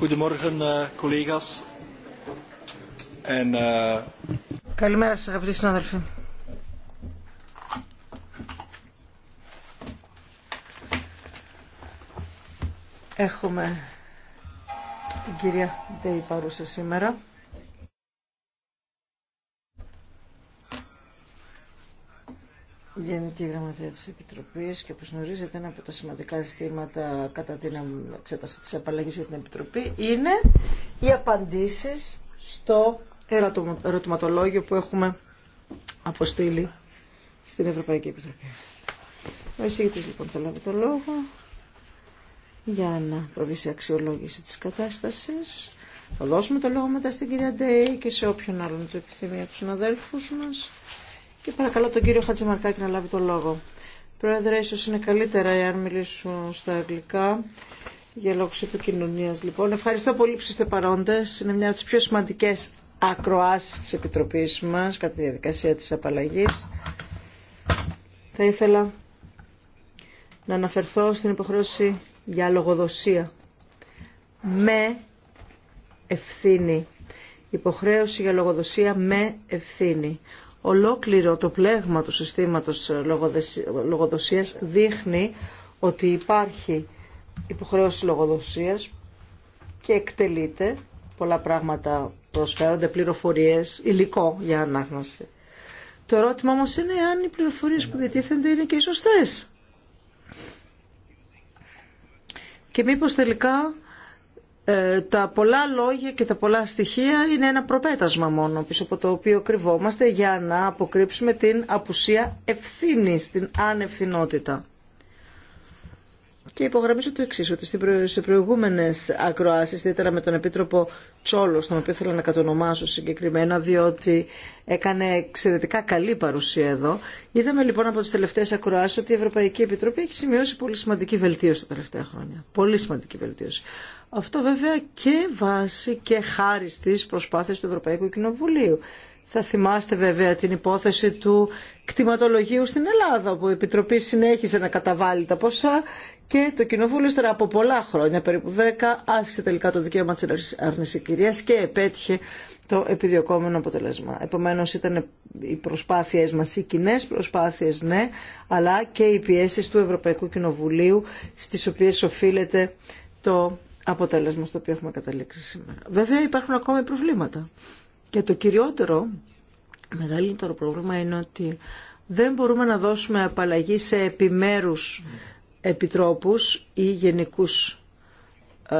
Eh, eh, Καλημέρα σας αγαπητοί συνάδελφοι. Έχουμε την κυρία Ντέι παρούσα σήμερα. Γενική Γραμματεία της Επιτροπής και όπως γνωρίζετε ένα από τα σημαντικά ζητήματα κατά την εξέταση της απαλλαγής για την Επιτροπή είναι οι απαντήσεις στο ερωτηματολόγιο που έχουμε αποστείλει στην Ευρωπαϊκή Επιτροπή. Ο εισηγητής λοιπόν θα λάβει το λόγο για να προβεί σε αξιολόγηση της κατάστασης. Θα δώσουμε το λόγο μετά στην κυρία Ντέη και σε όποιον άλλον το επιθυμεί από τους συναδέλφους μας. Και παρακαλώ τον κύριο Χατζημαρκάκη να λάβει το λόγο. Πρόεδρε, ίσως είναι καλύτερα εάν μιλήσω στα αγγλικά για λόγους επικοινωνία. Λοιπόν, ευχαριστώ πολύ που είστε παρόντες. Είναι μια από τις πιο σημαντικές ακροάσεις της Επιτροπής μας κατά τη διαδικασία της απαλλαγή. Θα ήθελα να αναφερθώ στην υποχρέωση για λογοδοσία με ευθύνη. Υποχρέωση για λογοδοσία με ευθύνη. Ολόκληρο το πλέγμα του συστήματος λογοδοσίας δείχνει ότι υπάρχει υποχρέωση λογοδοσίας και εκτελείται. Πολλά πράγματα προσφέρονται, πληροφορίες, υλικό για ανάγνωση. Το ερώτημα όμως είναι αν οι πληροφορίες που διατίθενται είναι και οι σωστές. Και μήπως τελικά ε, τα πολλά λόγια και τα πολλά στοιχεία είναι ένα προπέτασμα μόνο πίσω από το οποίο κρυβόμαστε για να αποκρύψουμε την απουσία ευθύνης, την ανευθυνότητα. Και υπογραμμίζω το εξή, ότι σε προηγούμενε ακροάσει, ιδιαίτερα με τον Επίτροπο Τσόλο, τον οποίο θέλω να κατονομάσω συγκεκριμένα, διότι έκανε εξαιρετικά καλή παρουσία εδώ. Είδαμε λοιπόν από τι τελευταίε ακροάσει ότι η Ευρωπαϊκή Επιτροπή έχει σημειώσει πολύ σημαντική βελτίωση τα τελευταία χρόνια. Πολύ σημαντική βελτίωση. Αυτό βέβαια και βάσει και χάρη στι προσπάθειε του Ευρωπαϊκού Κοινοβουλίου. Θα θυμάστε βέβαια την υπόθεση του κτηματολογίου στην Ελλάδα, όπου η Επιτροπή συνέχισε να καταβάλει τα ποσά και το κοινοβούλιο ύστερα από πολλά χρόνια, περίπου 10, άσκησε τελικά το δικαίωμα της κυρίας και επέτυχε το επιδιωκόμενο αποτελέσμα. Επομένως ήταν οι προσπάθειες μας, οι κοινέ προσπάθειες ναι, αλλά και οι πιέσει του Ευρωπαϊκού Κοινοβουλίου στις οποίες οφείλεται το αποτέλεσμα στο οποίο έχουμε καταλήξει σήμερα. Βέβαια υπάρχουν ακόμα προβλήματα. Και το κυριότερο, μεγαλύτερο πρόβλημα είναι ότι δεν μπορούμε να δώσουμε απαλλαγή σε επιμέρους επιτρόπους ή γενικούς ε,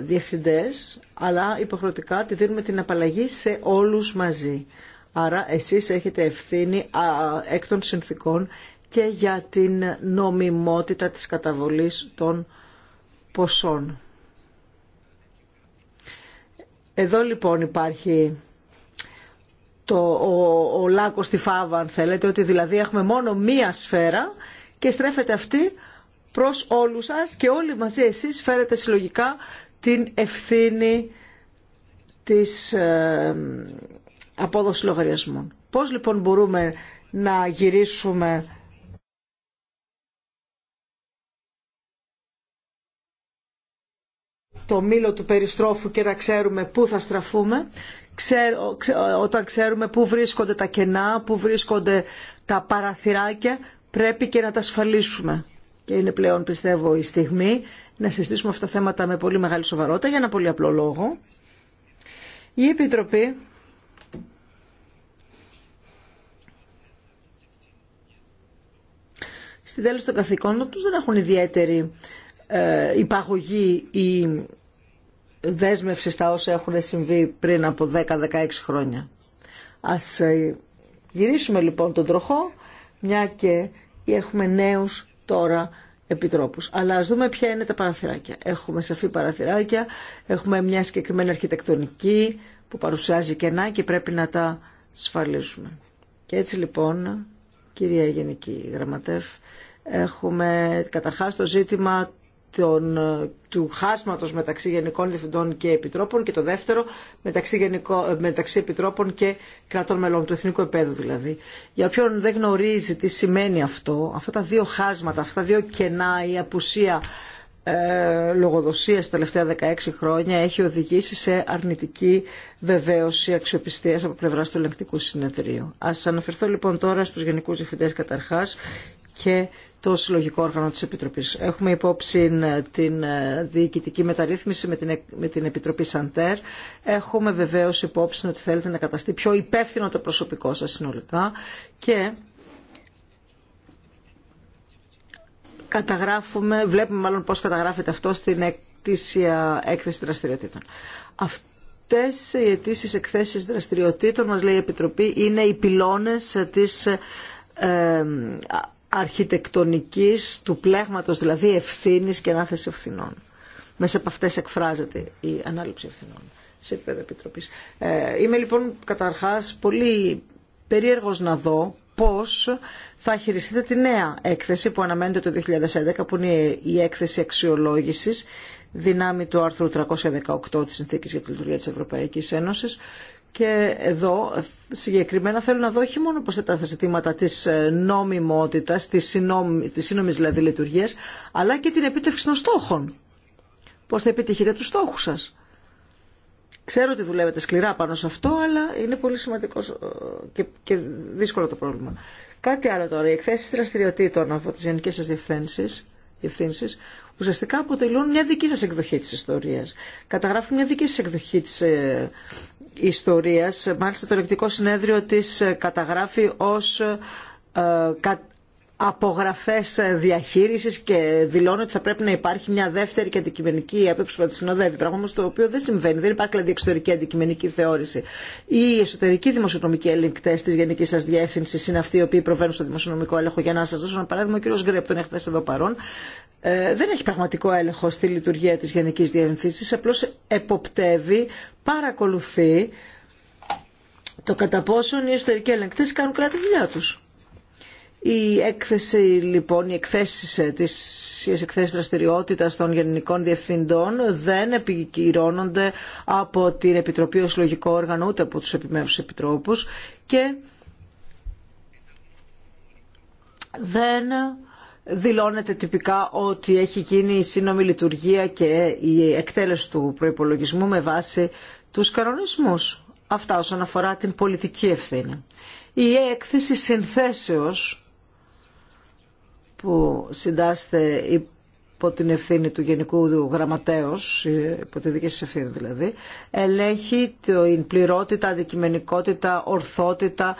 διευθυντές, αλλά υποχρεωτικά τη δίνουμε την απαλλαγή σε όλους μαζί. Άρα εσείς έχετε ευθύνη α, εκ των συνθήκων και για την νομιμότητα της καταβολής των ποσών. Εδώ λοιπόν υπάρχει το, ο, ο λάκκος στη φάβα αν θέλετε, ότι δηλαδή έχουμε μόνο μία σφαίρα και στρέφεται αυτή προς όλους σας και όλοι μαζί εσείς φέρετε συλλογικά την ευθύνη της ε, απόδοσης λογαριασμών. Πώς λοιπόν μπορούμε να γυρίσουμε το μήλο του περιστρόφου και να ξέρουμε πού θα στραφούμε, όταν ξέρουμε πού βρίσκονται τα κενά, πού βρίσκονται τα παραθυράκια, πρέπει και να τα ασφαλίσουμε και είναι πλέον πιστεύω η στιγμή να συζητήσουμε αυτά τα θέματα με πολύ μεγάλη σοβαρότητα για ένα πολύ απλό λόγο. Η Επιτροπή στην τέλος των καθηκόντων τους δεν έχουν ιδιαίτερη ε, υπαγωγή ή δέσμευση στα όσα έχουν συμβεί πριν από 10-16 χρόνια. Ας ε, γυρίσουμε λοιπόν τον τροχό, μια και έχουμε νέους τώρα επιτρόπους. Αλλά ας δούμε ποια είναι τα παραθυράκια. Έχουμε σαφή παραθυράκια, έχουμε μια συγκεκριμένη αρχιτεκτονική που παρουσιάζει κενά και πρέπει να τα ασφαλίσουμε. Και έτσι λοιπόν, κυρία Γενική Γραμματεύ, έχουμε καταρχάς το ζήτημα των, του χάσματος μεταξύ Γενικών Διευθυντών και Επιτρόπων και το δεύτερο μεταξύ, γενικό, ε, μεταξύ Επιτρόπων και κρατών μελών, του εθνικού επέδου δηλαδή. Για όποιον δεν γνωρίζει τι σημαίνει αυτό, αυτά τα δύο χάσματα, αυτά τα δύο κενά, η απουσία ε, λογοδοσίας τα τελευταία 16 χρόνια έχει οδηγήσει σε αρνητική βεβαίωση αξιοπιστίας από πλευρά του ελεγκτικού συνεδρίου. Ας αναφερθώ λοιπόν τώρα στους γενικούς διευθυντές καταρχάς και το συλλογικό όργανο της Επιτροπής. Έχουμε υπόψη ε, την ε, διοικητική μεταρρύθμιση ε, με την, Επιτροπή Σαντέρ. Έχουμε βεβαίως υπόψη ότι θέλετε να καταστεί πιο υπεύθυνο το προσωπικό σας συνολικά και καταγράφουμε, βλέπουμε μάλλον πώς καταγράφεται αυτό στην εκτίσια έκθεση δραστηριοτήτων. Αυτές οι αιτήσει εκθέσεις δραστηριοτήτων, μας λέει η Επιτροπή, είναι οι πυλώνες της αρχιτεκτονικής, του πλέγματος δηλαδή ευθύνης και ανάθεση ευθυνών. Μέσα από αυτές εκφράζεται η ανάληψη ευθυνών σε επίπεδο επιτροπής. Ε, είμαι λοιπόν καταρχάς πολύ περίεργος να δω πώς θα χειριστείτε τη νέα έκθεση που αναμένεται το 2011 που είναι η έκθεση αξιολόγησης δυνάμει του άρθρου 318 της Συνθήκης για τη Λειτουργία της Ευρωπαϊκής Ένωσης και εδώ συγκεκριμένα θέλω να δω όχι μόνο πως τα ζητήματα της ε, νόμιμότητας, της, συνόμη, της σύνομης δηλαδή λειτουργίας, αλλά και την επίτευξη των στόχων. Πώς θα επιτυχείτε τους στόχους σας. Ξέρω ότι δουλεύετε σκληρά πάνω σε αυτό, αλλά είναι πολύ σημαντικό ε, και, και δύσκολο το πρόβλημα. Κάτι άλλο τώρα, οι εκθέσει δραστηριοτήτων από τι γενικέ σα ουσιαστικά αποτελούν μια δική σας εκδοχή της ιστορίας. Καταγράφουν μια δική σας εκδοχή της ε, ιστορίας. Μάλιστα το ελεκτικό συνέδριο της ε, καταγράφει ως ε, απογραφές ε, διαχείρισης και δηλώνει ότι θα πρέπει να υπάρχει μια δεύτερη και αντικειμενική έπεψη που θα τη συνοδεύει. Πράγμα όμως το οποίο δεν συμβαίνει. Δεν υπάρχει δηλαδή εξωτερική αντικειμενική θεώρηση. Οι εσωτερικοί δημοσιονομικοί ελεγκτέ τη Γενική σα Διεύθυνση είναι αυτοί οι οποίοι προβαίνουν στο δημοσιονομικό έλεγχο. Για να σα δώσω ένα παράδειγμα, ο κ. Γκρέπ, τον έχετε εδώ παρόν, ε, δεν έχει πραγματικό έλεγχο στη λειτουργία τη γενική Διεύθυνση. απλώ εποπτεύει, παρακολουθεί το κατά πόσον οι εσωτερικοί ελεγκτέ κάνουν καλά δουλειά του. Η έκθεση λοιπόν, οι εκθέσεις ε, της εκθέσεις δραστηριότητας των γενικών διευθυντών δεν επικυρώνονται από την Επιτροπή ως λογικό όργανο ούτε από τους επιμέρους επιτρόπους και δεν δηλώνεται τυπικά ότι έχει γίνει η σύνομη λειτουργία και η εκτέλεση του προϋπολογισμού με βάση τους κανονισμούς. Αυτά όσον αφορά την πολιτική ευθύνη. Η έκθεση συνθέσεως που συντάσσεται υπό την ευθύνη του Γενικού Γραμματέως, υπό τη δική σας ευθύνη δηλαδή, ελέγχει την πληρότητα, αντικειμενικότητα, ορθότητα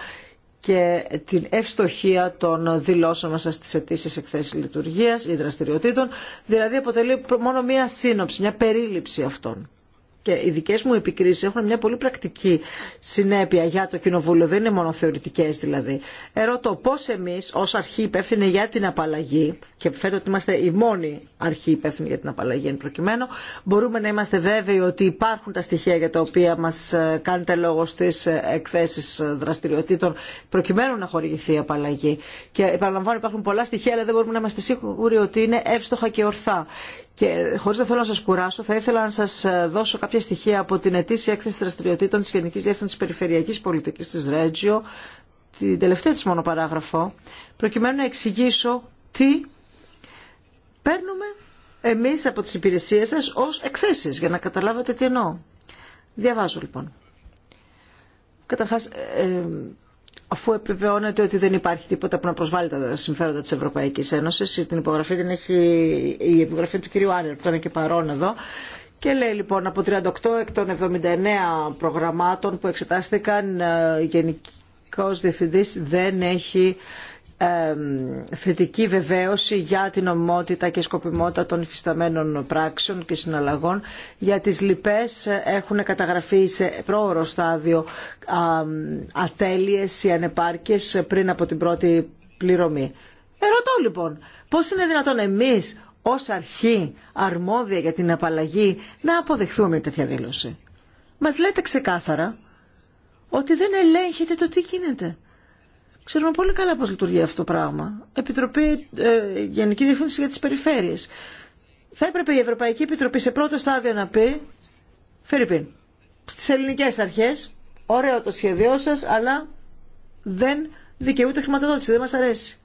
και την ευστοχία των δηλώσεων μας στις αιτήσει εκθέσεις λειτουργίας ή δραστηριοτήτων. Δηλαδή αποτελεί μόνο μία σύνοψη, μία περίληψη αυτών και οι δικέ μου επικρίσει έχουν μια πολύ πρακτική συνέπεια για το Κοινοβούλιο, δεν είναι μόνο θεωρητικέ, δηλαδή. Ερώτω πώ εμεί, ω αρχή υπεύθυνη για την απαλλαγή και φαίνεται ότι είμαστε η μόνη αρχή υπεύθυνη για την απαλλαγή εν προκειμένου, μπορούμε να είμαστε βέβαιοι ότι υπάρχουν τα στοιχεία για τα οποία μα ε, κάνετε λόγο στι ε, εκθέσει ε, δραστηριοτήτων προκειμένου να χορηγηθεί η απαλλαγή. Και παραλαμβάνω υπάρχουν πολλά στοιχεία αλλά δεν μπορούμε να είμαστε σίγουροι ότι είναι εύστοχα και ορθά. Και χωρί να θέλω να σα κουράσω, θα ήθελα να σα ε, δώσω κάποια στοιχεία από την ετήσια έκθεση δραστηριοτήτων τη Γενική Διεύθυνσης Περιφερειακή Πολιτική τη Ρέτζιο, την τελευταία της μόνο παράγραφο, προκειμένου να εξηγήσω τι παίρνουμε εμεί από τι υπηρεσίε σα ω εκθέσει για να καταλάβετε τι εννοώ. Διαβάζω λοιπόν. Καταρχάς, ε, αφού επιβεβαιώνεται ότι δεν υπάρχει τίποτα που να προσβάλλει τα συμφέροντα τη Ευρωπαϊκής Ένωσης. Την υπογραφή την έχει η υπογραφή του κυρίου Άνερ, που ήταν και παρόν εδώ. Και λέει λοιπόν από 38 εκ των 79 προγραμμάτων που εξετάστηκαν, η ε, Γενικός δεν έχει θετική βεβαίωση για την ομότητα και σκοπιμότητα των υφισταμένων πράξεων και συναλλαγών. Για τις λοιπές έχουν καταγραφεί σε πρόωρο στάδιο ατέλειες ή ανεπάρκειες πριν από την πρώτη πληρωμή. Ερωτώ λοιπόν, πώς είναι δυνατόν εμείς ως αρχή αρμόδια για την απαλλαγή να αποδεχθούμε τέτοια δήλωση. Μας λέτε ξεκάθαρα ότι δεν ελέγχετε το τι γίνεται. Ξέρουμε πολύ καλά πώς λειτουργεί αυτό το πράγμα. Επιτροπή ε, Γενική Διεύθυνση για τις Περιφέρειες. Θα έπρεπε η Ευρωπαϊκή Επιτροπή σε πρώτο στάδιο να πει Φερρυπίν, στις ελληνικές αρχές, ωραίο το σχέδιό σας, αλλά δεν δικαιούται χρηματοδότηση, δεν μας αρέσει.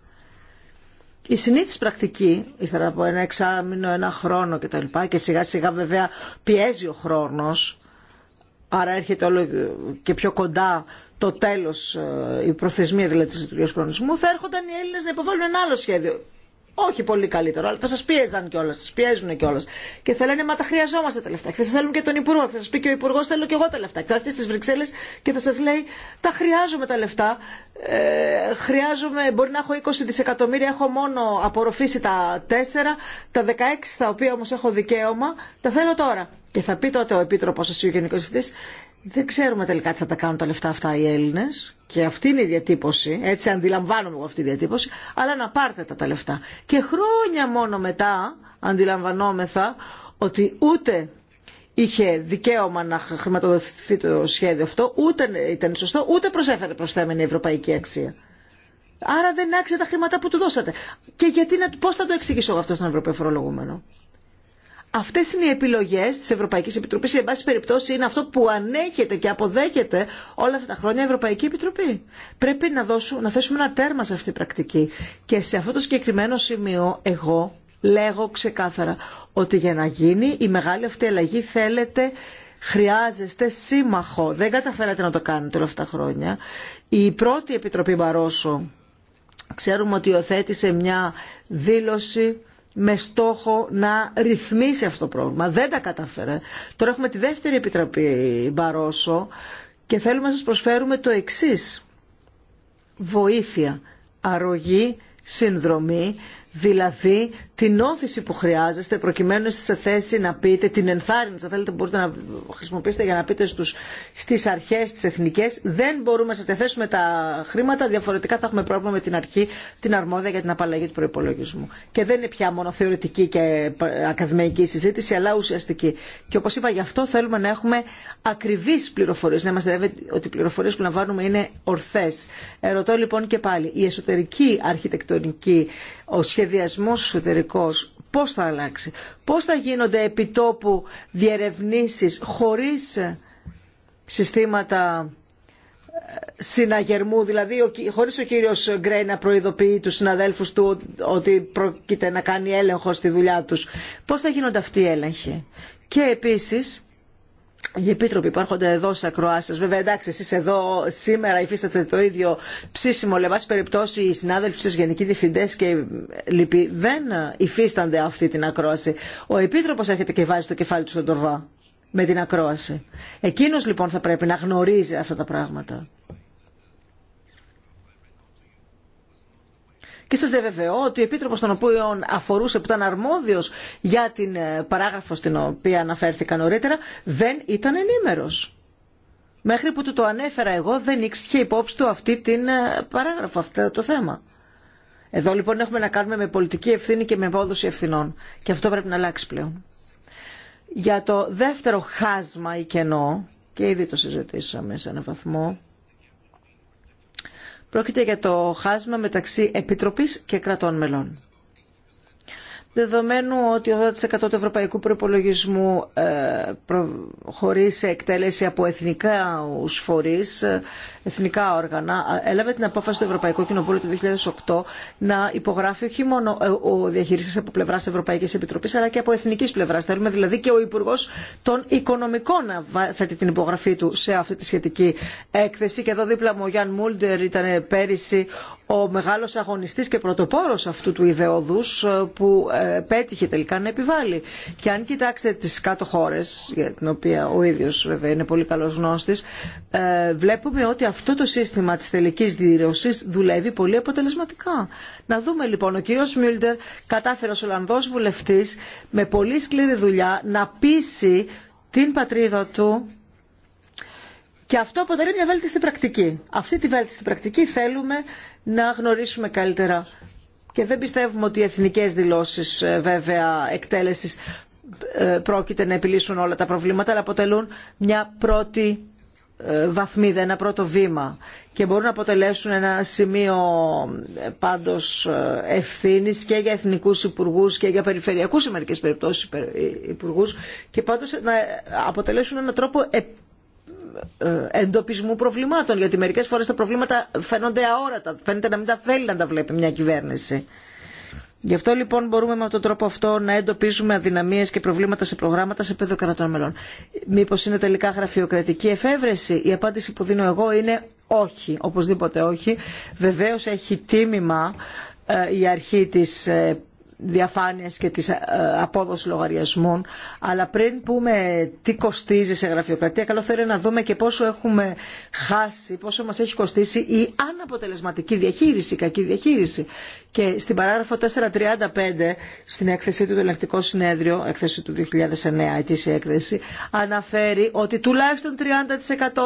Η συνήθις πρακτική, ύστερα από ένα εξάμεινο, ένα χρόνο κτλ. Και, και σιγά σιγά βέβαια πιέζει ο χρόνος, Άρα έρχεται όλο και πιο κοντά το τέλο, ε, η προθεσμία δηλαδή τη λειτουργία του κανονισμού, θα έρχονταν οι Έλληνε να υποβάλουν ένα άλλο σχέδιο. Όχι πολύ καλύτερο, αλλά θα σα πίεζαν κιόλα, σα πιέζουν κιόλα. Και θα λένε, μα τα χρειαζόμαστε τα λεφτά. Και θα σα θέλουν και τον Υπουργό, θα σα πει και ο Υπουργό, θέλω κι εγώ τα λεφτά. Και θα έρθει στι Βρυξέλλε και θα σα λέει, τα χρειάζομαι τα λεφτά. Ε, χρειάζομαι, μπορεί να έχω 20 δισεκατομμύρια, έχω μόνο απορροφήσει τα 4, τα 16 τα οποία όμω έχω δικαίωμα, τα θέλω τώρα. Και θα πει τότε ο Επίτροπο σα, ο Γενικό Διευθυντή, δεν ξέρουμε τελικά τι θα τα κάνουν τα λεφτά αυτά οι Έλληνε. Και αυτή είναι η διατύπωση. Έτσι αντιλαμβάνομαι εγώ αυτή η διατύπωση. Αλλά να πάρτε τα τα λεφτά. Και χρόνια μόνο μετά αντιλαμβανόμεθα ότι ούτε είχε δικαίωμα να χρηματοδοτηθεί το σχέδιο αυτό, ούτε ήταν σωστό, ούτε προσέφερε προσθέμενη ευρωπαϊκή αξία. Άρα δεν άξιζε τα χρήματα που του δώσατε. Και γιατί να, πώς θα το εξηγήσω αυτό στον Ευρωπαϊκό φορολογούμενο. Αυτέ είναι οι επιλογέ τη Ευρωπαϊκή Επιτροπή ή, εν πάση περιπτώσει, είναι αυτό που ανέχεται και αποδέχεται όλα αυτά τα χρόνια η Ευρωπαϊκή Επιτροπή. Πρέπει να, να θέσουμε ένα τέρμα σε αυτή την πρακτική. Και σε αυτό το συγκεκριμένο σημείο, εγώ λέγω ξεκάθαρα ότι για να γίνει η μεγάλη αυτή αλλαγή θέλετε χρειάζεστε σύμμαχο. Δεν καταφέρατε να το κάνετε όλα αυτά τα χρόνια. Η πρώτη Επιτροπή Μπαρόσο ξέρουμε ότι υιοθέτησε μια δήλωση με στόχο να ρυθμίσει αυτό το πρόβλημα. Δεν τα κατάφερε. Τώρα έχουμε τη δεύτερη επιτροπή Μπαρόσο και θέλουμε να σας προσφέρουμε το εξής. Βοήθεια, αρρωγή, συνδρομή δηλαδή την όθηση που χρειάζεστε προκειμένου σε θέση να πείτε, την ενθάρρυνση, αν θέλετε μπορείτε να χρησιμοποιήσετε για να πείτε στους, στις αρχές τις εθνικές, δεν μπορούμε να σας θέσουμε τα χρήματα, διαφορετικά θα έχουμε πρόβλημα με την αρχή, την αρμόδια για την απαλλαγή του προϋπολογισμού. Και δεν είναι πια μόνο θεωρητική και ακαδημαϊκή συζήτηση, αλλά ουσιαστική. Και όπως είπα, γι' αυτό θέλουμε να έχουμε ακριβείς πληροφορίες, να είμαστε βέβαιοι ότι οι πληροφορίες που λαμβάνουμε είναι ορθές. Ερωτώ λοιπόν και πάλι, η εσωτερική αρχιτεκτονική, ο σχεδιασμός εσωτερικός πώς θα αλλάξει, πώς θα γίνονται επιτόπου διερευνήσεις χωρίς συστήματα ε, συναγερμού, δηλαδή χωρίς ο κύριος Γκρέι να προειδοποιεί τους συναδέλφους του ότι πρόκειται να κάνει έλεγχο στη δουλειά τους. Πώς θα γίνονται αυτοί οι έλεγχοι. Και επίσης οι επίτροποι που έρχονται εδώ σε ακροάσεις, βέβαια εντάξει εσείς εδώ σήμερα υφίσταται το ίδιο ψήσιμο, αλλά πάση περιπτώσει οι συνάδελφοι σα, γενικοί διευθυντέ και λοιποί δεν υφίστανται αυτή την ακρόαση. Ο επίτροπος έρχεται και βάζει το κεφάλι του στον τορβά με την ακρόαση. Εκείνος λοιπόν θα πρέπει να γνωρίζει αυτά τα πράγματα. Και σας διαβεβαιώ ότι ο επίτροπο τον οποίο αφορούσε που ήταν αρμόδιος για την ε, παράγραφο στην οποία αναφέρθηκα νωρίτερα δεν ήταν ενήμερο. Μέχρι που του το ανέφερα εγώ δεν ήξερε υπόψη του αυτή την ε, παράγραφο, αυτό το θέμα. Εδώ λοιπόν έχουμε να κάνουμε με πολιτική ευθύνη και με απόδοση ευθυνών. Και αυτό πρέπει να αλλάξει πλέον. Για το δεύτερο χάσμα ή κενό, και ήδη το συζητήσαμε σε έναν βαθμό, Πρόκειται για το χάσμα μεταξύ Επιτροπής και κρατών μελών. Δεδομένου ότι 80% του ευρωπαϊκού προπολογισμού ε, προχωρεί εκτέλεση από εθνικά φορείς, ε, εθνικά όργανα, ε, έλαβε την απόφαση του Ευρωπαϊκού Κοινοβούλου του 2008 να υπογράφει όχι μόνο ο διαχειριστή από πλευράς Ευρωπαϊκής Επιτροπής, αλλά και από εθνικής πλευράς. Θέλουμε δηλαδή και ο Υπουργός των Οικονομικών να φέτει την υπογραφή του σε αυτή τη σχετική έκθεση. Και εδώ δίπλα μου ο Γιάν Μούλντερ ήταν πέρυσι ο μεγάλος αγωνιστής και πρωτοπόρος αυτού του ιδεοδούς που πέτυχε τελικά να επιβάλλει. Και αν κοιτάξετε τις κάτω χώρες, για την οποία ο ίδιος βέβαια είναι πολύ καλός γνώστης, ε, βλέπουμε ότι αυτό το σύστημα της τελικής δήλωση δουλεύει πολύ αποτελεσματικά. Να δούμε λοιπόν, ο κύριος Μιούλτερ κατάφερε ως Ολλανδός βουλευτής με πολύ σκληρή δουλειά να πείσει την πατρίδα του και αυτό αποτελεί μια βέλτιστη πρακτική. Αυτή τη βέλτιστη πρακτική θέλουμε να γνωρίσουμε καλύτερα και δεν πιστεύουμε ότι οι εθνικές δηλώσεις ε, βέβαια εκτέλεσης ε, πρόκειται να επιλύσουν όλα τα προβλήματα αλλά αποτελούν μια πρώτη ε, βαθμίδα, ένα πρώτο βήμα και μπορούν να αποτελέσουν ένα σημείο πάντως ευθύνης και για εθνικούς υπουργούς και για περιφερειακούς σε μερικές περιπτώσεις υπουργούς και πάντως να αποτελέσουν έναν τρόπο ε, εντοπισμού προβλημάτων, γιατί μερικές φορές τα προβλήματα φαίνονται αόρατα, φαίνεται να μην τα θέλει να τα βλέπει μια κυβέρνηση. Γι' αυτό λοιπόν μπορούμε με τον τρόπο αυτό να εντοπίζουμε αδυναμίες και προβλήματα σε προγράμματα σε επίπεδο κρατών μελών. Μήπως είναι τελικά γραφειοκρατική εφεύρεση. Η απάντηση που δίνω εγώ είναι όχι, οπωσδήποτε όχι. Βεβαίως έχει τίμημα ε, η αρχή της ε, και της ε, απόδοση λογαριασμών. Αλλά πριν πούμε τι κοστίζει σε γραφειοκρατία, καλό θα είναι να δούμε και πόσο έχουμε χάσει, πόσο μας έχει κοστίσει η αναποτελεσματική διαχείριση, η κακή διαχείριση. Και στην παράγραφο 435 στην έκθεση του Ελεκτικό Συνέδριο, έκθεση του 2009, ετήσια έκθεση, αναφέρει ότι τουλάχιστον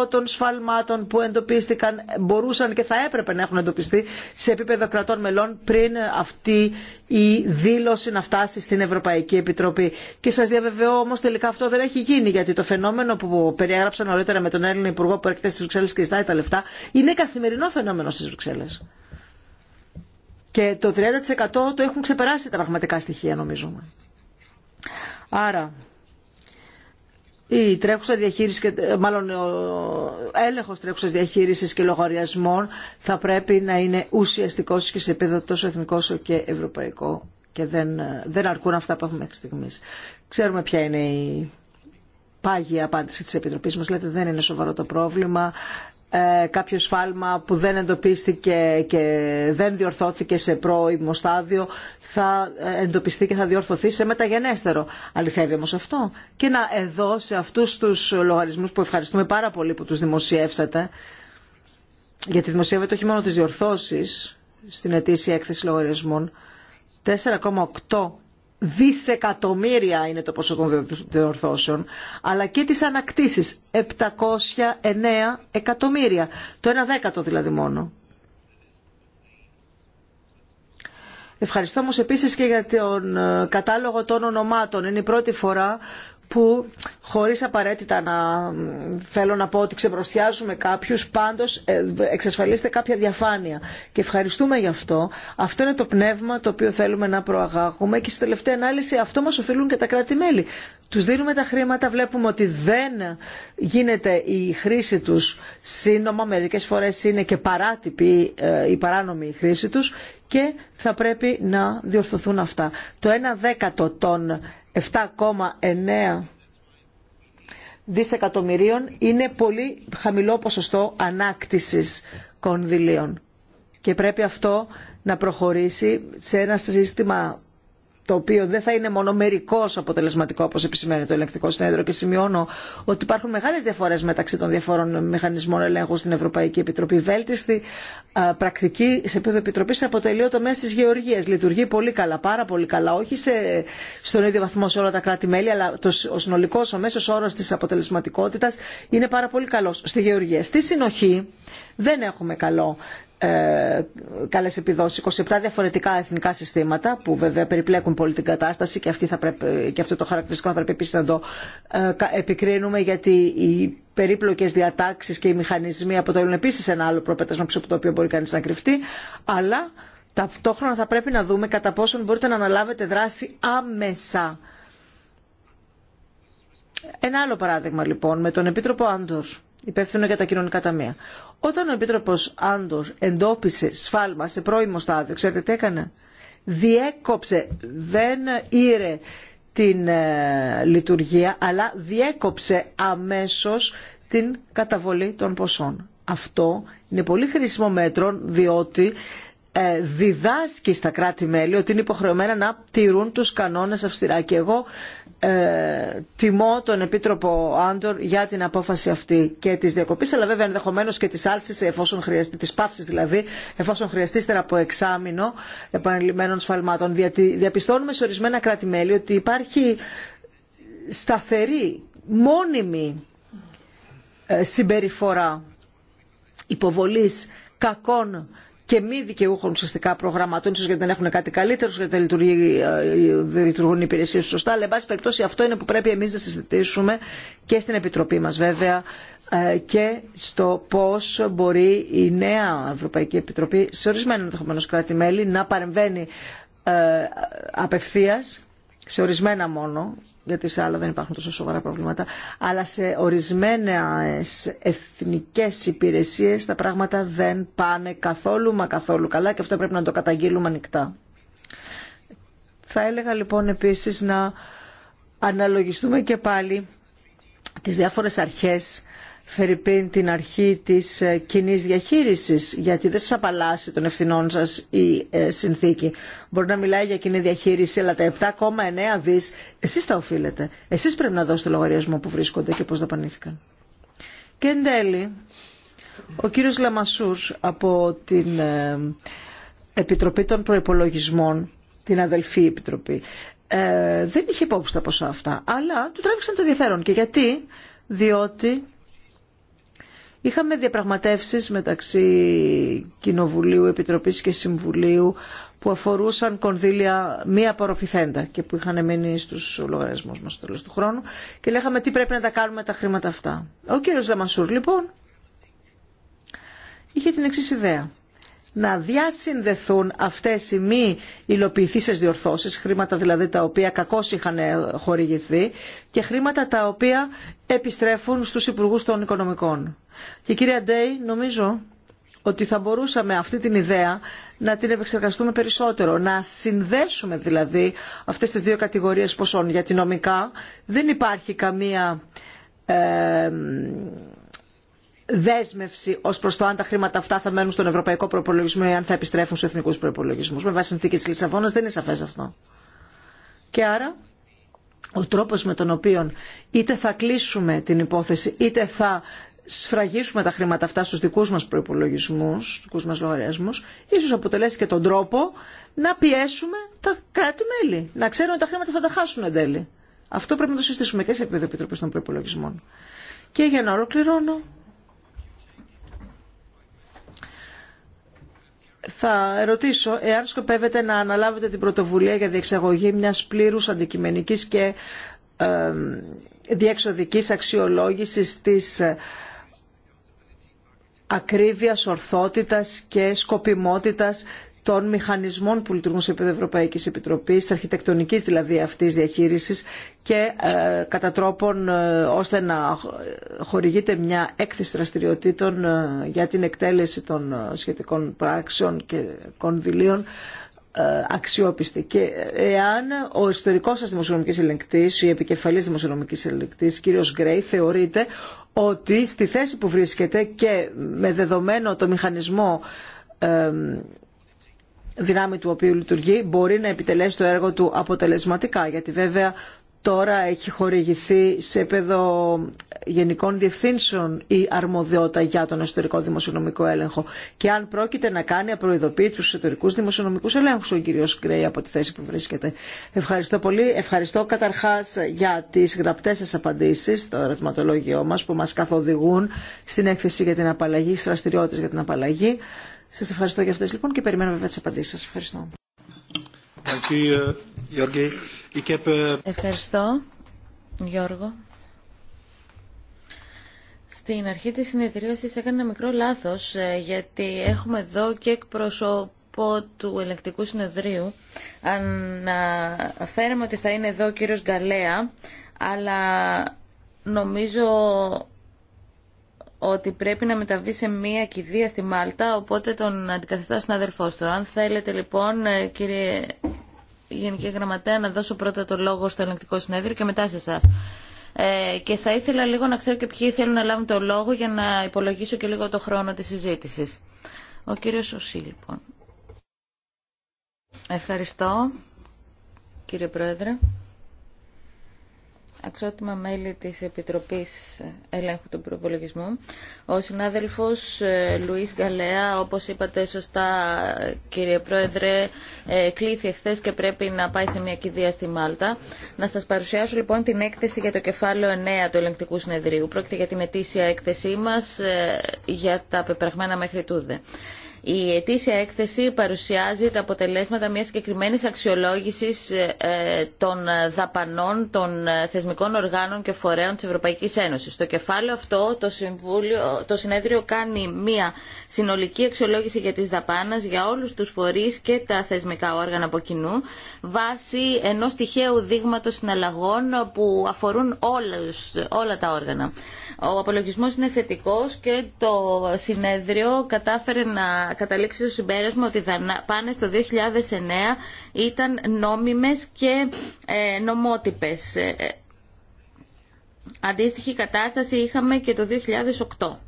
30% των σφαλμάτων που εντοπίστηκαν μπορούσαν και θα έπρεπε να έχουν εντοπιστεί σε επίπεδο κρατών μελών πριν αυτή η δήλωση να φτάσει στην Ευρωπαϊκή Επιτροπή. Και σας διαβεβαιώ όμω τελικά αυτό δεν έχει γίνει γιατί το φαινόμενο που περιέγραψα νωρίτερα με τον Έλληνα Υπουργό που έρχεται στις Βρυξέλλε και ζητάει τα λεφτά είναι καθημερινό φαινόμενο στις Βρυξέλλε. Και το 30% το έχουν ξεπεράσει τα πραγματικά στοιχεία νομίζουμε. Άρα η τρέχουσα διαχείριση, και, ε, μάλλον ο έλεγχος τρέχουσας διαχείρισης και λογαριασμών θα πρέπει να είναι ουσιαστικός και σε επίπεδο τόσο εθνικό όσο και ευρωπαϊκό και δεν, ε, δεν αρκούν αυτά που έχουμε μέχρι στιγμής. Ξέρουμε ποια είναι η πάγια απάντηση της Επιτροπής μας. Λέτε δεν είναι σοβαρό το πρόβλημα, ε, κάποιο σφάλμα που δεν εντοπίστηκε και δεν διορθώθηκε σε πρώιμο στάδιο θα ε, εντοπιστεί και θα διορθωθεί σε μεταγενέστερο. Αληθεύει όμως αυτό. Και να εδώ σε αυτούς τους λογαριασμούς που ευχαριστούμε πάρα πολύ που τους δημοσιεύσατε γιατί δημοσιεύεται όχι μόνο τις διορθώσεις στην ετήσια έκθεση λογαριασμών 4,8 δισεκατομμύρια είναι το ποσό των διορθώσεων, αλλά και τις ανακτήσεις 709 εκατομμύρια, το ένα δέκατο δηλαδή μόνο. Ευχαριστώ όμως επίσης και για τον ε, κατάλογο των ονομάτων. Είναι η πρώτη φορά που χωρίς απαραίτητα να θέλω να πω ότι ξεπροστιάζουμε κάποιους, πάντως ε, εξασφαλίστε κάποια διαφάνεια. Και ευχαριστούμε γι' αυτό. Αυτό είναι το πνεύμα το οποίο θέλουμε να προαγάγουμε και στη τελευταία ανάλυση αυτό μας οφείλουν και τα κράτη-μέλη. Τους δίνουμε τα χρήματα, βλέπουμε ότι δεν γίνεται η χρήση τους σύνομα, μερικές φορές είναι και παράτυπη ε, η παράνομη χρήση τους και θα πρέπει να διορθωθούν αυτά. Το 1 δέκατο των 7,9 δισεκατομμυρίων είναι πολύ χαμηλό ποσοστό ανάκτησης κονδυλίων. Και πρέπει αυτό να προχωρήσει σε ένα σύστημα το οποίο δεν θα είναι μόνο μερικό αποτελεσματικό όπω επισημαίνει το Ελεκτικό συνέδριο και σημειώνω ότι υπάρχουν μεγάλε διαφορέ μεταξύ των διαφόρων μηχανισμών ελέγχου στην Ευρωπαϊκή Επιτροπή. Βέλτιστη πρακτική σε επίπεδο επιτροπή αποτελεί ο τομέα τη γεωργία. Λειτουργεί πολύ καλά, πάρα πολύ καλά, όχι σε, στον ίδιο βαθμό σε όλα τα κράτη-μέλη, αλλά το, ο συνολικό, ο μέσο όρο τη αποτελεσματικότητα είναι πάρα πολύ καλό στη γεωργία. Στη συνοχή δεν έχουμε καλό ε, καλές επιδόσεις, 27 διαφορετικά εθνικά συστήματα που βέβαια περιπλέκουν πολύ την κατάσταση και, θα πρέπει, και αυτό το χαρακτηριστικό θα πρέπει επίσης να το ε, επικρίνουμε γιατί οι περίπλοκες διατάξεις και οι μηχανισμοί αποτελούν επίσης ένα άλλο προπέτασμα από το οποίο μπορεί κανείς να κρυφτεί αλλά ταυτόχρονα θα πρέπει να δούμε κατά πόσον μπορείτε να αναλάβετε δράση άμεσα. Ένα άλλο παράδειγμα λοιπόν με τον Επίτροπο Άντορ υπεύθυνο για τα κοινωνικά ταμεία. Όταν ο επίτροπο Άντορ εντόπισε σφάλμα σε πρώιμο στάδιο, ξέρετε τι έκανε. Διέκοψε, δεν ήρε την ε, λειτουργία, αλλά διέκοψε αμέσως την καταβολή των ποσών. Αυτό είναι πολύ χρήσιμο μέτρο, διότι ε, διδάσκει στα κράτη-μέλη ότι είναι υποχρεωμένα να τηρούν τους κανόνες αυστηρά. Και εγώ ε, τιμώ τον Επίτροπο Άντορ για την απόφαση αυτή και τη διακοπή, αλλά βέβαια ενδεχομένω και τη άλση, εφόσον χρειαστεί, δηλαδή εφόσον χρειαστεί ύστερα από εξάμεινο επανελειμμένων σφαλμάτων. Διαπιστώνουμε σε ορισμένα κράτη-μέλη ότι υπάρχει σταθερή, μόνιμη ε, συμπεριφορά υποβολής κακών και μη δικαιούχων ουσιαστικά προγραμμάτων, ίσω γιατί δεν έχουν κάτι καλύτερο, γιατί ε, δεν, λειτουργούν οι υπηρεσίε σωστά. Αλλά, εν πάση περιπτώσει, αυτό είναι που πρέπει εμεί να συζητήσουμε και στην Επιτροπή μα, βέβαια, ε, και στο πώ μπορεί η νέα Ευρωπαϊκή Επιτροπή σε ορισμένα ενδεχομένω κράτη-μέλη να παρεμβαίνει ε, απευθεία σε ορισμένα μόνο γιατί σε άλλα δεν υπάρχουν τόσο σοβαρά προβλήματα, αλλά σε ορισμένες εθνικές υπηρεσίες τα πράγματα δεν πάνε καθόλου μα καθόλου καλά και αυτό πρέπει να το καταγγείλουμε ανοιχτά. Θα έλεγα λοιπόν επίσης να αναλογιστούμε και πάλι τις διάφορες αρχές Φερρυπίν την αρχή της ε, κοινή διαχείρισης, γιατί δεν σας απαλλάσσει των ευθυνών σας η ε, συνθήκη. Μπορεί να μιλάει για κοινή διαχείριση, αλλά τα 7,9 δις εσείς τα οφείλετε. Εσείς πρέπει να δώσετε λογαριασμό που βρίσκονται και πώς δαπανήθηκαν. Και εν τέλει, ο κύριος Λαμασούρ από την ε, Επιτροπή των Προϋπολογισμών, την αδελφή Επιτροπή, δεν είχε υπόψη τα ποσά αυτά, αλλά του τράβηξαν το ενδιαφέρον. Και γιατί, διότι Είχαμε διαπραγματεύσεις μεταξύ Κοινοβουλίου, Επιτροπής και Συμβουλίου που αφορούσαν κονδύλια μη απορροφηθέντα και που είχαν μείνει στους λογαριασμούς μας στο τέλος του χρόνου και λέγαμε τι πρέπει να τα κάνουμε τα χρήματα αυτά. Ο κύριος Δαμασούρ λοιπόν είχε την εξή ιδέα να διασυνδεθούν αυτές οι μη υλοποιηθήσεις διορθώσεις, χρήματα δηλαδή τα οποία κακώς είχαν ε, χορηγηθεί και χρήματα τα οποία επιστρέφουν στους Υπουργούς των Οικονομικών. Και κυρία Ντέι, νομίζω ότι θα μπορούσαμε αυτή την ιδέα να την επεξεργαστούμε περισσότερο, να συνδέσουμε δηλαδή αυτές τις δύο κατηγορίες ποσών, γιατί νομικά δεν υπάρχει καμία ε, δέσμευση ω προ το αν τα χρήματα αυτά θα μένουν στον ευρωπαϊκό προπολογισμό ή αν θα επιστρέφουν στου εθνικού προπολογισμού. Με βάση συνθήκη τη Λισαβόνα δεν είναι σαφέ αυτό. Και άρα ο τρόπο με τον οποίο είτε θα κλείσουμε την υπόθεση είτε θα σφραγίσουμε τα χρήματα αυτά στους δικούς μας προϋπολογισμούς, στους δικούς μας λογαριασμούς, ίσως αποτελέσει και τον τρόπο να πιέσουμε τα κράτη-μέλη, να ξέρουν ότι τα χρήματα θα τα χάσουν εν τέλει. Αυτό πρέπει να το συστήσουμε και σε επίπεδο των Προϋπολογισμών. Και για να ολοκληρώνω, θα ρωτήσω εάν σκοπεύετε να αναλάβετε την πρωτοβουλία για διεξαγωγή μιας πλήρους αντικειμενικής και διεξοδικής αξιολόγησης της ε, ακρίβειας, ορθότητας και σκοπιμότητας των μηχανισμών που λειτουργούν σε επίπεδο Ευρωπαϊκή Επιτροπή, τη αρχιτεκτονική δηλαδή αυτής διαχείριση και ε, κατά τρόπον ε, ώστε να χορηγείται μια έκθεση δραστηριοτήτων ε, για την εκτέλεση των ε, σχετικών πράξεων και κονδυλίων ε, αξιόπιστη. Και εάν ο ιστορικό σα δημοσιονομική ελεγκτή, η επικεφαλή δημοσιονομική ελεγκτή, κύριο Γκρέι, θεωρείται ότι στη θέση που βρίσκεται και με δεδομένο το μηχανισμό δυνάμει του οποίου λειτουργεί μπορεί να επιτελέσει το έργο του αποτελεσματικά γιατί βέβαια τώρα έχει χορηγηθεί σε επίπεδο γενικών διευθύνσεων η αρμοδιότητα για τον εσωτερικό δημοσιονομικό έλεγχο και αν πρόκειται να κάνει απροειδοποιεί του εσωτερικούς δημοσιονομικούς ελέγχους ο κύριος Γκρέι από τη θέση που βρίσκεται. Ευχαριστώ πολύ. Ευχαριστώ καταρχάς για τις γραπτές σας απαντήσεις στο ερωτηματολόγιο μας που μας καθοδηγούν στην έκθεση για την απαλλαγή, στις δραστηριότητες για την απαλλαγή. Σα ευχαριστώ για αυτέ λοιπόν και περιμένω βέβαια τι απαντήσει. σα. Ευχαριστώ. Uh, ε, ευχαριστώ, Γιώργο. Στην αρχή της συνεδρίασης έκανα ένα μικρό λάθος, ε, γιατί έχουμε εδώ και εκπροσωπό του ελεκτικού συνεδρίου. Αναφέραμε ότι θα είναι εδώ ο κύριος Γκαλέα, αλλά νομίζω ότι πρέπει να μεταβεί σε μία κηδεία στη Μάλτα, οπότε τον αντικαθιστά ο αδερφό του. Αν θέλετε λοιπόν, ε, κύριε Γενική Γραμματέα, να δώσω πρώτα το λόγο στο ελεγκτικό συνέδριο και μετά σε εσά. Ε, και θα ήθελα λίγο να ξέρω και ποιοι θέλουν να λάβουν το λόγο για να υπολογίσω και λίγο το χρόνο της συζήτησης. Ο κύριος Σουσί, λοιπόν. Ευχαριστώ, κύριε Πρόεδρε αξιότιμα μέλη της Επιτροπής Ελέγχου του Προπολογισμού. Ο συνάδελφος ε, Λουίς Γκαλέα, όπως είπατε σωστά κύριε Πρόεδρε, ε, κλήθη εχθές και πρέπει να πάει σε μια κηδεία στη Μάλτα. Να σας παρουσιάσω λοιπόν την έκθεση για το κεφάλαιο 9 του Ελεγκτικού Συνεδρίου. Πρόκειται για την ετήσια έκθεσή μας ε, για τα πεπραγμένα μέχρι τούδε. Η ετήσια έκθεση παρουσιάζει τα αποτελέσματα μιας συγκεκριμένης αξιολόγησης ε, ε, των δαπανών των ε, θεσμικών οργάνων και φορέων της Ευρωπαϊκής Ένωσης. Στο κεφάλαιο αυτό το, συνέδριο κάνει μια συνολική αξιολόγηση για τις δαπάνες για όλους τους φορείς και τα θεσμικά όργανα από κοινού βάσει ενός τυχαίου δείγματος συναλλαγών που αφορούν όλα τα όργανα. Ο απολογισμός είναι θετικός και το συνέδριο κατάφερε να καταλήξει στο συμπέρασμα ότι πάνε στο 2009 ήταν νόμιμες και ε, νομότυπες. Ε, ε, αντίστοιχη κατάσταση είχαμε και το 2008.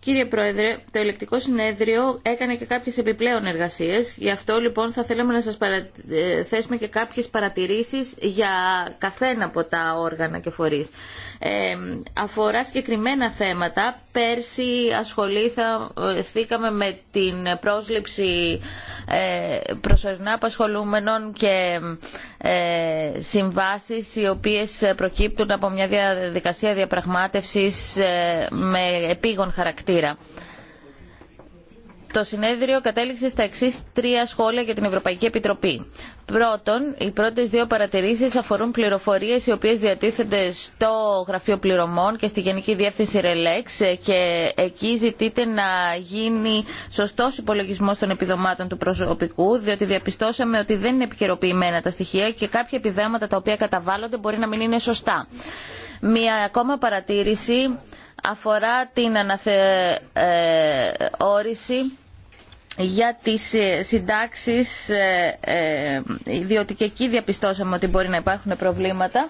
Κύριε Πρόεδρε, το ελεκτικό συνέδριο έκανε και κάποιες επιπλέον εργασίες. Γι' αυτό λοιπόν θα θέλαμε να σας ε, θέσουμε και κάποιες παρατηρήσεις για καθένα από τα όργανα και φορείς. Ε, αφορά συγκεκριμένα θέματα. Πέρσι ασχολήθηκαμε ε, με την πρόσληψη ε, προσωρινά απασχολούμενων και ε, συμβάσεις οι οποίες προκύπτουν από μια διαδικασία διαπραγμάτευσης ε, με επίγον χαρακτήρα. Το συνέδριο κατέληξε στα εξή τρία σχόλια για την Ευρωπαϊκή Επιτροπή. Πρώτον, οι πρώτες δύο παρατηρήσεις αφορούν πληροφορίες οι οποίες διατίθενται στο Γραφείο Πληρωμών και στη Γενική Διεύθυνση ΡΕΛΕΞ και εκεί ζητείται να γίνει σωστός υπολογισμός των επιδομάτων του προσωπικού διότι διαπιστώσαμε ότι δεν είναι επικαιροποιημένα τα στοιχεία και κάποια επιδέματα τα οποία καταβάλλονται μπορεί να μην είναι σωστά. Μία ακόμα παρατήρηση αφορά την αναθεώρηση ε, για τις ε, συντάξεις, ε, ε, διότι και εκεί διαπιστώσαμε ότι μπορεί να υπάρχουν προβλήματα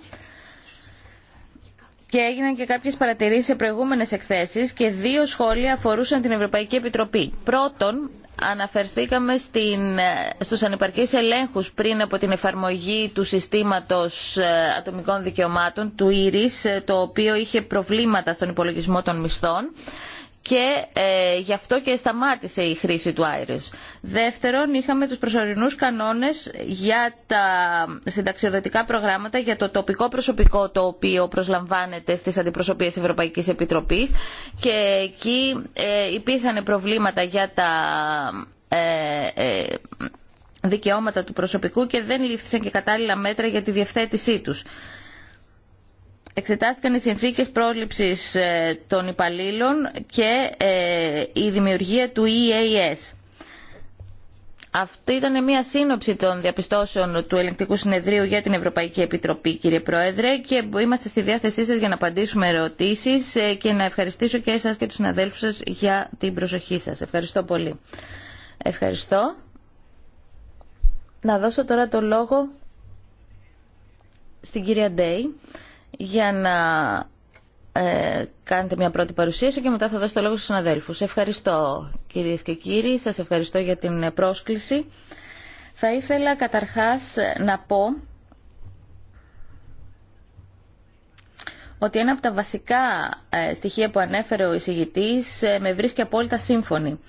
και έγιναν και κάποιες παρατηρήσεις σε προηγούμενες εκθέσεις και δύο σχόλια αφορούσαν την Ευρωπαϊκή Επιτροπή. Πρώτον, αναφερθήκαμε στην, στους ανεπαρκείς ελέγχους πριν από την εφαρμογή του συστήματος ατομικών δικαιωμάτων, του ΙΡΙΣ, το οποίο είχε προβλήματα στον υπολογισμό των μισθών και ε, γι' αυτό και σταμάτησε η χρήση του Άιρες. Δεύτερον, είχαμε τους προσωρινούς κανόνες για τα συνταξιοδοτικά προγράμματα για το τοπικό προσωπικό το οποίο προσλαμβάνεται στις αντιπροσωπείες Ευρωπαϊκής Επιτροπής και εκεί ε, υπήρχαν προβλήματα για τα... Ε, δικαιώματα του προσωπικού και δεν λήφθησαν και κατάλληλα μέτρα για τη διευθέτησή τους εξετάστηκαν οι συνθήκες πρόληψης ε, των υπαλλήλων και ε, η δημιουργία του EAS. Αυτή ήταν μια σύνοψη των διαπιστώσεων του Ελεγκτικού Συνεδρίου για την Ευρωπαϊκή Επιτροπή, κύριε Πρόεδρε, και είμαστε στη διάθεσή σας για να απαντήσουμε ερωτήσεις ε, και να ευχαριστήσω και εσάς και τους συναδέλφους σας για την προσοχή σας. Ευχαριστώ πολύ. Ευχαριστώ. Να δώσω τώρα το λόγο στην κυρία Ντέι για να ε, κάνετε μια πρώτη παρουσίαση και μετά θα δώσω το λόγο στους συναδέλφους. Ευχαριστώ κυρίες και κύριοι, σας ευχαριστώ για την πρόσκληση. Θα ήθελα καταρχάς να πω ότι ένα από τα βασικά ε, στοιχεία που ανέφερε ο εισηγητής ε, με βρίσκει απόλυτα σύμφωνη.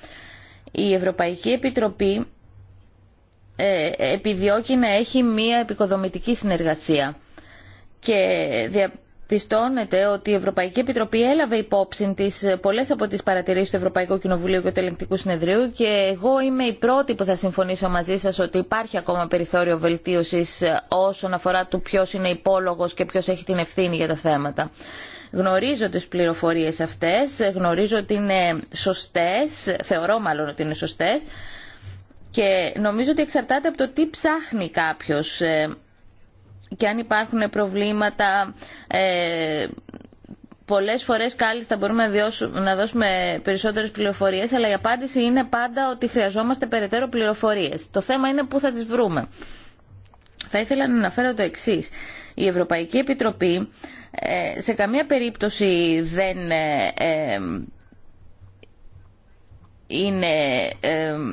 Η Ευρωπαϊκή Επιτροπή ε, επιδιώκει να έχει μια επικοδομητική συνεργασία και διαπιστώνεται ότι η Ευρωπαϊκή Επιτροπή έλαβε υπόψη τις πολλές από τις παρατηρήσεις του Ευρωπαϊκού Κοινοβουλίου και του Ελεγκτικού Συνεδρίου και εγώ είμαι η πρώτη που θα συμφωνήσω μαζί σας ότι υπάρχει ακόμα περιθώριο βελτίωσης όσον αφορά του ποιο είναι υπόλογο και ποιο έχει την ευθύνη για τα θέματα. Γνωρίζω τις πληροφορίες αυτές, γνωρίζω ότι είναι σωστές, θεωρώ μάλλον ότι είναι σωστές και νομίζω ότι εξαρτάται από το τι ψάχνει κάποιος. Ε, και αν υπάρχουν προβλήματα ε, πολλές φορές κάλλιστα μπορούμε να δώσουμε περισσότερες πληροφορίες αλλά η απάντηση είναι πάντα ότι χρειαζόμαστε περαιτέρω πληροφορίες. Το θέμα είναι πού θα τις βρούμε. Θα ήθελα να αναφέρω το εξής. Η Ευρωπαϊκή Επιτροπή ε, σε καμία περίπτωση δεν ε, ε, είναι,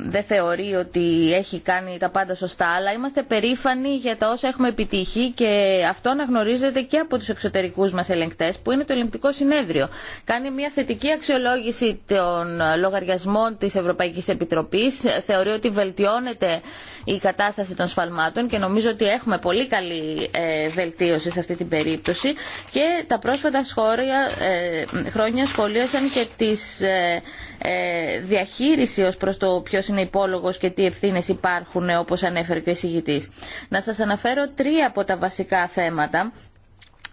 δεν θεωρεί ότι έχει κάνει τα πάντα σωστά, αλλά είμαστε περήφανοι για τα όσα έχουμε επιτύχει και αυτό αναγνωρίζεται και από τους εξωτερικούς μας ελεγκτές που είναι το ελεγκτικό συνέδριο. Κάνει μια θετική αξιολόγηση των λογαριασμών της Ευρωπαϊκής Επιτροπής, θεωρεί ότι βελτιώνεται η κατάσταση των σφαλμάτων και νομίζω ότι έχουμε πολύ καλή ε, βελτίωση σε αυτή την περίπτωση και τα πρόσφατα σχόλια, ε, χρόνια σχολίασαν και τις ε, ε διαχείριση ως προς το ποιος είναι υπόλογος και τι ευθύνες υπάρχουν όπως ανέφερε και ο εισηγητής. Να σας αναφέρω τρία από τα βασικά θέματα.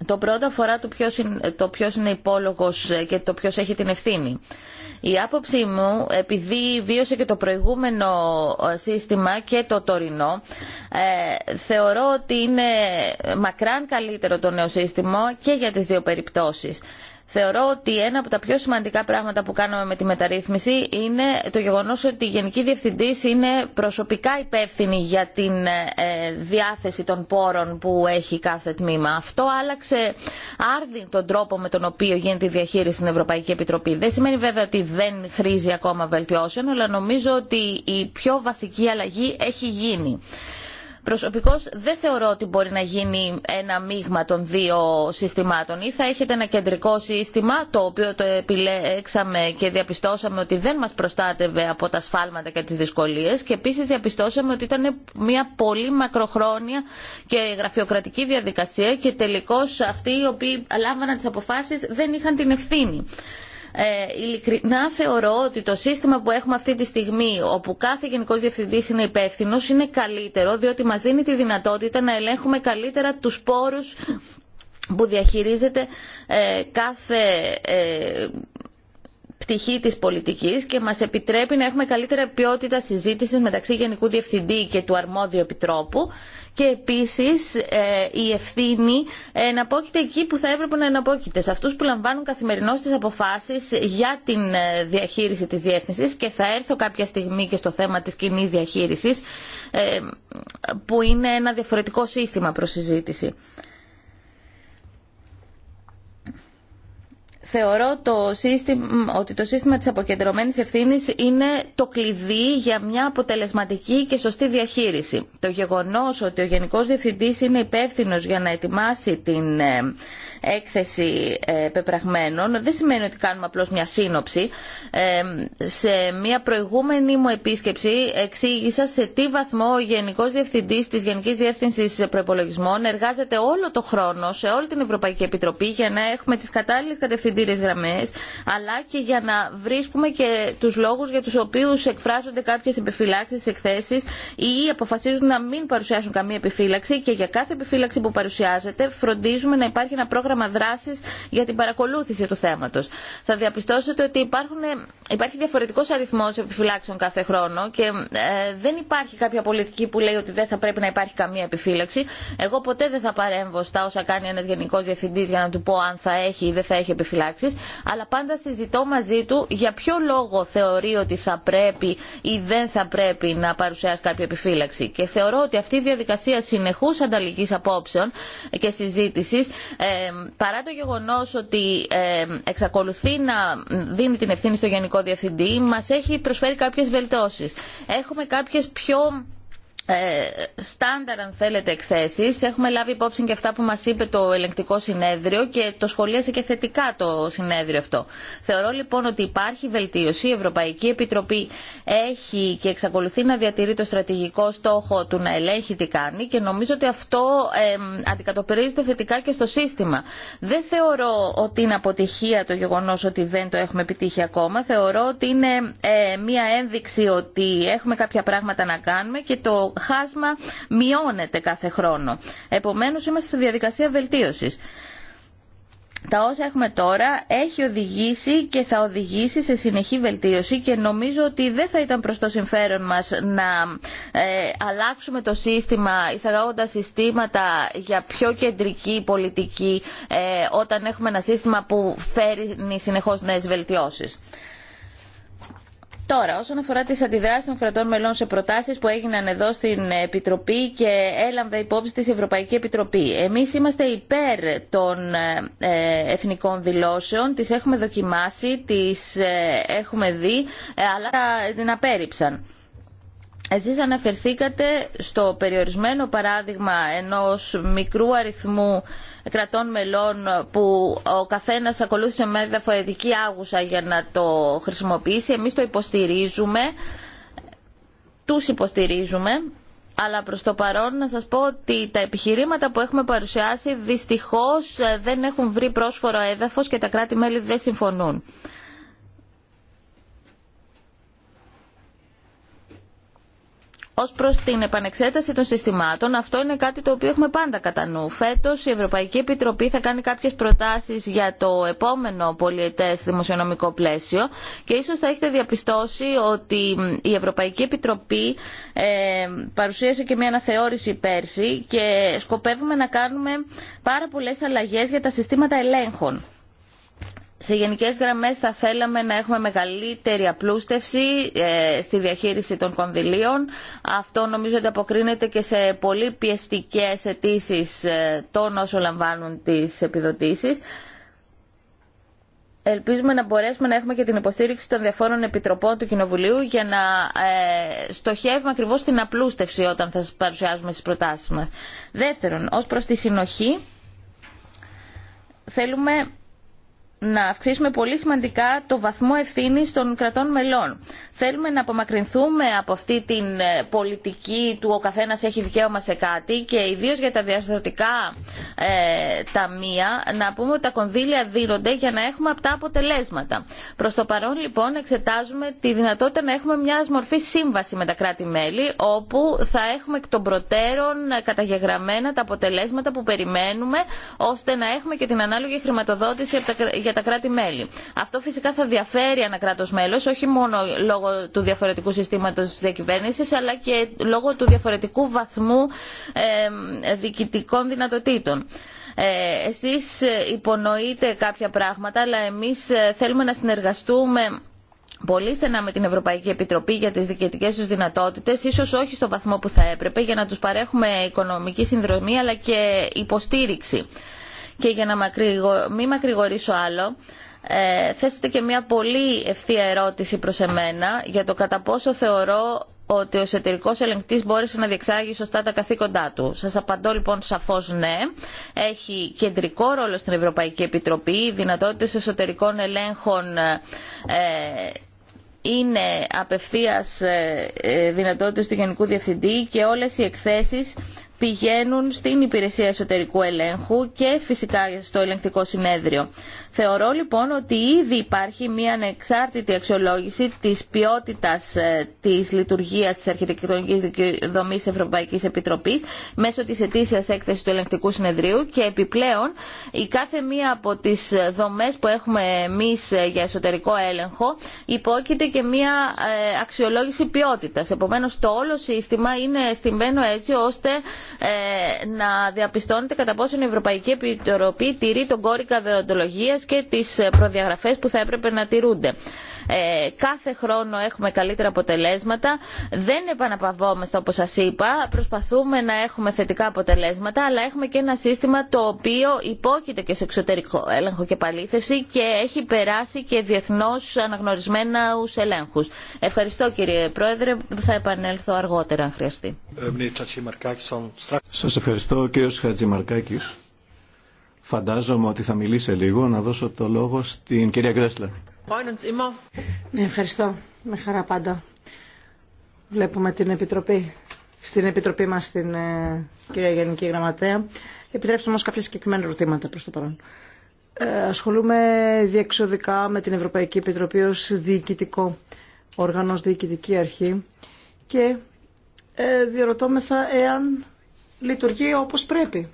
Το πρώτο αφορά το ποιος είναι, το υπόλογος και το ποιος έχει την ευθύνη. Η άποψή μου, επειδή βίωσε και το προηγούμενο ε, σύστημα και το τωρινό, ε, θεωρώ ότι είναι μακράν καλύτερο το νέο σύστημα και για τις δύο περιπτώσεις. Θεωρώ ότι ένα από τα πιο σημαντικά πράγματα που κάναμε με τη μεταρρύθμιση είναι το γεγονός ότι η Γενική Διευθυντής είναι προσωπικά υπεύθυνη για την ε, διάθεση των πόρων που έχει κάθε τμήμα. Αυτό άλλαξε άρδιν τον τρόπο με τον οποίο γίνεται η διαχείριση στην Ευρωπαϊκή Επιτροπή. Δεν σημαίνει βέβαια ότι δεν χρήζει ακόμα βελτιώσεων, αλλά νομίζω ότι η πιο βασική αλλαγή έχει γίνει. Προσωπικώς δεν θεωρώ ότι μπορεί να γίνει ένα μείγμα των δύο συστημάτων. Ή θα έχετε ένα κεντρικό σύστημα το οποίο το επιλέξαμε και διαπιστώσαμε ότι δεν μας προστάτευε από τα σφάλματα και τις δυσκολίε. και επίση διαπιστώσαμε ότι ήταν μια πολύ μακροχρόνια και γραφειοκρατική διαδικασία και τελικώ αυτοί οι οποίοι λάμβαναν τι αποφάσει δεν είχαν την ευθύνη. Ε, ειλικρινά θεωρώ ότι το σύστημα που έχουμε αυτή τη στιγμή, όπου κάθε γενικό διευθυντή είναι υπεύθυνο, είναι καλύτερο, διότι μα δίνει τη δυνατότητα να ελέγχουμε καλύτερα του πόρου που διαχειρίζεται ε, κάθε ε, πτυχή της πολιτικής και μας επιτρέπει να έχουμε καλύτερη ποιότητα συζήτησης μεταξύ Γενικού Διευθυντή και του Αρμόδιου Επιτρόπου και επίσης ε, η ευθύνη εναπόκειται εκεί που θα έπρεπε να εναπόκειται σε αυτούς που λαμβάνουν καθημερινώς τις αποφάσεις για την ε, διαχείριση της διεύθυνσης και θα έρθω κάποια στιγμή και στο θέμα της κοινή διαχείρισης ε, που είναι ένα διαφορετικό σύστημα προς συζήτηση. θεωρώ το σύστημα, ότι το σύστημα της αποκεντρωμένης ευθύνης είναι το κλειδί για μια αποτελεσματική και σωστή διαχείριση. Το γεγονός ότι ο Γενικός Διευθυντής είναι υπεύθυνος για να ετοιμάσει την ε, έκθεση ε, πεπραγμένων δεν σημαίνει ότι κάνουμε απλώς μια σύνοψη. Ε, σε μια προηγούμενη μου επίσκεψη εξήγησα σε τι βαθμό ο Γενικός Διευθυντής της Γενικής Διεύθυνσης Προπολογισμών εργάζεται όλο το χρόνο σε όλη την Ευρωπαϊκή Επιτροπή για να έχουμε τις κατάλληλες κατευθυντήριες γραμμές αλλά και για να βρίσκουμε και τους λόγους για τους οποίους εκφράζονται κάποιες επιφυλάξεις, εκθέσεις ή αποφασίζουν να μην παρουσιάσουν καμία επιφύλαξη και για κάθε επιφύλαξη που παρουσιάζεται φροντίζουμε να υπάρχει ένα πρόγραμμα πρόγραμμα για την παρακολούθηση του θέματο. Θα διαπιστώσετε ότι υπάρχουν, υπάρχει διαφορετικό αριθμό επιφυλάξεων κάθε χρόνο και ε, δεν υπάρχει κάποια πολιτική που λέει ότι δεν θα πρέπει να υπάρχει καμία επιφύλαξη. Εγώ ποτέ δεν θα παρέμβω στα όσα κάνει ένα γενικό διευθυντή για να του πω αν θα έχει ή δεν θα έχει επιφυλάξει. αλλά πάντα συζητώ μαζί του για ποιο λόγο θεωρεί ότι θα πρέπει ή δεν θα πρέπει να παρουσιάσει κάποια επιφύλαξη. Και θεωρώ ότι αυτή η διαδικασία συνεχού ανταλλαγή απόψεων και συζήτηση. ε, παρά το γεγονό ότι ε, εξακολουθεί να δίνει την ευθύνη στο Γενικό Διευθυντή, μας έχει προσφέρει κάποιες βελτιώσεις. Έχουμε κάποιες πιο ε, στάνταρ αν θέλετε εκθέσεις. Έχουμε λάβει υπόψη και αυτά που μας είπε το ελεγκτικό συνέδριο και το σχολίασε και θετικά το συνέδριο αυτό. Θεωρώ λοιπόν ότι υπάρχει βελτίωση. Η Ευρωπαϊκή Επιτροπή έχει και εξακολουθεί να διατηρεί το στρατηγικό στόχο του να ελέγχει τι κάνει και νομίζω ότι αυτό ε, αντικατοπτρίζεται θετικά και στο σύστημα. Δεν θεωρώ ότι είναι αποτυχία το γεγονός ότι δεν το έχουμε επιτύχει ακόμα. Θεωρώ ότι είναι ε, μία ένδειξη ότι έχουμε κάποια πράγματα να κάνουμε και το χάσμα μειώνεται κάθε χρόνο. Επομένως είμαστε σε διαδικασία βελτίωσης. Τα όσα έχουμε τώρα έχει οδηγήσει και θα οδηγήσει σε συνεχή βελτίωση και νομίζω ότι δεν θα ήταν προς το συμφέρον μας να ε, αλλάξουμε το σύστημα εισαγάγοντα συστήματα για πιο κεντρική πολιτική ε, όταν έχουμε ένα σύστημα που φέρνει συνεχώς νέες βελτιώσεις. Τώρα, όσον αφορά τι αντιδράσει των κρατών μελών σε προτάσει που έγιναν εδώ στην Επιτροπή και έλαβε υπόψη τη Ευρωπαϊκή Επιτροπή. Εμεί είμαστε υπέρ των ε, εθνικών δηλώσεων, τι έχουμε δοκιμάσει, τι ε, έχουμε δει, ε, αλλά την απέρριψαν. Εσεί αναφερθήκατε στο περιορισμένο παράδειγμα ενός μικρού αριθμού κρατών μελών που ο καθένας ακολούθησε με διαφορετική άγουσα για να το χρησιμοποιήσει. Εμείς το υποστηρίζουμε, τους υποστηρίζουμε αλλά προς το παρόν να σας πω ότι τα επιχειρήματα που έχουμε παρουσιάσει δυστυχώς δεν έχουν βρει πρόσφορο έδαφος και τα κράτη-μέλη δεν συμφωνούν. Ω προ την επανεξέταση των συστημάτων, αυτό είναι κάτι το οποίο έχουμε πάντα κατά νου. Φέτο η Ευρωπαϊκή Επιτροπή θα κάνει κάποιε προτάσει για το επόμενο πολιετέ δημοσιονομικό πλαίσιο και ίσω θα έχετε διαπιστώσει ότι η Ευρωπαϊκή Επιτροπή ε, παρουσίασε και μια αναθεώρηση πέρσι και σκοπεύουμε να κάνουμε πάρα πολλέ αλλαγέ για τα συστήματα ελέγχων σε γενικές γραμμές θα θέλαμε να έχουμε μεγαλύτερη απλούστευση ε, στη διαχείριση των κονδυλίων. Αυτό νομίζω ότι αποκρίνεται και σε πολύ πιεστικές αιτήσει ε, των όσων λαμβάνουν τις επιδοτήσεις. Ελπίζουμε να μπορέσουμε να έχουμε και την υποστήριξη των διαφόρων επιτροπών του Κοινοβουλίου για να ε, στοχεύουμε ακριβώς την απλούστευση όταν θα παρουσιάζουμε στις προτάσεις μας. Δεύτερον, ως προς τη συνοχή, θέλουμε να αυξήσουμε πολύ σημαντικά το βαθμό ευθύνη των κρατών μελών. Θέλουμε να απομακρυνθούμε από αυτή την ε, πολιτική του ο καθένα έχει δικαίωμα σε κάτι και ιδίω για τα διαστατικά ε, ταμεία να πούμε ότι τα κονδύλια δίνονται για να έχουμε αυτά αποτελέσματα. Προ το παρόν λοιπόν εξετάζουμε τη δυνατότητα να έχουμε μια μορφή σύμβαση με τα κράτη-μέλη όπου θα έχουμε εκ των προτέρων καταγεγραμμένα τα αποτελέσματα που περιμένουμε ώστε να έχουμε και την ανάλογη χρηματοδότηση για τα κράτη-μέλη. Αυτό φυσικά θα διαφέρει ένα κράτος μέλος, όχι μόνο λόγω του διαφορετικού συστήματος διακυβέρνηση, αλλά και λόγω του διαφορετικού βαθμού διοικητικών δυνατοτήτων. Ε, εσείς ε, υπονοείτε κάποια πράγματα, αλλά εμείς ε, θέλουμε να συνεργαστούμε πολύ στενά με την Ευρωπαϊκή Επιτροπή για τις διοικητικές τους δυνατότητες, ίσως όχι στο βαθμό που θα έπρεπε, για να τους παρέχουμε οικονομική συνδρομή αλλά και υποστήριξη. Και για να μην μακρηγορήσω άλλο, ε, θέσετε και μια πολύ ευθεία ερώτηση προς εμένα για το κατά πόσο θεωρώ ότι ο εσωτερικό ελεγκτή μπόρεσε να διεξάγει σωστά τα καθήκοντά του. Σα απαντώ λοιπόν σαφώ ναι. Έχει κεντρικό ρόλο στην Ευρωπαϊκή Επιτροπή. Οι δυνατότητε εσωτερικών ελέγχων ε, είναι απευθεία ε, ε, δυνατότητε του Γενικού Διευθυντή και όλε οι εκθέσει πηγαίνουν στην υπηρεσία εσωτερικού ελέγχου και φυσικά στο ελεγκτικό συνέδριο. Θεωρώ λοιπόν ότι ήδη υπάρχει μια ανεξάρτητη αξιολόγηση της ποιότητας ε, της λειτουργίας της αρχιτεκτονικής δομής Ευρωπαϊκής Επιτροπής μέσω της ετήσιας έκθεσης του ελεγκτικού συνεδρίου και επιπλέον η κάθε μία από τις δομές που έχουμε εμεί ε, για εσωτερικό έλεγχο υπόκειται και μια ε, αξιολόγηση ποιότητας. Επομένως το όλο σύστημα είναι στημένο έτσι ώστε να διαπιστώνεται κατά πόσο η Ευρωπαϊκή Επιτροπή τηρεί τον κώρικα δεοντολογίας και τις προδιαγραφές που θα έπρεπε να τηρούνται. Ε, κάθε χρόνο έχουμε καλύτερα αποτελέσματα. Δεν επαναπαυόμαστε όπως σας είπα. Προσπαθούμε να έχουμε θετικά αποτελέσματα αλλά έχουμε και ένα σύστημα το οποίο υπόκειται και σε εξωτερικό έλεγχο και παλήθευση και έχει περάσει και διεθνώς αναγνωρισμένους ελέγχους. Ευχαριστώ κύριε Πρόεδρε. Θα επανέλθω αργότερα αν χρειαστεί. Σας ευχαριστώ κύριος Χατζημαρκάκης. Φαντάζομαι ότι θα μιλήσει λίγο. Να δώσω το λόγο στην κυρία Γκρέσλερ. Ναι, ευχαριστώ. Με χαρά πάντα. Βλέπουμε την Επιτροπή, στην Επιτροπή μας την ε, κυρία Γενική Γραμματέα. Επιτρέψτε όμως κάποια συγκεκριμένα ερωτήματα προς το παρόν. Ε, ασχολούμαι διεξοδικά με την Ευρωπαϊκή Επιτροπή ως διοικητικό όργανο, διοικητική αρχή και ε, διαρωτώμεθα εάν λειτουργεί όπως πρέπει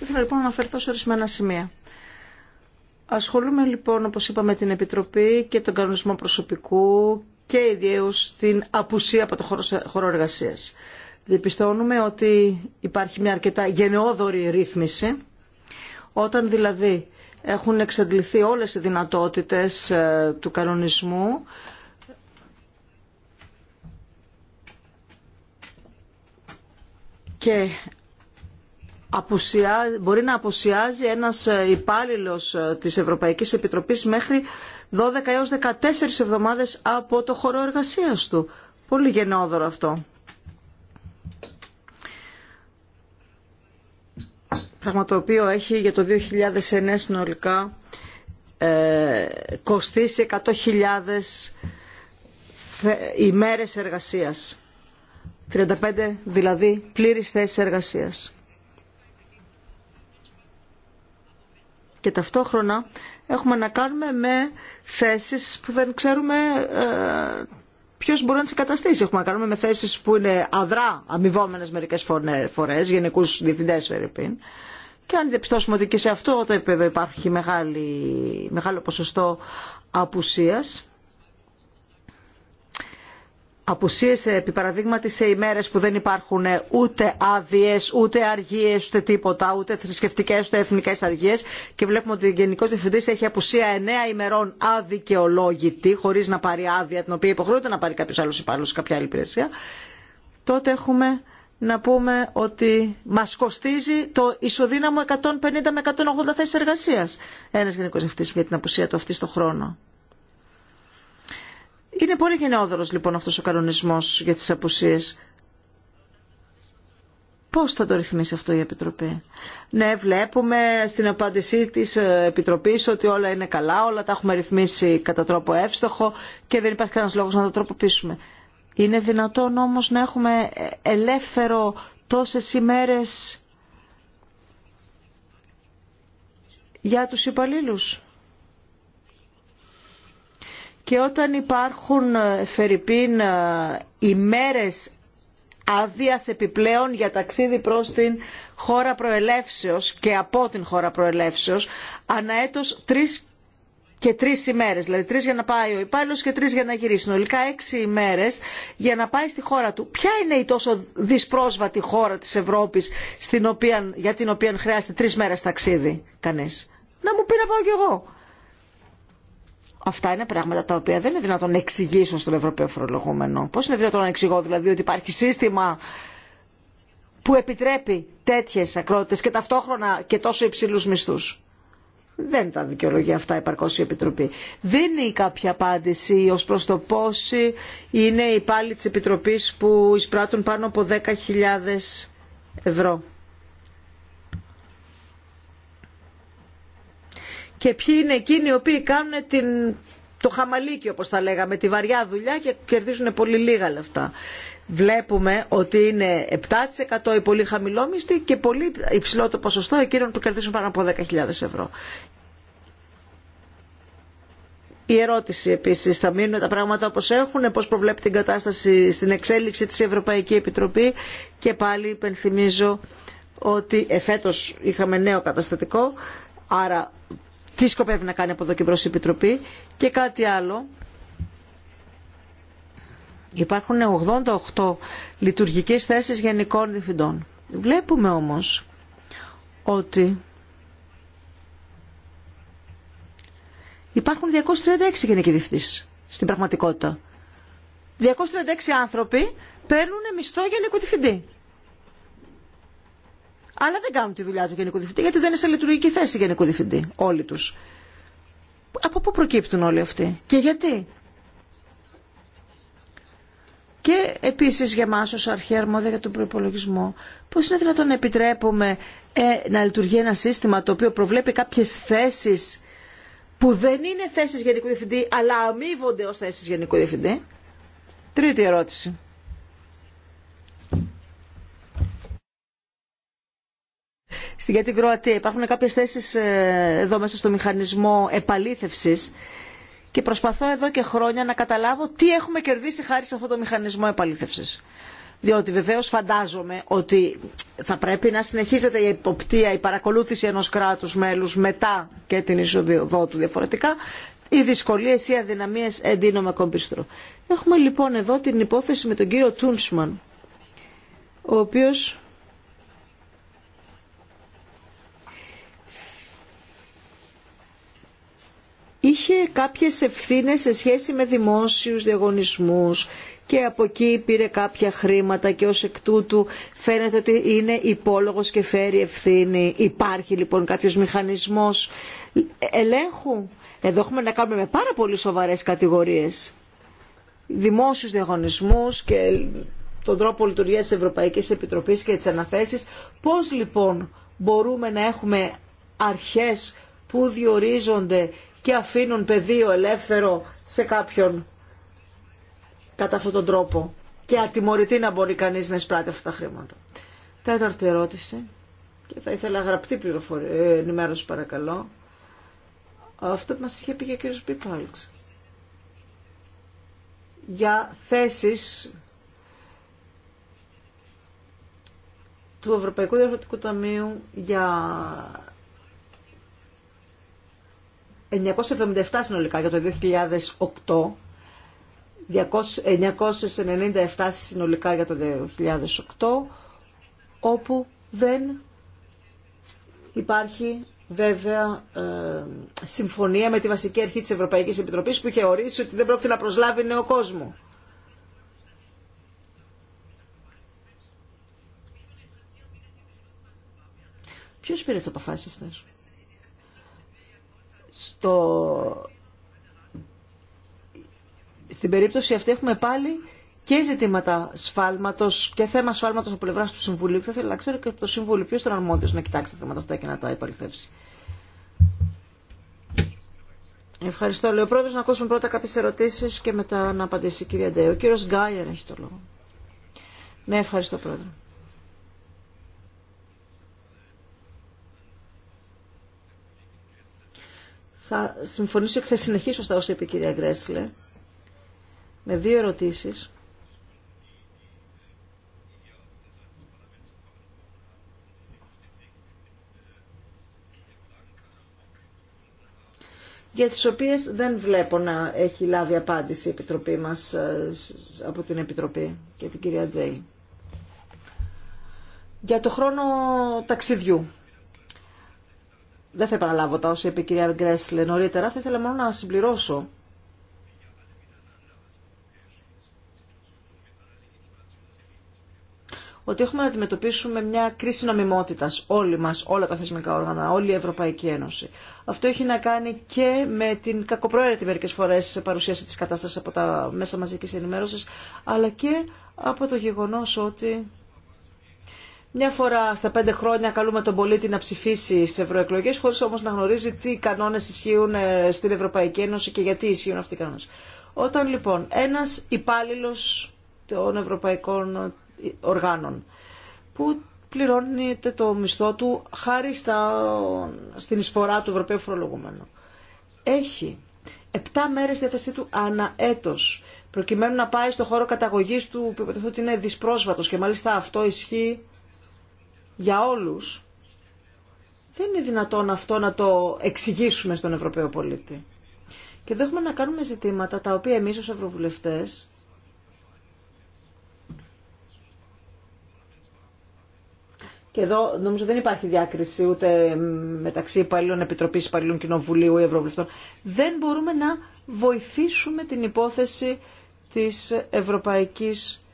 Ήθελα λοιπόν να αναφερθώ σε ορισμένα σημεία. Ασχολούμαι λοιπόν, όπω είπαμε, την Επιτροπή και τον κανονισμό προσωπικού και ιδιαίω την απουσία από το χώρο, χώρο εργασία. Διαπιστώνουμε ότι υπάρχει μια αρκετά γενναιόδορη ρύθμιση, όταν δηλαδή έχουν εξαντληθεί όλες οι δυνατότητες ε, του κανονισμού, και μπορεί να αποσιάζει ένας ε, υπάλληλος ε, της Ευρωπαϊκής Επιτροπής μέχρι 12 έως 14 εβδομάδες από το χώρο εργασίας του. Πολύ γενναιόδωρο αυτό. Πράγμα το οποίο έχει για το 2009 συνολικά ε, κοστίσει 100.000 ημέρες εργασίας. 35 δηλαδή πλήρης θέσεις εργασίας. και ταυτόχρονα έχουμε να κάνουμε με θέσεις που δεν ξέρουμε ε, ποιος μπορεί να τι εγκαταστήσει. Έχουμε να κάνουμε με θέσεις που είναι αδρά αμοιβόμενε μερικές φορές, γενικού διευθυντέ. φερρυπίν. Και αν διαπιστώσουμε ότι και σε αυτό το επίπεδο υπάρχει μεγάλη, μεγάλο ποσοστό απουσίας, απουσίες ε, επί παραδείγματι σε ημέρες που δεν υπάρχουν ε, ούτε άδειες, ούτε αργίες, ούτε τίποτα, ούτε θρησκευτικές, ούτε εθνικές αργίες και βλέπουμε ότι ο Γενικός Διευθυντής έχει απουσία 9 ημερών αδικαιολόγητη, χωρίς να πάρει άδεια, την οποία υποχρεούται να πάρει κάποιος άλλος υπάλληλος σε κάποια άλλη υπηρεσία, τότε έχουμε να πούμε ότι μας κοστίζει το ισοδύναμο 150 με 180 θέσεις εργασίας ένας Γενικός Διευθυντής για την απουσία του αυτή στον χρόνο. Είναι πολύ γενναιόδωρος λοιπόν αυτός ο κανονισμός για τις απουσίες. Πώς θα το ρυθμίσει αυτό η Επιτροπή. Ναι, βλέπουμε στην απάντησή της ε, Επιτροπής ότι όλα είναι καλά, όλα τα έχουμε ρυθμίσει κατά τρόπο εύστοχο και δεν υπάρχει κανένας λόγος να τα τροποποιήσουμε. Είναι δυνατόν όμως να έχουμε ε, ελεύθερο τόσες ημέρες για τους υπαλλήλους και όταν υπάρχουν ε, φερρυπίν ε, ημέρες άδεια επιπλέον για ταξίδι προς την χώρα προελεύσεως και από την χώρα προελεύσεως αναέτος τρεις και τρεις ημέρες, δηλαδή τρεις για να πάει ο υπάλληλος και τρεις για να γυρίσει. Συνολικά έξι ημέρες για να πάει στη χώρα του. Ποια είναι η τόσο δυσπρόσβατη χώρα της Ευρώπης για την οποία χρειάζεται τρεις μέρες ταξίδι κανείς. Να μου πει να πάω κι εγώ. Αυτά είναι πράγματα τα οποία δεν είναι δυνατόν να εξηγήσω στον Ευρωπαίο φορολογούμενο. Πώς είναι δυνατόν να εξηγώ δηλαδή ότι υπάρχει σύστημα που επιτρέπει τέτοιε ακρότητε και ταυτόχρονα και τόσο υψηλού μισθούς. Δεν τα δικαιολογεί αυτά η η Επιτροπή. Δίνει κάποια απάντηση ως προς το πόσοι είναι οι υπάλληλοι της Επιτροπής που εισπράττουν πάνω από 10.000 ευρώ. και ποιοι είναι εκείνοι οι οποίοι κάνουν την, το χαμαλίκι όπως τα λέγαμε, τη βαριά δουλειά και κερδίζουν πολύ λίγα λεφτά. Βλέπουμε ότι είναι 7% οι πολύ χαμηλόμιστοι και πολύ υψηλό το ποσοστό εκείνων που κερδίζουν πάνω από 10.000 ευρώ. Η ερώτηση επίση, θα μείνουν τα πράγματα όπω έχουν, πώ προβλέπει την κατάσταση στην εξέλιξη τη Ευρωπαϊκή Επιτροπή και πάλι υπενθυμίζω ότι εφέτο είχαμε νέο καταστατικό, άρα τι σκοπεύει να κάνει από εδώ και μπρος η Επιτροπή και κάτι άλλο. Υπάρχουν 88 λειτουργικές θέσεις γενικών διευθυντών. Βλέπουμε όμως ότι υπάρχουν 236 γενικοί διευθυντές στην πραγματικότητα. 236 άνθρωποι παίρνουν μισθό γενικού διευθυντή αλλά δεν κάνουν τη δουλειά του Γενικού Διευθυντή γιατί δεν είναι σε λειτουργική θέση Γενικού Διευθυντή όλοι τους. Από πού προκύπτουν όλοι αυτοί και γιατί. Και επίση για εμά ω αρχαίρμοδε για τον προπολογισμό, πώς είναι δυνατόν να επιτρέπουμε ε, να λειτουργεί ένα σύστημα το οποίο προβλέπει κάποιες θέσει που δεν είναι θέσει Γενικού Διευθυντή αλλά αμείβονται ω θέσει Γενικού Διευθυντή. Τρίτη ερώτηση. για την Κροατία. Υπάρχουν κάποιες θέσεις ε, εδώ μέσα στο μηχανισμό επαλήθευσης και προσπαθώ εδώ και χρόνια να καταλάβω τι έχουμε κερδίσει χάρη σε αυτό το μηχανισμό επαλήθευσης. Διότι βεβαίω φαντάζομαι ότι θα πρέπει να συνεχίζεται η υποπτία, η παρακολούθηση ενό κράτου μέλου μετά και την είσοδο του διαφορετικά. Οι δυσκολίε ή αδυναμίε εντείνομαι πίστρο. Έχουμε λοιπόν εδώ την υπόθεση με τον κύριο Τούνσμαν, ο οποίο. είχε κάποιες ευθύνες σε σχέση με δημόσιους διαγωνισμούς και από εκεί πήρε κάποια χρήματα και ως εκ τούτου φαίνεται ότι είναι υπόλογος και φέρει ευθύνη. Υπάρχει λοιπόν κάποιος μηχανισμός ελέγχου. Εδώ έχουμε να κάνουμε με πάρα πολύ σοβαρές κατηγορίες. Δημόσιους διαγωνισμούς και τον τρόπο λειτουργίας της Ευρωπαϊκής Επιτροπής και τις αναθέσεις. Πώς λοιπόν μπορούμε να έχουμε αρχές που διορίζονται και αφήνουν πεδίο ελεύθερο σε κάποιον κατά αυτόν τον τρόπο και ατιμωρητή να μπορεί κανείς να εισπράττει αυτά τα χρήματα. Τέταρτη ερώτηση και θα ήθελα γραπτή πληροφορία, ε, ενημέρωση παρακαλώ. Αυτό που μας είχε πει και ο κύριος Πίπαλξ. Για θέσεις του Ευρωπαϊκού Διαφορετικού Ταμείου για 977 συνολικά για το 2008, 997 συνολικά για το 2008, όπου δεν υπάρχει βέβαια ε, συμφωνία με τη βασική αρχή της Ευρωπαϊκής Επιτροπής που είχε ορίσει ότι δεν πρόκειται να προσλάβει νέο κόσμο. Ποιος πήρε τις αποφάσεις αυτές στο... στην περίπτωση αυτή έχουμε πάλι και ζητήματα σφάλματο και θέμα σφάλματο από πλευρά του Συμβουλίου. Θα ήθελα να ξέρω και από το Συμβούλιο ποιο ήταν αρμόδιο να κοιτάξει τα θέματα αυτά και να τα επαληθεύσει. Ευχαριστώ. Λέω πρώτος να ακούσουμε πρώτα κάποιες ερωτήσεις και μετά να απαντήσει η κυρία Ντέο. Ο κύριο Γκάιερ έχει το λόγο. Ναι, ευχαριστώ πρόεδρε. θα συμφωνήσω και θα συνεχίσω στα όσα είπε η κυρία Γκρέσλε με δύο ερωτήσεις. για τις οποίες δεν βλέπω να έχει λάβει απάντηση η Επιτροπή μας ε, από την Επιτροπή και την κυρία Τζέι. Για το χρόνο ταξιδιού δεν θα επαναλάβω τα όσα είπε η κυρία Γκρέσλε νωρίτερα. Θα ήθελα μόνο να συμπληρώσω ότι έχουμε να αντιμετωπίσουμε μια κρίση νομιμότητα όλοι μα, όλα τα θεσμικά όργανα, όλη η Ευρωπαϊκή Ένωση. Αυτό έχει να κάνει και με την κακοπροαίρετη μερικέ φορέ παρουσίαση τη κατάσταση από τα μέσα μαζική ενημέρωση, αλλά και από το γεγονό ότι μια φορά στα πέντε χρόνια καλούμε τον πολίτη να ψηφίσει στι ευρωεκλογέ, χωρί όμω να γνωρίζει τι κανόνε ισχύουν ε, στην Ευρωπαϊκή Ένωση και γιατί ισχύουν αυτοί οι κανόνε. Όταν λοιπόν ένα υπάλληλο των ευρωπαϊκών ε, οργάνων που πληρώνεται το μισθό του χάρη στην εισφορά του Ευρωπαίου Φορολογουμένου. Έχει 7 μέρες διάθεσή του ανά έτος, προκειμένου να πάει στο χώρο καταγωγής του που ότι είναι δυσπρόσβατος και μάλιστα αυτό ισχύει για όλους, δεν είναι δυνατόν αυτό να το εξηγήσουμε στον Ευρωπαίο πολίτη. Και εδώ έχουμε να κάνουμε ζητήματα τα οποία εμείς ως Ευρωβουλευτές Και εδώ νομίζω δεν υπάρχει διάκριση ούτε μεταξύ υπαλλήλων επιτροπής, Υπαλλήλων Κοινοβουλίου ή Ευρωβουλευτών. Δεν μπορούμε να βοηθήσουμε την υπόθεση της Ευρωπαϊκής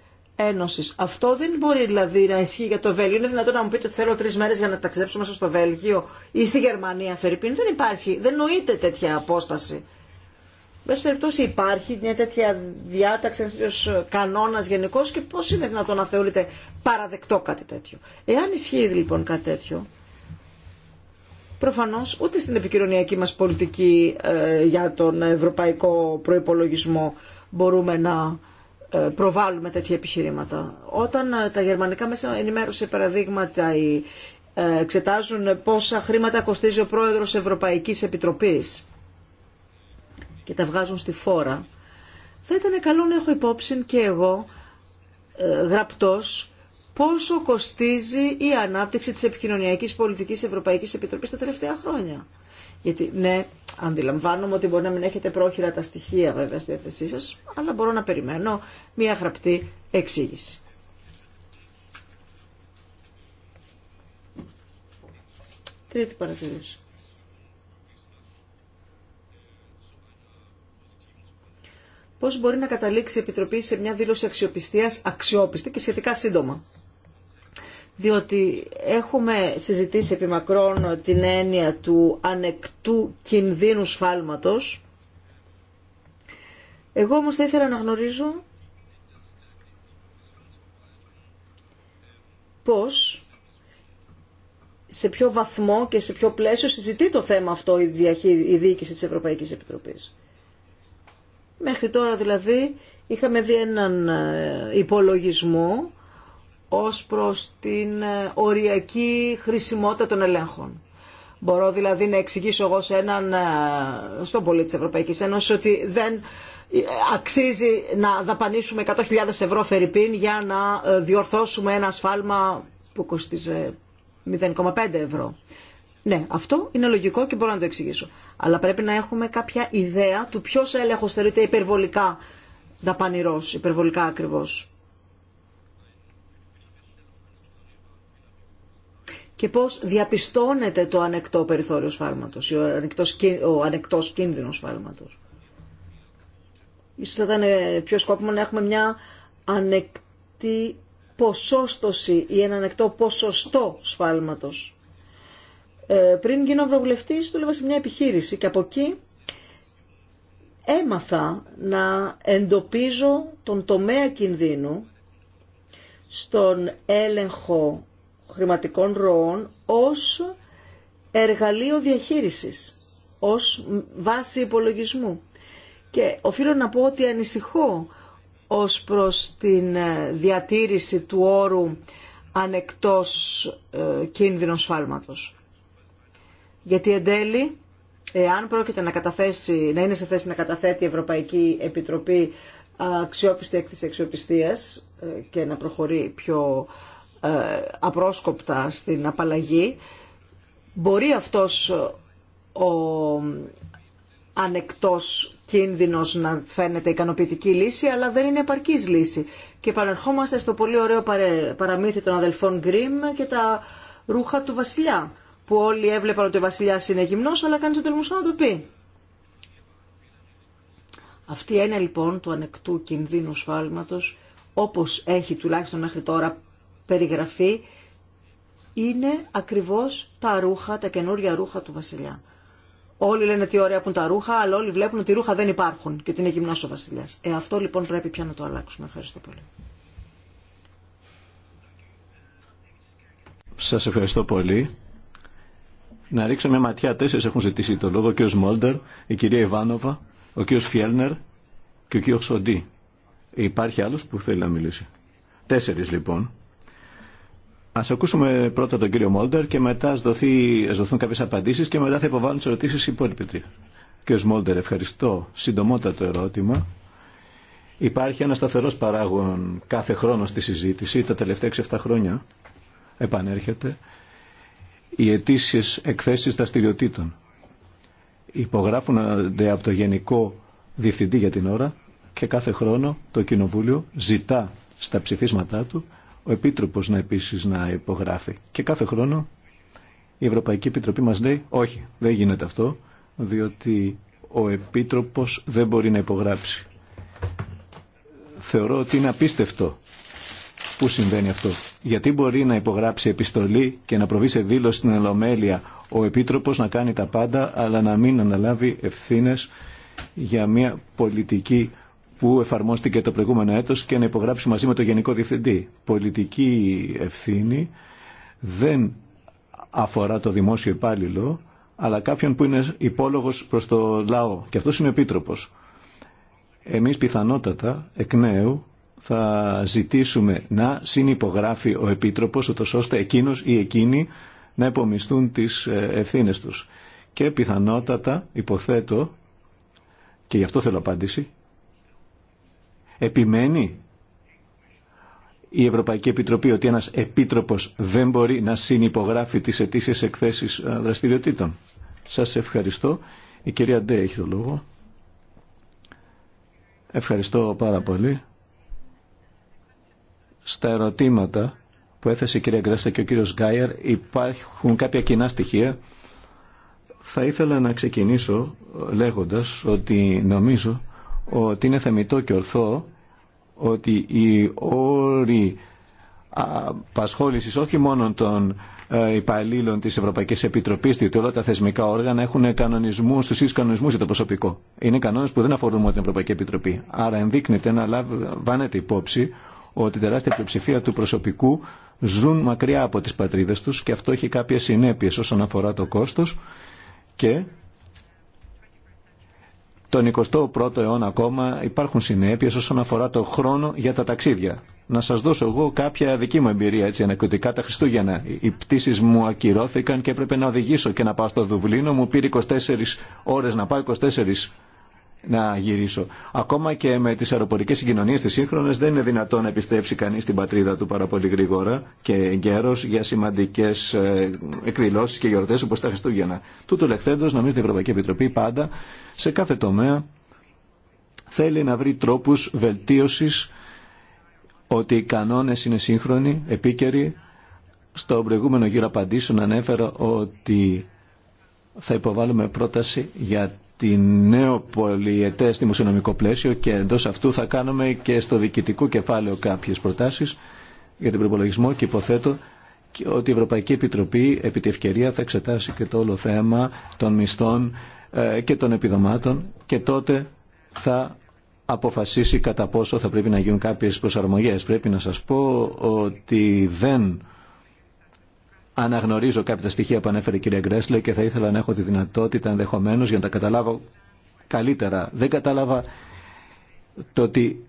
αυτό δεν μπορεί δηλαδή να ισχύει για το Βέλγιο. Είναι δυνατόν να μου πείτε ότι θέλω τρει μέρε για να ταξιδέψω μέσα στο Βέλγιο ή στη Γερμανία, Φερρυπίν. Δεν υπάρχει, δεν νοείται τέτοια απόσταση. Μπε περιπτώσει υπάρχει μια τέτοια διάταξη, ένα τέτοιο κανόνα γενικό και πώ είναι δυνατόν να θεωρείται παραδεκτό κάτι τέτοιο. Εάν ισχύει λοιπόν κάτι τέτοιο, προφανώ ούτε στην επικοινωνιακή μα πολιτική ε, για τον ευρωπαϊκό προπολογισμό μπορούμε να ε, προβάλλουμε τέτοια επιχειρήματα. Όταν ε, τα γερμανικά μέσα ενημέρωση, παραδείγματα, ε, εξετάζουν πόσα χρήματα κοστίζει ο πρόεδρος Ευρωπαϊκής Επιτροπής και τα βγάζουν στη φόρα, θα ήταν καλό να έχω υπόψη και εγώ γραπτός πόσο κοστίζει η ανάπτυξη της επικοινωνιακής πολιτικής Ευρωπαϊκής Επιτροπής τα τελευταία χρόνια. Γιατί ναι, αντιλαμβάνομαι ότι μπορεί να μην έχετε πρόχειρα τα στοιχεία βέβαια στη διάθεσή σας, αλλά μπορώ να περιμένω μία γραπτή εξήγηση. Τρίτη παρατηρήση. Πώς μπορεί να καταλήξει η Επιτροπή σε μια δήλωση αξιοπιστίας αξιόπιστη και σχετικά σύντομα διότι έχουμε συζητήσει επί μακρόν την έννοια του ανεκτού κινδύνου σφάλματος. Εγώ όμως θα ήθελα να γνωρίζω πώς, σε ποιο βαθμό και σε ποιο πλαίσιο συζητεί το θέμα αυτό η, διαχείρι, η διοίκηση της Ευρωπαϊκής Επιτροπής. Μέχρι τώρα δηλαδή είχαμε δει έναν ε, υπολογισμό ως προς την ε, οριακή χρησιμότητα των ελέγχων. Μπορώ δηλαδή να εξηγήσω εγώ σε έναν, ε, στον πολίτη της Ευρωπαϊκής Ένωσης ότι δεν ε, αξίζει να δαπανίσουμε 100.000 ευρώ φερρυπίν για να διορθώσουμε ένα σφάλμα που κοστίζει 0,5 ευρώ. Ναι, αυτό είναι λογικό και μπορώ να το εξηγήσω. Αλλά πρέπει να έχουμε κάποια ιδέα του ποιο έλεγχο θεωρείται υπερβολικά δαπανηρός, υπερβολικά ακριβώ. και πώς διαπιστώνεται το ανεκτό περιθώριο σφάλματος ή ο ανεκτός, ο ανεκτός κίνδυνος σφάλματος. Ίσως θα ήταν ε, πιο σκόπιμο να έχουμε μια ανεκτή ποσόστοση ή ένα ανεκτό ποσοστό σφάλματος. Ε, πριν γίνω ευρωβουλευτής δούλευα σε μια επιχείρηση και από εκεί έμαθα να εντοπίζω τον τομέα κινδύνου στον έλεγχο χρηματικών ροών ως εργαλείο διαχείρισης, ως βάση υπολογισμού. Και οφείλω να πω ότι ανησυχώ ως προς την ε, διατήρηση του όρου ανεκτός ε, κίνδυνο σφάλματος. Γιατί εν τέλει, εάν πρόκειται να, να είναι σε θέση να καταθέτει η Ευρωπαϊκή Επιτροπή ε, αξιόπιστη έκθεση αξιοπιστίας ε, και να προχωρεί πιο ε, απρόσκοπτα στην απαλλαγή, μπορεί αυτός ο ανεκτός κίνδυνος να φαίνεται ικανοποιητική λύση, αλλά δεν είναι επαρκής λύση. Και επανερχόμαστε στο πολύ ωραίο παραμύθι των αδελφών Γκριμ και τα ρούχα του βασιλιά, που όλοι έβλεπαν ότι ο βασιλιάς είναι γυμνός, αλλά κάνει δεν τελμούσα να το πει. Αυτή είναι λοιπόν του ανεκτού κινδύνου σφάλματος, όπως έχει τουλάχιστον μέχρι τώρα είναι ακριβώς τα ρούχα, τα καινούρια ρούχα του βασιλιά. Όλοι λένε τι ωραία που είναι τα ρούχα, αλλά όλοι βλέπουν ότι ρούχα δεν υπάρχουν και ότι είναι γυμνός ο βασιλιάς. Ε, αυτό λοιπόν πρέπει πια να το αλλάξουμε. Ευχαριστώ πολύ. Σας ευχαριστώ πολύ. Να ρίξω μια ματιά. Τέσσερις έχουν ζητήσει το λόγο. Ο κ. Μόλτερ, η κυρία Ιβάνοβα, ο κ. Φιέλνερ και ο κ. Σοντή. Υπάρχει άλλος που θέλει να μιλήσει. Τέσσερις λοιπόν. Ας ακούσουμε πρώτα τον κύριο Μόλτερ και μετά ας, δοθεί, ας δοθούν κάποιες απαντήσεις και μετά θα υποβάλουν τις ερωτήσεις οι υπόλοιποι τρία. Κύριο Μόλτερ, ευχαριστώ. Συντομότατο ερώτημα. Υπάρχει ένα σταθερό παράγον κάθε χρόνο στη συζήτηση, τα τελευταία 6-7 χρόνια επανέρχεται, οι αιτήσει εκθέσεις δραστηριοτήτων. Υπογράφονται από το Γενικό Διευθυντή για την ώρα και κάθε χρόνο το Κοινοβούλιο ζητά στα ψηφίσματά του ο Επίτροπος να επίσης να υπογράφει. Και κάθε χρόνο η Ευρωπαϊκή Επιτροπή μας λέει όχι, δεν γίνεται αυτό, διότι ο Επίτροπος δεν μπορεί να υπογράψει. Θεωρώ ότι είναι απίστευτο που συμβαίνει αυτό. Γιατί μπορεί να υπογράψει επιστολή και να προβεί σε δήλωση στην Ελλομέλεια ο Επίτροπος να κάνει τα πάντα αλλά να μην αναλάβει ευθύνες για μια πολιτική που εφαρμόστηκε το προηγούμενο έτος και να υπογράψει μαζί με το Γενικό Διευθυντή. Πολιτική ευθύνη δεν αφορά το δημόσιο υπάλληλο, αλλά κάποιον που είναι υπόλογος προς το λαό. Και αυτός είναι ο επίτροπος. Εμείς πιθανότατα εκ νέου θα ζητήσουμε να συνυπογράφει ο Επίτροπος, ούτως ώστε εκείνος ή εκείνη να υπομισθούν τις ε, ευθύνες τους. Και πιθανότατα υποθέτω, και γι' αυτό θέλω απάντηση, Επιμένει η Ευρωπαϊκή Επιτροπή ότι ένας επίτροπος δεν μπορεί να συνυπογράφει τις αιτήσεις εκθέσεις ε, δραστηριοτήτων. Σας ευχαριστώ. Η κυρία Ντέ έχει το λόγο. Ευχαριστώ πάρα πολύ. Στα ερωτήματα που έθεσε η κυρία Γκράστα και ο κύριος Γκάιερ υπάρχουν κάποια κοινά στοιχεία. Θα ήθελα να ξεκινήσω ε, λέγοντας ότι νομίζω ότι είναι θεμητό και ορθό ότι οι όροι απασχόληση όχι μόνο των ε, υπαλλήλων της Ευρωπαϊκής Επιτροπής, διότι όλα τα θεσμικά όργανα έχουν κανονισμούς, τους ίδιους κανονισμούς για το προσωπικό. Είναι κανόνες που δεν αφορούν μόνο την Ευρωπαϊκή Επιτροπή. Άρα ενδείκνεται να λαμβάνεται υπόψη ότι η τεράστια πλειοψηφία του προσωπικού ζουν μακριά από τις πατρίδες τους και αυτό έχει κάποιες συνέπειες όσον αφορά το κόστος και τον 21ο αιώνα ακόμα υπάρχουν συνέπειες όσον αφορά το χρόνο για τα ταξίδια. Να σας δώσω εγώ κάποια δική μου εμπειρία, έτσι, ανακριτικά τα Χριστούγεννα. Οι πτήσεις μου ακυρώθηκαν και έπρεπε να οδηγήσω και να πάω στο Δουβλίνο. Μου πήρε 24 ώρες να πάω, 24 να γυρίσω. Ακόμα και με τι αεροπορικέ συγκοινωνίε τι σύγχρονε, δεν είναι δυνατόν να επιστρέψει κανεί στην πατρίδα του πάρα πολύ γρήγορα και γέρο για σημαντικέ ε, εκδηλώσει και γιορτέ, όπω τα Χριστούγεννα. Τούτου λεχθέντος νομίζω η Ευρωπαϊκή Επιτροπή πάντα σε κάθε τομέα θέλει να βρει τρόπου βελτίωση, ότι οι κανόνε είναι σύγχρονοι, επίκαιροι. Στο προηγούμενο γύρο απαντήσεων ανέφερα ότι θα υποβάλουμε πρόταση για τη νέο πολιετέ δημοσιονομικό πλαίσιο και εντό αυτού θα κάνουμε και στο διοικητικό κεφάλαιο κάποιε προτάσει για τον προπολογισμό και υποθέτω ότι η Ευρωπαϊκή Επιτροπή επί τη ευκαιρία θα εξετάσει και το όλο θέμα των μισθών ε, και των επιδομάτων και τότε θα αποφασίσει κατά πόσο θα πρέπει να γίνουν κάποιες προσαρμογές. Πρέπει να σας πω ότι δεν Αναγνωρίζω κάποια στοιχεία που ανέφερε η κυρία Γκρέσλε και θα ήθελα να έχω τη δυνατότητα ενδεχομένω για να τα καταλάβω καλύτερα. Δεν κατάλαβα το ότι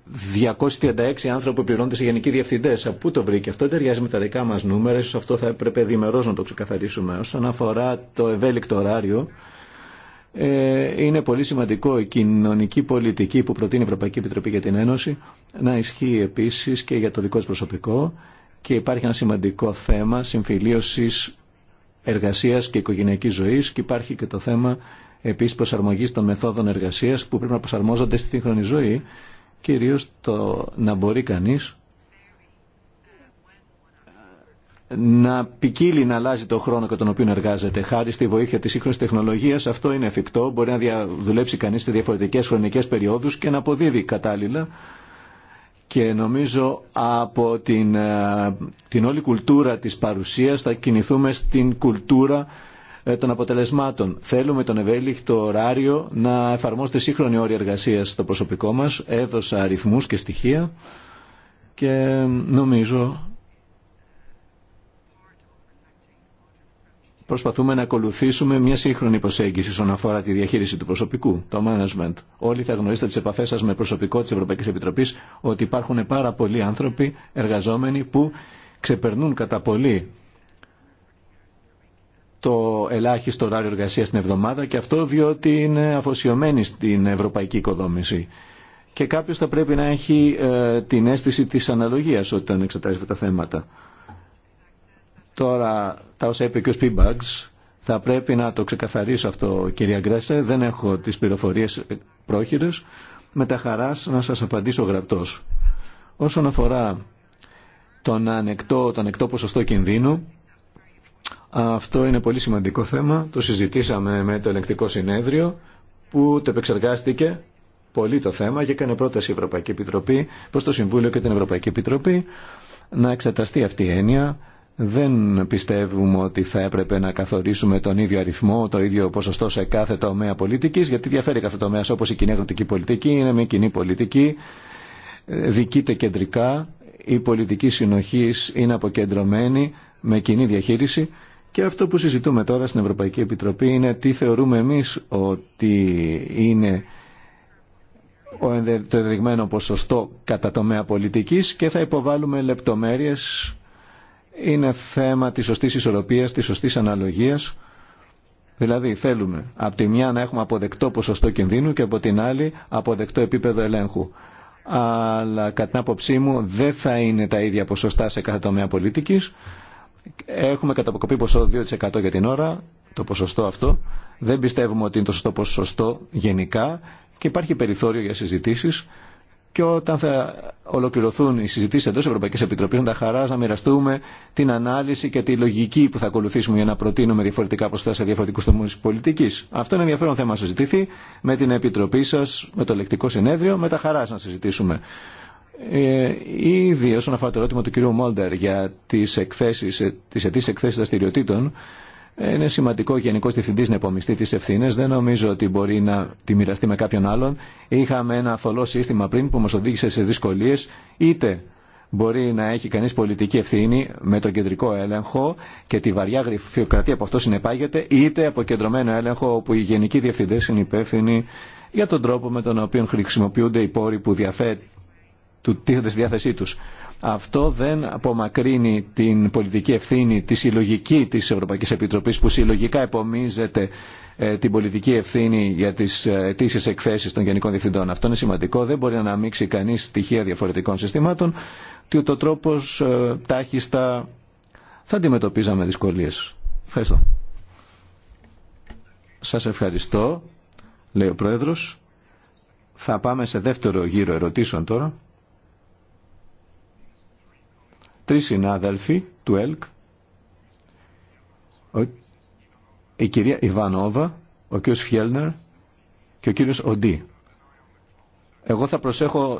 236 άνθρωποι πληρώνονται σε γενικοί διευθυντέ. Από πού το βρήκε αυτό, ταιριάζει με τα δικά μα νούμερα. σω αυτό θα έπρεπε διμερό να το ξεκαθαρίσουμε. Όσον αφορά το ευέλικτο ωράριο, ε, είναι πολύ σημαντικό η κοινωνική πολιτική που προτείνει η Ευρωπαϊκή Επιτροπή για την Ένωση να ισχύει επίση και για το δικό τη προσωπικό και υπάρχει ένα σημαντικό θέμα συμφιλίωσης εργασίας και οικογενειακής ζωή, και υπάρχει και το θέμα επίσης προσαρμογής των μεθόδων εργασίας που πρέπει να προσαρμόζονται στη σύγχρονη ζωή κυρίως το να μπορεί κανείς να ποικίλει να αλλάζει το χρόνο κατά τον οποίο εργάζεται. Χάρη στη βοήθεια τη σύγχρονη τεχνολογία, αυτό είναι εφικτό. Μπορεί να δουλέψει κανεί σε διαφορετικέ χρονικέ περιόδου και να αποδίδει κατάλληλα και νομίζω από την, ε, την όλη κουλτούρα της παρουσίας θα κινηθούμε στην κουλτούρα ε, των αποτελεσμάτων. Θέλουμε τον ευέλικτο ωράριο να εφαρμόζεται σύγχρονη όρια εργασία στο προσωπικό μας. Έδωσα αριθμούς και στοιχεία και νομίζω προσπαθούμε να ακολουθήσουμε μια σύγχρονη προσέγγιση όσον αφορά τη διαχείριση του προσωπικού, το management. Όλοι θα γνωρίσετε τι επαφέ σα με προσωπικό τη Ευρωπαϊκή Επιτροπή ότι υπάρχουν πάρα πολλοί άνθρωποι εργαζόμενοι που ξεπερνούν κατά πολύ το ελάχιστο ωράριο εργασία την εβδομάδα και αυτό διότι είναι αφοσιωμένοι στην ευρωπαϊκή οικοδόμηση. Και κάποιο θα πρέπει να έχει ε, την αίσθηση τη αναλογία όταν εξετάζει αυτά τα θέματα. Τώρα τα όσα είπε και ο Σπίμπαγκς, θα πρέπει να το ξεκαθαρίσω αυτό κυρία Γκρέσλε, δεν έχω τις πληροφορίες πρόχειρες, με τα χαράς να σας απαντήσω γραπτός. Όσον αφορά τον ανεκτό, τον ανεκτό ποσοστό κινδύνου, αυτό είναι πολύ σημαντικό θέμα, το συζητήσαμε με το ελεκτικό συνέδριο που το επεξεργάστηκε πολύ το θέμα και έκανε πρόταση η Ευρωπαϊκή Επιτροπή προς το Συμβούλιο και την Ευρωπαϊκή Επιτροπή να εξεταστεί αυτή η έννοια δεν πιστεύουμε ότι θα έπρεπε να καθορίσουμε τον ίδιο αριθμό, το ίδιο ποσοστό σε κάθε τομέα πολιτική, γιατί διαφέρει κάθε τομέα, όπω η κοινή αγροτική πολιτική, είναι μια κοινή πολιτική, δικείται κεντρικά, η πολιτική συνοχή είναι αποκεντρωμένη με κοινή διαχείριση. Και αυτό που συζητούμε τώρα στην Ευρωπαϊκή Επιτροπή είναι τι θεωρούμε εμείς ότι είναι το ενδεδειγμένο ποσοστό κατά τομέα πολιτικής και θα υποβάλουμε λεπτομέρειες είναι θέμα της σωστής ισορροπίας, της σωστής αναλογίας. Δηλαδή θέλουμε από τη μια να έχουμε αποδεκτό ποσοστό κινδύνου και από την άλλη αποδεκτό επίπεδο ελέγχου. Αλλά κατά την άποψή μου δεν θα είναι τα ίδια ποσοστά σε κάθε τομέα πολιτικής. Έχουμε καταποκοπή ποσό 2% για την ώρα, το ποσοστό αυτό. Δεν πιστεύουμε ότι είναι το σωστό ποσοστό γενικά και υπάρχει περιθώριο για συζητήσεις και όταν θα ολοκληρωθούν οι συζητήσει εντό Ευρωπαϊκή Επιτροπή, με τα χαρά να μοιραστούμε την ανάλυση και τη λογική που θα ακολουθήσουμε για να προτείνουμε διαφορετικά ποσοστά σε διαφορετικού τομεί πολιτική. Αυτό είναι ενδιαφέρον θέμα να συζητηθεί με την Επιτροπή σα, με το Λεκτικό Συνέδριο, με τα χαρά να συζητήσουμε. Ε, ήδη όσον αφορά το ερώτημα του κ. Μόλτερ για τι ετήσει τι εκθέσει δραστηριοτήτων, είναι σημαντικό ο Γενικό Διευθυντή να υπομειστεί τι ευθύνε. Δεν νομίζω ότι μπορεί να τη μοιραστεί με κάποιον άλλον. Είχαμε ένα θολό σύστημα πριν που μα οδήγησε σε δυσκολίε. Είτε μπορεί να έχει κανεί πολιτική ευθύνη με τον κεντρικό έλεγχο και τη βαριά γραφειοκρατία που αυτό συνεπάγεται, είτε αποκεντρωμένο έλεγχο όπου οι γενικοί διευθυντέ είναι υπεύθυνοι για τον τρόπο με τον οποίο χρησιμοποιούνται οι πόροι που διαθέτουν, στη διάθεσή του. Αυτό δεν απομακρύνει την πολιτική ευθύνη, τη συλλογική της Ευρωπαϊκής Επιτροπής που συλλογικά επομίζεται ε, την πολιτική ευθύνη για τις ε, αιτήσει εκθέσεις των Γενικών Διευθυντών. Αυτό είναι σημαντικό. Δεν μπορεί να αναμίξει κανείς στοιχεία διαφορετικών συστημάτων και ούτω τρόπος ε, τάχιστα θα αντιμετωπίζαμε δυσκολίες. Ευχαριστώ. Σας ευχαριστώ, λέει ο Πρόεδρος. Θα πάμε σε δεύτερο γύρο ερωτήσεων τώρα τρεις συνάδελφοι του ΕΛΚ, η κυρία Ιβανόβα, ο κύριος Φιέλνερ και ο κύριος Οντί. Εγώ θα προσέχω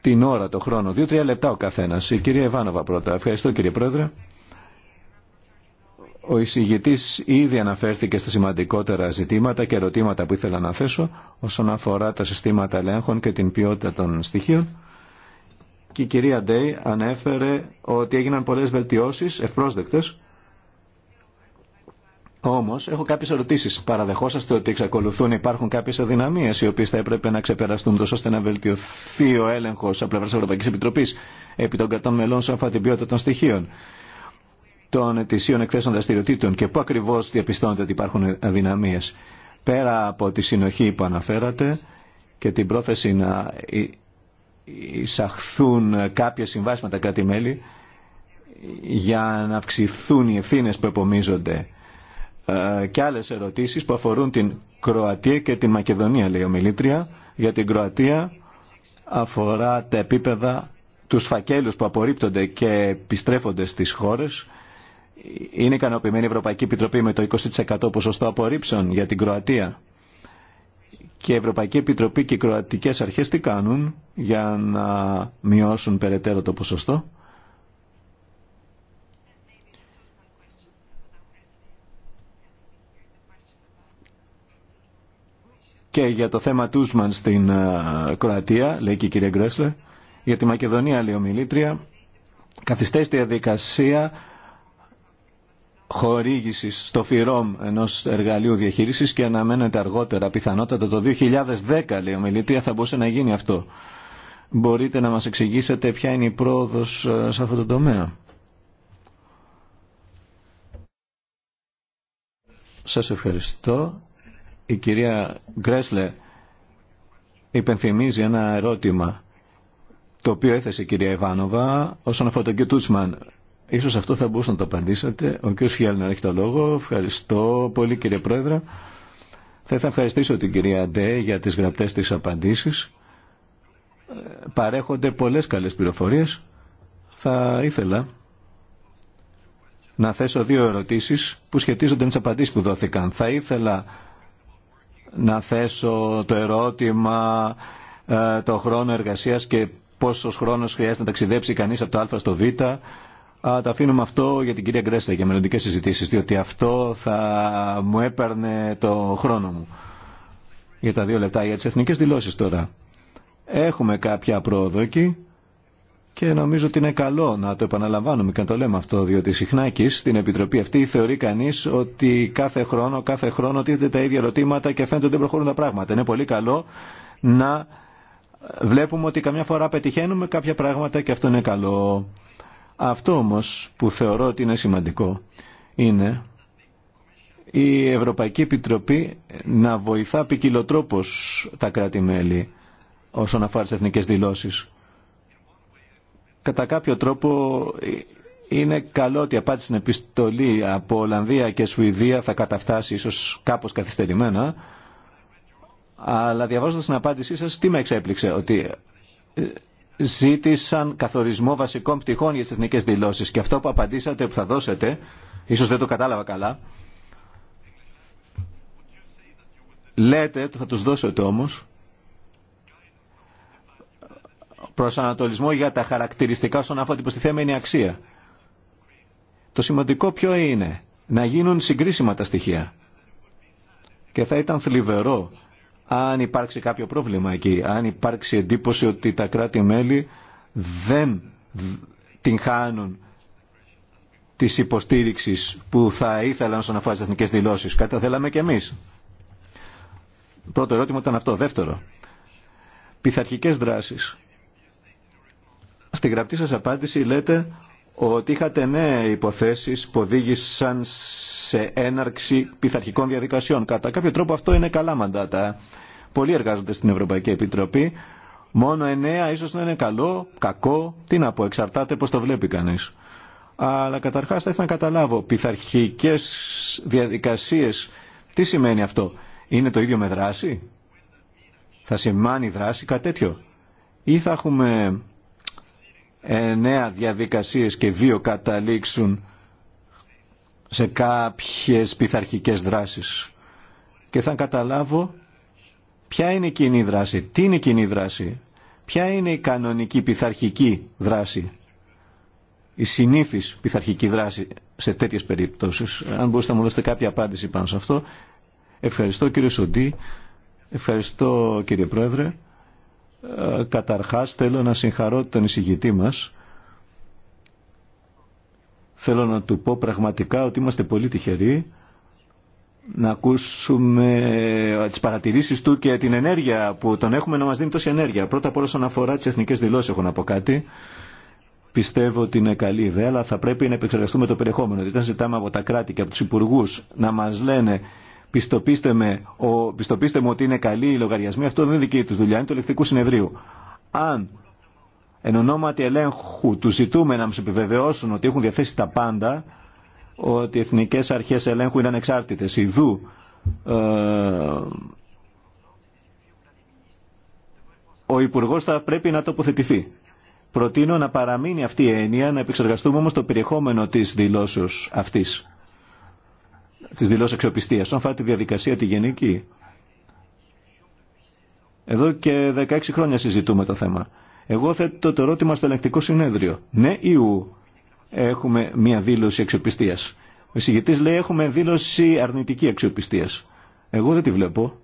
την ώρα, το χρόνο. Δύο-τρία λεπτά ο καθένας. Η κυρία Ιβάνοβα πρώτα. Ευχαριστώ κύριε Πρόεδρε. Ο εισηγητής ήδη αναφέρθηκε στα σημαντικότερα ζητήματα και ερωτήματα που ήθελα να θέσω όσον αφορά τα συστήματα ελέγχων και την ποιότητα των στοιχείων και η κυρία Ντέι ανέφερε ότι έγιναν πολλές βελτιώσεις ευπρόσδεκτες. Όμως έχω κάποιες ερωτήσεις. Παραδεχόσαστε ότι εξακολουθούν να υπάρχουν κάποιες αδυναμίες οι οποίες θα έπρεπε να ξεπεραστούν τόσο ώστε να βελτιωθεί ο έλεγχος από πλευράς Ευρωπαϊκής Επιτροπής επί των κρατών μελών σε την ποιότητα των στοιχείων των ετησίων εκθέσεων δραστηριοτήτων και πού ακριβώς διαπιστώνεται ότι υπάρχουν αδυναμίες. Πέρα από τη συνοχή που αναφέρατε και την πρόθεση να εισαχθούν κάποια συμβάσεις με τα κράτη-μέλη για να αυξηθούν οι ευθύνες που επομίζονται ε, και άλλες ερωτήσεις που αφορούν την Κροατία και την Μακεδονία, λέει ο Μιλήτρια. Για την Κροατία αφορά τα επίπεδα τους φακέλους που απορρίπτονται και επιστρέφονται στις χώρες. Είναι ικανοποιημένη η Ευρωπαϊκή Επιτροπή με το 20% ποσοστό απορρίψεων για την Κροατία και η Ευρωπαϊκή Επιτροπή και οι Κροατικές Αρχές τι κάνουν για να μειώσουν περαιτέρω το ποσοστό. Και για το θέμα Τούσμαν στην ε, Κροατία, λέει και η κυρία Γκρέσλε, για τη Μακεδονία, λέει ομιλήτρια, καθιστές τη διαδικασία χορήγηση στο ΦΥΡΟΜ ενός εργαλείου διαχείριση και αναμένεται αργότερα, πιθανότατα το 2010, λέει ο Μιλήτρια, θα μπορούσε να γίνει αυτό. Μπορείτε να μας εξηγήσετε ποια είναι η πρόοδος ε, σε αυτό το τομέα. Σας ευχαριστώ. Η κυρία Γκρέσλε υπενθυμίζει ένα ερώτημα το οποίο έθεσε η κυρία Ιβάνοβα όσον αφορά τον κ. Τούτσμαν Ίσως αυτό θα μπορούσατε να το απαντήσατε. Ο κ. Φιάλνα έχει το λόγο. Ευχαριστώ πολύ κύριε Πρόεδρε. Θα ήθελα να ευχαριστήσω την κυρία Αντέ για τις γραπτές της απαντήσεις. Παρέχονται πολλές καλές πληροφορίες. Θα ήθελα να θέσω δύο ερωτήσεις που σχετίζονται με τις απαντήσεις που δόθηκαν. Θα ήθελα να θέσω το ερώτημα ε, το χρόνο εργασίας και πόσος χρόνος χρειάζεται να ταξιδέψει κανείς από το α στο β Α, τα αφήνουμε αυτό για την κυρία Γκρέστα για μελλοντικέ συζητήσει, διότι αυτό θα μου έπαιρνε το χρόνο μου. Για τα δύο λεπτά. Για τι εθνικέ δηλώσει τώρα. Έχουμε κάποια πρόοδο εκεί και νομίζω ότι είναι καλό να το επαναλαμβάνουμε και να το λέμε αυτό, διότι συχνά εκεί στην Επιτροπή αυτή θεωρεί κανεί ότι κάθε χρόνο, κάθε χρόνο τίθεται τα ίδια ερωτήματα και φαίνεται ότι δεν προχωρούν τα πράγματα. Είναι πολύ καλό να βλέπουμε ότι καμιά φορά πετυχαίνουμε κάποια πράγματα και αυτό είναι καλό. Αυτό όμως που θεωρώ ότι είναι σημαντικό είναι η Ευρωπαϊκή Επιτροπή να βοηθά ποικιλοτρόπως τα κράτη-μέλη όσον αφορά τις εθνικές δηλώσεις. Κατά κάποιο τρόπο είναι καλό ότι απάντηση στην επιστολή από Ολλανδία και Σουηδία θα καταφτάσει ίσως κάπως καθυστερημένα αλλά διαβάζοντας την απάντησή σας τι με εξέπληξε ότι ε, ζήτησαν καθορισμό βασικών πτυχών για τι εθνικέ δηλώσει. Και αυτό που απαντήσατε, που θα δώσετε, ίσω δεν το κατάλαβα καλά. Λέτε, θα τους δώσετε όμως, προσανατολισμό για τα χαρακτηριστικά όσον αφορά την η αξία. Το σημαντικό ποιο είναι, να γίνουν συγκρίσιμα τα στοιχεία. Και θα ήταν θλιβερό αν υπάρξει κάποιο πρόβλημα εκεί, αν υπάρξει εντύπωση ότι τα κράτη-μέλη δεν την χάνουν της υποστήριξης που θα ήθελαν όσον αφορά τις εθνικές δηλώσεις. Κάτι θέλαμε και εμείς. Πρώτο ερώτημα ήταν αυτό. Δεύτερο, πειθαρχικές δράσεις. Στη γραπτή σας απάντηση λέτε ότι είχατε νέα υποθέσεις που οδήγησαν σε έναρξη πειθαρχικών διαδικασιών. Κατά κάποιο τρόπο αυτό είναι καλά μαντάτα. Πολλοί εργάζονται στην Ευρωπαϊκή Επιτροπή. Μόνο εννέα ίσως να είναι καλό, κακό, τι να πω, εξαρτάται πώς το βλέπει κανείς. Αλλά καταρχάς θα ήθελα να καταλάβω, πειθαρχικές διαδικασίες, τι σημαίνει αυτό. Είναι το ίδιο με δράση, θα σημάνει δράση κάτι τέτοιο. Ή θα έχουμε εννέα διαδικασίες και δύο καταλήξουν σε κάποιες πειθαρχικές δράσεις. Και θα καταλάβω ποια είναι η κοινή δράση, τι είναι η κοινή δράση, ποια είναι η κανονική πειθαρχική δράση, η συνήθις πειθαρχική δράση σε τέτοιες περιπτώσεις. Αν μπορούσατε να μου δώσετε κάποια απάντηση πάνω σε αυτό. Ευχαριστώ κύριε Σοντή, ευχαριστώ κύριε Πρόεδρε. Ε, καταρχάς θέλω να συγχαρώ τον εισηγητή μας. Θέλω να του πω πραγματικά ότι είμαστε πολύ τυχεροί να ακούσουμε ε, τις παρατηρήσεις του και την ενέργεια που τον έχουμε να μας δίνει τόση ενέργεια. Πρώτα απ' όλα όσον αφορά τις εθνικές δηλώσεις έχω να πω κάτι. Πιστεύω ότι είναι καλή ιδέα, αλλά θα πρέπει να επεξεργαστούμε το περιεχόμενο. Δηλαδή, όταν ζητάμε από τα κράτη και από τους υπουργούς να μας λένε πιστοποιήστε, ο, πιστοποιήστε μου ότι είναι καλή η λογαριασμοί, αυτό δεν είναι δική του δουλειά, είναι του ελεκτικού συνεδρίου. Αν εν ονόματι ελέγχου του ζητούμε να μα επιβεβαιώσουν ότι έχουν διαθέσει τα πάντα, ότι οι εθνικές αρχές ελέγχου είναι ανεξάρτητε, ειδού ε, ο υπουργό θα πρέπει να τοποθετηθεί. Προτείνω να παραμείνει αυτή η έννοια, να επεξεργαστούμε όμω το περιεχόμενο τη δηλώσεως αυτή της δηλώσης αξιοπιστίας. Όσον αφορά τη διαδικασία τη γενική, εδώ και 16 χρόνια συζητούμε το θέμα. Εγώ θέτω το ερώτημα στο ελεκτικό συνέδριο. Ναι ή ου έχουμε μια δήλωση αξιοπιστίας. Ο εισηγητής λέει έχουμε δήλωση αρνητική αξιοπιστίας. Εγώ δεν τη βλέπω.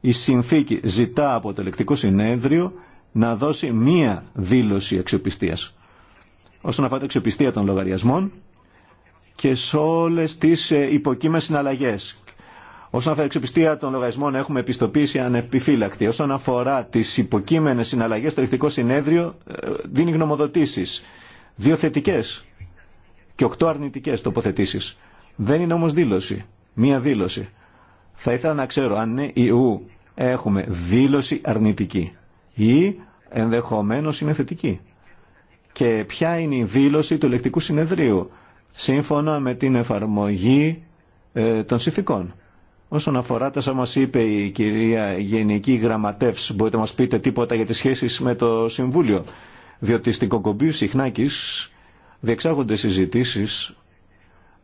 Η συνθήκη ζητά από το ελεκτικό συνέδριο να δώσει μία δήλωση αξιοπιστίας. Όσον αφορά την αξιοπιστία των λογαριασμών, και σε όλε τι ε, υποκείμενε συναλλαγέ. Όσον αφορά εξοπιστία των λογαριασμών, έχουμε επιστοποίηση ανεπιφύλακτη. Όσον αφορά τι υποκείμενε συναλλαγέ, το Ελεκτικό Συνέδριο ε, δίνει γνωμοδοτήσει. Δύο θετικέ και οκτώ αρνητικέ τοποθετήσει. Δεν είναι όμω δήλωση. Μία δήλωση. Θα ήθελα να ξέρω αν ναι ή ου έχουμε δήλωση αρνητική ή ενδεχομένω είναι θετική. Και ποια είναι η δήλωση του Ελεκτικού Συνεδρίου σύμφωνα με την εφαρμογή ε, των συνθηκών. Όσον αφορά τα όσα είπε η κυρία Γενική Γραμματεύς, μπορείτε να μας πείτε τίποτα για τις σχέσεις με το Συμβούλιο, διότι στην Κοκομπίου Συχνάκης διεξάγονται συζητήσεις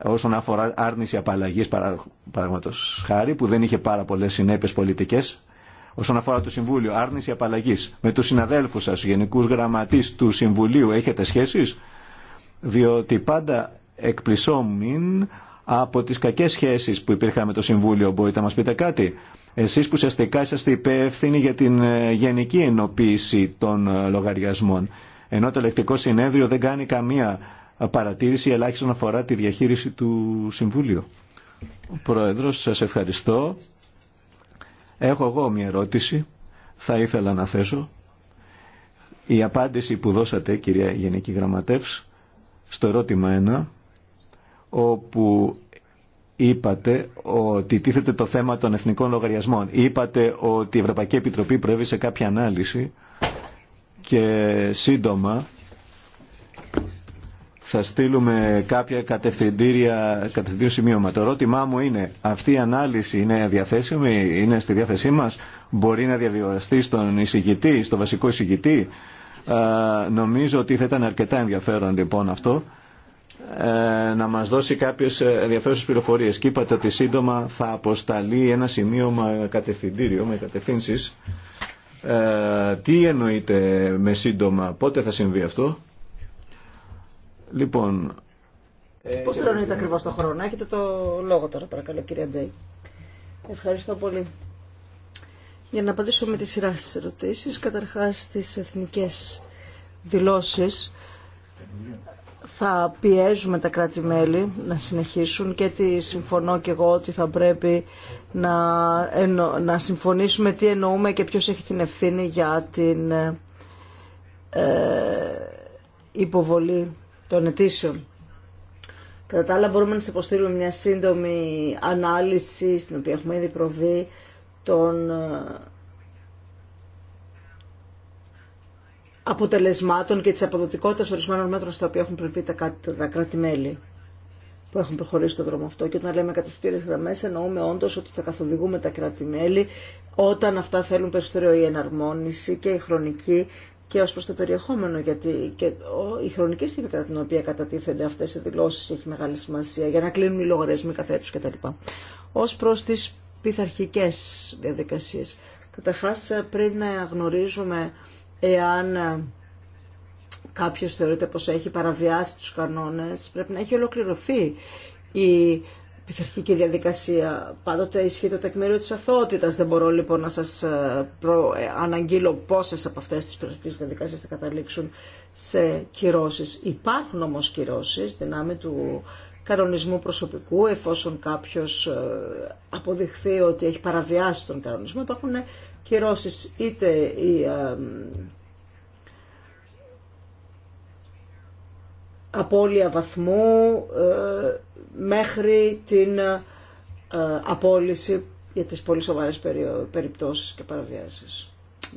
όσον αφορά άρνηση απαλλαγής παραγματος χάρη, που δεν είχε πάρα πολλές συνέπειες πολιτικές, όσον αφορά το Συμβούλιο, άρνηση απαλλαγής. Με τους συναδέλφους σας, γενικούς γραμματείς του Συμβουλίου, έχετε σχέσεις, διότι πάντα εκπλησόμην από τις κακές σχέσεις που υπήρχαν με το Συμβούλιο. Μπορείτε να μας πείτε κάτι. Εσείς που ουσιαστικά είσαστε υπεύθυνοι για την ε, γενική ενοποίηση των ε, λογαριασμών. Ενώ το ελεκτικό συνέδριο δεν κάνει καμία παρατήρηση ελάχιστον αφορά τη διαχείριση του Συμβούλιου. Πρόεδρος, σας ευχαριστώ. Έχω εγώ μια ερώτηση. Θα ήθελα να θέσω. Η απάντηση που δώσατε, κυρία Γενική Γραμματεύς, στο ερώτημα 1 όπου είπατε ότι τίθεται το θέμα των εθνικών λογαριασμών. Είπατε ότι η Ευρωπαϊκή Επιτροπή προέβησε κάποια ανάλυση και σύντομα θα στείλουμε κάποια κατευθυντήρια, κατευθυντήριο σημείωμα. Το ερώτημά μου είναι, αυτή η ανάλυση είναι διαθέσιμη, είναι στη διάθεσή μας, μπορεί να διαβιβαστεί στον εισηγητή, στο βασικό εισηγητή. νομίζω ότι θα ήταν αρκετά ενδιαφέρον λοιπόν αυτό ε, να μας δώσει κάποιες ε, ενδιαφέρουσες πληροφορίες. Και είπατε ότι σύντομα θα αποσταλεί ένα σημείωμα κατευθυντήριο με κατευθύνσεις. Ε, τι εννοείτε με σύντομα, πότε θα συμβεί αυτό. Λοιπόν... Ε, Πώς το ακριβώς το χρόνο. Έχετε το λόγο τώρα παρακαλώ κύριε Τζέι. Ευχαριστώ πολύ. Για να απαντήσω με τη σειρά στις ερωτήσεις, καταρχάς στι εθνικές δηλώσεις θα πιέζουμε τα κράτη-μέλη να συνεχίσουν και τι συμφωνώ και εγώ ότι θα πρέπει να, να συμφωνήσουμε τι εννοούμε και ποιος έχει την ευθύνη για την ε, υποβολή των αιτήσεων. Κατά τα άλλα μπορούμε να σε υποστήλουμε μια σύντομη ανάλυση στην οποία έχουμε ήδη προβεί των αποτελεσμάτων και τη αποδοτικότητα ορισμένων μέτρων στα οποία έχουν προβεί τα κράτη-μέλη που έχουν προχωρήσει στον δρόμο αυτό. Και όταν λέμε κατευθυντήρε γραμμέ, εννοούμε όντω ότι θα καθοδηγούμε τα κράτη-μέλη όταν αυτά θέλουν περισσότερο η εναρμόνιση και η χρονική και ω προ το περιεχόμενο. Γιατί και η χρονική στιγμή κατά την οποία κατατίθενται αυτέ οι δηλώσει έχει μεγάλη σημασία για να κλείνουν οι λογαριασμοί καθ' έτου κτλ. Ω προ τι πειθαρχικέ διαδικασίε. Καταρχά, πριν να γνωρίζουμε εάν ε, κάποιος θεωρείται πως έχει παραβιάσει τους κανόνες, πρέπει να έχει ολοκληρωθεί η πειθαρχική διαδικασία. Πάντοτε ισχύει το τεκμήριο της αθότητας. Δεν μπορώ λοιπόν να σας ε, προ... Ε, αναγγείλω πόσες από αυτές τις πειθαρχικές διαδικασίες θα καταλήξουν σε κυρώσεις. Υπάρχουν όμως κυρώσεις, δυνάμει του κανονισμού προσωπικού, εφόσον κάποιος αποδειχθεί ότι έχει παραβιάσει τον κανονισμό, κυρώσεις είτε η απώλεια βαθμού ε, μέχρι την ε, απόλυση για τις πολύ σοβαρές περιπτώσεις και παραβιάσεις.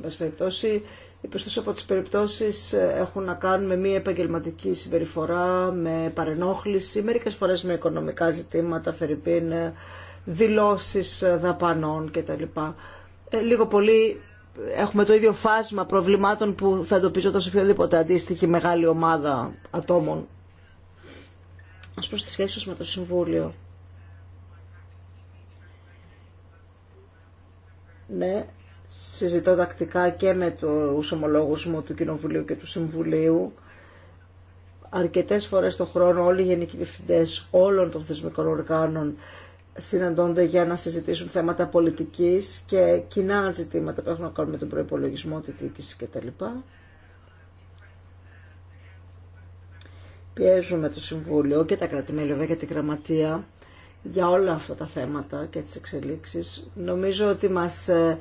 Μας περιπτώσει, οι από τις περιπτώσεις ε, έχουν να κάνουν με μία επαγγελματική συμπεριφορά, με παρενόχληση, μερικές φορές με οικονομικά ζητήματα, φερρυπίν, δηλώσεις δαπανών κτλ. Ε, λίγο πολύ έχουμε το ίδιο φάσμα προβλημάτων που θα εντοπίζονταν σε οποιοδήποτε αντίστοιχη μεγάλη ομάδα ατόμων. Ας προς σχέση σχέσεις με το Συμβούλιο. Ναι, συζητώ τακτικά και με τους ομολόγους μου του Κοινοβουλίου και του Συμβουλίου. Αρκετές φορές το χρόνο όλοι οι γενικοί διευθυντές όλων των θεσμικών οργάνων συναντώνται για να συζητήσουν θέματα πολιτικής και κοινά ζητήματα που έχουν να κάνουν με τον προϋπολογισμό, τη διοίκηση κτλ. Πιέζουμε το Συμβούλιο και τα κρατημέλη βέβαια και τη Γραμματεία για όλα αυτά τα θέματα και τις εξελίξεις. Νομίζω ότι μας ε,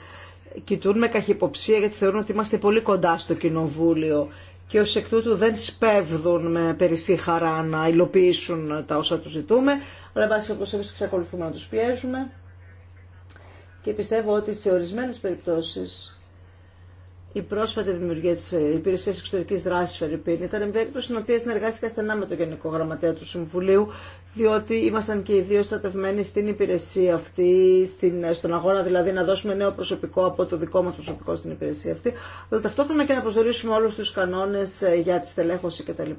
κοιτούν με καχυποψία γιατί θεωρούν ότι είμαστε πολύ κοντά στο Κοινοβούλιο και ως εκ τούτου δεν σπέβδουν με περισσή χαρά να υλοποιήσουν τα όσα τους ζητούμε, αλλά βάσει όπως εμείς εξακολουθούμε να τους πιέζουμε και πιστεύω ότι σε ορισμένες περιπτώσεις η πρόσφατη δημιουργία τη Υπηρεσία Εξωτερική Δράση Φερρυπίν ήταν μια στην οποία συνεργάστηκα στενά με το Γενικό Γραμματέα του Συμβουλίου, διότι ήμασταν και οι δύο στρατευμένοι στην υπηρεσία αυτή, στην, στον αγώνα δηλαδή να δώσουμε νέο προσωπικό από το δικό μα προσωπικό στην υπηρεσία αυτή, αλλά ταυτόχρονα και να προσδιορίσουμε όλου του κανόνε ε, για τη στελέχωση κτλ.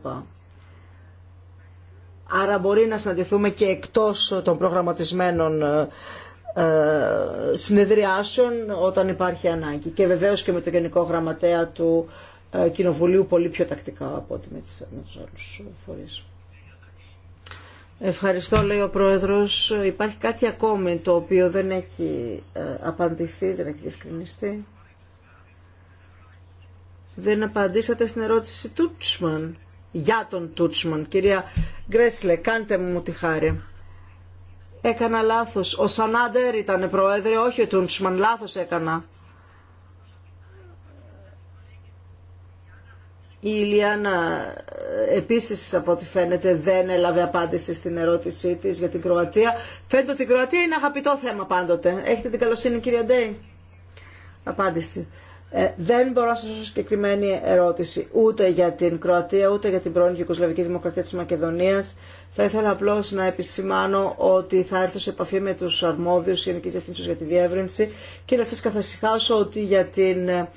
Άρα μπορεί να συναντηθούμε και εκτός των προγραμματισμένων ε, ε, συνεδριάσεων όταν υπάρχει ανάγκη. Και βεβαίως και με το Γενικό Γραμματέα του ε, Κοινοβουλίου πολύ πιο τακτικά από ό,τι με τους άλλους φορείς. Ευχαριστώ, λέει ο Πρόεδρος. Υπάρχει κάτι ακόμη το οποίο δεν έχει ε, απαντηθεί, δεν έχει διευκρινιστεί. Δεν απαντήσατε στην ερώτηση Τούτσμαν, για τον Τούτσμαν. Κυρία Γκρέσλε, κάντε μου τη χάρη. Έκανα λάθος. Ο Σανάντερ ήταν πρόεδρε, όχι ο Τούντσμαν. Λάθος έκανα. Η Ιλιάνα ε, επίσης από ό,τι φαίνεται δεν έλαβε απάντηση στην ερώτησή της για την Κροατία. Φαίνεται ότι η Κροατία είναι αγαπητό θέμα πάντοτε. Έχετε την καλοσύνη κυρία Ντέι. Απάντηση. Ε, δεν μπορώ να σα δώσω συγκεκριμένη ερώτηση ούτε για την Κροατία ούτε για την πρώην Γιουγκοσλαβική Δημοκρατία τη Μακεδονία. Θα ήθελα απλώ να επισημάνω ότι θα έρθω σε επαφή με του αρμόδιου γενικής διευθύνσεως για τη διεύρυνση και να σα καθασυχάσω ότι για την ε,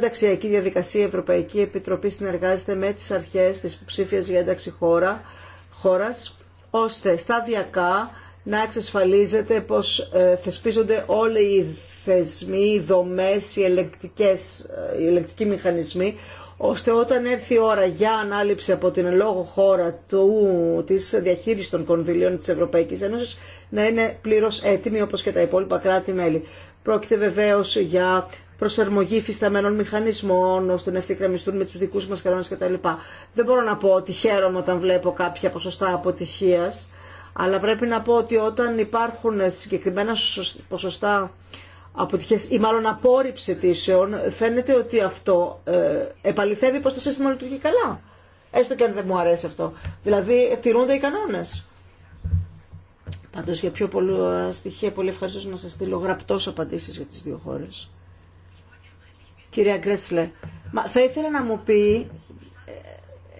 ταξιακή διαδικασία η Ευρωπαϊκή Επιτροπή συνεργάζεται με τι αρχέ τη ψήφιας για ένταξη χώρα, χώρας ώστε σταδιακά να εξασφαλίζεται πω ε, θεσπίζονται όλοι οι θεσμοί, οι δομές, οι, ελεκτικές, ε, οι ελεκτικοί μηχανισμοί, ώστε όταν έρθει η ώρα για ανάληψη από την λόγω χώρα του, της διαχείρισης των κονδυλίων της Ευρωπαϊκής Ένωσης να είναι πλήρως έτοιμη όπως και τα υπόλοιπα κράτη-μέλη. Πρόκειται βεβαίως για προσαρμογή φυσταμένων μηχανισμών ώστε να ευθυγραμμιστούν με τους δικούς μας κανόνες κτλ. Δεν μπορώ να πω ότι χαίρομαι όταν βλέπω κάποια ποσοστά αποτυχίας, αλλά πρέπει να πω ότι όταν υπάρχουν συγκεκριμένα ποσοστά ή μάλλον απόρριψη αιτήσεων, φαίνεται ότι αυτό ε, επαληθεύει πως το σύστημα λειτουργεί καλά. Έστω και αν δεν μου αρέσει αυτό. Δηλαδή, τηρούνται οι κανόνες. Πάντως, για πιο πολλά ε, στοιχεία, πολύ ευχαριστώ να σας στείλω γραπτός απαντήσεις για τις δύο χώρες. Κυρία Γκρέσλε, μα, θα ήθελα να μου πει,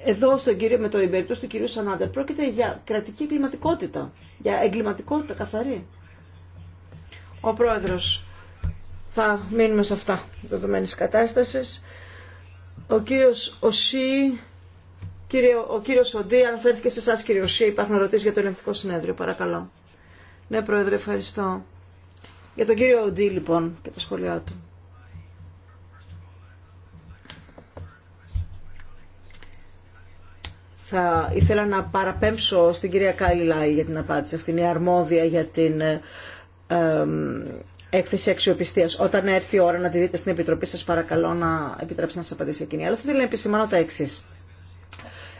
ε, εδώ στον κύριο, με το περίπτωση του κυρίου Σανάντερ, πρόκειται για κρατική εγκληματικότητα, για εγκληματικότητα καθαρή. Ο πρόεδρος, θα μείνουμε σε αυτά δεδομένες κατάστασης. Ο κύριος Οσί, κύριο, ο κύριος Οντή, αναφέρθηκε σε εσά κύριο Οσί, υπάρχουν ερωτήσεις για το ελεγκτικό συνέδριο, παρακαλώ. Ναι, Πρόεδρε, ευχαριστώ. Για τον κύριο Οντή, λοιπόν, και τα σχόλιά του. Θα ήθελα να παραπέμψω στην κυρία Κάλλη για την απάντηση. Αυτή είναι η αρμόδια για την ε, έκθεση αξιοπιστία. Όταν έρθει η ώρα να τη δείτε στην Επιτροπή, σα παρακαλώ να επιτρέψετε να σα απαντήσει εκείνη. Αλλά θα ήθελα να επισημάνω τα εξή.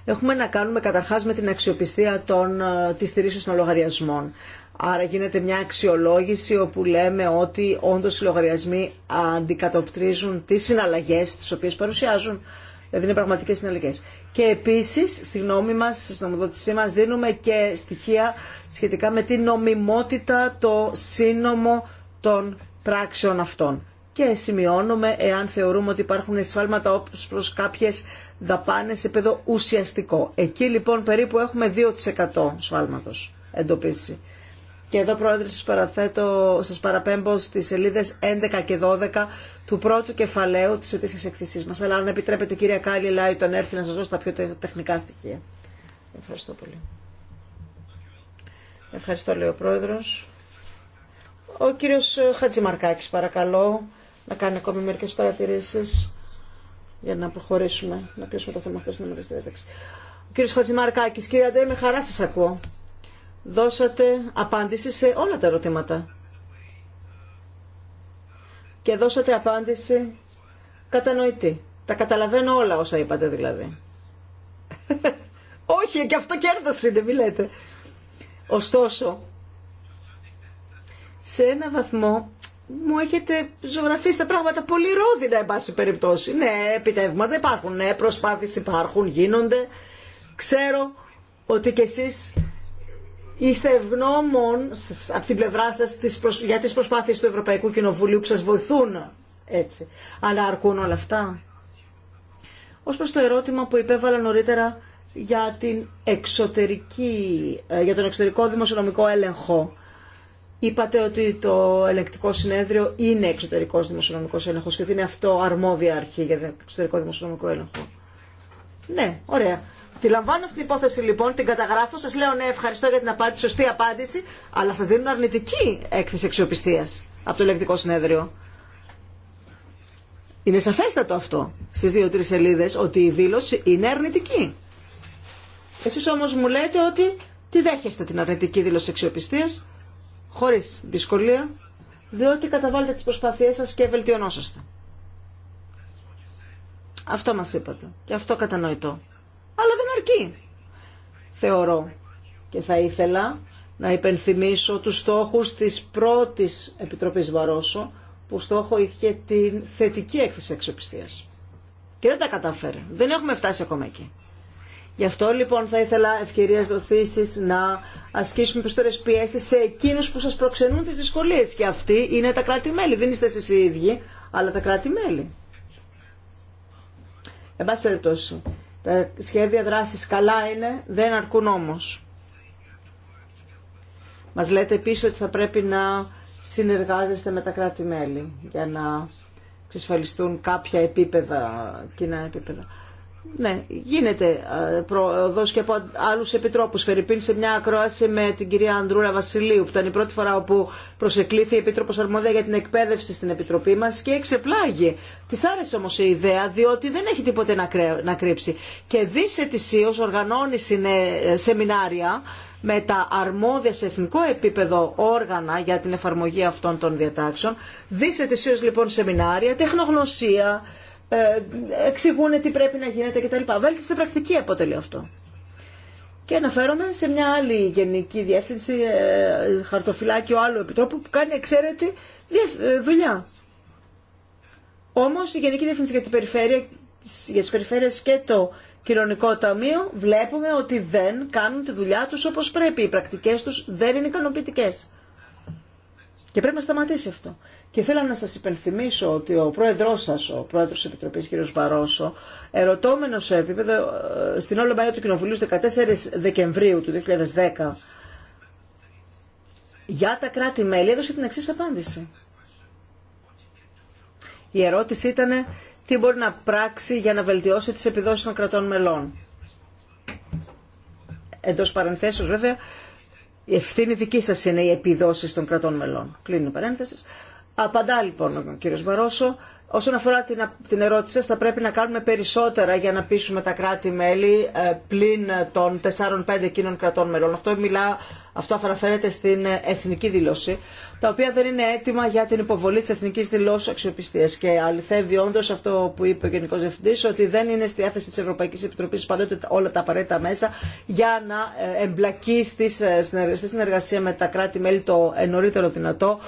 Έχουμε να κάνουμε καταρχά με την αξιοπιστία των, ε, της στηρίσεως των λογαριασμών. Άρα γίνεται μια αξιολόγηση όπου λέμε ότι όντως οι λογαριασμοί αντικατοπτρίζουν τις συναλλαγές τις οποίες παρουσιάζουν. Δηλαδή είναι πραγματικέ συναλλαγέ. Και επίση, στη γνώμη μα, στη νομοδότησή μα, δίνουμε και στοιχεία σχετικά με την νομιμότητα, το σύνομο των πράξεων αυτών. Και σημειώνουμε εάν θεωρούμε ότι υπάρχουν σφάλματα όπως προς κάποιες δαπάνες σε ουσιαστικό. Εκεί λοιπόν περίπου έχουμε 2% σφάλματος εντοπίσει. Και εδώ πρόεδρε σας, παραθέτω, σας παραπέμπω στις σελίδες 11 και 12 του πρώτου κεφαλαίου της ετήσιας εκθεσής μας. Αλλά αν επιτρέπετε κυρία Κάλλη τον έρθει να σας δώσω τα πιο τεχνικά στοιχεία. Ευχαριστώ πολύ. Ευχαριστώ λέει ο πρόεδρος. Ο κύριος Χατζημαρκάκης παρακαλώ να κάνει ακόμη μερικές παρατηρήσεις για να προχωρήσουμε, να πιάσουμε το θέμα αυτό στην Ο κύριος Χατζημαρκάκης, κύριε Αντέ, με χαρά σας ακούω. Δώσατε απάντηση σε όλα τα ερωτήματα. Και δώσατε απάντηση κατανοητή. Τα καταλαβαίνω όλα όσα είπατε δηλαδή. Όχι, και αυτό κέρδος είναι, μη λέτε. Ωστόσο, σε ένα βαθμό μου έχετε ζωγραφίσει τα πράγματα πολύ ρόδινα, εν πάση περιπτώσει. Ναι, επιτεύγματα υπάρχουν, ναι, προσπάθειες υπάρχουν, γίνονται. Ξέρω ότι κι εσείς είστε ευγνώμων από την πλευρά σας για τις προσπάθειες του Ευρωπαϊκού Κοινοβουλίου που σας βοηθούν έτσι. Αλλά αρκούν όλα αυτά. Ως προς το ερώτημα που υπέβαλα νωρίτερα για, την εξωτερική, ε, για τον εξωτερικό δημοσιονομικό έλεγχο. Είπατε ότι το ελεγκτικό συνέδριο είναι εξωτερικός δημοσιονομικός έλεγχος και ότι είναι αυτό αρμόδια αρχή για το εξωτερικό δημοσιονομικό έλεγχο. Ναι, ωραία. Τη λαμβάνω αυτή την υπόθεση λοιπόν, την καταγράφω, σας λέω ναι ευχαριστώ για την απάντηση, σωστή απάντηση, αλλά σας δίνουν αρνητική έκθεση αξιοπιστίας από το ελεγκτικό συνέδριο. Είναι σαφέστατο αυτό στις δύο-τρεις σελίδες ότι η δήλωση είναι αρνητική. Εσείς όμως μου λέτε ότι τη δέχεστε την αρνητική δήλωση αξιοπιστίας χωρίς δυσκολία, διότι καταβάλλετε τις προσπάθειές σας και βελτιωνόσαστε. Αυτό μας είπατε και αυτό κατανοητό. Αλλά δεν αρκεί, θεωρώ. Και θα ήθελα να υπενθυμίσω τους στόχους της πρώτης Επιτροπής Βαρόσο, που στόχο είχε την θετική έκθεση αξιοπιστίας. Και δεν τα κατάφερε. Δεν έχουμε φτάσει ακόμα εκεί. Γι' αυτό λοιπόν θα ήθελα ευκαιρία δοθήσει να ασκήσουμε περισσότερε πιέσει σε εκείνου που σα προξενούν τι δυσκολίε. Και αυτοί είναι τα κράτη-μέλη. Δεν είστε εσεί οι ίδιοι, αλλά τα κράτη-μέλη. Εν πάση περιπτώσει, τα σχέδια δράση καλά είναι, δεν αρκούν όμω. Μα λέτε επίση ότι θα πρέπει να συνεργάζεστε με τα κράτη-μέλη για να εξασφαλιστούν κάποια επίπεδα, κοινά επίπεδα. Ναι, γίνεται ε, προοδό και από άλλου επιτρόπου. Φερρυπίν σε μια ακρόαση με την κυρία Ανδρούρα Βασιλείου, που ήταν η πρώτη φορά όπου προσεκλήθη η Επίτροπο Αρμόδια για την εκπαίδευση στην Επιτροπή μα και εξεπλάγει. Τη άρεσε όμω η ιδέα, διότι δεν έχει τίποτε να κρύψει. Και δισετησίω οργανώνει ε, σεμινάρια με τα αρμόδια σε εθνικό επίπεδο όργανα για την εφαρμογή αυτών των διατάξεων. Δισετησίω λοιπόν σεμινάρια, τεχνογνωσία, ε, εξηγούν τι πρέπει να γίνεται κτλ. Βέλτιστη πρακτική αποτελεί αυτό. Και αναφέρομαι σε μια άλλη γενική διεύθυνση, ε, χαρτοφυλάκιο άλλου επιτρόπου που κάνει εξαίρετη ε, δουλειά. Όμως η Γενική Διεύθυνση για, την περιφέρεια, για τις περιφέρειες και το κοινωνικό ταμείο βλέπουμε ότι δεν κάνουν τη δουλειά τους όπως πρέπει. Οι πρακτικές τους δεν είναι ικανοποιητικές Και πρέπει να σταματήσει αυτό. Και θέλω να σας υπενθυμίσω ότι ο πρόεδρός σας, ο πρόεδρος της Επιτροπής κ. Μπαρόσο, ερωτώμενος σε επίπεδο ε, στην όλη μέρα του Κοινοβουλίου στις 14 Δεκεμβρίου του 2010 για τα κράτη-μέλη έδωσε την εξής απάντηση. Η ερώτηση ήταν τι μπορεί να πράξει για να βελτιώσει τις επιδόσεις των κρατών μελών. Εντός παρενθέσεως βέβαια, η ευθύνη δική σας είναι οι επιδόσεις των κρατών μελών. Κλείνω η Απαντά λοιπόν ο κύριος Μπαρόσο. Όσον αφορά την, την ερώτηση σας, θα πρέπει να κάνουμε περισσότερα για να πείσουμε τα κράτη-μέλη ε, πλην των 4-5 εκείνων κρατών μελών. Αυτό μιλά αυτό αναφέρεται στην εθνική δήλωση, τα οποία δεν είναι έτοιμα για την υποβολή τη εθνική δηλώση αξιοπιστία. Και αληθεύει όντω αυτό που είπε ο Γενικό Διευθυντή, ότι δεν είναι στη διάθεση τη Ευρωπαϊκή Επιτροπή πάντοτε όλα τα απαραίτητα μέσα για να ε, εμπλακεί ε, στη συνεργασία με τα κράτη-μέλη το νωρίτερο δυνατό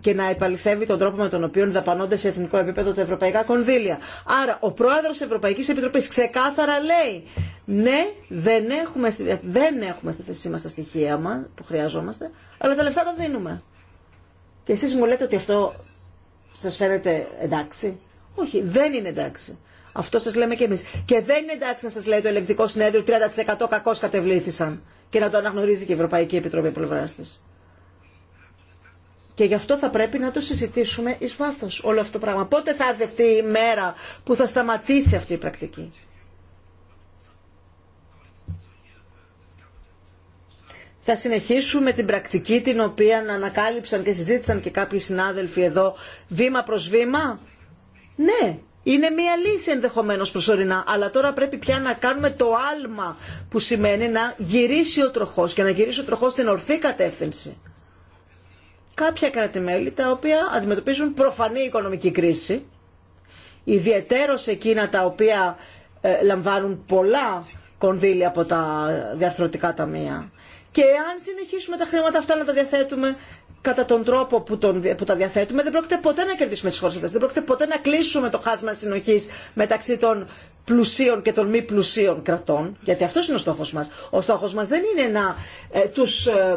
και να επαληθεύει τον τρόπο με τον οποίο δαπανώνται σε εθνικό επίπεδο τα ευρωπαϊκά κονδύλια. Άρα, ο πρόεδρο Ευρωπαϊκή Επιτροπή ξεκάθαρα λέει ναι, δεν έχουμε, στη, δεν έχουμε στη θέση μας τα στοιχεία μας που χρειαζόμαστε, αλλά τα λεφτά τα δίνουμε. Και εσείς μου λέτε ότι αυτό σας φαίνεται εντάξει. Όχι, δεν είναι εντάξει. Αυτό σας λέμε και εμείς. Και δεν είναι εντάξει να σας λέει το ελεγκτικό συνέδριο 30% κακώς κατεβλήθησαν και να το αναγνωρίζει και η Ευρωπαϊκή Επιτροπή πλευρά Και γι' αυτό θα πρέπει να το συζητήσουμε εις βάθος όλο αυτό το πράγμα. Πότε θα έρθει η μέρα που θα σταματήσει αυτή η πρακτική. θα συνεχίσουμε την πρακτική την οποία ανακάλυψαν και συζήτησαν και κάποιοι συνάδελφοι εδώ βήμα προς βήμα. Ναι, είναι μία λύση ενδεχομένως προσωρινά, αλλά τώρα πρέπει πια να κάνουμε το άλμα που σημαίνει να γυρίσει ο τροχός και να γυρίσει ο τροχός στην ορθή κατεύθυνση. Κάποια κρατημέλη τα οποία αντιμετωπίζουν προφανή οικονομική κρίση, ιδιαιτέρως εκείνα τα οποία ε, λαμβάνουν πολλά κονδύλια από τα διαρθρωτικά ταμεία και αν συνεχίσουμε τα χρήματα αυτά να τα διαθέτουμε κατά τον τρόπο που, τα διαθέτουμε, δεν πρόκειται ποτέ να κερδίσουμε τι χώρε αυτέ. Δεν πρόκειται ποτέ να κλείσουμε το χάσμα συνοχή μεταξύ των πλουσίων και των μη πλουσίων κρατών. Γιατί αυτό είναι ο στόχο μα. Ο στόχο μα δεν είναι να ε, του ε,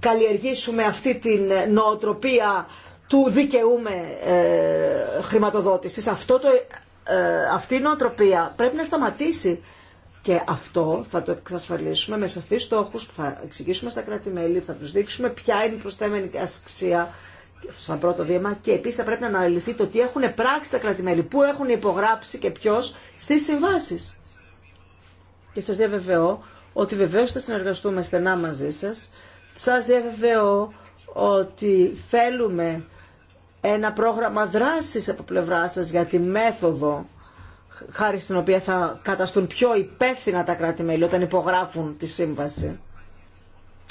καλλιεργήσουμε αυτή την ε, νοοτροπία του δικαιούμε ε, χρηματοδότησης. Ε, αυτή η νοοτροπία πρέπει να σταματήσει. Και αυτό θα το εξασφαλίσουμε με σαφείς στόχους που θα εξηγήσουμε στα κράτη-μέλη, θα τους δείξουμε ποια είναι η προστέμενη ασυξία σαν πρώτο βήμα και επίσης θα πρέπει να αναλυθεί το τι έχουν πράξει τα κράτη-μέλη, πού έχουν υπογράψει και ποιο στις συμβάσεις. Και σας διαβεβαιώ ότι βεβαίως θα συνεργαστούμε στενά μαζί σας. Σας διαβεβαιώ ότι θέλουμε ένα πρόγραμμα δράσης από πλευρά σας για τη μέθοδο χάρη στην οποία θα καταστούν πιο υπεύθυνα τα κράτη-μέλη όταν υπογράφουν τη σύμβαση.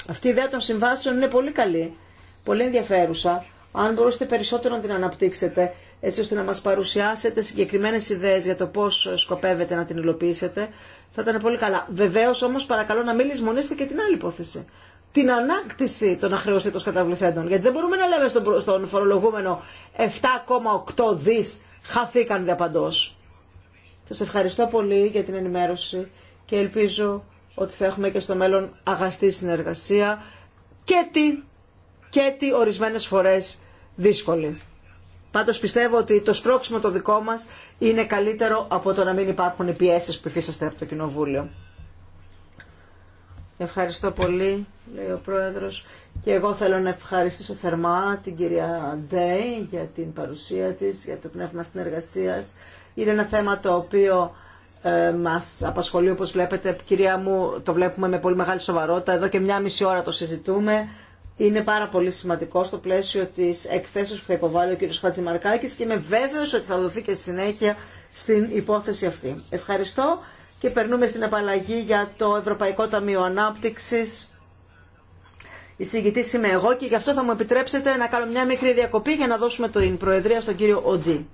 Αυτή η ιδέα των συμβάσεων είναι πολύ καλή, πολύ ενδιαφέρουσα. Αν μπορούσατε περισσότερο να την αναπτύξετε, έτσι ώστε να μας παρουσιάσετε συγκεκριμένες ιδέες για το πώς σκοπεύετε να την υλοποιήσετε, θα ήταν πολύ καλά. Βεβαίως όμως παρακαλώ να μην λησμονήσετε και την άλλη υπόθεση. Την ανάκτηση των αχρεωσίτων καταβληθέντων. Γιατί δεν μπορούμε να λέμε στον φορολογούμενο 7,8 δις χαθήκαν διαπαντός. Σας ευχαριστώ πολύ για την ενημέρωση και ελπίζω ότι θα έχουμε και στο μέλλον αγαστή συνεργασία και τι, και τι ορισμένες φορές δύσκολη. Πάντως πιστεύω ότι το σπρώξιμο το δικό μας είναι καλύτερο από το να μην υπάρχουν οι πιέσεις που υφίσαστε από το Κοινοβούλιο. Ευχαριστώ πολύ, λέει ο Πρόεδρος. Και εγώ θέλω να ευχαριστήσω θερμά την κυρία Ντέι για την παρουσία της, για το πνεύμα συνεργασίας. Είναι ένα θέμα το οποίο ε, μας απασχολεί όπως βλέπετε. Κυρία μου, το βλέπουμε με πολύ μεγάλη σοβαρότητα. Εδώ και μια μισή ώρα το συζητούμε. Είναι πάρα πολύ σημαντικό στο πλαίσιο της εκθέσεως που θα υποβάλει ο κ. Χατζημαρκάκης και είμαι βέβαιος ότι θα δοθεί και συνέχεια στην υπόθεση αυτή. Ευχαριστώ και περνούμε στην απαλλαγή για το Ευρωπαϊκό Ταμείο Ανάπτυξης. Η συγκητή είμαι εγώ και γι' αυτό θα μου επιτρέψετε να κάνω μια μικρή διακοπή για να δώσουμε το την προεδρία στον κύριο Οντζή.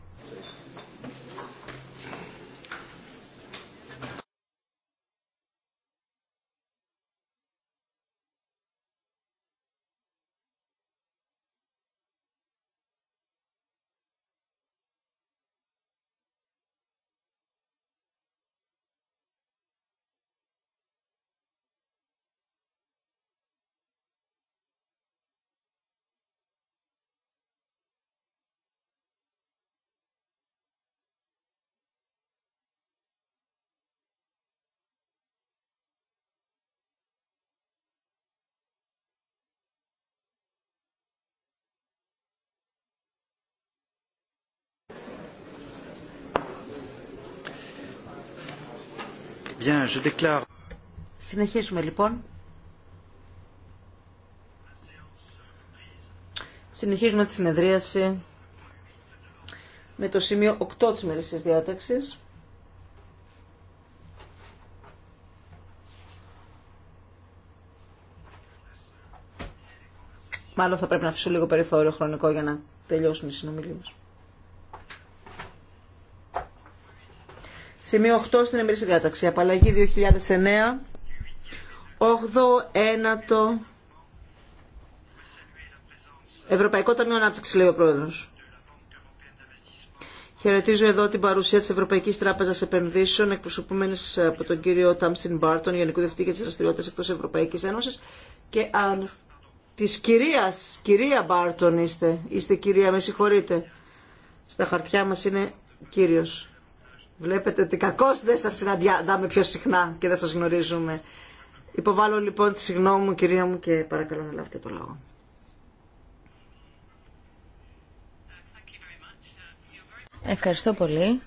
Συνεχίζουμε λοιπόν. Συνεχίζουμε τη συνεδρίαση με το σημείο 8 της μερικής διάταξης. Μάλλον θα πρέπει να αφήσω λίγο περιθώριο χρονικό για να τελειώσουν οι συνομιλίες. Σημείο 8 στην εμμυρή Διάταξη. Απαλλαγή 2009. 8ο, Ευρωπαϊκό Ταμείο Ανάπτυξη, λέει ο Πρόεδρο. Χαιρετίζω εδώ την παρουσία τη Ευρωπαϊκή Τράπεζα Επενδύσεων, εκπροσωπούμενη από τον κύριο Τάμσιν Μπάρτον, Γενικού Διευθυντή για τι Δραστηριότητε εκτό Ευρωπαϊκή Ένωση. Και αν. τη κυρία, κυρία Μπάρτον είστε. Είστε κυρία, με συγχωρείτε. Στα χαρτιά μα είναι κύριος. Βλέπετε ότι κακώ δεν σα συναντιάμε πιο συχνά και δεν σα γνωρίζουμε. Υποβάλλω λοιπόν τη συγγνώμη μου κυρία μου και παρακαλώ να λάβετε το λόγο. Ευχαριστώ πολύ.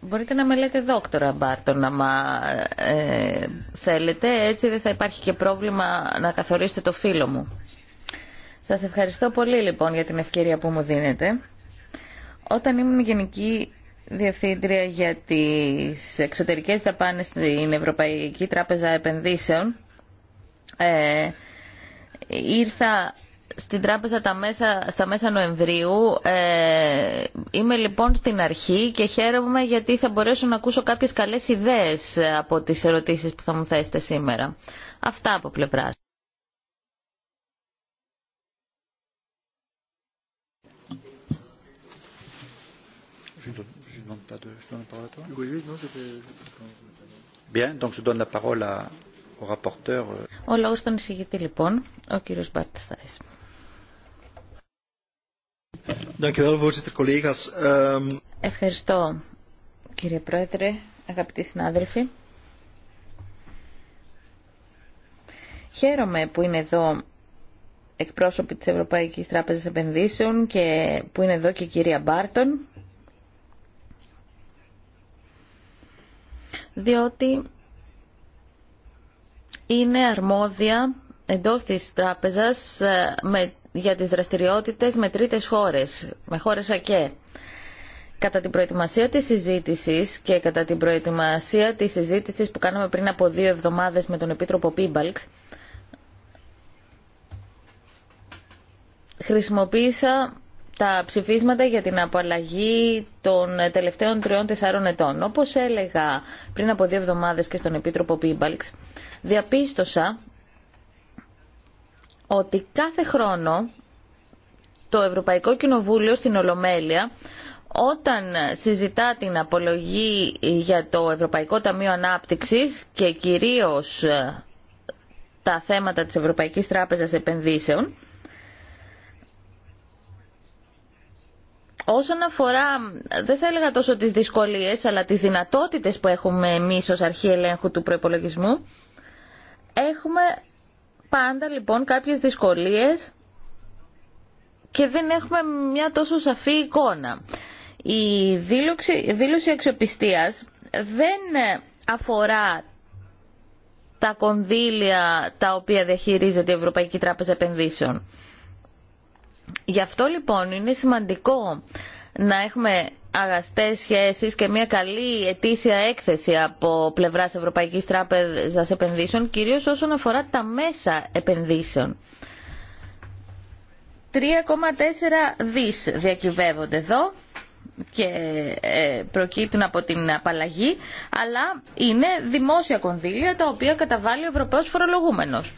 Μπορείτε να με λέτε δόκτωρα Μπάρτον, άμα ε, θέλετε. Έτσι δεν θα υπάρχει και πρόβλημα να καθορίσετε το φίλο μου. Σας ευχαριστώ πολύ λοιπόν για την ευκαιρία που μου δίνετε. Όταν ήμουν γενική Διευθύντρια για τις εξωτερικές δαπάνες στην Ευρωπαϊκή Τράπεζα Επενδύσεων. Ε, ήρθα στην τράπεζα τα μέσα, στα μέσα Νοεμβρίου. Ε, είμαι λοιπόν στην αρχή και χαίρομαι γιατί θα μπορέσω να ακούσω κάποιες καλές ιδέες από τις ερωτήσεις που θα μου θέσετε σήμερα. Αυτά από πλευρά. Ο λόγος εισηγητή, λοιπόν, ο κύριος Μπάρτης Θάης. Ehm, Ευχαριστώ, κύριε Πρόεδρε, αγαπητοί συνάδελφοι. Χαίρομαι που είναι εδώ εκπρόσωποι της Ευρωπαϊκής Τράπεζας Επενδύσεων και που είναι εδώ και η κυρία Μπάρτον. διότι είναι αρμόδια εντός της τράπεζας ε, με, για τις δραστηριότητες με τρίτες χώρες, με χώρες ΑΚΕ. Κατά την προετοιμασία της συζήτησης και κατά την προετοιμασία της συζήτησης που κάναμε πριν από δύο εβδομάδες με τον Επίτροπο Πίμπαλξ, χρησιμοποίησα τα ψηφίσματα για την απαλλαγή των τελευταίων τριών-τεσσάρων ετών. Όπως έλεγα πριν από δύο εβδομάδες και στον Επίτροπο Πίμπαλξ, διαπίστωσα ότι κάθε χρόνο το Ευρωπαϊκό Κοινοβούλιο στην Ολομέλεια όταν συζητά την απολογή για το Ευρωπαϊκό Ταμείο Ανάπτυξης και κυρίως τα θέματα της Ευρωπαϊκής Τράπεζας Επενδύσεων, Όσον αφορά, δεν θα έλεγα τόσο τις δυσκολίες, αλλά τις δυνατότητες που έχουμε εμείς ως αρχή ελέγχου του προϋπολογισμού, έχουμε πάντα λοιπόν κάποιες δυσκολίες και δεν έχουμε μια τόσο σαφή εικόνα. Η δήλωση, δήλωση αξιοπιστίας δεν αφορά τα κονδύλια τα οποία διαχειρίζεται η Ευρωπαϊκή Τράπεζα Επενδύσεων. Γι' αυτό λοιπόν είναι σημαντικό να έχουμε αγαστές σχέσει και μια καλή ετήσια έκθεση από πλευράς Ευρωπαϊκής Τράπεζας Επενδύσεων, κυρίως όσον αφορά τα μέσα επενδύσεων. 3,4 δι διακυβεύονται εδώ και ε, προκύπτουν από την απαλλαγή, αλλά είναι δημόσια κονδύλια τα οποία καταβάλει ο Ευρωπαίος Φορολογούμενος.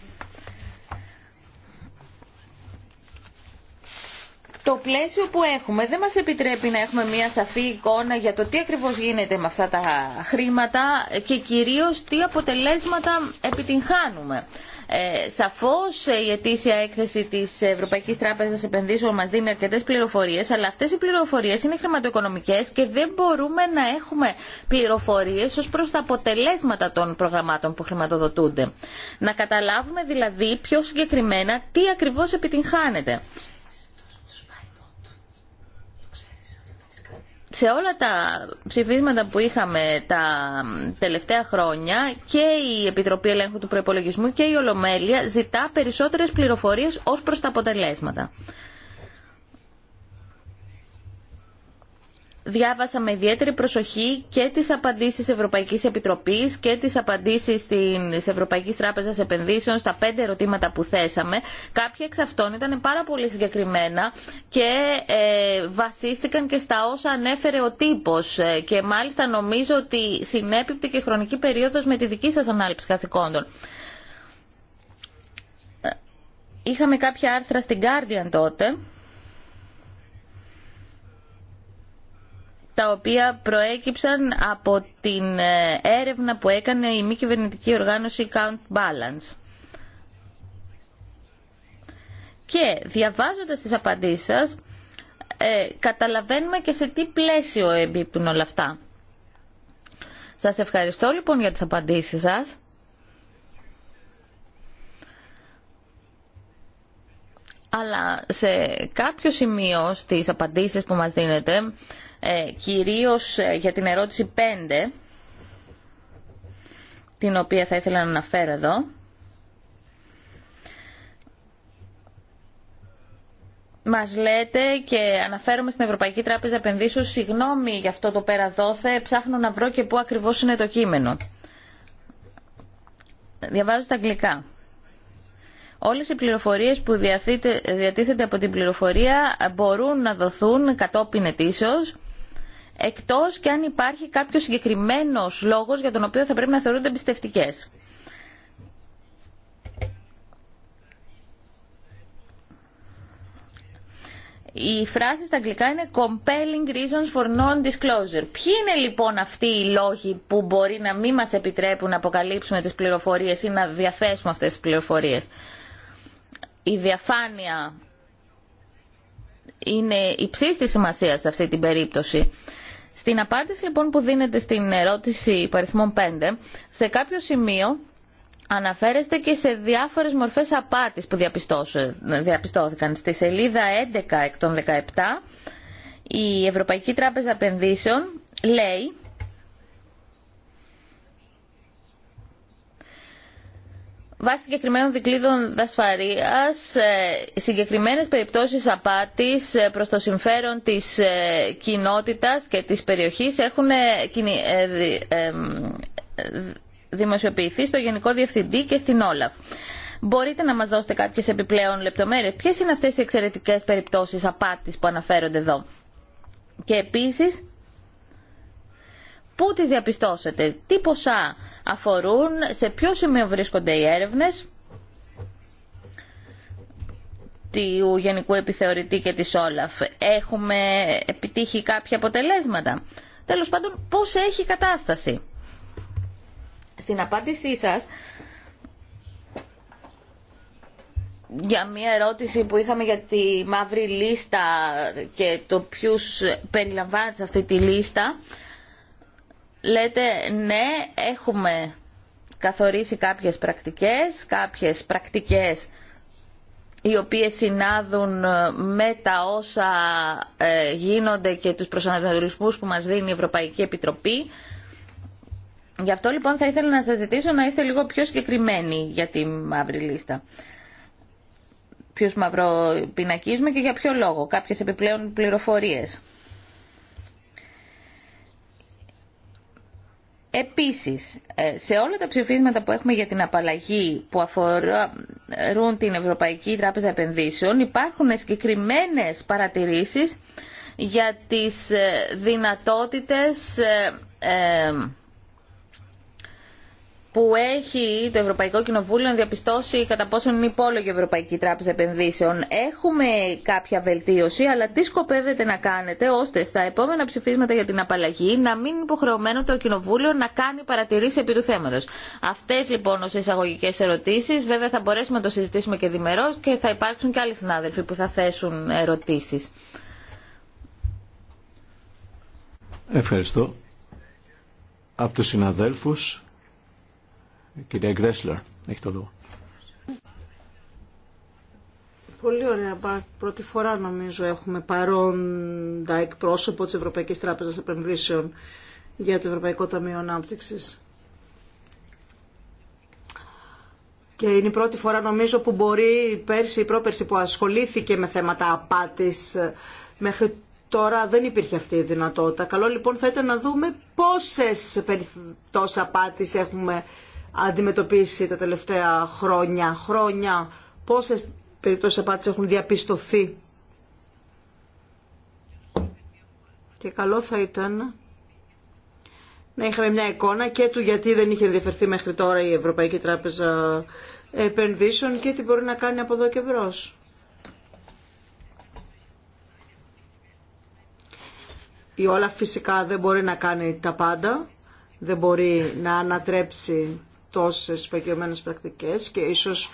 το πλαίσιο που έχουμε δεν μας επιτρέπει να έχουμε μια σαφή εικόνα για το τι ακριβώς γίνεται με αυτά τα χρήματα και κυρίως τι αποτελέσματα επιτυγχάνουμε. Ε, σαφώς η ετήσια έκθεση της Ευρωπαϊκής Τράπεζας Επενδύσεων μας δίνει αρκετές πληροφορίες, αλλά αυτές οι πληροφορίες είναι χρηματοοικονομικές και δεν μπορούμε να έχουμε πληροφορίες ως προς τα αποτελέσματα των προγραμμάτων που χρηματοδοτούνται. Να καταλάβουμε δηλαδή πιο συγκεκριμένα τι ακριβώς επιτυγχάνεται. σε όλα τα ψηφίσματα που είχαμε τα τελευταία χρόνια και η Επιτροπή Ελέγχου του Προπολογισμού και η Ολομέλεια ζητά περισσότερες πληροφορίες ως προς τα αποτελέσματα. διάβασα με ιδιαίτερη προσοχή και τις απαντήσεις Ευρωπαϊκής Επιτροπής και τις απαντήσεις της Ευρωπαϊκής Τράπεζας Επενδύσεων στα πέντε ερωτήματα που θέσαμε. Κάποια εξ αυτών ήταν πάρα πολύ συγκεκριμένα και ε, βασίστηκαν και στα όσα ανέφερε ο τύπος ε, και μάλιστα νομίζω ότι συνέπιπτε και χρονική περίοδος με τη δική σας ανάληψη καθηκόντων. Ε, είχαμε κάποια άρθρα στην Guardian τότε τα οποία προέκυψαν από την ε, έρευνα που έκανε η μη κυβερνητική οργάνωση Count Balance. Και διαβάζοντας τις απαντήσεις σας, ε, καταλαβαίνουμε και σε τι πλαίσιο εμπίπτουν όλα αυτά. Σας ευχαριστώ λοιπόν για τις απαντήσεις σας. αλλά σε κάποιο σημείο στις απαντήσεις που μας δίνετε, ε, κυρίως ε, για την ερώτηση 5, την οποία θα ήθελα να αναφέρω εδώ, Μας λέτε και αναφέρομαι στην Ευρωπαϊκή Τράπεζα Επενδύσεων, συγγνώμη για αυτό το πέρα δόθε, ψάχνω να βρω και πού ακριβώς είναι το κείμενο. Διαβάζω στα αγγλικά. Όλες οι πληροφορίες που διατίθεται από την πληροφορία μπορούν να δοθούν κατόπιν ετήσεως, εκτός και αν υπάρχει κάποιος συγκεκριμένος λόγος για τον οποίο θα πρέπει να θεωρούνται εμπιστευτικέ. Η φράση στα αγγλικά είναι compelling reasons for non-disclosure. Ποιοι είναι λοιπόν αυτοί οι λόγοι που μπορεί να μην μας επιτρέπουν να αποκαλύψουμε τις πληροφορίες ή να διαθέσουμε αυτές τις πληροφορίες η διαφάνεια είναι υψής της σημασία σε αυτή την περίπτωση. Στην απάντηση λοιπόν που δίνεται στην ερώτηση υπ. 5, σε κάποιο σημείο αναφέρεστε και σε διάφορες μορφές απάτης που διαπιστώθηκαν. Στη σελίδα 11 εκ των 17, η Ευρωπαϊκή Τράπεζα Επενδύσεων λέει βάσει συγκεκριμένων δικλείδων δασφαρίας ε, συγκεκριμένες περιπτώσεις απάτης ε, προς το συμφέρον της ε, κοινότητας και της περιοχής έχουν δημοσιοποιηθεί στο Γενικό Διευθυντή και στην Όλαφ. Μπορείτε να μας δώσετε κάποιες επιπλέον λεπτομέρειες. Ποιες είναι αυτές οι εξαιρετικές περιπτώσεις απάτης που αναφέρονται εδώ. Και επίσης Πού τις διαπιστώσετε, τι ποσά αφορούν, σε ποιο σημείο βρίσκονται οι έρευνες του Γενικού Επιθεωρητή και της Όλαφ. Έχουμε επιτύχει κάποια αποτελέσματα. Τέλος πάντων, πώς έχει η κατάσταση. Στην απάντησή σας, για μια ερώτηση που είχαμε για τη μαύρη λίστα και το ποιους περιλαμβάνεται σε αυτή τη λίστα, λέτε ναι έχουμε καθορίσει κάποιες πρακτικές, κάποιες πρακτικές οι οποίες συνάδουν ε, με τα όσα ε, γίνονται και τους προσανατολισμούς που μας δίνει η Ευρωπαϊκή Επιτροπή. Γι' αυτό λοιπόν θα ήθελα να σας ζητήσω να είστε λίγο πιο συγκεκριμένοι για τη μαύρη λίστα. Ποιους μαυροπινακίζουμε και για ποιο λόγο, κάποιες επιπλέον πληροφορίες. Επίσης, ε, σε όλα τα ψηφίσματα που έχουμε για την απαλλαγή που αφορούν την Ευρωπαϊκή Τράπεζα Επενδύσεων υπάρχουν συγκεκριμένες παρατηρήσεις για τις ε, δυνατότητες ε, που έχει το Ευρωπαϊκό Κοινοβούλιο να διαπιστώσει κατά πόσο είναι υπόλογη η Ευρωπαϊκή Τράπεζα Επενδύσεων. Έχουμε κάποια βελτίωση, αλλά τι σκοπεύετε να κάνετε ώστε στα επόμενα ψηφίσματα για την απαλλαγή να μην είναι υποχρεωμένο το Κοινοβούλιο να κάνει παρατηρήσει επί του θέματο. Αυτέ λοιπόν ω εισαγωγικέ ερωτήσει, βέβαια θα μπορέσουμε να το συζητήσουμε και διμερώ και θα υπάρξουν και άλλοι συνάδελφοι που θα θέσουν ερωτήσει. Ευχαριστώ. Από τους συναδέλφους Κυρία Γκρέσλερ, έχει το λόγο. Πολύ ωραία. Πρώτη φορά νομίζω έχουμε παρόντα εκπρόσωπο της Ευρωπαϊκής Τράπεζας Επενδύσεων για το Ευρωπαϊκό Ταμείο Ανάπτυξης. Και είναι η πρώτη φορά νομίζω που μπορεί πέρσι ή πρόπερσι που ασχολήθηκε με θέματα απάτης. Μέχρι τώρα δεν υπήρχε αυτή η πρόπερση που ασχοληθηκε με θεματα Καλό λοιπόν θα ήταν να δούμε πόσες περιπτώσεις απάτης έχουμε αντιμετωπίσει τα τελευταία χρόνια. Χρόνια πόσες περιπτώσεις απάτης έχουν διαπιστωθεί. Και καλό θα ήταν να είχαμε μια εικόνα και του γιατί δεν είχε ενδιαφερθεί μέχρι τώρα η Ευρωπαϊκή Τράπεζα Επενδύσεων και τι μπορεί να κάνει από εδώ και μπρος. Η όλα φυσικά δεν μπορεί να κάνει τα πάντα, δεν μπορεί να ανατρέψει τόσες παγιωμένες πρακτικές και ίσως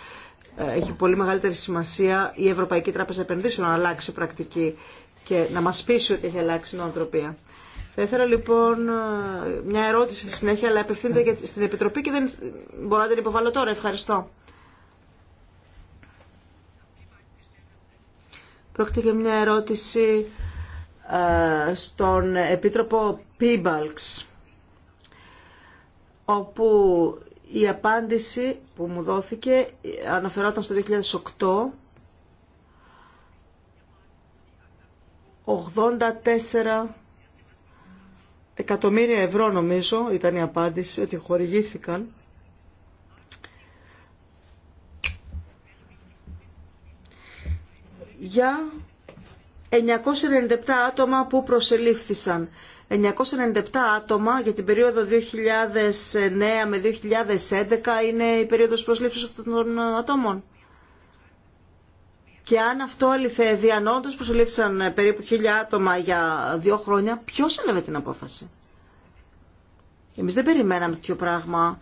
ε, έχει πολύ μεγαλύτερη σημασία η Ευρωπαϊκή Τράπεζα Επενδύσεων να αλλάξει πρακτική και να μας πείσει ότι έχει αλλάξει νοοτροπία. Θα ήθελα λοιπόν ε, μια ερώτηση στη συνέχεια, αλλά απευθύνεται στην Επιτροπή και δεν μπορώ να την υποβάλω τώρα. Ευχαριστώ. Πρόκειται για μια ερώτηση ε, στον Επίτροπο Πίμπαλξ, όπου η απάντηση που μου δόθηκε αναφερόταν στο 2008. 84 εκατομμύρια ευρώ νομίζω ήταν η απάντηση ότι χορηγήθηκαν. για 997 άτομα που προσελήφθησαν. 997 άτομα για την περίοδο 2009 με 2011 είναι η περίοδος προσλήψης αυτών των ατόμων. Και αν αυτό αληθεύει, αν όντω προσελήφθησαν περίπου χίλια άτομα για δύο χρόνια, ποιο έλεγε την απόφαση. Εμεί δεν περιμέναμε τέτοιο πράγμα.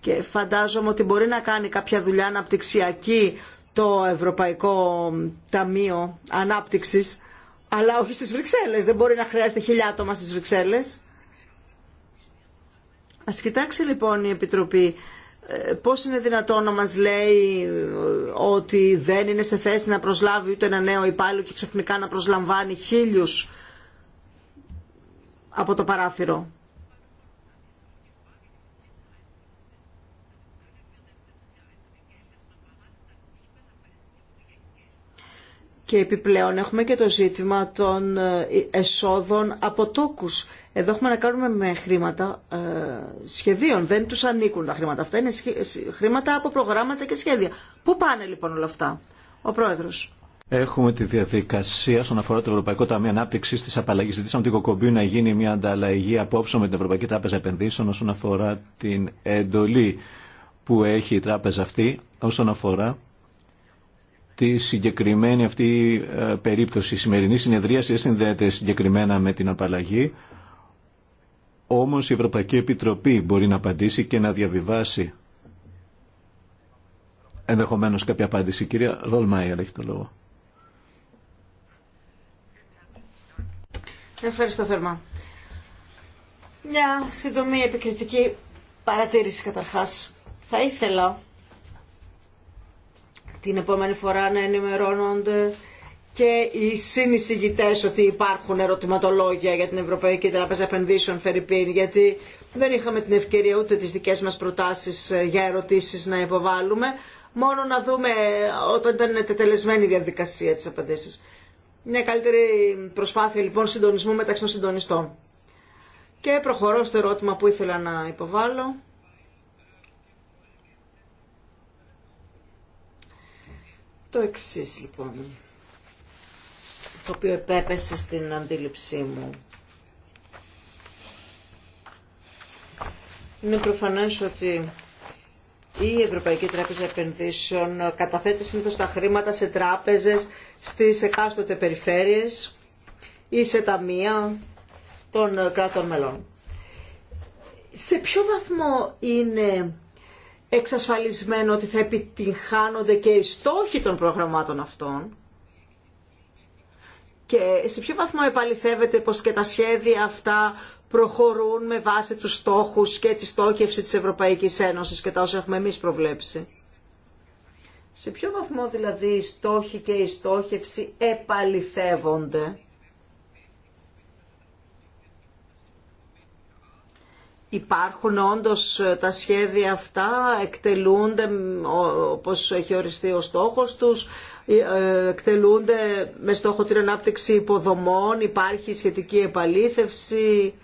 Και φαντάζομαι ότι μπορεί να κάνει κάποια δουλειά αναπτυξιακή το Ευρωπαϊκό Ταμείο Ανάπτυξης αλλά όχι στις Βρυξέλλες. Δεν μπορεί να χρειάζεται χιλιάτομα στις Βρυξέλλες. Ας κοιτάξει λοιπόν η Επιτροπή ε, πώς είναι δυνατόν να μας λέει ε, ότι δεν είναι σε θέση να προσλάβει ούτε ένα νέο υπάλληλο και ξαφνικά να προσλαμβάνει χίλιους από το παράθυρο. Και επιπλέον έχουμε και το ζήτημα των ε, εσόδων από τόκους. Εδώ έχουμε να κάνουμε με χρήματα ε, σχεδίων. Δεν τους ανήκουν τα χρήματα αυτά. Είναι χρήματα από προγράμματα και σχέδια. Πού πάνε λοιπόν όλα αυτά. Ο Πρόεδρος. Έχουμε τη διαδικασία στον αφορά το Ευρωπαϊκό Ταμείο Ανάπτυξη τη Απαλλαγή. Ζητήσαμε την Κοκομπίου να γίνει μια ανταλλαγή απόψεων με την Ευρωπαϊκή Τράπεζα Επενδύσεων όσον αφορά την εντολή που έχει η τράπεζα αυτή όσον αφορά αυτή συγκεκριμένη αυτή ε, περίπτωση. Η σημερινή συνεδρία συνδέεται συγκεκριμένα με την απαλλαγή. Όμως η Ευρωπαϊκή Επιτροπή μπορεί να απαντήσει και να διαβιβάσει ενδεχομένως κάποια απάντηση. Κυρία Ρολμάιερ έχει το λόγο. Ευχαριστώ θερμά. Μια σύντομη επικριτική παρατήρηση καταρχάς. Θα ήθελα την επόμενη φορά να ενημερώνονται και οι συνεισηγητέ ότι υπάρχουν ερωτηματολόγια για την Ευρωπαϊκή Τράπεζα Επενδύσεων Φερρυπίν γιατί δεν είχαμε την ευκαιρία ούτε τις δικές μας προτάσεις ε, για ερωτήσεις να υποβάλουμε μόνο να δούμε ε, όταν ήταν τελεσμένη η διαδικασία της απαντήσεις. Μια καλύτερη προσπάθεια λοιπόν συντονισμού μεταξύ των συντονιστών. Και προχωρώ στο ερώτημα που ήθελα να υποβάλω. Το εξή λοιπόν, το οποίο επέπεσε στην αντίληψή μου. Είναι προφανές ότι η Ευρωπαϊκή Τράπεζα Επενδύσεων καταθέτει συνήθω τα χρήματα σε τράπεζες στις εκάστοτε περιφέρειες ή σε ταμεία των κράτων μελών. Σε ποιο βαθμό είναι εξασφαλισμένο ότι θα επιτυγχάνονται και οι στόχοι των προγραμμάτων αυτών και σε ποιο βαθμό επαληθεύεται πως και τα σχέδια αυτά προχωρούν με βάση τους στόχους και τη στόχευση της Ευρωπαϊκής Ένωσης και τα όσα έχουμε εμείς προβλέψει. Σε ποιο βαθμό δηλαδή οι στόχοι και η στόχευση επαληθεύονται Υπάρχουν όντως ε, τα σχέδια αυτά, εκτελούνται όπως έχει οριστεί ο στόχος τους, ε, ε, εκτελούνται με στόχο την ανάπτυξη υποδομών, υπάρχει σχετική επαλήθευση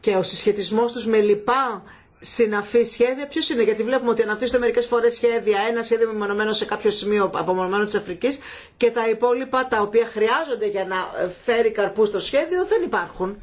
και ο συσχετισμός τους με λοιπά συναφή σχέδια, ποιο είναι, γιατί βλέπουμε ότι αναπτύσσονται μερικέ φορέ σχέδια, ένα σχέδιο μεμονωμένο σε κάποιο σημείο απομονωμένο τη Αφρική και τα υπόλοιπα τα οποία χρειάζονται για να φέρει καρπού στο σχέδιο δεν υπάρχουν.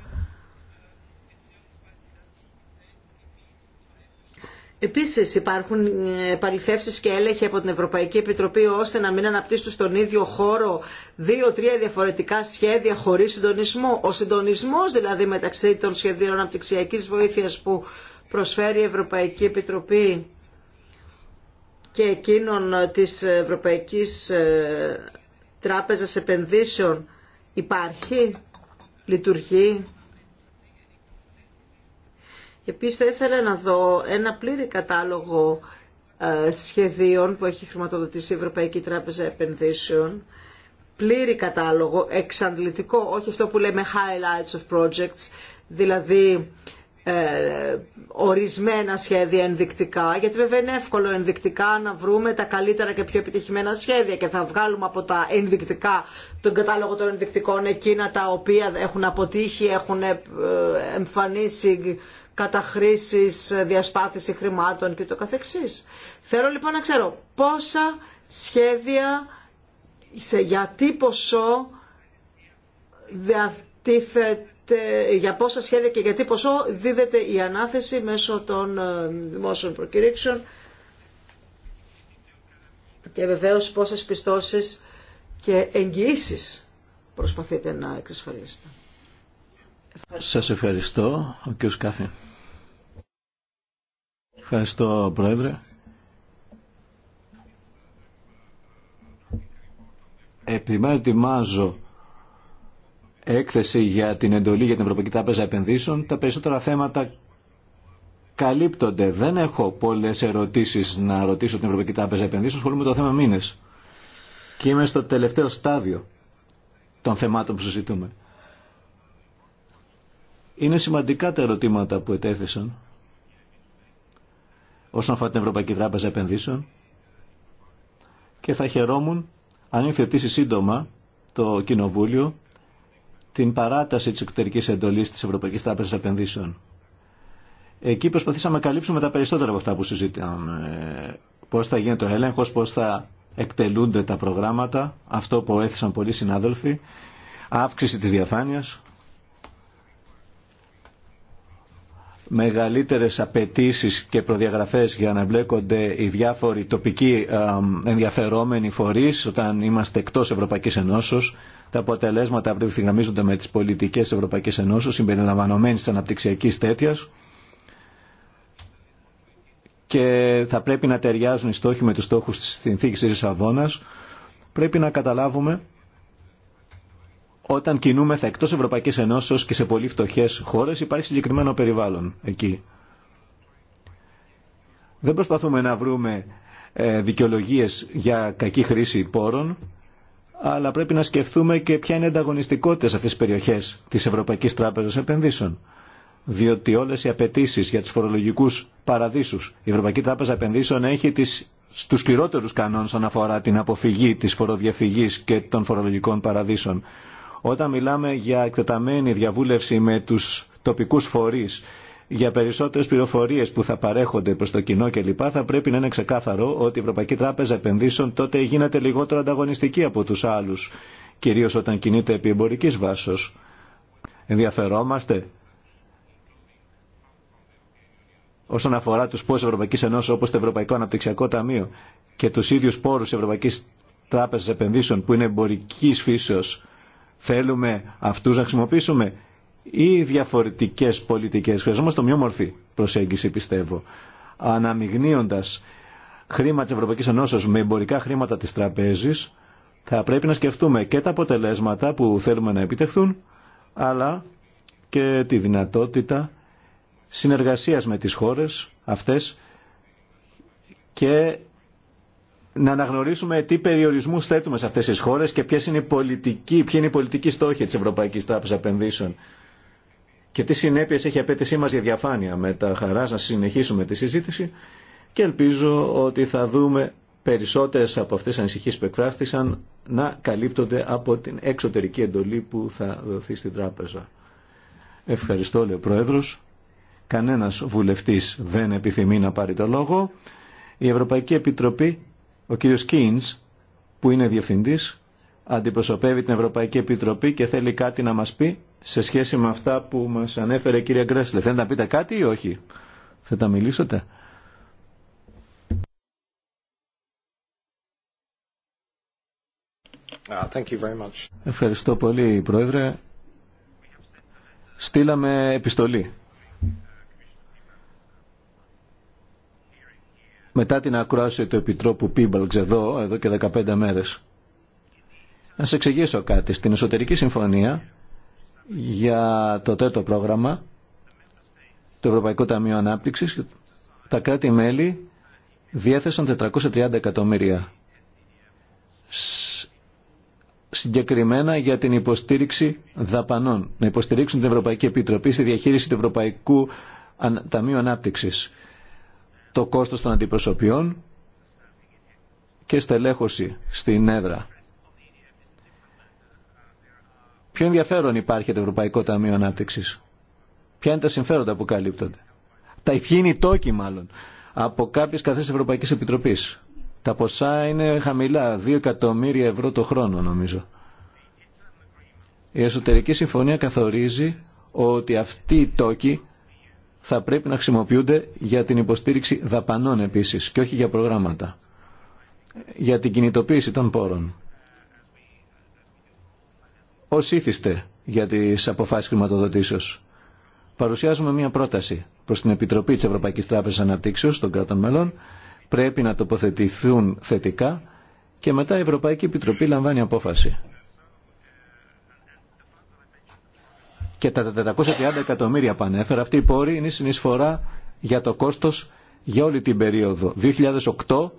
Επίση, υπάρχουν ε, παληθεύσει και έλεγχοι από την Ευρωπαϊκή Επιτροπή ώστε να μην αναπτύσσουν στον ίδιο χώρο δύο-τρία διαφορετικά σχέδια χωρί συντονισμό. Ο συντονισμό δηλαδή μεταξύ των σχεδίων αναπτυξιακή βοήθεια που προσφέρει η Ευρωπαϊκή Επιτροπή και εκείνων της Ευρωπαϊκής ε, Τράπεζας Επενδύσεων υπάρχει, λειτουργεί. Επίσης θα ήθελα να δω ένα πλήρη κατάλογο ε, σχεδίων που έχει χρηματοδοτήσει η Ευρωπαϊκή Τράπεζα Επενδύσεων πλήρη κατάλογο, εξαντλητικό, όχι αυτό που λέμε highlights of projects, δηλαδή ε, ορισμένα σχέδια ενδεικτικά, γιατί βέβαια είναι εύκολο ενδεικτικά να βρούμε τα καλύτερα και πιο επιτυχημένα σχέδια και θα βγάλουμε από τα ενδεικτικά τον κατάλογο των ενδεικτικών εκείνα τα οποία έχουν αποτύχει, έχουν ε, εμφανίσει καταχρήσεις, διασπάθηση χρημάτων και το καθεξής. Θέλω λοιπόν να ξέρω πόσα σχέδια, σε γιατί ποσό διατίθεται για πόσα σχέδια και για τι ποσό δίδεται η ανάθεση μέσω των ε, δημόσιων προκηρύξεων και βεβαίως πόσες πιστώσεις και εγγυήσεις προσπαθείτε να εξασφαλίσετε. Σας ευχαριστώ, ο κ. Κάφη. Ευχαριστώ, Πρόεδρε. μάζω έκθεση για την εντολή για την Ευρωπαϊκή Τράπεζα Επενδύσεων, τα περισσότερα θέματα καλύπτονται. Δεν έχω πολλέ ερωτήσει να ρωτήσω την Ευρωπαϊκή Τράπεζα Επενδύσεων. Σχολούμαι το θέμα μήνε. Και είμαι στο τελευταίο στάδιο των θεμάτων που συζητούμε. Είναι σημαντικά τα ερωτήματα που ετέθησαν όσον αφορά την Ευρωπαϊκή Τράπεζα Επενδύσεων και θα χαιρόμουν αν υιοθετήσει σύντομα το Κοινοβούλιο την παράταση της εξωτερικής εντολής της Ευρωπαϊκής Τράπεζας Επενδύσεων. Εκεί προσπαθήσαμε να καλύψουμε τα περισσότερα από αυτά που συζητάμε. Πώς θα γίνεται ο έλεγχος, πώς θα εκτελούνται τα προγράμματα, αυτό που έθεσαν πολλοί συνάδελφοι, αύξηση της διαφάνειας, μεγαλύτερες απαιτήσει και προδιαγραφές για να εμπλέκονται οι διάφοροι τοπικοί ενδιαφερόμενοι φορείς όταν είμαστε εκτός Ευρωπαϊκής Ενώσεως. Τα αποτελέσματα πρέπει να με τις πολιτικές Ευρωπαϊκής Ενώσης συμπεριλαμβανομένης της αναπτυξιακής τέτοια και θα πρέπει να ταιριάζουν οι στόχοι με τους στόχους της συνθήκης της Λισαβόνας. Πρέπει να καταλάβουμε όταν κινούμεθα εκτός Ευρωπαϊκής Ενώσεως και σε πολύ φτωχές χώρες υπάρχει συγκεκριμένο περιβάλλον εκεί. Δεν προσπαθούμε να βρούμε ε, δικαιολογίες για κακή χρήση πόρων αλλά πρέπει να σκεφτούμε και ποια είναι η ανταγωνιστικότητα σε αυτές τις περιοχές της Ευρωπαϊκής Τράπεζας Επενδύσεων. Διότι όλες οι απαιτήσει για τους φορολογικούς παραδείσους, η Ευρωπαϊκή Τράπεζα Επενδύσεων έχει τις, στους σκληρότερους κανόνες όσον αφορά την αποφυγή της φοροδιαφυγής και των φορολογικών παραδείσων. Όταν μιλάμε για εκτεταμένη διαβούλευση με τους τοπικούς φορείς για περισσότερε πληροφορίε που θα παρέχονται προ το κοινό κλπ. θα πρέπει να είναι ξεκάθαρο ότι η Ευρωπαϊκή Τράπεζα Επενδύσεων τότε γίνεται λιγότερο ανταγωνιστική από του άλλου, κυρίω όταν κινείται επί εμπορική βάσεω. Ενδιαφερόμαστε όσον αφορά του πόρου Ευρωπαϊκή Ενώση όπω το Ευρωπαϊκό Αναπτυξιακό Ταμείο και του ίδιου πόρου Ευρωπαϊκή Τράπεζα Επενδύσεων που είναι εμπορική φύσεω. Θέλουμε αυτού να χρησιμοποιήσουμε ή διαφορετικές πολιτικές. Χρειαζόμαστε μια μορφή προσέγγιση πιστεύω. Αναμειγνύοντας χρήμα της Ευρωπαϊκής Ενώσεως με εμπορικά χρήματα της τραπέζης θα πρέπει να σκεφτούμε και τα αποτελέσματα που θέλουμε να επιτευχθούν αλλά και τη δυνατότητα συνεργασίας με τις χώρες αυτές και να αναγνωρίσουμε τι περιορισμούς θέτουμε σε αυτές τις χώρες και ποιες είναι οι πολιτικοί, ποιοι είναι οι πολιτικοί στόχοι της Ευρωπαϊκής Τράπεζας Επενδύσεων και τι συνέπειες έχει απέτησή μας για διαφάνεια. Με τα χαρά να συνεχίσουμε τη συζήτηση και ελπίζω ότι θα δούμε περισσότερες από αυτές τις ανησυχίες που εκφράστησαν να καλύπτονται από την εξωτερική εντολή που θα δοθεί στην τράπεζα. Ευχαριστώ, λέει ο Πρόεδρος. Κανένας βουλευτής δεν επιθυμεί να πάρει το λόγο. Η Ευρωπαϊκή Επιτροπή, ο κύριος Κίνς, που είναι διευθυντής, αντιπροσωπεύει την Ευρωπαϊκή Επιτροπή και θέλει κάτι να μας πει σε σχέση με αυτά που μας ανέφερε η κυρία Γκρέσλε. Θέλετε να πείτε κάτι ή όχι. Θα τα μιλήσετε. Uh, Ευχαριστώ πολύ, Πρόεδρε. Στείλαμε επιστολή. Μετά την ακρόαση του Επιτρόπου Πίμπαλξ εδώ, εδώ και 15 μέρες. Να σε εξηγήσω κάτι. Στην εσωτερική συμφωνία για το τέτοιο πρόγραμμα το Ευρωπαϊκό Ταμείο Ανάπτυξης τα κράτη-μέλη διέθεσαν 430 εκατομμύρια συγκεκριμένα για την υποστήριξη δαπανών, να υποστηρίξουν την Ευρωπαϊκή Επιτροπή στη διαχείριση του Ευρωπαϊκού Ταμείου Ανάπτυξης, το κόστος των αντιπροσωπιών και στελέχωση στην έδρα. Ποιο ενδιαφέρον υπάρχει το Ευρωπαϊκό Ταμείο Ανάπτυξη. Ποια είναι τα συμφέροντα που καλύπτονται. Τα ποιοι είναι οι τόκοι μάλλον από κάποιε καθέσει Ευρωπαϊκή Επιτροπή. Τα ποσά είναι χαμηλά, 2 εκατομμύρια ευρώ το χρόνο νομίζω. Η εσωτερική συμφωνία καθορίζει ότι αυτοί οι τόκοι θα πρέπει να χρησιμοποιούνται για την υποστήριξη δαπανών επίσης και όχι για προγράμματα. Για την κινητοποίηση των πόρων ως ήθιστε για τις αποφάσεις χρηματοδοτήσεως. Παρουσιάζουμε μια πρόταση προς την Επιτροπή της Ευρωπαϊκής Τράπεζας Αναπτύξεως των κρατών μελών. Πρέπει να τοποθετηθούν θετικά και μετά η Ευρωπαϊκή Επιτροπή λαμβάνει απόφαση. Και τα 430 εκατομμύρια που ανέφερα, αυτή η πόρη είναι η συνεισφορά για το κόστος για όλη την περίοδο 2008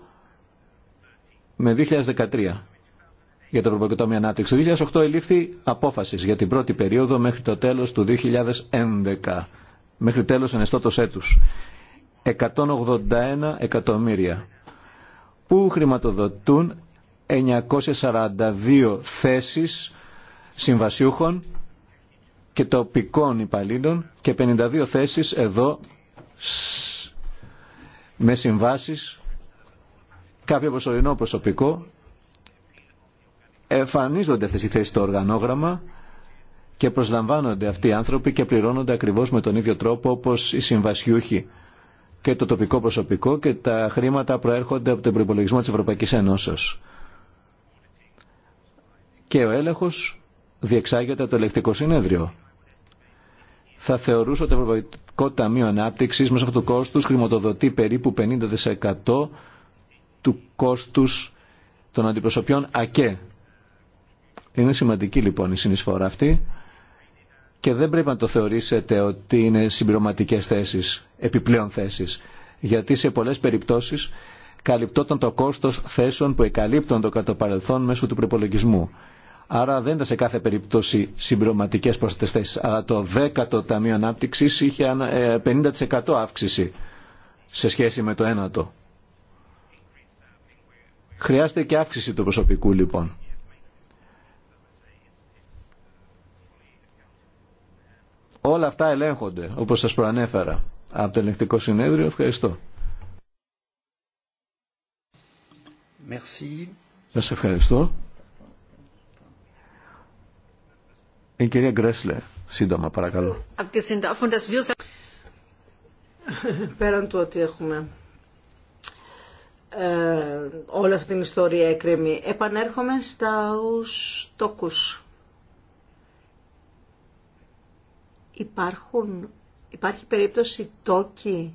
με 2013 για το Ευρωπαϊκό Ανάπτυξη. Το 2008 ελήφθη απόφαση για την πρώτη περίοδο μέχρι το τέλο του 2011. Μέχρι τέλο ενεστώτο έτου. 181 εκατομμύρια που χρηματοδοτούν 942 θέσεις συμβασιούχων και τοπικών υπαλλήλων και 52 θέσεις εδώ με συμβάσεις κάποιο προσωρινό προσωπικό εμφανίζονται αυτές οι θέσεις στο οργανόγραμμα και προσλαμβάνονται αυτοί οι άνθρωποι και πληρώνονται ακριβώς με τον ίδιο τρόπο όπως οι συμβασιούχοι και το τοπικό προσωπικό και τα χρήματα προέρχονται από τον προπολογισμό της Ευρωπαϊκής Ενώσεως. Και ο έλεγχος διεξάγεται από το ελεκτικό συνέδριο. Θα θεωρούσε ότι το Ευρωπαϊκό Ταμείο Ανάπτυξη μέσα αυτού του κόστου χρηματοδοτεί περίπου 50% του κόστου των αντιπροσωπιών ΑΚΕ είναι σημαντική λοιπόν η συνεισφορά αυτή και δεν πρέπει να το θεωρήσετε ότι είναι συμπληρωματικέ θέσει, επιπλέον θέσει. Γιατί σε πολλέ περιπτώσει καλυπτόταν το κόστο θέσεων που εκαλύπτονται κατά το παρελθόν μέσω του προπολογισμού. Άρα δεν ήταν σε κάθε περίπτωση συμπληρωματικέ πρόσθετε θέσει. Αλλά το 10ο Ταμείο Ανάπτυξη είχε 50% ε, αύξηση σε σχέση με το 1ο. Χρειάζεται και αύξηση του προσωπικού λοιπόν. Όλα αυτά ελέγχονται, όπως σας προανέφερα, από το ελεγκτικό συνέδριο. Ευχαριστώ. Merci. Σας ευχαριστώ. Η κυρία Γκρέσλε, σύντομα παρακαλώ. Πέραν του ότι έχουμε ε, όλη αυτή την ιστορία εκκρεμή, επανέρχομαι στα τόκους Υπάρχουν, υπάρχει περίπτωση τόκοι,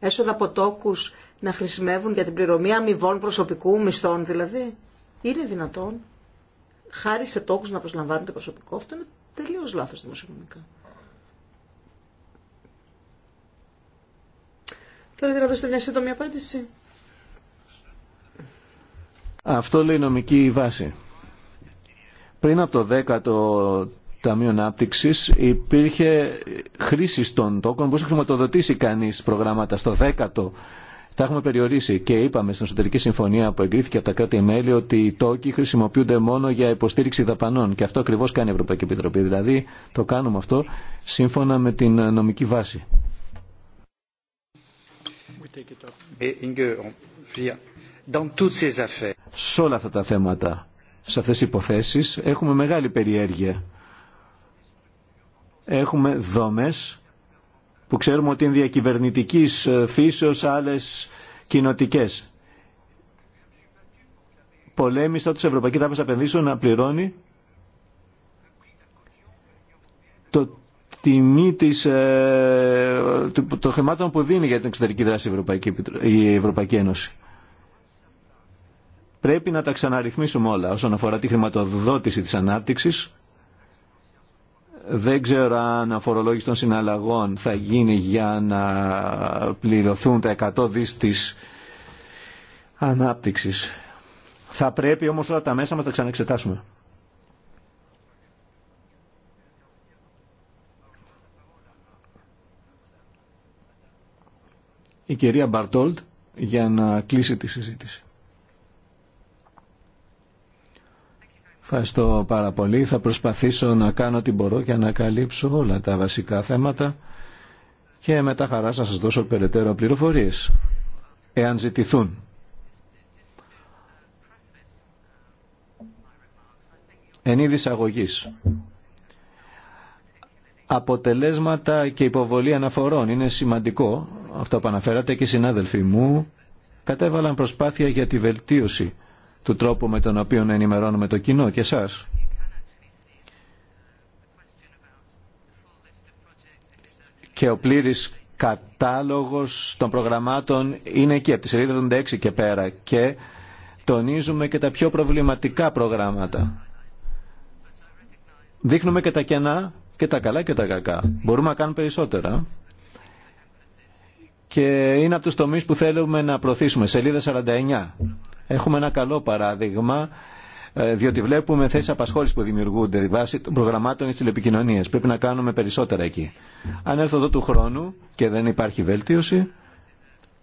έσοδα από τόκους να χρησιμεύουν για την πληρωμή αμοιβών προσωπικού, μισθών δηλαδή. Είναι δυνατόν χάρη σε τόκους να προσλαμβάνεται προσωπικό. Αυτό είναι τελείως λάθος δημοσιονομικά. Θέλετε να δώσετε μια σύντομη απάντηση. Αυτό λέει η νομική βάση. Πριν από το 10 Ταμείο Ανάπτυξη υπήρχε χρήση των τόκων που μπορούσε χρηματοδοτήσει κανεί προγράμματα στο δέκατο. Τα έχουμε περιορίσει και είπαμε στην εσωτερική συμφωνία που εγκρίθηκε από τα κράτη-μέλη ότι οι τόκοι χρησιμοποιούνται μόνο για υποστήριξη δαπανών. Και αυτό ακριβώ κάνει η Ευρωπαϊκή Επιτροπή. Δηλαδή το κάνουμε αυτό σύμφωνα με την νομική βάση. Σε όλα αυτά τα θέματα, σε αυτές τις υποθέσεις, έχουμε μεγάλη περιέργεια. Έχουμε δομές που ξέρουμε ότι είναι διακυβερνητικής ε, φύσεως άλλες κοινοτικές. Πολέμησα τους Ευρωπαϊκή Τράπεζα Απενδύσεων να πληρώνει το τιμή της, ε, το χρημάτων που δίνει για την εξωτερική δράση η Ευρωπαϊκή, η Ευρωπαϊκή Ένωση. Πρέπει να τα ξαναρυθμίσουμε όλα όσον αφορά τη χρηματοδότηση της ανάπτυξης δεν ξέρω αν αφορολόγηση των συναλλαγών θα γίνει για να πληρωθούν τα 100 δις της ανάπτυξης. Θα πρέπει όμως όλα τα μέσα μας τα ξαναεξετάσουμε. Η κυρία Μπαρτόλτ για να κλείσει τη συζήτηση. Ευχαριστώ πάρα πολύ. Θα προσπαθήσω να κάνω ό,τι μπορώ για να καλύψω όλα τα βασικά θέματα και μετά χαρά να σας δώσω περαιτέρω πληροφορίες, εάν ζητηθούν. Εν είδη αγωγής. Αποτελέσματα και υποβολή αναφορών είναι σημαντικό. Αυτό που αναφέρατε και οι συνάδελφοί μου κατέβαλαν προσπάθεια για τη βελτίωση του τρόπου με τον οποίο να ενημερώνουμε το κοινό και εσά. Και ο πλήρης κατάλογος των προγραμμάτων είναι εκεί, από τη σελίδα 76 και πέρα. Και τονίζουμε και τα πιο προβληματικά προγράμματα. Δείχνουμε και τα κενά και τα καλά και τα κακά. Μπορούμε να κάνουμε περισσότερα και είναι από τους τομείς που θέλουμε να προωθήσουμε. Σελίδα 49. Έχουμε ένα καλό παράδειγμα ε, διότι βλέπουμε θέσει απασχόληση που δημιουργούνται βάσει των προγραμμάτων της τηλεπικοινωνίας. Πρέπει να κάνουμε περισσότερα εκεί. Αν έρθω εδώ του χρόνου και δεν υπάρχει βελτίωση,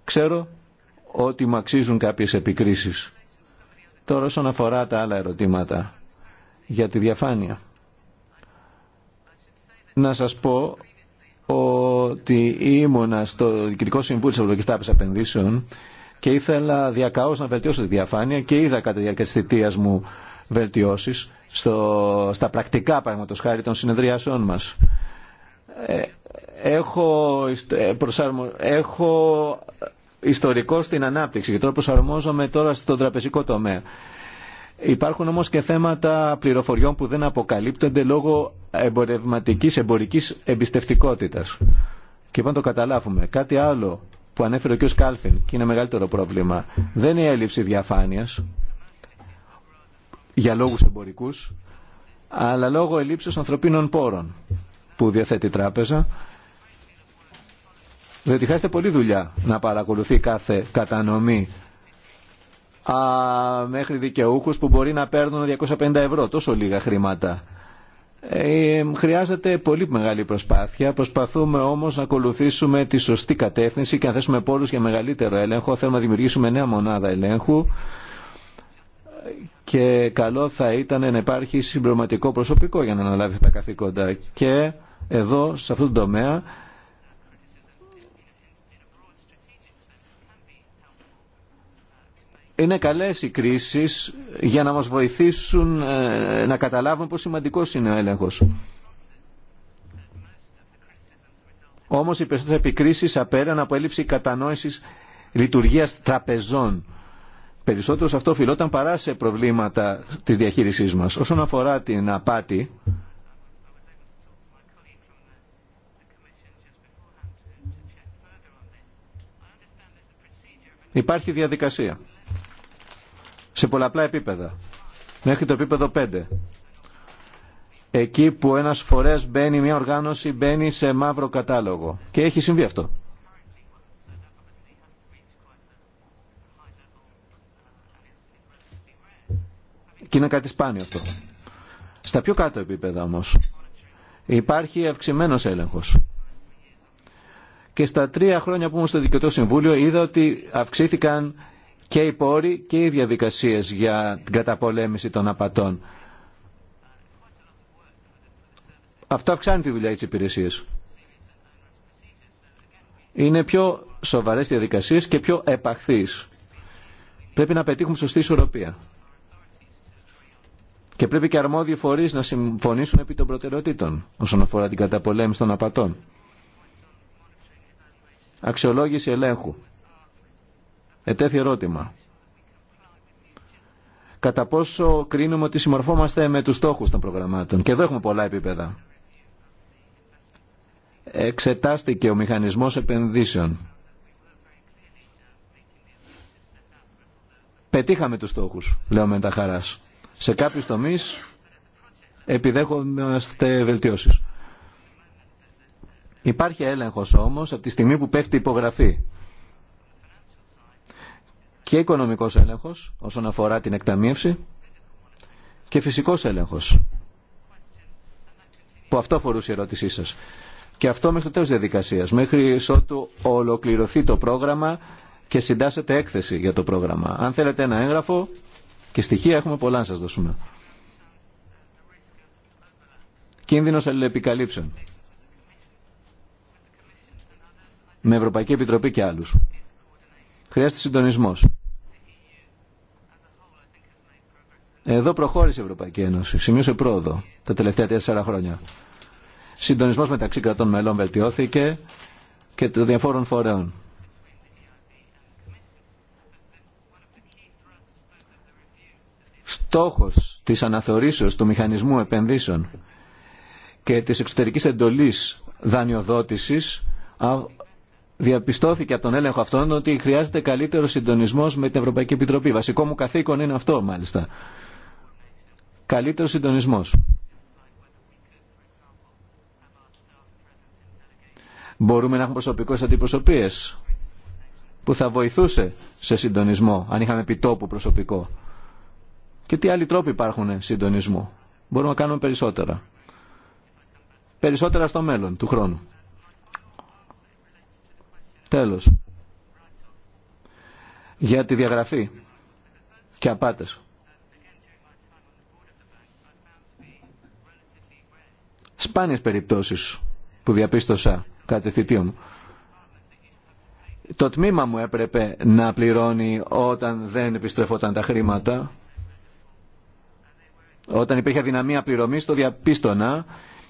ξέρω ότι μου αξίζουν κάποιε επικρίσει. Τώρα, όσον αφορά τα άλλα ερωτήματα για τη διαφάνεια, να σας πω ότι ήμουνα στο Διοικητικό Συμβούλιο της Ευρωπαϊκή Τράπεζας Επενδύσεων και ήθελα διακαώς να βελτιώσω τη διαφάνεια και είδα κατά τη διάρκεια θητείας μου βελτιώσεις στα πρακτικά πράγματο χάρη των συνεδριάσεών μας. Ε, έχω, ε, προσαρμο, έχω ιστορικό στην ανάπτυξη και τώρα προσαρμόζομαι τώρα στον τραπεζικό τομέα. Υπάρχουν όμως και θέματα πληροφοριών που δεν αποκαλύπτονται λόγω εμπορευματικής, εμπορικής εμπιστευτικότητας. Και πάνω το καταλάβουμε. Κάτι άλλο που ανέφερε ο κ. Κάλφιν και είναι μεγαλύτερο πρόβλημα, δεν είναι η έλλειψη διαφάνειας για λόγους εμπορικούς, αλλά λόγω ελλείψης ανθρωπίνων πόρων που διαθέτει η τράπεζα. Διότι χάσετε πολλή δουλειά να παρακολουθεί κάθε κατανομή μέχρι δικαιούχου που μπορεί να παίρνουν 250 ευρώ, τόσο λίγα χρήματα. Ε, χρειάζεται πολύ μεγάλη προσπάθεια. Προσπαθούμε όμως να ακολουθήσουμε τη σωστή κατεύθυνση και να θέσουμε πόρους για μεγαλύτερο έλεγχο, θέλουμε να δημιουργήσουμε νέα μονάδα ελέγχου και καλό θα ήταν να υπάρχει συμπληρωματικό προσωπικό για να αναλάβει τα καθήκοντα. Και εδώ, σε αυτόν τον τομέα, είναι καλές οι κρίσεις για να μας βοηθήσουν ε, να καταλάβουμε πόσο σημαντικός είναι ο έλεγχος. Όμως οι περισσότερες επικρίσεις απέραν από έλλειψη κατανόησης λειτουργίας τραπεζών. Περισσότερο σε αυτό οφειλόταν παρά σε προβλήματα της διαχείρισής μας. Όσον αφορά την απάτη, υπάρχει διαδικασία σε πολλαπλά επίπεδα. Μέχρι το επίπεδο 5. Εκεί που ένας φορέας μπαίνει μια οργάνωση, μπαίνει σε μαύρο κατάλογο. Και έχει συμβεί αυτό. Και είναι κάτι σπάνιο αυτό. Στα πιο κάτω επίπεδα όμως υπάρχει αυξημένος έλεγχος. Και στα τρία χρόνια που ήμουν στο Δικαιωτό Συμβούλιο είδα ότι αυξήθηκαν και οι πόροι και οι διαδικασίες για την καταπολέμηση των απατών. Αυτό αυξάνει τη δουλειά της υπηρεσίας. Είναι πιο σοβαρές διαδικασίες και πιο επαχθείς. Πρέπει να πετύχουμε σωστή ισορροπία. Και πρέπει και αρμόδιοι φορείς να συμφωνήσουν επί των προτεραιοτήτων όσον αφορά την καταπολέμηση των απατών. Αξιολόγηση ελέγχου ετέθη ερώτημα. Κατά πόσο κρίνουμε ότι συμμορφόμαστε με τους στόχους των προγραμμάτων. Και εδώ έχουμε πολλά επίπεδα. Εξετάστηκε ο μηχανισμός επενδύσεων. Πετύχαμε τους στόχους, λέω με τα χαράς. Σε κάποιους τομείς επιδέχομαστε βελτιώσεις. Υπάρχει έλεγχος όμως από τη στιγμή που πέφτει η υπογραφή και οικονομικός έλεγχος όσον αφορά την εκταμείευση και φυσικός έλεγχος που αυτό αφορούσε η ερώτησή σας. Και αυτό μέχρι το τέλος διαδικασίας, μέχρι ότου ολοκληρωθεί το πρόγραμμα και συντάσσεται έκθεση για το πρόγραμμα. Αν θέλετε ένα έγγραφο και στοιχεία έχουμε πολλά να σας δώσουμε. Κίνδυνος αλληλεπικαλύψεων. Με Ευρωπαϊκή Επιτροπή και άλλους. Χρειάζεται συντονισμός. Εδώ προχώρησε η Ευρωπαϊκή Ένωση, σημείωσε πρόοδο τα τελευταία τέσσερα χρόνια. Συντονισμός μεταξύ κρατών μελών βελτιώθηκε και των διαφόρων φορέων. Στόχος της αναθεωρήσεως του μηχανισμού επενδύσεων και της εξωτερικής εντολής δανειοδότησης διαπιστώθηκε από τον έλεγχο αυτόν ότι χρειάζεται καλύτερο συντονισμό με την Ευρωπαϊκή Επιτροπή. Βασικό μου καθήκον είναι αυτό, μάλιστα. Καλύτερο συντονισμό. Μπορούμε να έχουμε προσωπικό που θα βοηθούσε σε συντονισμό αν είχαμε επιτόπου προσωπικό. Και τι άλλοι τρόποι υπάρχουν συντονισμού. Μπορούμε να κάνουμε περισσότερα. Περισσότερα στο μέλλον του χρόνου. Τέλος. Για τη διαγραφή και απάτες. Σπάνιες περιπτώσεις που διαπίστωσα κάτι θητείο μου. Το τμήμα μου έπρεπε να πληρώνει όταν δεν επιστρεφόταν τα χρήματα. Όταν υπήρχε αδυναμία πληρωμής το διαπίστωνα.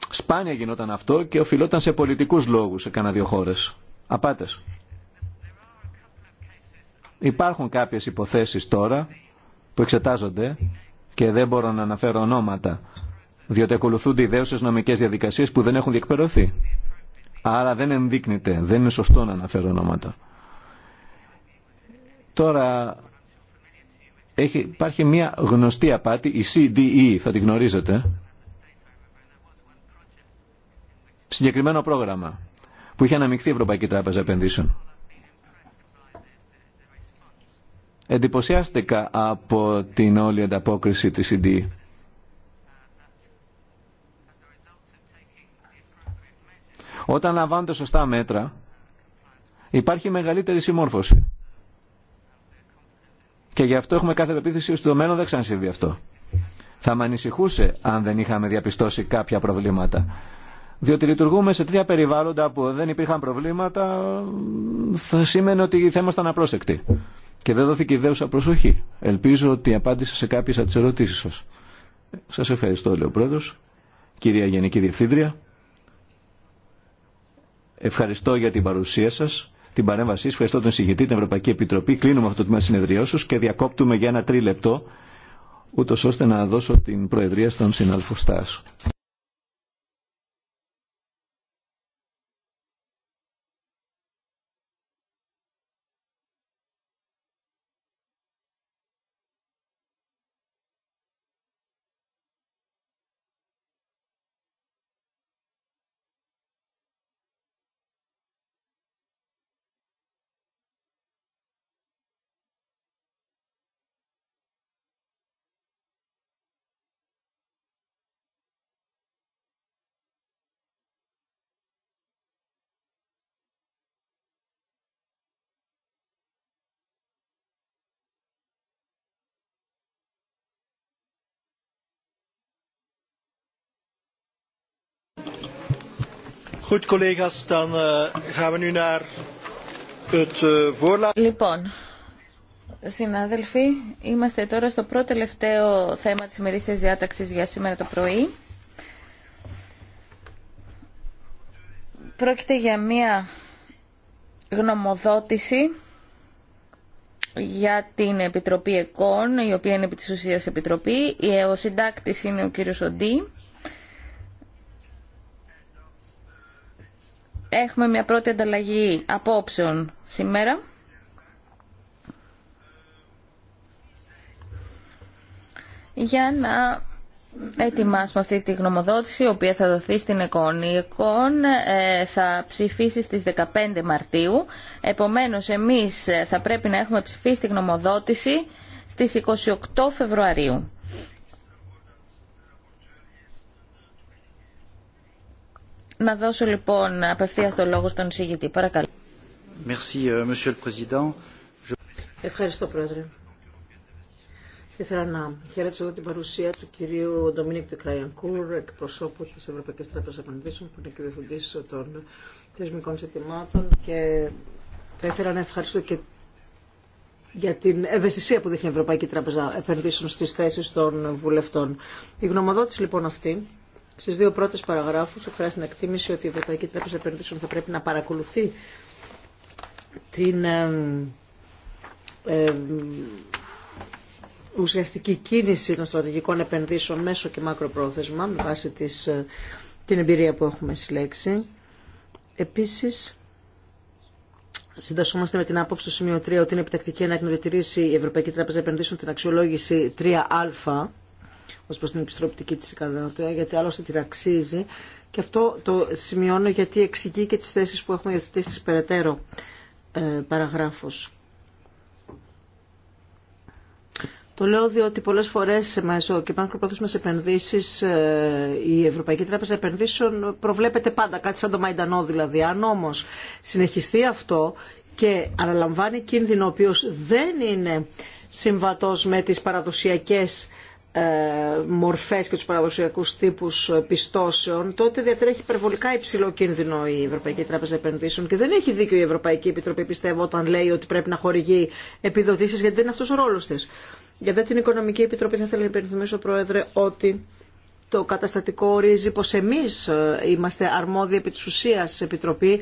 Σπάνια γινόταν αυτό και οφειλόταν σε πολιτικούς λόγους σε κανένα δύο χώρες απάτες. Υπάρχουν κάποιες υποθέσεις τώρα που εξετάζονται και δεν μπορώ να αναφέρω ονόματα, διότι ακολουθούνται ιδέωσες νομικές διαδικασίες που δεν έχουν διεκπαιρωθεί. Άρα δεν ενδείκνεται, δεν είναι σωστό να αναφέρω ονόματα. Τώρα έχει, υπάρχει μια γνωστή απάτη, η CDE, θα την γνωρίζετε, συγκεκριμένο πρόγραμμα που είχε αναμειχθεί η Ευρωπαϊκή Τράπεζα Επενδύσεων. Εντυπωσιάστηκα από την όλη ανταπόκριση της CD. Όταν λαμβάνονται σωστά μέτρα, υπάρχει μεγαλύτερη συμμόρφωση. Και γι' αυτό έχουμε κάθε πεποίθηση ότι στο μέλλον δεν ξανασυμβεί αυτό. Θα με ανησυχούσε αν δεν είχαμε διαπιστώσει κάποια προβλήματα. Διότι λειτουργούμε σε τέτοια περιβάλλοντα που δεν υπήρχαν προβλήματα, θα σήμαινε ότι θα ήμασταν απρόσεκτοι. Και δεν δόθηκε ιδέουσα προσοχή. Ελπίζω ότι απάντησα σε κάποιε από τι ερωτήσει σα. Σα ευχαριστώ, λέει ο πρόεδρο. Κυρία Γενική Διευθύντρια, ευχαριστώ για την παρουσία σα, την παρέμβασή σα. Ευχαριστώ τον συγγετή, την Ευρωπαϊκή Επιτροπή. Κλείνουμε αυτό το τμήμα συνεδριώσεω και διακόπτουμε για ένα τρίλεπτο, ούτω ώστε να δώσω την προεδρία στον συνάδελφο Λοιπόν, συνάδελφοι, είμαστε τώρα στο πρώτο τελευταίο θέμα της ημερήσιας διάταξης για σήμερα το πρωί. Πρόκειται για μία γνωμοδότηση για την Επιτροπή ΕΚΟΝ, η οποία είναι επί της ουσίας Επιτροπή. Ο συντάκτης είναι ο κύριος Οντή. Έχουμε μια πρώτη ανταλλαγή απόψεων σήμερα. για να ετοιμάσουμε αυτή τη γνωμοδότηση, η οποία θα δοθεί στην ΕΚΟΝ. Η ΕΚΟΝ ε, θα ψηφίσει στις 15 Μαρτίου, επομένως εμείς θα πρέπει να έχουμε ψηφίσει τη γνωμοδότηση στις 28 Φεβρουαρίου. Να δώσω λοιπόν απευθείας το λόγο στον εισηγητή. Παρακαλώ. Euh, ευχαριστώ, Πρόεδρε. Ήθελα να χαιρετήσω εδώ την παρουσία του κυρίου Ντομίνικ Τεκραϊανκούρ, εκπροσώπου τη Ευρωπαϊκή Τράπεζας Επενδύσεων, που είναι και των θεσμικών ζητημάτων. Και θα ήθελα να ευχαριστώ και για την ευαισθησία που δείχνει η Ευρωπαϊκή Τράπεζα Επενδύσεων στις θέσεις των βουλευτών. Η γνωμοδότηση λοιπόν αυτή Στι δύο πρώτε παραγράφου εκφράζει την εκτίμηση ότι η Ευρωπαϊκή Τράπεζα Επενδύσεων θα πρέπει να παρακολουθεί την ουσιαστική κίνηση των στρατηγικών επενδύσεων μέσω και μακροπρόθεσμα με βάση της, ε, την εμπειρία που έχουμε συλλέξει. Επίσης, συντασσόμαστε με την άποψη στο σημείο 3 ότι είναι επιτακτική να εκνοητηρήσει η Ευρωπαϊκή Τράπεζα Επενδύσεων την αξιολόγηση 3α Ω προ την επιστροπτική τη ικανότητα, γιατί άλλωστε την αξίζει. Και αυτό το σημειώνω γιατί εξηγεί και τι θέσει που έχουμε υιοθετήσει στις περαιτέρω ε, παραγράφους. Το λέω διότι πολλέ φορέ σε μέσο και μακροπρόθεσμε επενδύσει ε, η Ευρωπαϊκή Τράπεζα Επενδύσεων προβλέπεται πάντα κάτι σαν το Μαϊντανό δηλαδή. Αν όμω συνεχιστεί αυτό και αναλαμβάνει κίνδυνο ο οποίο δεν είναι συμβατό με τι παραδοσιακέ ε, μορφές και τους παραδοσιακούς τύπους πιστώσεων, τότε διατρέχει υπερβολικά υψηλό κίνδυνο η Ευρωπαϊκή Τράπεζα Επενδύσεων και δεν έχει δίκιο η Ευρωπαϊκή Επιτροπή, πιστεύω, όταν λέει ότι πρέπει να χορηγεί επιδοτήσεις, γιατί δεν είναι αυτός ο ρόλος της. Για την Οικονομική Επιτροπή θα ήθελα να υπενθυμίσω, Πρόεδρε, ότι το καταστατικό ορίζει πως εμείς ε, είμαστε αρμόδιοι επί της ουσίας Επιτροπή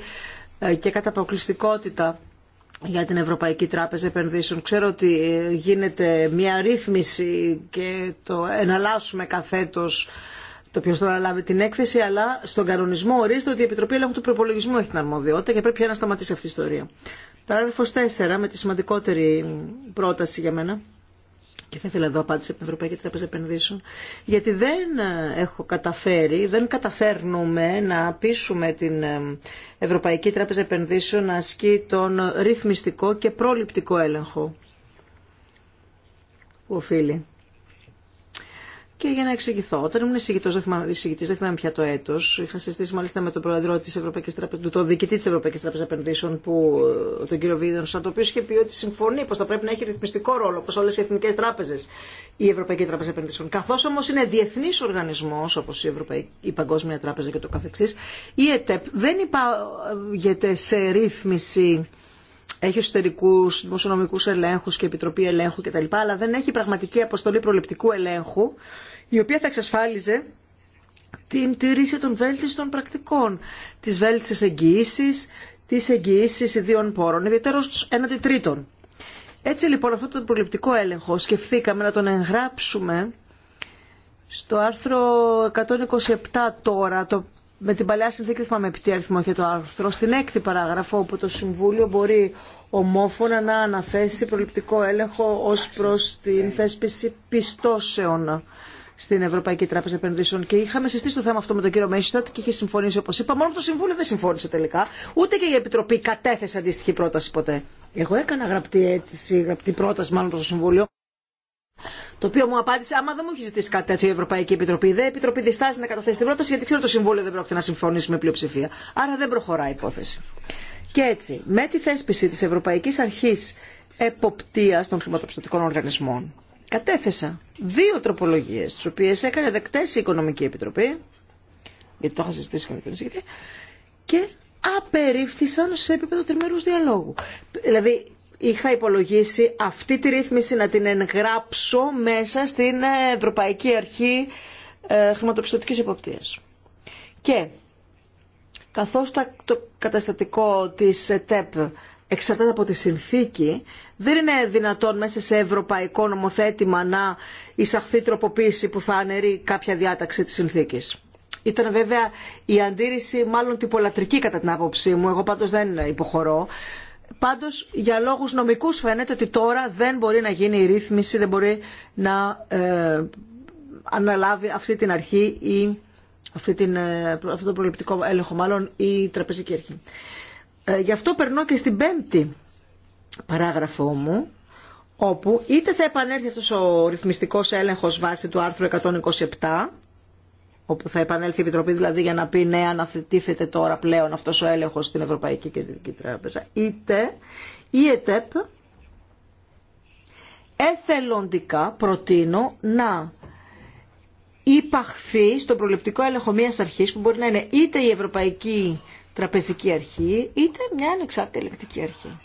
ε, και κατά προκλειστικότητα για την Ευρωπαϊκή Τράπεζα Επενδύσεων. Ξέρω ότι ε, γίνεται μια ρύθμιση και το εναλλάσσουμε καθέτος το ποιο θα λάβει την έκθεση, αλλά στον κανονισμό ορίζεται ότι η Επιτροπή Ελέγχου του Προπολογισμού έχει την αρμοδιότητα και πρέπει να σταματήσει αυτή η ιστορία. Παράγραφο 4, με τη σημαντικότερη πρόταση για μένα, και θα ήθελα εδώ απάντηση από την Ευρωπαϊκή Τράπεζα Επενδύσεων, γιατί δεν έχω καταφέρει, δεν καταφέρνουμε να πείσουμε την ε, Ευρωπαϊκή Τράπεζα Επενδύσεων να ασκεί τον ρυθμιστικό και προληπτικό έλεγχο που οφείλει. Και για να εξηγηθώ, όταν ήμουν εισηγητή, δεν, θυμάμαι, δεν θυμάμαι πια το έτο, είχα συζητήσει μάλιστα με τον πρόεδρο τη Ευρωπαϊκή Τράπεζα, τον διοικητή τη Ευρωπαϊκή Τράπεζα Επενδύσεων, που, ε, τον κύριο Βίδεν, ο οποίο είχε πει ότι συμφωνεί πω θα πρέπει να έχει ρυθμιστικό ρόλο, όπω όλε οι εθνικέ τράπεζε, η Ευρωπαϊκή Τράπεζα Επενδύσεων. Καθώ όμω είναι διεθνή οργανισμό, όπω η, η Παγκόσμια Τράπεζα και το καθεξή, η ΕΤΕΠ δεν υπάγεται σε ρύθμιση έχει εσωτερικού δημοσιονομικού ελέγχου και επιτροπή ελέγχου κτλ. Αλλά δεν έχει πραγματική αποστολή προληπτικού ελέγχου, η οποία θα εξασφάλιζε την τήρηση των βέλτιστων πρακτικών, τη βέλτιστε εγγυήσει, τη εγγυήσει ιδίων πόρων, ιδιαίτερω έναντι τρίτων. Έτσι λοιπόν αυτό το προληπτικό έλεγχο σκεφτήκαμε να τον εγγράψουμε στο άρθρο 127 τώρα, το με την παλιά συνθήκη, με επί τι το άρθρο, στην έκτη παράγραφο όπου το Συμβούλιο μπορεί ομόφωνα να αναθέσει προληπτικό έλεγχο ως προς την θέσπιση πιστώσεων στην Ευρωπαϊκή Τράπεζα Επενδύσεων. Και είχαμε συστήσει το θέμα αυτό με τον κύριο Μέιστατ και είχε συμφωνήσει, όπω είπα. Μόνο το Συμβούλιο δεν συμφώνησε τελικά. Ούτε και η Επιτροπή κατέθεσε αντίστοιχη πρόταση ποτέ. Εγώ έκανα γραπτή αίτηση, γραπτή πρόταση μάλλον προ το Συμβούλιο. Το οποίο μου απάντησε, άμα δεν μου έχει ζητήσει κάτι τέτοιο η Ευρωπαϊκή Επιτροπή, δεν Επιτροπή διστάζει να καταθέσει την πρόταση, γιατί ξέρω το Συμβούλιο δεν πρόκειται να συμφωνήσει με πλειοψηφία. Άρα δεν προχωράει η υπόθεση. Και έτσι, με τη θέσπιση τη Ευρωπαϊκή Αρχή Εποπτεία των Χρηματοπιστωτικών Οργανισμών, κατέθεσα δύο τροπολογίε, τι οποίε έκανε δεκτέ η Οικονομική Επιτροπή, γιατί το είχα συζητήσει με και απερίφθησαν σε επίπεδο τριμερού διαλόγου. Δηλαδή, είχα υπολογίσει αυτή τη ρύθμιση να την εγγράψω μέσα στην Ευρωπαϊκή Αρχή ε, Χρηματοπιστωτικής Εποπτείας. Και καθώς το καταστατικό της ΕΤΕΠ εξαρτάται από τη συνθήκη, δεν είναι δυνατόν μέσα σε ευρωπαϊκό νομοθέτημα να εισαχθεί τροποποίηση που θα αναιρεί κάποια διάταξη της συνθήκης. Ήταν βέβαια η αντίρρηση μάλλον τυπολατρική κατά την άποψή μου, εγώ πάντως δεν υποχωρώ. Πάντως για λόγους νομικούς φαίνεται ότι τώρα δεν μπορεί να γίνει η ρύθμιση, δεν μπορεί να ε, αναλάβει αυτή την αρχή ή αυτή την, ε, αυτό το προληπτικό έλεγχο μάλλον η τραπεζική αρχή. Ε, γι' αυτό περνώ και στην πέμπτη παράγραφό μου όπου είτε θα επανέλθει αυτός ο ρυθμιστικός έλεγχος βάσει του άρθρου 127 όπου θα επανέλθει η Επιτροπή δηλαδή για να πει ναι αναθετήθεται τώρα πλέον αυτός ο έλεγχος στην Ευρωπαϊκή Κεντρική Τράπεζα, είτε η ΕΤΕΠ εθελοντικά προτείνω να υπαχθεί στο προληπτικό έλεγχο μιας αρχής που μπορεί να είναι είτε η Ευρωπαϊκή Τραπεζική Αρχή είτε μια ανεξάρτητη ελεκτική αρχή.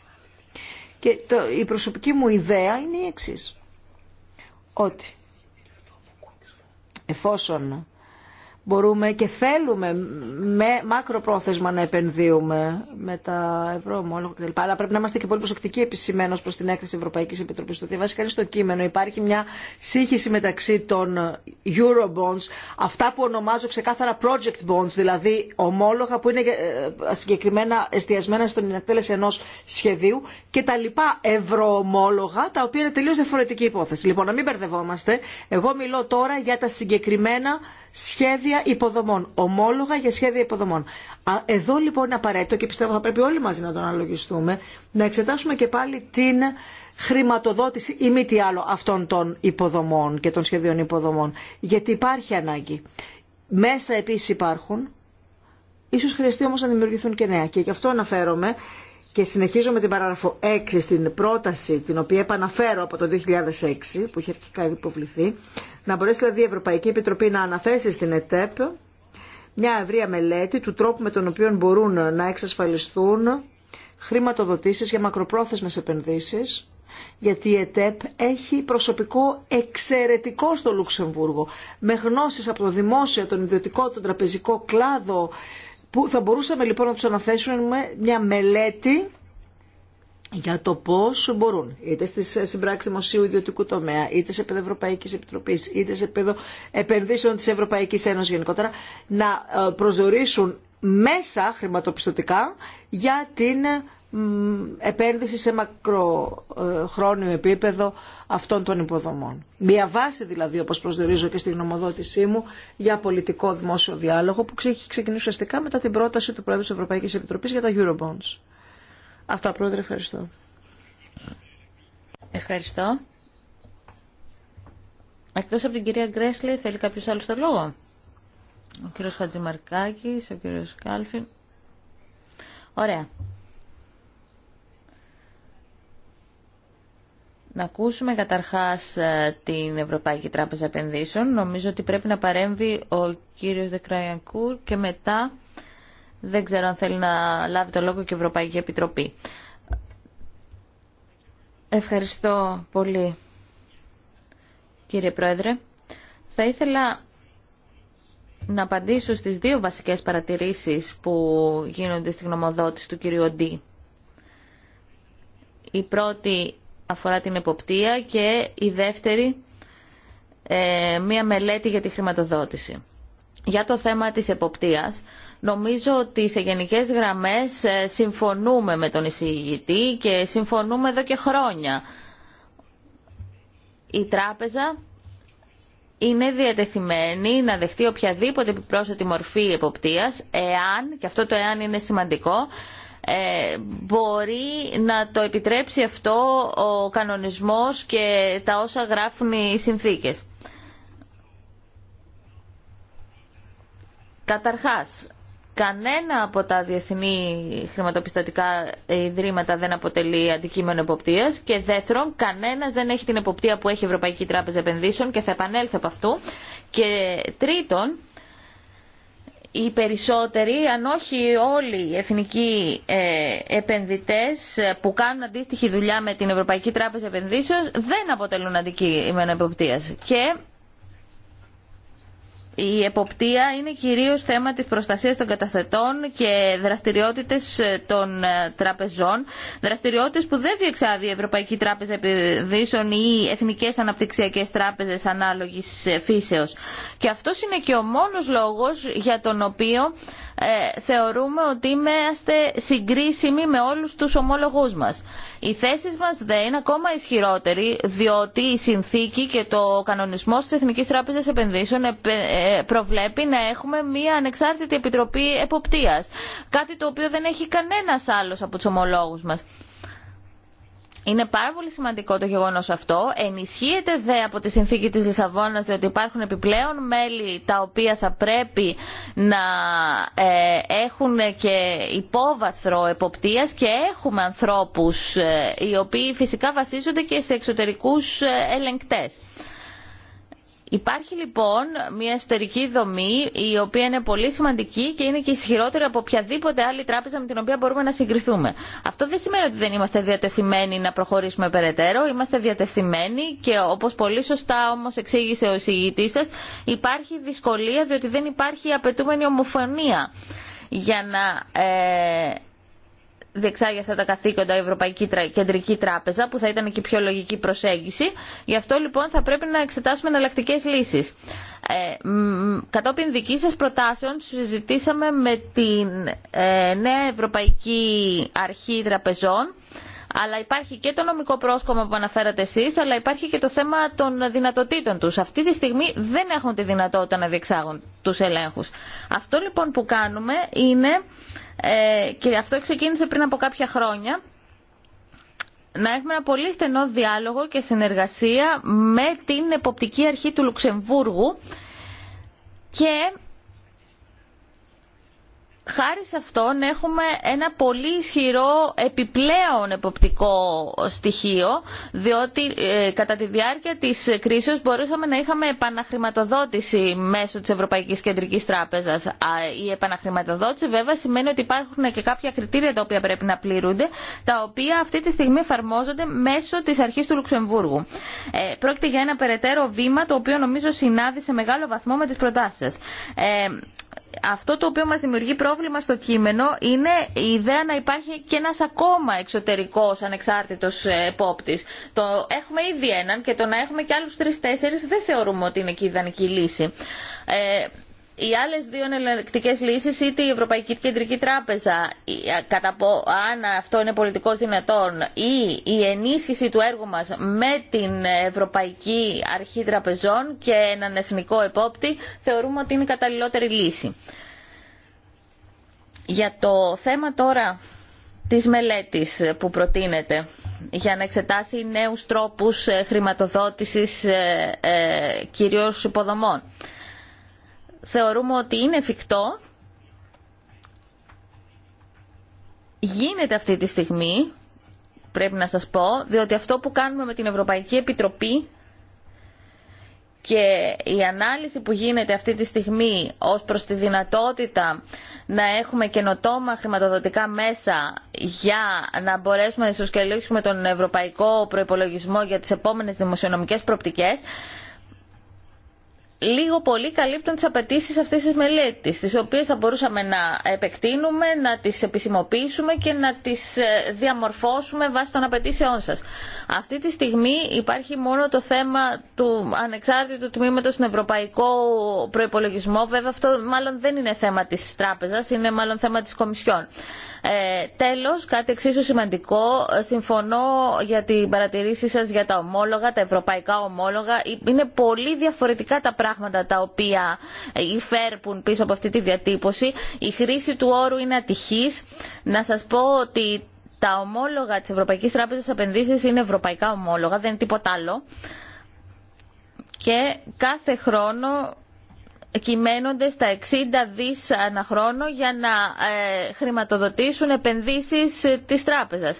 Και το, η προσωπική μου ιδέα είναι η εξής. Ότι εφόσον μπορούμε και θέλουμε με μακροπρόθεσμα να επενδύουμε με τα ευρωομόλογα κλπ. Αλλά πρέπει να είμαστε και πολύ προσεκτικοί επισημένω προ την έκθεση Ευρωπαϊκή Επιτροπή. Το διαβάσει κανεί το κείμενο. Υπάρχει μια σύγχυση μεταξύ των Eurobonds, αυτά που ονομάζω ξεκάθαρα project bonds, δηλαδή ομόλογα που είναι ε, συγκεκριμένα εστιασμένα στην εκτέλεση ενό σχεδίου και τα λοιπά ευρωομόλογα, τα οποία είναι τελείω διαφορετική υπόθεση. Λοιπόν, να μην μπερδευόμαστε. Εγώ μιλώ τώρα για τα συγκεκριμένα σχέδια υποδομών, ομόλογα για σχέδια υποδομών. Εδώ λοιπόν είναι απαραίτητο και πιστεύω θα πρέπει όλοι μαζί να το αναλογιστούμε, να εξετάσουμε και πάλι την χρηματοδότηση ή μη τι άλλο αυτών των υποδομών και των σχεδίων υποδομών. Γιατί υπάρχει ανάγκη. Μέσα επίσης υπάρχουν, ίσως χρειαστεί όμως να δημιουργηθούν και νέα. Και γι' αυτό αναφέρομαι και συνεχίζω με την παράγραφο 6 στην πρόταση την οποία επαναφέρω από το 2006 που είχε αρχικά υποβληθεί να μπορέσει δηλαδή η Ευρωπαϊκή Επιτροπή να αναθέσει στην ΕΤΕΠ μια ευρεία μελέτη του τρόπου με τον οποίο μπορούν να εξασφαλιστούν χρηματοδοτήσεις για μακροπρόθεσμες επενδύσεις γιατί η ΕΤΕΠ έχει προσωπικό εξαιρετικό στο Λουξεμβούργο με γνώσεις από το δημόσιο, τον ιδιωτικό, τον τραπεζικό κλάδο που θα μπορούσαμε λοιπόν να τους αναθέσουμε μια μελέτη για το πώς μπορούν, είτε στις συμπράξεις δημοσίου ιδιωτικού τομέα, είτε σε επίπεδο Ευρωπαϊκής Επιτροπής, είτε σε επίπεδο επενδύσεων της Ευρωπαϊκής Ένωσης γενικότερα, να ε, προσδιορίσουν μέσα χρηματοπιστωτικά για την επένδυση σε μακροχρόνιο επίπεδο αυτών των υποδομών. Μια βάση δηλαδή, όπως προσδιορίζω και στη γνωμοδότησή μου, για πολιτικό δημόσιο διάλογο που έχει ξεκινήσει ουσιαστικά μετά την πρόταση του Πρόεδρου της Ευρωπαϊκής Επιτροπής για τα Eurobonds. Αυτά, Πρόεδρε, ευχαριστώ. Ευχαριστώ. Εκτό από την κυρία Γκρέσλε θέλει κάποιος άλλο το λόγο. Ο κύριος Χατζημαρκάκης, ο κύριος Κάλφιν. Ωραία. Να ακούσουμε καταρχάς ε, την Ευρωπαϊκή Τράπεζα Επενδύσεων. Νομίζω ότι πρέπει να παρέμβει ο κύριος Δεκραϊανκούρ και μετά δεν ξέρω αν θέλει να λάβει το λόγο και η Ευρωπαϊκή Επιτροπή. Ευχαριστώ πολύ κύριε Πρόεδρε. Θα ήθελα να απαντήσω στις δύο βασικές παρατηρήσεις που γίνονται στη γνωμοδότηση του κυρίου Ντί. Η πρώτη αφορά την εποπτεία και η δεύτερη ε, μία μελέτη για τη χρηματοδότηση. Για το θέμα της εποπτείας, νομίζω ότι σε γενικές γραμμές ε, συμφωνούμε με τον εισηγητή και συμφωνούμε εδώ και χρόνια. Η τράπεζα είναι διατεθειμένη να δεχτεί οποιαδήποτε επιπρόσθετη μορφή εποπτείας, εάν, και αυτό το εάν είναι σημαντικό, ε, μπορεί να το επιτρέψει αυτό ο κανονισμός και τα όσα γράφουν οι συνθήκες. Καταρχάς, κανένα από τα διεθνή χρηματοπιστωτικά ιδρύματα δεν αποτελεί αντικείμενο εποπτείας και δεύτερον, κανένας δεν έχει την εποπτεία που έχει η Ευρωπαϊκή Τράπεζα Επενδύσεων και θα επανέλθω από αυτού. Και τρίτον, οι περισσότεροι, αν όχι όλοι οι εθνικοί ε, επενδυτές που κάνουν αντίστοιχη δουλειά με την Ευρωπαϊκή Τράπεζα Επενδύσεως δεν αποτελούν αντικείμενο εποπτείας. Και η εποπτεία είναι κυρίως θέμα της προστασίας των καταθετών και δραστηριότητες ε, των ε, τραπεζών, δραστηριότητες που δεν διεξάδει η Ευρωπαϊκή Τράπεζα Επιδίσεων ή οι Εθνικές Αναπτυξιακές Τράπεζες ανάλογης ε, φύσεως. Και αυτός είναι και ο μόνος λόγος για τον οποίο ε, θεωρούμε ότι είμαστε συγκρίσιμοι με όλους τους ομόλογούς μας. Οι θέσεις μας δεν είναι ακόμα ισχυρότεροι διότι η συνθήκη και το κανονισμό της Εθνικής Τράπεζας Επενδύσεων ε, προβλέπει να έχουμε μία ανεξάρτητη επιτροπή εποπτείας. Κάτι το οποίο δεν έχει κανένας άλλος από τους ομολόγους μας. Είναι πάρα πολύ σημαντικό το γεγονός αυτό. Ενισχύεται δε από τη συνθήκη της Λισαβόνας διότι υπάρχουν επιπλέον μέλη τα οποία θα πρέπει να ε, έχουν και υπόβαθρο εποπτείας και έχουμε ανθρώπους ε, οι οποίοι φυσικά βασίζονται και σε εξωτερικούς ε, ελεγκτές. Υπάρχει λοιπόν μια εσωτερική δομή η οποία είναι πολύ σημαντική και είναι και ισχυρότερη από οποιαδήποτε άλλη τράπεζα με την οποία μπορούμε να συγκριθούμε. Αυτό δεν σημαίνει ότι δεν είμαστε διατεθειμένοι να προχωρήσουμε περαιτέρω. Είμαστε διατεθειμένοι και όπω πολύ σωστά όμω εξήγησε ο εισηγητή σα, υπάρχει δυσκολία διότι δεν υπάρχει απαιτούμενη ομοφωνία για να ε, διεξάγει αυτά τα καθήκοντα η Ευρωπαϊκή Κεντρική Τράπεζα, που θα ήταν και πιο λογική προσέγγιση. Γι' αυτό λοιπόν θα πρέπει να εξετάσουμε εναλλακτικέ λύσει. Ε, κατόπιν δική σα προτάσεων συζητήσαμε με την ε, νέα Ευρωπαϊκή Αρχή Τραπεζών αλλά υπάρχει και το νομικό πρόσκομα που αναφέρατε εσείς, αλλά υπάρχει και το θέμα των δυνατοτήτων τους. Αυτή τη στιγμή δεν έχουν τη δυνατότητα να διεξάγουν τους ελέγχους. Αυτό λοιπόν που κάνουμε είναι, ε, και αυτό ξεκίνησε πριν από κάποια χρόνια, να έχουμε ένα πολύ στενό διάλογο και συνεργασία με την εποπτική αρχή του Λουξεμβούργου και χάρη σε αυτόν έχουμε ένα πολύ ισχυρό επιπλέον εποπτικό στοιχείο διότι ε, κατά τη διάρκεια της κρίσης μπορούσαμε να είχαμε επαναχρηματοδότηση μέσω της Ευρωπαϊκής Κεντρικής Τράπεζας. Η επαναχρηματοδότηση βέβαια σημαίνει ότι υπάρχουν και κάποια κριτήρια τα οποία πρέπει να πληρούνται τα οποία αυτή τη στιγμή εφαρμόζονται μέσω της αρχής του Λουξεμβούργου. Ε, πρόκειται για ένα περαιτέρω βήμα το οποίο νομίζω συνάδει σε μεγάλο βαθμό με τις προτάσεις. Ε, αυτό το οποίο μας δημιουργεί πρόβλημα στο κείμενο είναι η ιδέα να υπάρχει και ένας ακόμα εξωτερικός ανεξάρτητος ε, επόπτης. Το έχουμε ήδη έναν και το να έχουμε και άλλους τρεις-τέσσερις δεν θεωρούμε ότι είναι και ιδανική λύση. Ε, οι άλλε δύο εναλλακτικέ λύσεις, είτε η Ευρωπαϊκή Κεντρική Τράπεζα, ε, κατά αν αυτό είναι πολιτικό δυνατόν, ή η ενίσχυση του έργου μας με την Ευρωπαϊκή Αρχή Τραπεζών και έναν εθνικό επόπτη, θεωρούμε ότι είναι η καταλληλότερη λύση. Για το θέμα τώρα της μελέτης που προτείνεται για να εξετάσει νέους τρόπους ε, χρηματοδότησης ε, κυρίως υποδομών θεωρούμε ότι είναι εφικτό. Γίνεται αυτή τη στιγμή, πρέπει να σας πω, διότι αυτό που κάνουμε με την Ευρωπαϊκή Επιτροπή και η ανάλυση που γίνεται αυτή τη στιγμή ως προς τη δυνατότητα να έχουμε καινοτόμα χρηματοδοτικά μέσα για να μπορέσουμε να ισοσκελίσουμε τον ευρωπαϊκό προϋπολογισμό για τις επόμενες δημοσιονομικές προπτικές λίγο πολύ καλύπτουν τις απαιτήσει αυτής της μελέτης, τις οποίες θα μπορούσαμε να επεκτείνουμε, να τις επισημοποιήσουμε και να τις ε, διαμορφώσουμε βάσει των απαιτήσεών σας. Αυτή τη στιγμή υπάρχει μόνο το θέμα του ανεξάρτητου τμήματος στον ευρωπαϊκό προϋπολογισμό. Βέβαια αυτό μάλλον δεν είναι θέμα της τράπεζας, είναι μάλλον θέμα της Κομισιόν. Ε, τέλος, κάτι εξίσου σημαντικό, ε, συμφωνώ για την παρατηρήση σας για τα ομόλογα, τα ευρωπαϊκά ομόλογα. Ε, είναι πολύ διαφορετικά τα πράγματα τα οποία υφέρπουν πίσω από αυτή τη διατύπωση. Η χρήση του όρου είναι ατυχή Να σας πω ότι τα ομόλογα τη Ευρωπαϊκής Τράπεζας Επενδύσεις είναι ευρωπαϊκά ομόλογα, δεν είναι τίποτα άλλο. Και κάθε χρόνο κυμαίνονται στα 60 δις ανά χρόνο για να ε, χρηματοδοτήσουν επενδύσεις της τράπεζας.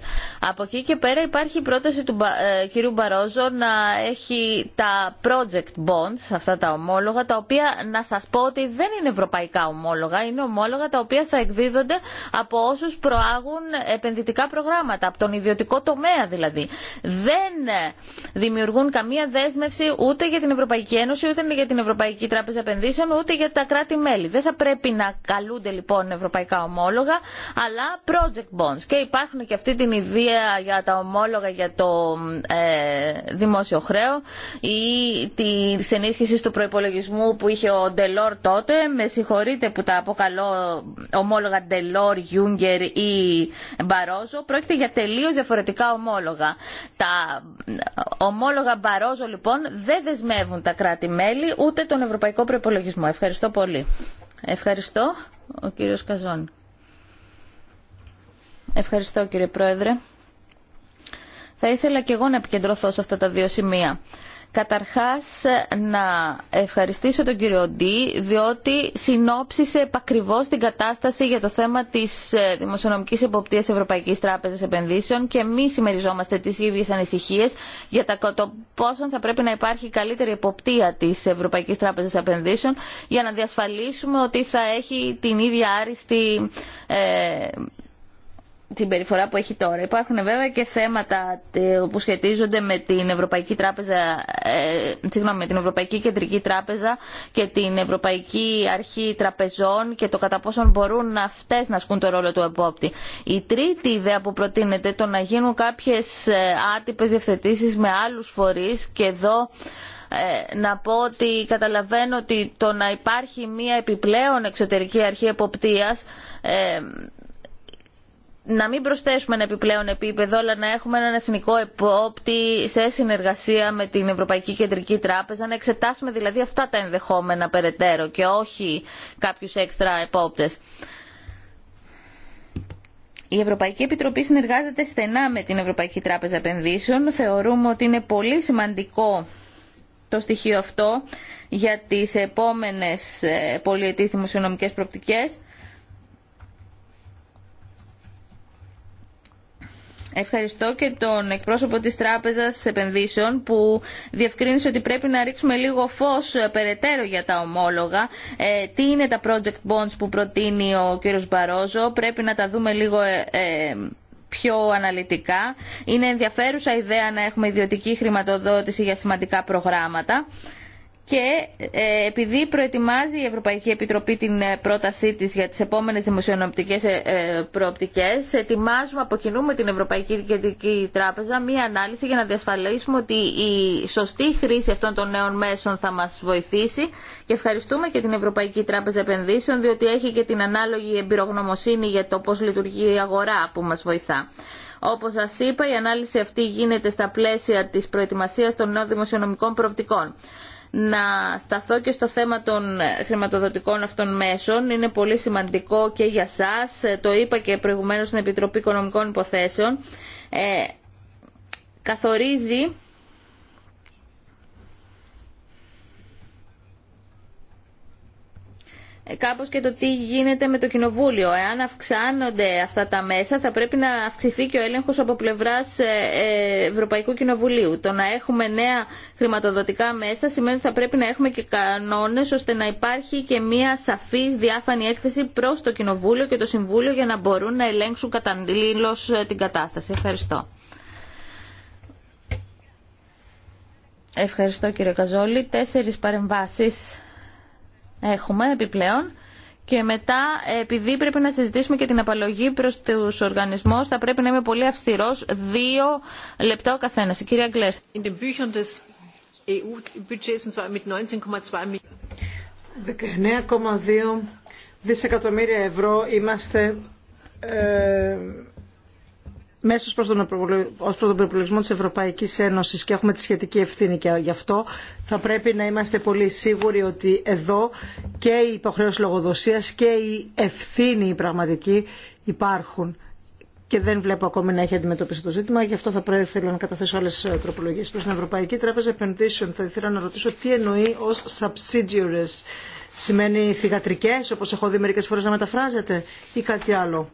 Από εκεί και πέρα υπάρχει η πρόταση του ε, κυρίου Μπαρόζο να έχει τα project bonds, αυτά τα ομόλογα, τα οποία να σας πω ότι δεν είναι ευρωπαϊκά ομόλογα, είναι ομόλογα τα οποία θα εκδίδονται από όσους προάγουν επενδυτικά προγράμματα, από τον ιδιωτικό τομέα δηλαδή. Δεν ε, δημιουργούν καμία δέσμευση ούτε για την Ευρωπαϊκή Ένωση, ούτε για την Ευρωπαϊκή Τράπεζα Επενδύσεων, ούτε για τα κράτη-μέλη. Δεν θα πρέπει να καλούνται λοιπόν ευρωπαϊκά ομόλογα, αλλά project bonds. Και υπάρχουν και αυτή την ιδέα για τα ομόλογα για το ε, δημόσιο χρέο ή τη ενίσχυση του προπολογισμού που είχε ο Ντελόρ τότε. Με συγχωρείτε που τα αποκαλώ ομόλογα Ντελόρ, Γιούγκερ ή Μπαρόζο. Πρόκειται για τελείω διαφορετικά ομόλογα. Τα ομόλογα Μπαρόζο λοιπόν δεν δεσμεύουν τα κράτη-μέλη ούτε τον ευρωπαϊκό προπολογισμό Ευχαριστώ πολύ. Ευχαριστώ, ο κύριος Καζόν. Ευχαριστώ, κύριε Πρόεδρε. Θα ήθελα και εγώ να επικεντρωθώ σε αυτά τα δύο σημεία. Καταρχάς να ευχαριστήσω τον κύριο Ντί διότι συνόψισε επακριβώς την κατάσταση για το θέμα της ε, δημοσιονομικής εποπτείας Ευρωπαϊκής Τράπεζας Επενδύσεων και εμεί συμμεριζόμαστε τις ίδιες ανησυχίες για το πόσο θα πρέπει να υπάρχει καλύτερη εποπτεία της Ευρωπαϊκής Τράπεζας Επενδύσεων για να διασφαλίσουμε ότι θα έχει την ίδια άριστη ε, την περιφορά που έχει τώρα. Υπάρχουν βέβαια και θέματα ε, που σχετίζονται με την Ευρωπαϊκή, Τράπεζα, ε, συγγνώμη, την Ευρωπαϊκή Κεντρική Τράπεζα και την Ευρωπαϊκή Αρχή Τραπεζών και το κατά πόσον μπορούν αυτές να ασκούν το ρόλο του επόπτη. Η τρίτη ιδέα που προτείνεται το να γίνουν κάποιες ε, άτυπε διευθετήσει με άλλου φορεί και εδώ να πω ότι καταλαβαίνω ότι το να υπάρχει μία επιπλέον εξωτερική αρχή εποπτείας να μην προσθέσουμε ένα επιπλέον επίπεδο, αλλά να έχουμε έναν εθνικό επόπτη σε συνεργασία με την Ευρωπαϊκή Κεντρική Τράπεζα, να εξετάσουμε δηλαδή αυτά τα ενδεχόμενα περαιτέρω και όχι κάποιους έξτρα επόπτες. Η Ευρωπαϊκή Επιτροπή συνεργάζεται στενά με την Ευρωπαϊκή Τράπεζα Επενδύσεων. Θεωρούμε ότι είναι πολύ σημαντικό το στοιχείο αυτό για τις επόμενες πολιετήσεις δημοσιονομικές προπτικές Ευχαριστώ και τον εκπρόσωπο της Τράπεζας Επενδύσεων που διευκρίνησε ότι πρέπει να ρίξουμε λίγο φως ε, περαιτέρω για τα ομόλογα. Ε, τι είναι τα project bonds που προτείνει ο κύριος Μπαρόζο, πρέπει να τα δούμε λίγο ε, πιο αναλυτικά. Είναι ενδιαφέρουσα ιδέα να έχουμε ιδιωτική χρηματοδότηση για σημαντικά προγράμματα και ε, επειδή προετοιμάζει η Ευρωπαϊκή Επιτροπή την ε, πρότασή της για τις επόμενες δημοσιονομικές ε, προοπτικές, ετοιμάζουμε, από κοινού με την Ευρωπαϊκή Κεντρική Τράπεζα μία ανάλυση για να διασφαλίσουμε ότι η σωστή χρήση αυτών των νέων μέσων θα μας βοηθήσει και ευχαριστούμε και την Ευρωπαϊκή Τράπεζα Επενδύσεων διότι έχει και την ανάλογη εμπειρογνωμοσύνη για το πώς λειτουργεί η αγορά που μας βοηθά. Όπως σας είπα, η ανάλυση αυτή γίνεται στα πλαίσια της προετοιμασίας των νέων δημοσιονομικών προοπτικών να σταθώ και στο θέμα των χρηματοδοτικών αυτών μέσων. Είναι πολύ σημαντικό και για σας. Το είπα και προηγουμένως στην Επιτροπή Οικονομικών Υποθέσεων. Ε, καθορίζει Ε, κάπως και το τι γίνεται με το Κοινοβούλιο. Εάν αυξάνονται αυτά τα μέσα θα πρέπει να αυξηθεί και ο έλεγχος από πλευράς ε, ε, Ευρωπαϊκού Κοινοβουλίου. Το να έχουμε νέα χρηματοδοτικά μέσα σημαίνει ότι θα πρέπει να έχουμε και κανόνες ώστε να υπάρχει και μια σαφής διάφανη έκθεση προς το Κοινοβούλιο και το Συμβούλιο για να μπορούν να ελέγξουν καταλήλως την κατάσταση. Ευχαριστώ. Ευχαριστώ κύριε Καζόλη. Τέσσερις παρεμβάσεις έχουμε επιπλέον. Και μετά, επειδή πρέπει να συζητήσουμε και την απαλλογή προ του Οργανισμού, θα πρέπει να είμαι πολύ αυστηρό, Δύο λεπτά ο καθένα. Η κυρία Γκλέρ. 19,2 e δισεκατομμύρια ευρώ είμαστε ε, μέσω προς τον, προπολογισμό της Ευρωπαϊκής Ένωσης και έχουμε τη σχετική ευθύνη και γι' αυτό θα πρέπει να είμαστε πολύ σίγουροι ότι εδώ και η υποχρέωση λογοδοσίας και η ευθύνη η πραγματική υπάρχουν και δεν βλέπω ακόμη να έχει αντιμετωπίσει το ζήτημα. Γι' αυτό θα πρέπει θέλω να καταθέσω άλλε τροπολογίε. Προ την Ευρωπαϊκή Τράπεζα Επενδύσεων θα ήθελα να ρωτήσω τι εννοεί ω subsidiaries. Σημαίνει θηγατρικέ, όπω έχω δει μερικέ φορέ να μεταφράζεται, ή κάτι άλλο.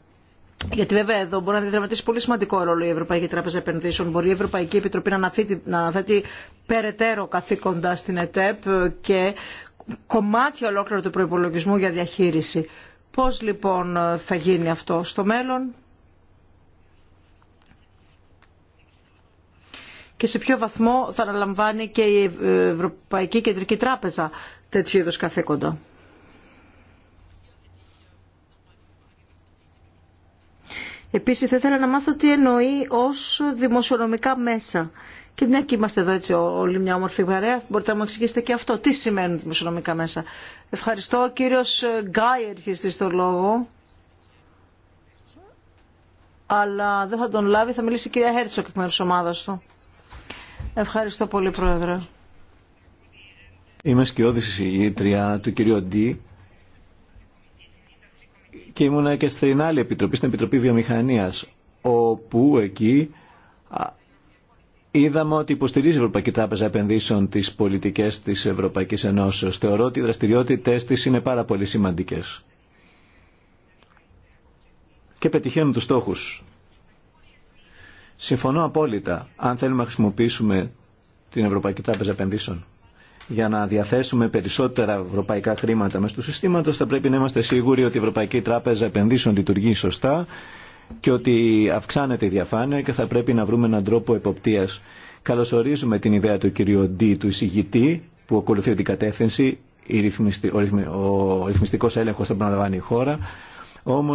Γιατί βέβαια εδώ μπορεί να διαδραματίσει πολύ σημαντικό ρόλο η Ευρωπαϊκή Τράπεζα Επενδύσεων. Μπορεί η Ευρωπαϊκή Επιτροπή να αναθέτει, να αναθέτει περαιτέρω καθήκοντα στην ΕΤΕΠ και κομμάτια ολόκληρο του προπολογισμού για διαχείριση. Πώς λοιπόν θα γίνει αυτό στο μέλλον και σε ποιο βαθμό θα αναλαμβάνει και η Ευρωπαϊκή Κεντρική Τράπεζα τέτοιου είδους καθήκοντα. Επίσης θα ήθελα να μάθω τι εννοεί ω δημοσιονομικά μέσα. Και μια και είμαστε εδώ έτσι όλοι μια όμορφη παρέα, μπορείτε να μου εξηγήσετε και αυτό. Τι σημαίνουν δημοσιονομικά μέσα. Ευχαριστώ. Ο κύριο Γκάι τις στο λόγο. Αλλά δεν θα τον λάβει, θα μιλήσει η κυρία Χέρτσοκ εκ μέρους ομάδας του. Ευχαριστώ πολύ Πρόεδρε. Είμαι σκιώδη εισηγήτρια του κυρίου Ντί και ήμουνα και στην άλλη επιτροπή, στην Επιτροπή Βιομηχανίας, όπου εκεί είδαμε ότι υποστηρίζει η Ευρωπαϊκή Τράπεζα Επενδύσεων τις πολιτικές της Ευρωπαϊκής Ενώσεως. Θεωρώ ότι οι δραστηριότητες της είναι πάρα πολύ σημαντικές. Και πετυχαίνουν τους στόχους. Συμφωνώ απόλυτα αν θέλουμε να χρησιμοποιήσουμε την Ευρωπαϊκή Τράπεζα Επενδύσεων για να διαθέσουμε περισσότερα ευρωπαϊκά χρήματα μέσα του συστήματο, θα πρέπει να είμαστε σίγουροι ότι η Ευρωπαϊκή Τράπεζα Επενδύσεων λειτουργεί σωστά και ότι αυξάνεται η διαφάνεια και θα πρέπει να βρούμε έναν τρόπο εποπτείας. Καλωσορίζουμε την ιδέα του κυρίου Ντί, του εισηγητή, που ακολουθεί την κατεύθυνση, ο ρυθμιστικός έλεγχος θα πρέπει να η χώρα, Όμω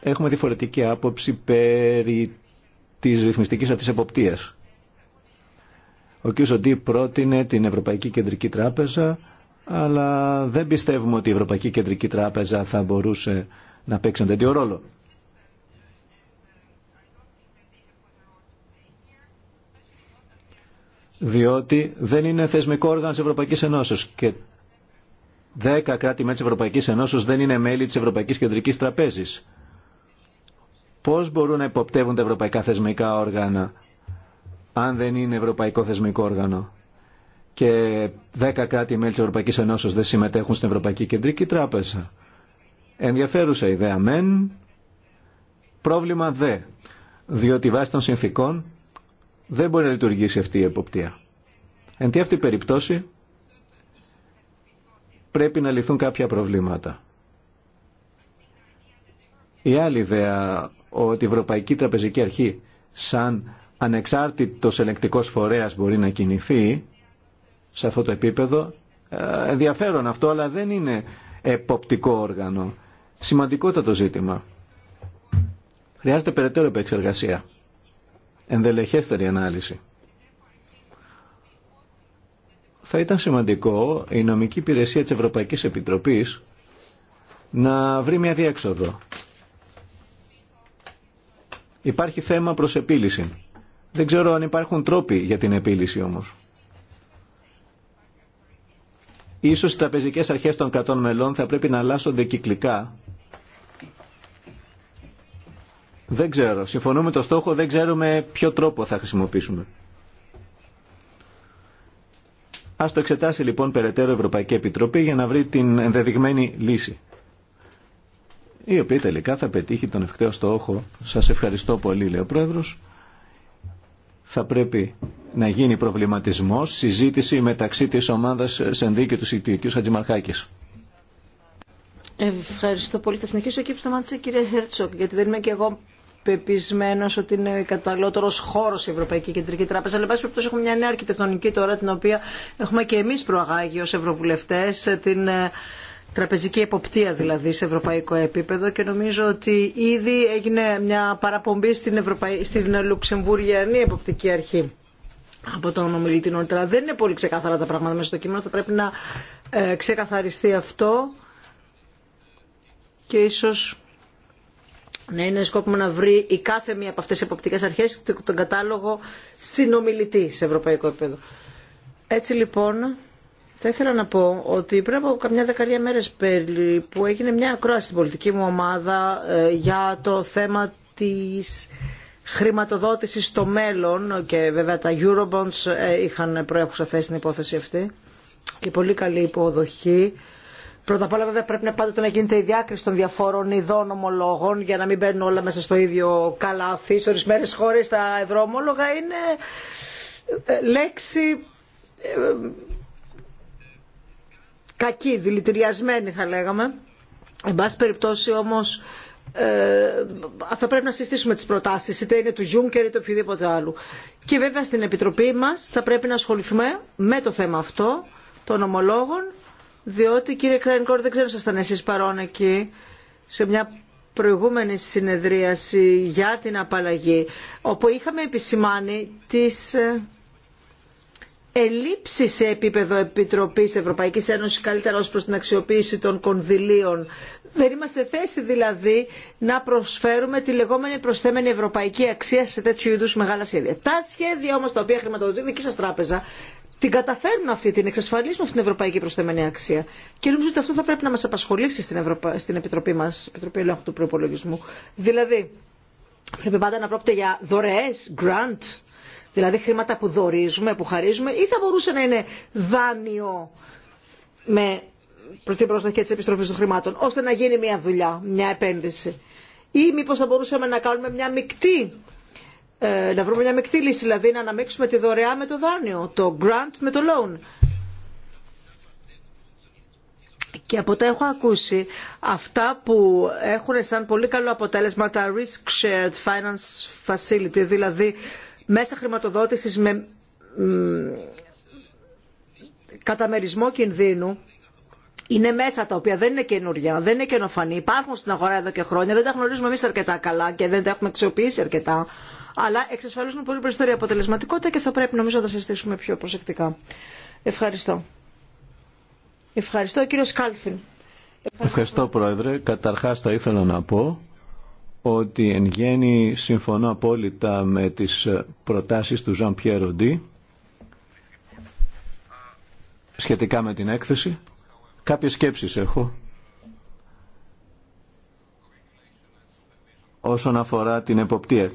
έχουμε διαφορετική άποψη περί της ρυθμιστικής αυτή εποπτείας ο κ. Σοντή πρότεινε την Ευρωπαϊκή Κεντρική Τράπεζα, αλλά δεν πιστεύουμε ότι η Ευρωπαϊκή Κεντρική Τράπεζα θα μπορούσε να παίξει ένα τέτοιο ρόλο. διότι δεν είναι θεσμικό όργανο τη Ευρωπαϊκής Ενώσεως και δέκα κράτη-μέλη τη Ευρωπαϊκής Ενώσεως δεν είναι μέλη της Ευρωπαϊκής Κεντρικής Τραπέζης. Πώς μπορούν να υποπτεύουν τα ευρωπαϊκά θεσμικά όργανα αν δεν είναι ευρωπαϊκό θεσμικό όργανο και 10 κράτη-μέλη της Ευρωπαϊκής Ενώσεως δεν συμμετέχουν στην Ευρωπαϊκή Κεντρική Τράπεζα. Ενδιαφέρουσα ιδέα μεν, πρόβλημα δε, διότι βάσει των συνθήκων δεν μπορεί να λειτουργήσει αυτή η εποπτεία. Εν τί αυτή περιπτώση πρέπει να λυθούν κάποια προβλήματα. Η άλλη ιδέα ότι η Ευρωπαϊκή Τραπεζική Αρχή σαν ανεξάρτητος ελεγκτικός φορέας μπορεί να κινηθεί σε αυτό το επίπεδο. Ε, ενδιαφέρον αυτό, αλλά δεν είναι εποπτικό όργανο. Σημαντικότατο ζήτημα. Χρειάζεται περαιτέρω επεξεργασία. Ενδελεχέστερη ανάλυση. Θα ήταν σημαντικό η νομική υπηρεσία της Ευρωπαϊκής Επιτροπής να βρει μια διέξοδο. Υπάρχει θέμα προς επίλυση. Δεν ξέρω αν υπάρχουν τρόποι για την επίλυση όμως. Ίσως οι τραπεζικές αρχές των κρατών μελών θα πρέπει να αλλάσσονται κυκλικά. Δεν ξέρω. Συμφωνούμε το στόχο, δεν ξέρουμε ποιο τρόπο θα χρησιμοποιήσουμε. Ας το εξετάσει λοιπόν περαιτέρω Ευρωπαϊκή Επιτροπή για να βρει την ενδεδειγμένη λύση. Η οποία τελικά θα πετύχει τον ευκταίο στόχο. Σας ευχαριστώ πολύ, λέει ο Πρόεδρος θα πρέπει να γίνει προβληματισμός, συζήτηση μεταξύ της ομάδας Σενδί και του Σικτυκίου Χατζημαρχάκης. Ευχαριστώ πολύ. Θα συνεχίσω εκεί που σταμάτησε η Χέρτσοκ, γιατί δεν είμαι και εγώ πεπισμένο ότι είναι καταλληλότερο χώρο η Ευρωπαϊκή Κεντρική Τράπεζα. Αλλά, εν πάση έχουμε μια νέα αρχιτεκτονική τώρα, την οποία έχουμε και εμεί προαγάγει ω Ευρωβουλευτέ, την ε, τραπεζική εποπτεία δηλαδή σε ευρωπαϊκό επίπεδο και νομίζω ότι ήδη έγινε μια παραπομπή στην, Ευρωπαϊ... στην Λουξεμβούργιανή εποπτική αρχή από τον ομιλητή νωρίτερα. Δεν είναι πολύ ξεκάθαρα τα πράγματα μέσα στο κείμενο, θα πρέπει να ε, ξεκαθαριστεί αυτό και ίσως να είναι σκόπιμο να βρει η κάθε μία από αυτές τις εποπτικές αρχές τον κατάλογο συνομιλητή σε ευρωπαϊκό επίπεδο. Έτσι λοιπόν, θα ήθελα να πω ότι πριν από καμιά δεκαετία μέρες περίπου έγινε μια ακρόαση στην πολιτική μου ομάδα ε, για το θέμα της χρηματοδότηση στο μέλλον και βέβαια τα Eurobonds ε, είχαν προέχουσα θέση στην υπόθεση αυτή και πολύ καλή υποδοχή. Πρώτα απ' όλα βέβαια πρέπει να πάντοτε να γίνεται η διάκριση των διαφόρων ειδών ομολόγων για να μην μπαίνουν όλα μέσα στο ίδιο καλάθι. Σε ορισμένε χώρε τα ευρωομόλογα είναι ε, λέξη Κακοί, δηλητηριασμένοι θα λέγαμε. Εν πάση περιπτώσει όμως ε, θα πρέπει να συστήσουμε τις προτάσεις, είτε είναι του Juncker είτε οποιοδήποτε άλλου. Και βέβαια στην Επιτροπή μας θα πρέπει να ασχοληθούμε με το θέμα αυτό των ομολόγων, διότι κύριε Κρένκορ δεν ξέρω αν ήσασταν εσείς παρόν εκεί σε μια προηγούμενη συνεδρίαση για την απαλλαγή, όπου είχαμε επισημάνει τις ε, ελλείψει σε επίπεδο επιτροπή Ευρωπαϊκή Ένωση καλύτερα ω προ την αξιοποίηση των κονδυλίων. Δεν είμαστε θέση δηλαδή να προσφέρουμε τη λεγόμενη προσθέμενη ευρωπαϊκή αξία σε τέτοιου είδου μεγάλα σχέδια. Τα σχέδια όμω τα οποία χρηματοδοτεί η δική σα τράπεζα την καταφέρνουν αυτή, την εξασφαλίσουν αυτή την ευρωπαϊκή προσθέμενη αξία. Και νομίζω ότι αυτό θα πρέπει να μα απασχολήσει στην, στην Επιτροπή μα Επιτροπή Ελέγχου του Προπολογισμού. Δηλαδή, πρέπει πάντα να πρόκειται για δωρεέ grant, δηλαδή χρήματα που δώριζουμε, που χαρίζουμε, ή θα μπορούσε να είναι δάνειο με προς την τις τη επιστροφή των χρημάτων, ώστε να γίνει μια δουλειά, μια επένδυση. Ή μήπως θα μπορούσαμε να κάνουμε μια μεικτή, ε, να βρούμε μια μεικτή λύση, δηλαδή να αναμίξουμε τη δωρεά με το δάνειο, το grant με το loan. Και από τα έχω ακούσει, αυτά που έχουν σαν πολύ καλό αποτέλεσμα τα risk shared finance facility, δηλαδή μέσα χρηματοδότησης με καταμερισμό κινδύνου είναι μέσα τα οποία δεν είναι καινούρια, δεν είναι καινοφανή, υπάρχουν στην αγορά εδώ και χρόνια, δεν τα γνωρίζουμε εμεί αρκετά καλά και δεν τα έχουμε αξιοποιήσει αρκετά, αλλά εξασφαλίζουν πολύ περισσότερη αποτελεσματικότητα και θα πρέπει νομίζω να τα συστήσουμε πιο προσεκτικά. Ευχαριστώ. Ευχαριστώ κύριο Σκάλφιν. Ευχαριστώ, Πρόεδρε. Καταρχάς θα ήθελα να πω ότι εν γέννη συμφωνώ απόλυτα με τις προτάσεις του Ζαν Πιέροντι σχετικά με την έκθεση. Κάποιες σκέψεις έχω όσον αφορά την εποπτεία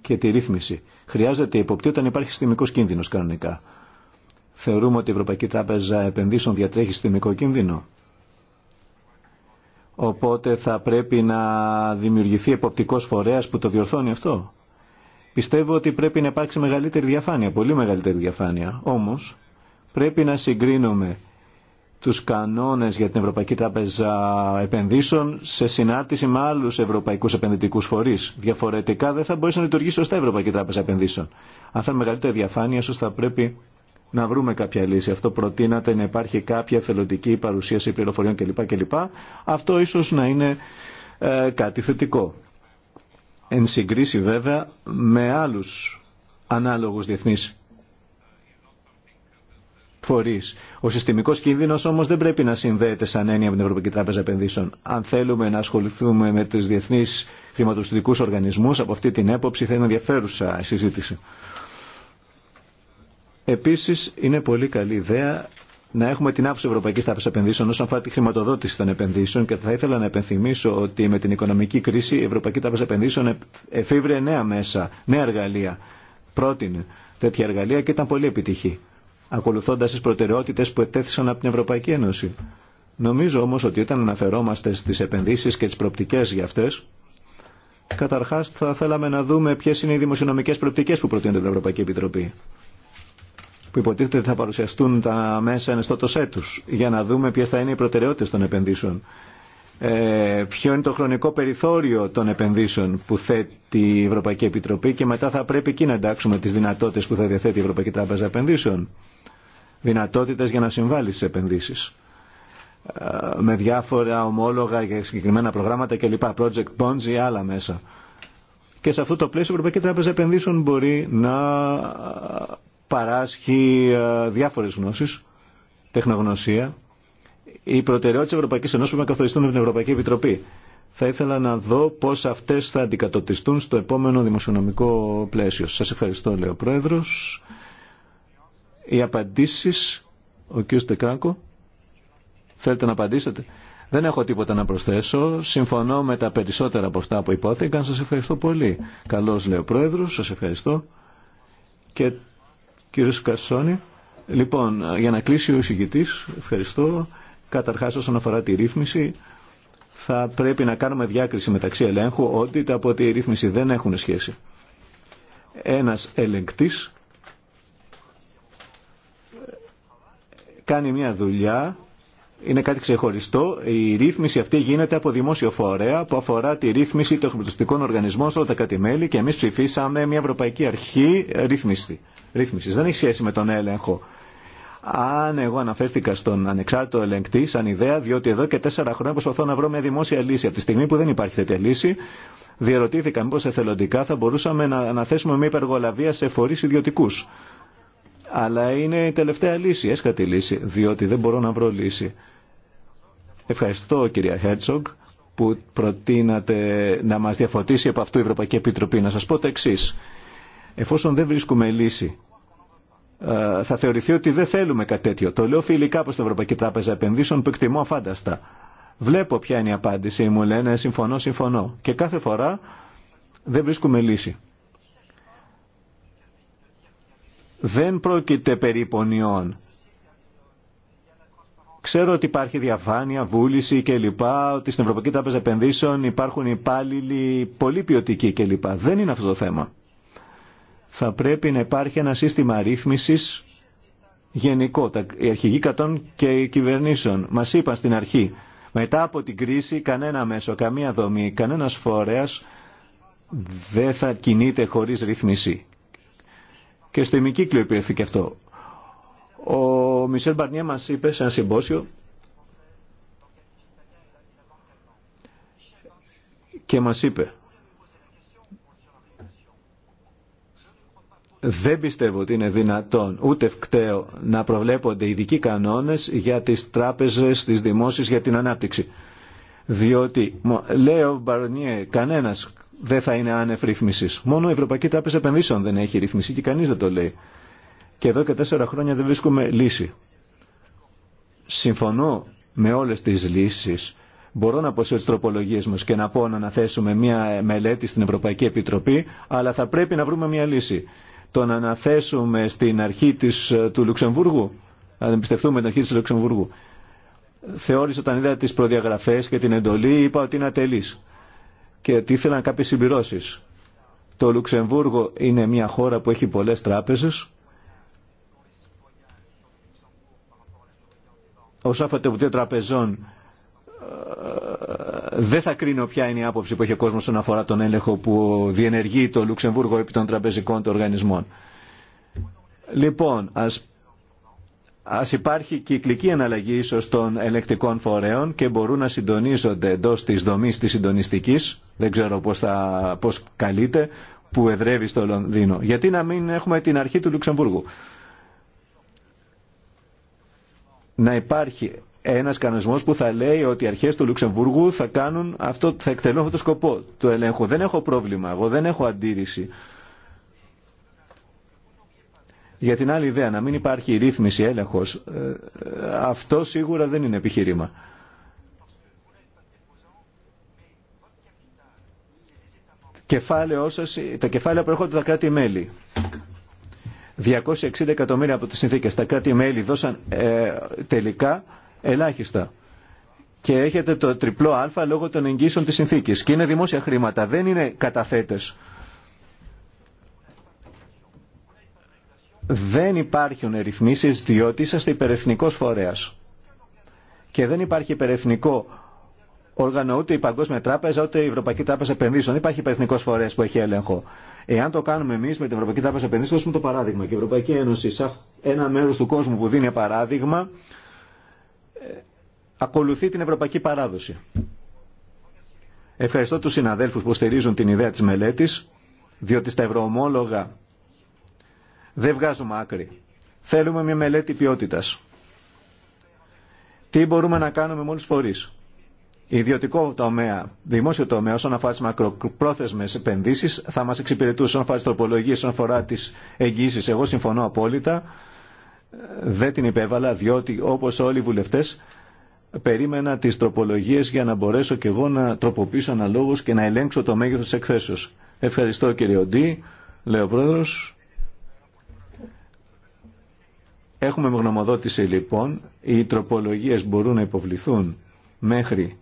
και τη ρύθμιση. Χρειάζεται η εποπτεία όταν υπάρχει συστημικός κίνδυνος κανονικά. Θεωρούμε ότι η Ευρωπαϊκή Τράπεζα Επενδύσεων διατρέχει συστημικό κίνδυνο. Οπότε θα πρέπει να δημιουργηθεί εποπτικό φορέας που το διορθώνει αυτό. Πιστεύω ότι πρέπει να υπάρξει μεγαλύτερη διαφάνεια, πολύ μεγαλύτερη διαφάνεια. Όμω, πρέπει να συγκρίνουμε τους κανόνες για την Ευρωπαϊκή Τράπεζα Επενδύσεων σε συνάρτηση με άλλου ευρωπαϊκούς επενδυτικούς φορείς. Διαφορετικά δεν θα μπορέσει να λειτουργήσει σωστά η Ευρωπαϊκή Τράπεζα Επενδύσεων. Αν θέλουμε μεγαλύτερη διαφάνεια, ίσω θα πρέπει να βρούμε κάποια λύση. Αυτό προτείνατε να υπάρχει κάποια θελοντική παρουσίαση πληροφοριών κλπ. κλπ. Αυτό ίσως να είναι ε, κάτι θετικό. Εν συγκρίση βέβαια με άλλους ανάλογους διεθνείς φορείς. Ο συστημικός κίνδυνος όμως δεν πρέπει να συνδέεται σαν έννοια με την Ευρωπαϊκή Τράπεζα Επενδύσεων. Αν θέλουμε να ασχοληθούμε με τους διεθνείς χρηματοστητικούς οργανισμούς, από αυτή την έποψη θα είναι ενδιαφέρουσα η συζήτηση. Επίση, είναι πολύ καλή ιδέα να έχουμε την άφηση Ευρωπαϊκή Τράπεζα Επενδύσεων όσον αφορά τη χρηματοδότηση των επενδύσεων και θα ήθελα να επενθυμίσω ότι με την οικονομική κρίση η Ευρωπαϊκή Τράπεζα Επενδύσεων εφήβρε νέα μέσα, νέα εργαλεία. Πρότεινε τέτοια εργαλεία και ήταν πολύ επιτυχή, ακολουθώντα τι προτεραιότητε που ετέθησαν από την Ευρωπαϊκή Ένωση. Νομίζω όμω ότι όταν αναφερόμαστε στι επενδύσει και τι προοπτικέ για αυτέ, καταρχά θα θέλαμε να δούμε ποιε είναι οι δημοσιονομικέ προοπτικέ που από την Ευρωπαϊκή Επιτροπή που υποτίθεται ότι θα παρουσιαστούν τα μέσα ενστότοσέ έτους για να δούμε ποιε θα είναι οι προτεραιότητε των επενδύσεων. Ε, ποιο είναι το χρονικό περιθώριο των επενδύσεων που θέτει η Ευρωπαϊκή Επιτροπή και μετά θα πρέπει εκεί να εντάξουμε τις δυνατότητες που θα διαθέτει η Ευρωπαϊκή Τράπεζα Επενδύσεων. Δυνατότητες για να συμβάλλει στις επενδύσεις ε, με διάφορα ομόλογα για συγκεκριμένα προγράμματα κλπ. Project bonds ή άλλα μέσα. Και σε αυτό το πλαίσιο η Ευρωπαϊκή Τράπεζα Επενδύσεων μπορεί να παράσχει ε, διάφορε γνώσει. τεχνογνωσία. Οι προτεραιότητες τη Ευρωπαϊκής Ένωση που να καθοριστούν με την Ευρωπαϊκή Επιτροπή. Θα ήθελα να δω πώ αυτέ θα αντικατοπτριστούν στο επόμενο δημοσιονομικό πλαίσιο. Σα ευχαριστώ, λέει ο Πρόεδρος. Οι απαντήσει ο κ. Στεκάκο, θέλετε να απαντήσετε. Δεν έχω τίποτα να προσθέσω. Συμφωνώ με τα περισσότερα από αυτά που υπόθηκαν. Σα ευχαριστώ πολύ. Καλώ λέει ο Πρόεδρο. Σα ευχαριστώ. Και Κύριε Κασόνη. Λοιπόν, για να κλείσει ο εισηγητής, ευχαριστώ. Καταρχάς όσον αφορά τη ρύθμιση, θα πρέπει να κάνουμε διάκριση μεταξύ ελέγχου ότι τα από τη ρύθμιση δεν έχουν σχέση. Ένας ελεγκτής κάνει μια δουλειά είναι κάτι ξεχωριστό. Η ρύθμιση αυτή γίνεται από δημόσιο φορέα που αφορά τη ρύθμιση των χρηματιστικών οργανισμών σε όλα τα κράτη-μέλη και εμεί ψηφίσαμε μια Ευρωπαϊκή Αρχή ρύθμιση. ρύθμισης. Δεν έχει σχέση με τον έλεγχο. Αν εγώ αναφέρθηκα στον ανεξάρτητο ελεγκτή σαν ιδέα, διότι εδώ και τέσσερα χρόνια προσπαθώ να βρω μια δημόσια λύση. Από τη στιγμή που δεν υπάρχει τέτοια λύση, διαρωτήθηκα μήπω εθελοντικά θα μπορούσαμε να αναθέσουμε μια υπεργολαβία σε φορεί ιδιωτικού. Αλλά είναι η τελευταία λύση, έσχατη λύση, διότι δεν μπορώ να βρω λύση. Ευχαριστώ κυρία Χέρτσογκ που προτείνατε να μας διαφωτίσει από αυτού η Ευρωπαϊκή Επιτροπή. Να σας πω το εξή. Εφόσον δεν βρίσκουμε λύση, ε, θα θεωρηθεί ότι δεν θέλουμε κάτι τέτοιο. Το λέω φιλικά προς την Ευρωπαϊκή Τράπεζα Επενδύσεων που εκτιμώ αφάνταστα. Βλέπω ποια είναι η απάντηση, μου λένε συμφωνώ, συμφωνώ. Και κάθε φορά δεν βρίσκουμε λύση. Δεν πρόκειται περί πονιών. Ξέρω ότι υπάρχει διαφάνεια, βούληση κλπ. Ότι στην Ευρωπαϊκή Τράπεζα Επενδύσεων υπάρχουν υπάλληλοι πολύ ποιοτικοί κλπ. Δεν είναι αυτό το θέμα. Θα πρέπει να υπάρχει ένα σύστημα ρύθμισης γενικό. Τα, οι αρχηγοί κατών και οι κυβερνήσεων Μα είπαν στην αρχή. Μετά από την κρίση κανένα μέσο, καμία δομή, κανένα φορέα δεν θα κινείται χωρίς ρύθμιση. Και στο ημικύκλιο υπήρχε και αυτό. Ο Μισελ Μπαρνιέ μας είπε σε ένα συμπόσιο και μας είπε δεν πιστεύω ότι είναι δυνατόν ούτε ευκταίο να προβλέπονται ειδικοί κανόνες για τις τράπεζες, τις δημόσιες, για την ανάπτυξη. Διότι, λέει ο Μπαρνιέ, κανένας δεν θα είναι άνευ ρύθμισης. Μόνο η Ευρωπαϊκή Τράπεζα Επενδύσεων δεν έχει ρύθμιση και κανείς δεν το λέει και εδώ και τέσσερα χρόνια δεν βρίσκουμε λύση. Συμφωνώ με όλες τις λύσεις. Μπορώ να πω σε τροπολογίες μας και να πω να αναθέσουμε μια μελέτη στην Ευρωπαϊκή Επιτροπή, αλλά θα πρέπει να βρούμε μια λύση. Το να αναθέσουμε στην αρχή της, ε, του Λουξεμβούργου, να εμπιστευτούμε την αρχή της Λουξεμβούργου. Θεώρησα όταν είδα τις προδιαγραφές και την εντολή, είπα ότι είναι ατελής και ότι ήθελαν κάποιες συμπληρώσεις. Το Λουξεμβούργο είναι μια χώρα που έχει πολλές τράπεζες, ως αφορά το Τραπεζών, ε, δεν θα κρίνω ποια είναι η άποψη που έχει ο κόσμο όσον αφορά τον έλεγχο που διενεργεί το Λουξεμβούργο επί των τραπεζικών των οργανισμών. Λοιπόν, ας, ας υπάρχει κυκλική εναλλαγή ίσω των ελεκτικών φορέων και μπορούν να συντονίζονται εντό τη δομή τη συντονιστική, δεν ξέρω πώ πώς καλείται, που εδρεύει στο Λονδίνο. Γιατί να μην έχουμε την αρχή του Λουξεμβούργου να υπάρχει ένας κανονισμός που θα λέει ότι οι αρχές του Λουξεμβούργου θα, κάνουν αυτό, θα εκτελούν αυτό το σκοπό του ελέγχου. Δεν έχω πρόβλημα, εγώ δεν έχω αντίρρηση. Για την άλλη ιδέα, να μην υπάρχει ρύθμιση, έλεγχος, ε, ε, αυτό σίγουρα δεν είναι επιχείρημα. τα κεφάλαια προέρχονται τα κράτη-μέλη. 260 εκατομμύρια από τις συνθήκες. Τα κράτη-μέλη δώσαν ε, τελικά ελάχιστα. Και έχετε το τριπλό α λόγω των εγγύσεων της συνθήκης. Και είναι δημόσια χρήματα, δεν είναι καταθέτες. Δεν υπάρχουν ρυθμίσεις διότι είσαστε υπερεθνικός φορέας. Και δεν υπάρχει υπερεθνικό όργανο ούτε η Παγκόσμια Τράπεζα ούτε η Ευρωπαϊκή Τράπεζα Επενδύσεων. Υπάρχει υπερεθνικό φορέα που έχει έλεγχο. Εάν το κάνουμε εμεί με την Ευρωπαϊκή Τράπεζα Επενδύσεων, δώσουμε το παράδειγμα. Και η Ευρωπαϊκή Ένωση, σαν ένα μέρο του κόσμου που δίνει παράδειγμα, ε, ακολουθεί την ευρωπαϊκή παράδοση. Ευχαριστώ του συναδέλφου που στηρίζουν την ιδέα τη μελέτη, διότι στα ευρωομόλογα δεν βγάζουμε άκρη. Θέλουμε μια μελέτη ποιότητα. Τι μπορούμε να κάνουμε με του φορεί ιδιωτικό τομέα, δημόσιο τομέα, όσον αφορά τι μακροπρόθεσμε επενδύσει, θα μα εξυπηρετούσε όσον αφορά τι τροπολογίε, όσον αφορά τι εγγύσει. Εγώ συμφωνώ απόλυτα. Δεν την υπέβαλα, διότι όπω όλοι οι βουλευτέ, περίμενα τι τροπολογίε για να μπορέσω και εγώ να τροποποιήσω αναλόγω και να ελέγξω το μέγεθο τη εκθέσεω. Ευχαριστώ κύριε Οντή, λέει ο πρόεδρο. Έχουμε γνωμοδότηση λοιπόν. Οι τροπολογίες μπορούν να υποβληθούν μέχρι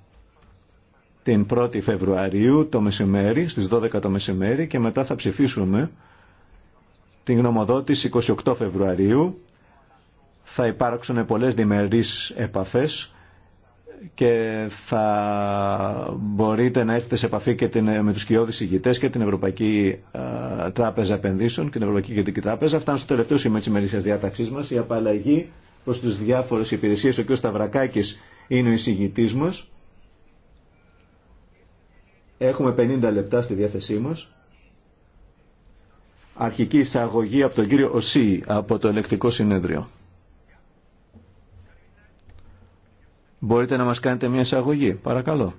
την 1η Φεβρουαρίου το μεσημέρι, στις 12 το μεσημέρι και μετά θα ψηφίσουμε την γνωμοδότηση 28 Φεβρουαρίου. Θα υπάρξουν πολλές διμερείς επαφές και θα μπορείτε να έρθετε σε επαφή και την, με τους κοιόδης ηγητές και την Ευρωπαϊκή Τράπεζα Επενδύσεων και την Ευρωπαϊκή Κεντρική Τράπεζα. Φτάνουν στο τελευταίο σημείο της ημερήσιας διάταξής μας. Η απαλλαγή προς τις διάφορες υπηρεσίες. Ο κ. Σταυρακάκης είναι ο εισηγητής μας. Έχουμε 50 λεπτά στη διάθεσή μας. Αρχική εισαγωγή από τον κύριο Οσί από το Ελεκτικό Συνέδριο. Μπορείτε να μας κάνετε μια εισαγωγή, παρακαλώ.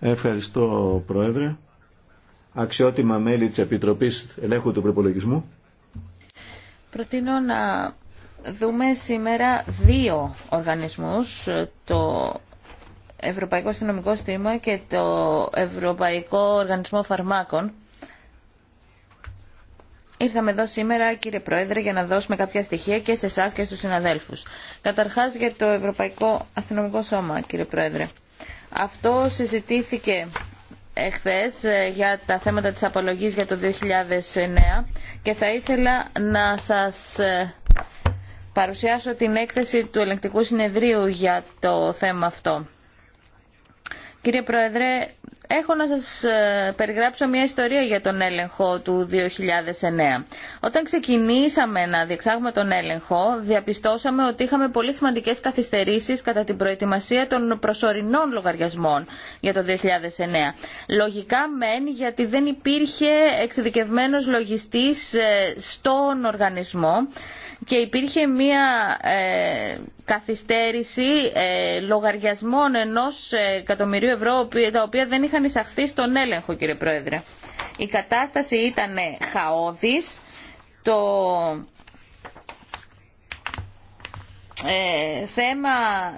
Ευχαριστώ, Πρόεδρε. Αξιότιμα μέλη της Επιτροπής Ελέγχου του Προπολογισμού. Προτείνω να δούμε σήμερα δύο οργανισμούς, το Ευρωπαϊκό Αστυνομικό Στήμα και το Ευρωπαϊκό Οργανισμό Φαρμάκων. Ήρθαμε εδώ σήμερα, κύριε Πρόεδρε, για να δώσουμε κάποια στοιχεία και σε εσά και στους συναδέλφους. Καταρχάς για το Ευρωπαϊκό Αστυνομικό Σώμα, κύριε Πρόεδρε. Αυτό συζητήθηκε εχθές ε, για τα θέματα της απολογής για το 2009 και θα ήθελα να σας ε, παρουσιάσω την έκθεση του ελεγκτικού συνεδρίου για το θέμα αυτό. Κύριε Πρόεδρε, έχω να σας ε, περιγράψω μια ιστορία για τον έλεγχο του 2009. Όταν ξεκινήσαμε να διεξάγουμε τον έλεγχο, διαπιστώσαμε ότι είχαμε πολύ σημαντικές καθυστερήσεις κατά την προετοιμασία των προσωρινών λογαριασμών για το 2009. Λογικά μεν, γιατί δεν υπήρχε εξειδικευμένος λογιστής ε, στον οργανισμό και υπήρχε μία ε, καθυστέρηση ε, λογαριασμών ενός ε, εκατομμυρίου ευρώ τα οποία δεν είχαν εισαχθεί στον έλεγχο κύριε Πρόεδρε. Η κατάσταση ήταν χαόδης. Το ε, θέμα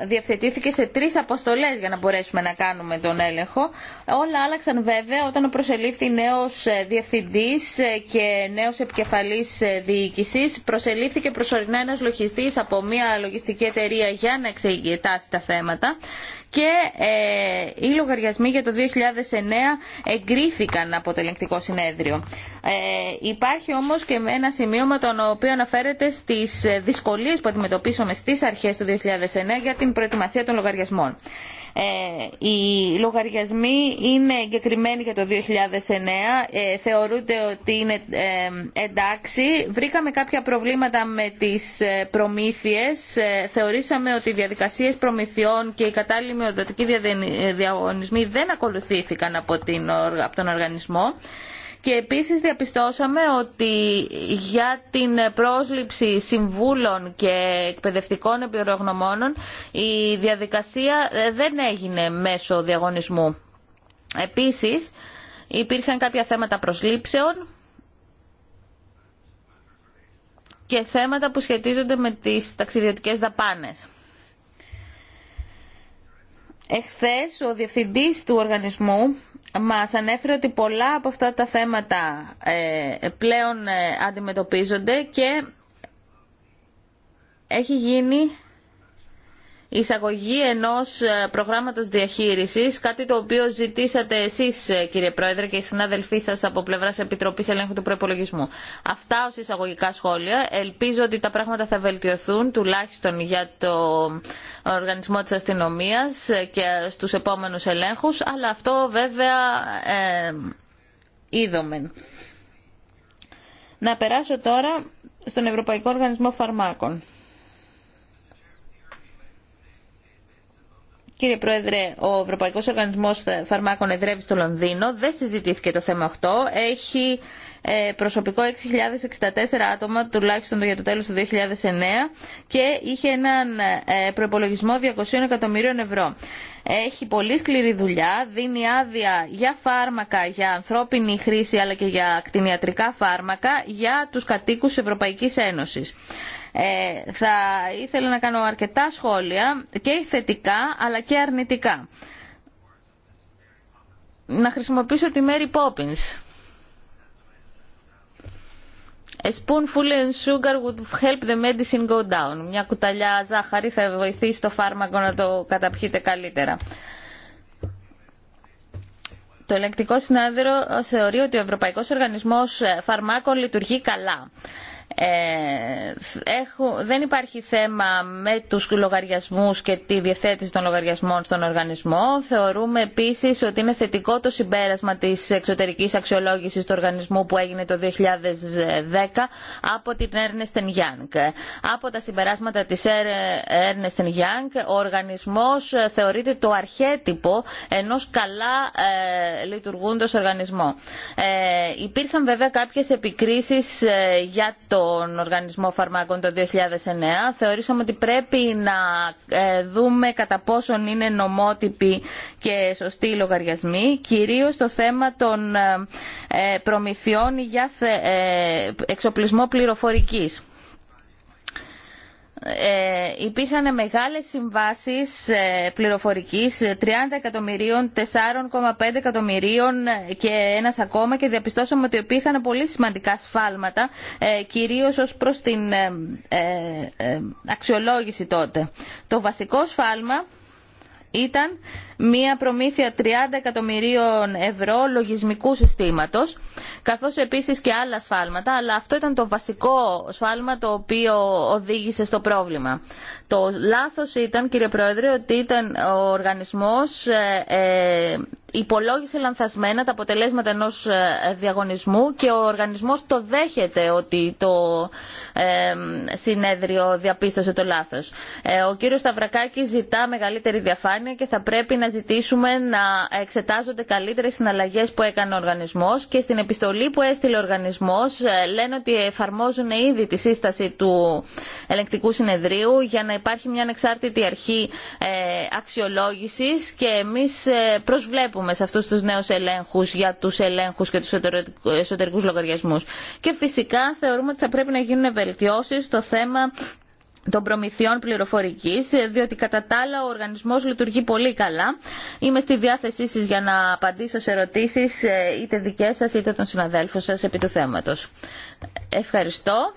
διευθετήθηκε σε τρεις αποστολές για να μπορέσουμε να κάνουμε τον έλεγχο. Όλα άλλαξαν βέβαια όταν προσελήφθη νέος ε, διευθυντής ε, και νέος επικεφαλής διοίκησης. Προσελήφθηκε προσωρινά ένας λογιστής από μια λογιστική εταιρεία για να εξεγετάσει τα θέματα και ε, οι λογαριασμοί για το 2009 εγκρίθηκαν από το ελεγκτικό συνέδριο. Ε, υπάρχει όμως και ένα σημείο με τον οποίο αναφέρεται στις δυσκολίες που αντιμετωπίσαμε στις αρχές του 2009 για την προετοιμασία των λογαριασμών. Ε, οι λογαριασμοί είναι εγκεκριμένοι για το 2009, ε, θεωρούνται ότι είναι ε, εντάξει. Βρήκαμε κάποια προβλήματα με τις προμήθειες. Θεωρήσαμε ότι οι διαδικασίες προμηθειών και οι κατάλληλοι μειοδοτικοί διαγωνισμοί δεν ακολουθήθηκαν από τον οργανισμό. Και επίσης διαπιστώσαμε ότι για την πρόσληψη συμβούλων και εκπαιδευτικών επιρρογνωμόνων η διαδικασία ε, δεν έγινε μέσω διαγωνισμού. Επίσης υπήρχαν κάποια θέματα προσλήψεων και θέματα που σχετίζονται με τις ταξιδιωτικές δαπάνες. Εχθές ο διευθυντής του οργανισμού μας ανέφερε ότι πολλά από αυτά τα θέματα ε, πλέον ε, αντιμετωπίζονται και έχει γίνει εισαγωγή ενός ε, προγράμματος διαχείρισης, κάτι το οποίο ζητήσατε εσείς ε, κύριε Πρόεδρε και οι συνάδελφοί σας από πλευράς Επιτροπής Ελέγχου του Προπολογισμού. Αυτά ως εισαγωγικά σχόλια. Ελπίζω ότι τα πράγματα θα βελτιωθούν, τουλάχιστον για το οργανισμό της αστυνομίας ε, και στους επόμενους ελέγχους, αλλά αυτό βέβαια ε, Να περάσω τώρα στον Ευρωπαϊκό Οργανισμό Φαρμάκων. Κύριε Πρόεδρε, ο Ευρωπαϊκό Οργανισμό Φαρμάκων εδρεύει στο Λονδίνο. Δεν συζητήθηκε το θέμα αυτό. Έχει ε, προσωπικό 6.064 άτομα, τουλάχιστον για το τέλο του 2009 και είχε έναν ε, προπολογισμό 200 εκατομμυρίων ευρώ. Έχει πολύ σκληρή δουλειά, δίνει άδεια για φάρμακα, για ανθρώπινη χρήση αλλά και για κτηνιατρικά φάρμακα για του κατοίκου τη Ευρωπαϊκή Ένωση. Ε, θα ήθελα να κάνω αρκετά σχόλια και θετικά αλλά και αρνητικά. Να χρησιμοποιήσω τη Mary Poppins. A spoonful of sugar would help the medicine go down. Μια κουταλιά ζάχαρη θα βοηθήσει το φάρμακο να το καταπιείτε καλύτερα. Το ελεγκτικό συνάδελφο θεωρεί ότι ο Ευρωπαϊκός Οργανισμός Φαρμάκων λειτουργεί καλά. Ε, έχω, δεν υπάρχει θέμα με τους λογαριασμούς και τη διευθέτηση των λογαριασμών στον οργανισμό. Θεωρούμε επίσης ότι είναι θετικό το συμπέρασμα της εξωτερικής αξιολόγησης του οργανισμού που έγινε το 2010 από την Ernest Young. Από τα συμπεράσματα της Ernest Young, ο οργανισμός θεωρείται το αρχέτυπο ενός καλά ε, λειτουργούντος οργανισμού. Ε, υπήρχαν βέβαια κάποιες επικρίσεις ε, για το τον Οργανισμό Φαρμάκων το 2009, θεωρήσαμε ότι πρέπει να ε, δούμε κατά πόσον είναι νομότυποι και σωστοί οι λογαριασμοί, κυρίως το θέμα των ε, ε, προμηθειών για εξοπλισμό πληροφορικής. Ε, υπήρχαν μεγάλες συμβάσεις ε, πληροφορικής 30 εκατομμυρίων, 4,5 εκατομμυρίων ε, και ένας ακόμα και διαπιστώσαμε ότι υπήρχαν πολύ σημαντικά σφάλματα κυρίως ως προς την αξιολόγηση τότε. Το βασικό σφάλμα ήταν μία προμήθεια 30 εκατομμυρίων ευρώ λογισμικού συστήματος, καθώς επίσης και άλλα σφάλματα, αλλά αυτό ήταν το βασικό σφάλμα το οποίο οδήγησε στο πρόβλημα. Το λάθος ήταν, κύριε Πρόεδρε, ότι ήταν ο οργανισμός ε, ε υπολόγισε λανθασμένα τα αποτελέσματα ενός ε, διαγωνισμού και ο οργανισμός το δέχεται ότι το ε, συνέδριο διαπίστωσε το λάθος. Ε, ο κύριος Σταυρακάκη ζητά μεγαλύτερη διαφάνεια και θα πρέπει να να ζητήσουμε να εξετάζονται καλύτερε συναλλαγέ που έκανε ο οργανισμό και στην επιστολή που έστειλε ο οργανισμό ε, λένε ότι εφαρμόζουν ήδη τη σύσταση του ελεγκτικού συνεδρίου για να υπάρχει μια ανεξάρτητη αρχή ε, αξιολόγηση και εμεί ε, προσβλέπουμε σε αυτού του νέου ελέγχου για του ελέγχου και του εσωτερικού λογαριασμού. Και φυσικά θεωρούμε ότι θα πρέπει να γίνουν βελτιώσει στο θέμα των προμηθειών πληροφορικής, ε, διότι κατά τα άλλα ο οργανισμός λειτουργεί πολύ καλά. Είμαι στη διάθεσή σας για να απαντήσω σε ερωτήσεις ε, είτε δικές σας είτε των συναδέλφων σας επί του θέματος. Ευχαριστώ.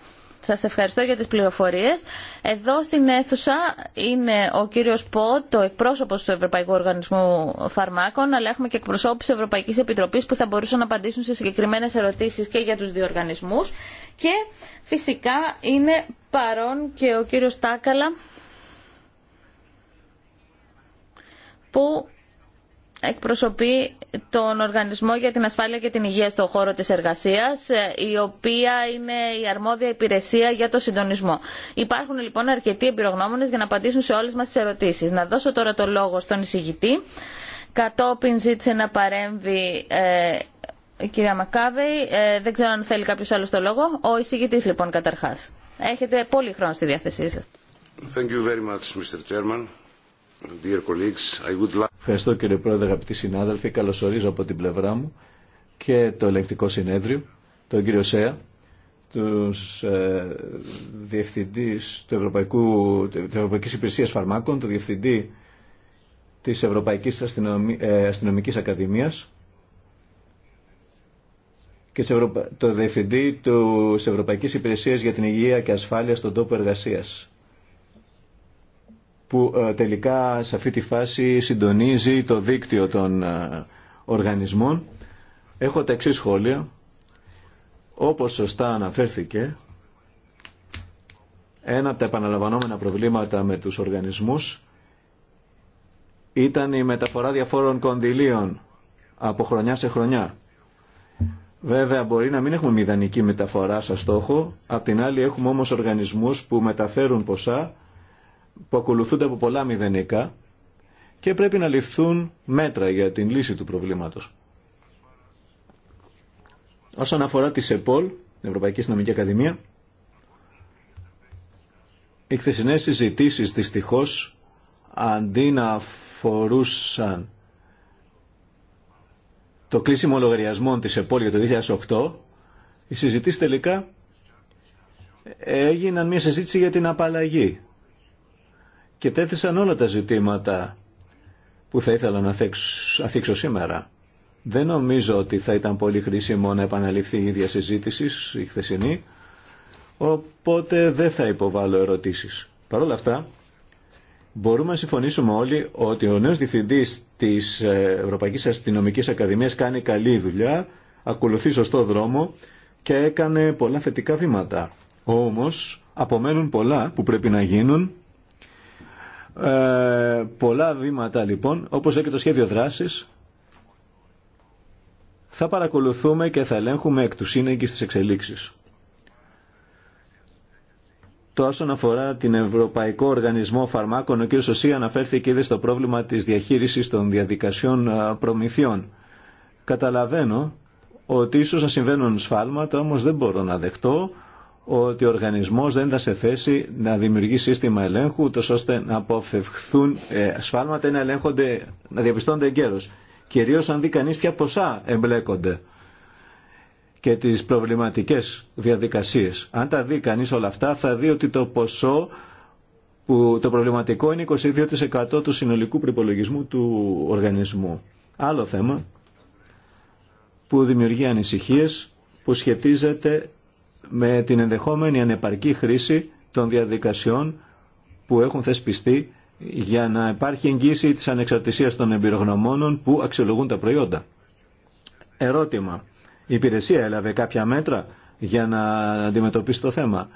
Σας ευχαριστώ για τις πληροφορίες. Εδώ στην αίθουσα είναι ο κύριος Πο, το εκπρόσωπος του Ευρωπαϊκού Οργανισμού Φαρμάκων, αλλά έχουμε και εκπροσώπους Ευρωπαϊκής Επιτροπής που θα μπορούσαν να απαντήσουν σε συγκεκριμένες ερωτήσεις και για τους δύο οργανισμούς. Και φυσικά είναι παρόν και ο κύριος Τάκαλα που εκπροσωπεί τον Οργανισμό για την Ασφάλεια και την Υγεία στον χώρο της εργασίας, ε, η οποία είναι η αρμόδια υπηρεσία για το συντονισμό. Υπάρχουν λοιπόν αρκετοί εμπειρογνώμονες για να απαντήσουν σε όλες μας τις ερωτήσεις. Να δώσω τώρα το λόγο στον εισηγητή. Κατόπιν ζήτησε να παρέμβει ε, η κυρία Μακάβεϊ. Ε, δεν ξέρω αν θέλει κάποιος άλλο το λόγο. Ο εισηγητής λοιπόν καταρχάς. Έχετε πολύ χρόνο στη διάθεσή σας. Thank you very much, Mr. Chairman. Ευχαριστώ κύριε Πρόεδρε, αγαπητοί συνάδελφοι. Καλωσορίζω από την πλευρά μου και το ελεγκτικό συνέδριο, τον κύριο ΣΕΑ, τους ε, διευθυντής του Ευρωπαϊκού, της Ευρωπαϊκής Υπηρεσίας Φαρμάκων, τον διευθυντή της Ευρωπαϊκής Αστυνομι... ε, Αστυνομικής Ακαδημίας και το διευθυντή του... της Ευρωπαϊκής Υπηρεσίας για την Υγεία και Ασφάλεια στον τόπο εργασίας που ε, τελικά σε αυτή τη φάση συντονίζει το δίκτυο των ε, οργανισμών. Έχω τα εξή σχόλια. Όπως σωστά αναφέρθηκε, ένα από τα επαναλαμβανόμενα προβλήματα με τους οργανισμούς ήταν η μεταφορά διαφόρων κονδυλίων από χρονιά σε χρονιά. Βέβαια μπορεί να μην έχουμε μηδανική μεταφορά σαν στόχο, απ' την άλλη έχουμε όμως οργανισμούς που μεταφέρουν ποσά που ακολουθούνται από πολλά μηδενικά και πρέπει να ληφθούν μέτρα για την λύση του προβλήματος. Όσον αφορά τη ΣΕΠΟΛ, την Ευρωπαϊκή Συνομική Ακαδημία, οι χθεσινές συζητήσει δυστυχώ αντί να αφορούσαν το κλείσιμο λογαριασμών της ΕΠΟΛ για το 2008, οι συζητήσει τελικά έγιναν μια συζήτηση για την απαλλαγή και τέθησαν όλα τα ζητήματα που θα ήθελα να αφήξω σήμερα. Δεν νομίζω ότι θα ήταν πολύ χρήσιμο να επαναληφθεί η ίδια συζήτηση η χθεσινή, οπότε δεν θα υποβάλω ερωτήσεις. Παρ' όλα αυτά, μπορούμε να συμφωνήσουμε όλοι ότι ο νέος διευθυντής της ε, Ευρωπαϊκής Αστυνομικής Ακαδημίας κάνει καλή δουλειά, ακολουθεί σωστό δρόμο και έκανε πολλά θετικά βήματα. Όμως, απομένουν πολλά που πρέπει να γίνουν ε, πολλά βήματα λοιπόν, όπως έχει και το σχέδιο δράσης, θα παρακολουθούμε και θα ελέγχουμε εκ του σύνεγγυς της εξελίξεις. Το όσον αφορά την Ευρωπαϊκό Οργανισμό Φαρμάκων, ο κ. Σωσή αναφέρθηκε ήδη στο πρόβλημα της διαχείρισης των διαδικασιών ε, προμηθειών. Καταλαβαίνω ότι ίσως να συμβαίνουν σφάλματα, όμως δεν μπορώ να δεχτώ ότι ο οργανισμός δεν θα σε θέση να δημιουργεί σύστημα ελέγχου ούτως ώστε να αποφευχθούν ε, σφάλματα ή να, ελέγχονται, να διαπιστώνται εγκαίρως. Κυρίως αν δει κανείς ποια ποσά εμπλέκονται και τις προβληματικές διαδικασίες. Αν τα δει κανείς όλα αυτά θα δει ότι το ποσό που το προβληματικό είναι 22% του συνολικού προπολογισμού του οργανισμού. Άλλο θέμα που δημιουργεί ανησυχίες που σχετίζεται με την ενδεχόμενη ανεπαρκή χρήση των διαδικασιών που έχουν θεσπιστεί για να υπάρχει εγγύηση της ανεξαρτησίας των εμπειρογνωμόνων που αξιολογούν τα προϊόντα. Ερώτημα. Η υπηρεσία έλαβε κάποια μέτρα για να αντιμετωπίσει το θέμα.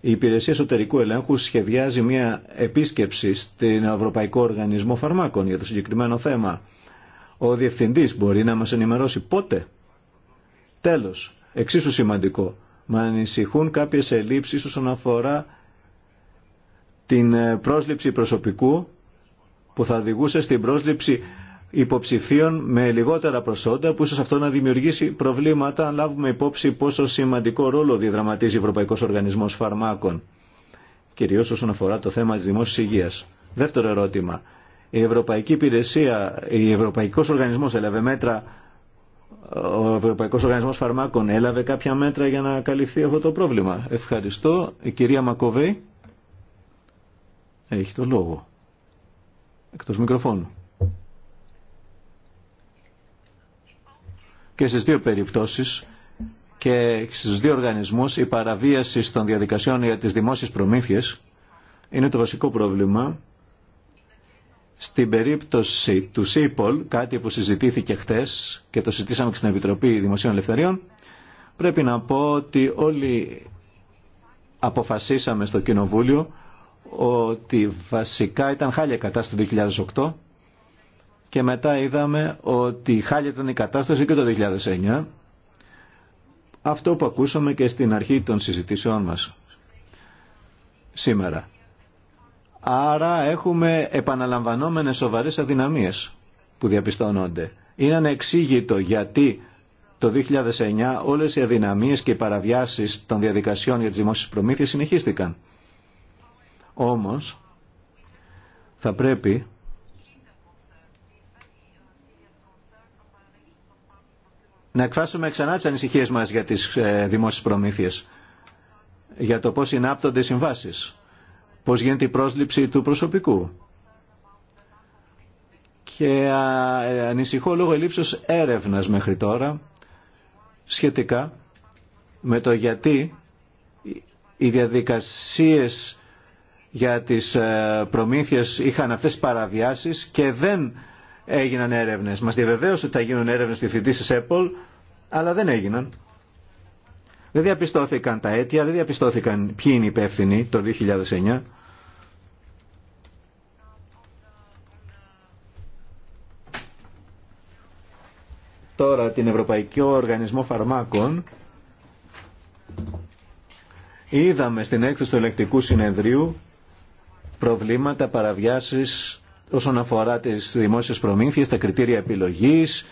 Η Υπηρεσία Εσωτερικού Ελέγχου σχεδιάζει μια επίσκεψη στην Ευρωπαϊκό Οργανισμό Φαρμάκων για το συγκεκριμένο θέμα. Ο Διευθυντής μπορεί να μας ενημερώσει πότε. Τέλος, Εξίσου σημαντικό. Μα ανησυχούν κάποιες ελλείψεις όσον αφορά την ε, πρόσληψη προσωπικού που θα οδηγούσε στην πρόσληψη υποψηφίων με λιγότερα προσόντα που ίσως αυτό να δημιουργήσει προβλήματα αν λάβουμε υπόψη πόσο σημαντικό ρόλο διδραματίζει ο Ευρωπαϊκός Οργανισμός Φαρμάκων κυρίως όσον αφορά το θέμα της δημόσιας υγείας. Δεύτερο ερώτημα. Η Ευρωπαϊκή Υπηρεσία, η Ευρωπαϊκός Οργανισμός έλαβε μέτρα ο Ευρωπαϊκός Οργανισμός Φαρμάκων έλαβε κάποια μέτρα για να καλυφθεί αυτό το πρόβλημα. Ευχαριστώ. Η κυρία Μακοβέη έχει το λόγο. Εκτός μικροφώνου. Και στις δύο περιπτώσεις και στους δύο οργανισμούς η παραβίαση των διαδικασιών για τις δημόσιες προμήθειες είναι το βασικό πρόβλημα στην περίπτωση του ΣΥΠΟΛ, κάτι που συζητήθηκε χτες και το συζητήσαμε και στην Επιτροπή Δημοσίων Ελευθεριών, πρέπει να πω ότι όλοι αποφασίσαμε στο Κοινοβούλιο ότι βασικά ήταν χάλια κατάσταση το 2008 και μετά είδαμε ότι χάλια ήταν η κατάσταση και το 2009. Αυτό που ακούσαμε και στην αρχή των συζητήσεών μας σήμερα. Άρα έχουμε επαναλαμβανόμενες σοβαρές αδυναμίες που διαπιστώνονται. Είναι ανεξήγητο γιατί το 2009 όλες οι αδυναμίες και οι παραβιάσεις των διαδικασιών για τις δημόσιες προμήθειες συνεχίστηκαν. Όμως, θα πρέπει να εκφράσουμε ξανά τις ανησυχίες μας για τις ε, δημόσιες προμήθειες, για το πώς συνάπτονται οι συμβάσεις πώς γίνεται η πρόσληψη του προσωπικού. Και ανησυχώ λόγω ελλείψεως έρευνας μέχρι τώρα σχετικά με το γιατί οι διαδικασίες για τις ε, προμήθειες είχαν αυτές τις παραβιάσεις και δεν έγιναν έρευνες. Μας διαβεβαίωσε ότι θα γίνουν έρευνες διευθυντής τη Apple, αλλά δεν έγιναν. Δεν διαπιστώθηκαν τα αίτια, δεν διαπιστώθηκαν ποιοι είναι οι υπεύθυνοι το 2009 τώρα την Ευρωπαϊκή Οργανισμό Φαρμάκων, είδαμε στην έκθεση του ελεκτικού συνεδρίου προβλήματα παραβιάσεις όσον αφορά τις δημόσιες προμήθειες, τα κριτήρια επιλογής,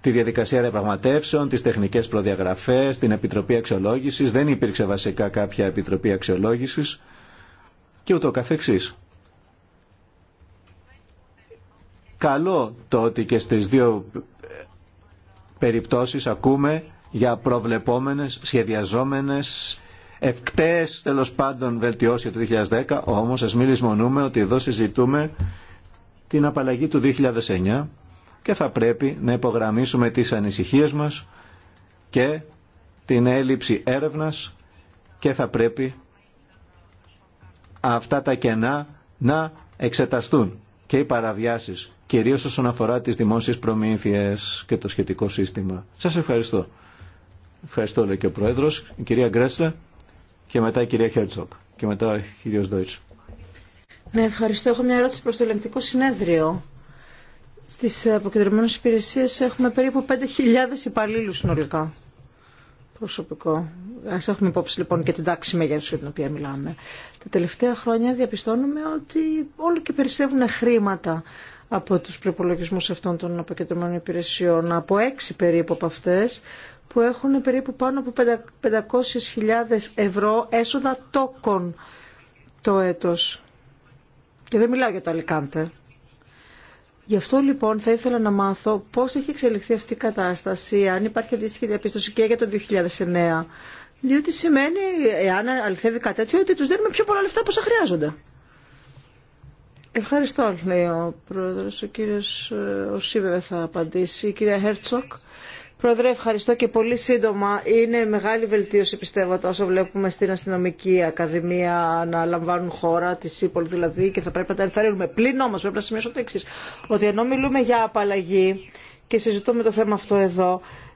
τη διαδικασία διαπραγματεύσεων, τις τεχνικές προδιαγραφές, την Επιτροπή Αξιολόγησης. Δεν υπήρξε βασικά κάποια Επιτροπή Αξιολόγησης και ούτω καθεξής. Καλό το ότι και στις δύο περιπτώσεις ακούμε για προβλεπόμενες, σχεδιαζόμενες, ευκταίες τέλος πάντων βελτιώσει του 2010, όμως ας μην λησμονούμε ότι εδώ συζητούμε την απαλλαγή του 2009 και θα πρέπει να υπογραμμίσουμε τις ανησυχίες μας και την έλλειψη έρευνας και θα πρέπει αυτά τα κενά να εξεταστούν και οι παραβιάσεις κυρίως όσον αφορά τις δημόσιες προμήθειες και το σχετικό σύστημα. Σας ευχαριστώ. Ευχαριστώ λέει και ο Πρόεδρος, η κυρία Γκρέτσλε και μετά η κυρία Χέρτσοκ και μετά ο κύριος Δόιτσου. Ναι, ευχαριστώ. Έχω μια ερώτηση προς το ελεγκτικό συνέδριο. Στις αποκεντρωμένες υπηρεσίες έχουμε περίπου 5.000 υπαλλήλους συνολικά προσωπικό. Α έχουμε υπόψη λοιπόν και την τάξη μεγέθου για την οποία μιλάμε. Τα τελευταία χρόνια διαπιστώνουμε ότι όλο και περισσεύουν χρήματα από τους προπολογισμούς αυτών των αποκεντρωμένων υπηρεσιών, από έξι περίπου από αυτές, που έχουν περίπου πάνω από 500.000 ευρώ έσοδα τόκων το έτος. Και δεν μιλάω για το Αλικάντε. Γι' αυτό λοιπόν θα ήθελα να μάθω πώς έχει εξελιχθεί αυτή η κατάσταση, αν υπάρχει αντίστοιχη διαπίστωση και για το 2009. Διότι σημαίνει, εάν αληθεύει κάτι τέτοιο, ότι τους δίνουμε πιο πολλά λεφτά από όσα χρειάζονται. Ευχαριστώ, λέει ο πρόεδρο. Ο κύριο ε, Οσίβε θα απαντήσει. Η κυρία Χέρτσοκ. Πρόεδρε, ευχαριστώ και πολύ σύντομα. Είναι μεγάλη βελτίωση, πιστεύω, όσο βλέπουμε στην αστυνομική ακαδημία να λαμβάνουν χώρα, τη ΣΥΠΟΛ δηλαδή, και θα πρέπει να τα ενθαρρύνουμε. Πλην όμω, πρέπει να σημειώσω το εξή, ότι ενώ μιλούμε για απαλλαγή και συζητούμε το θέμα αυτό εδώ,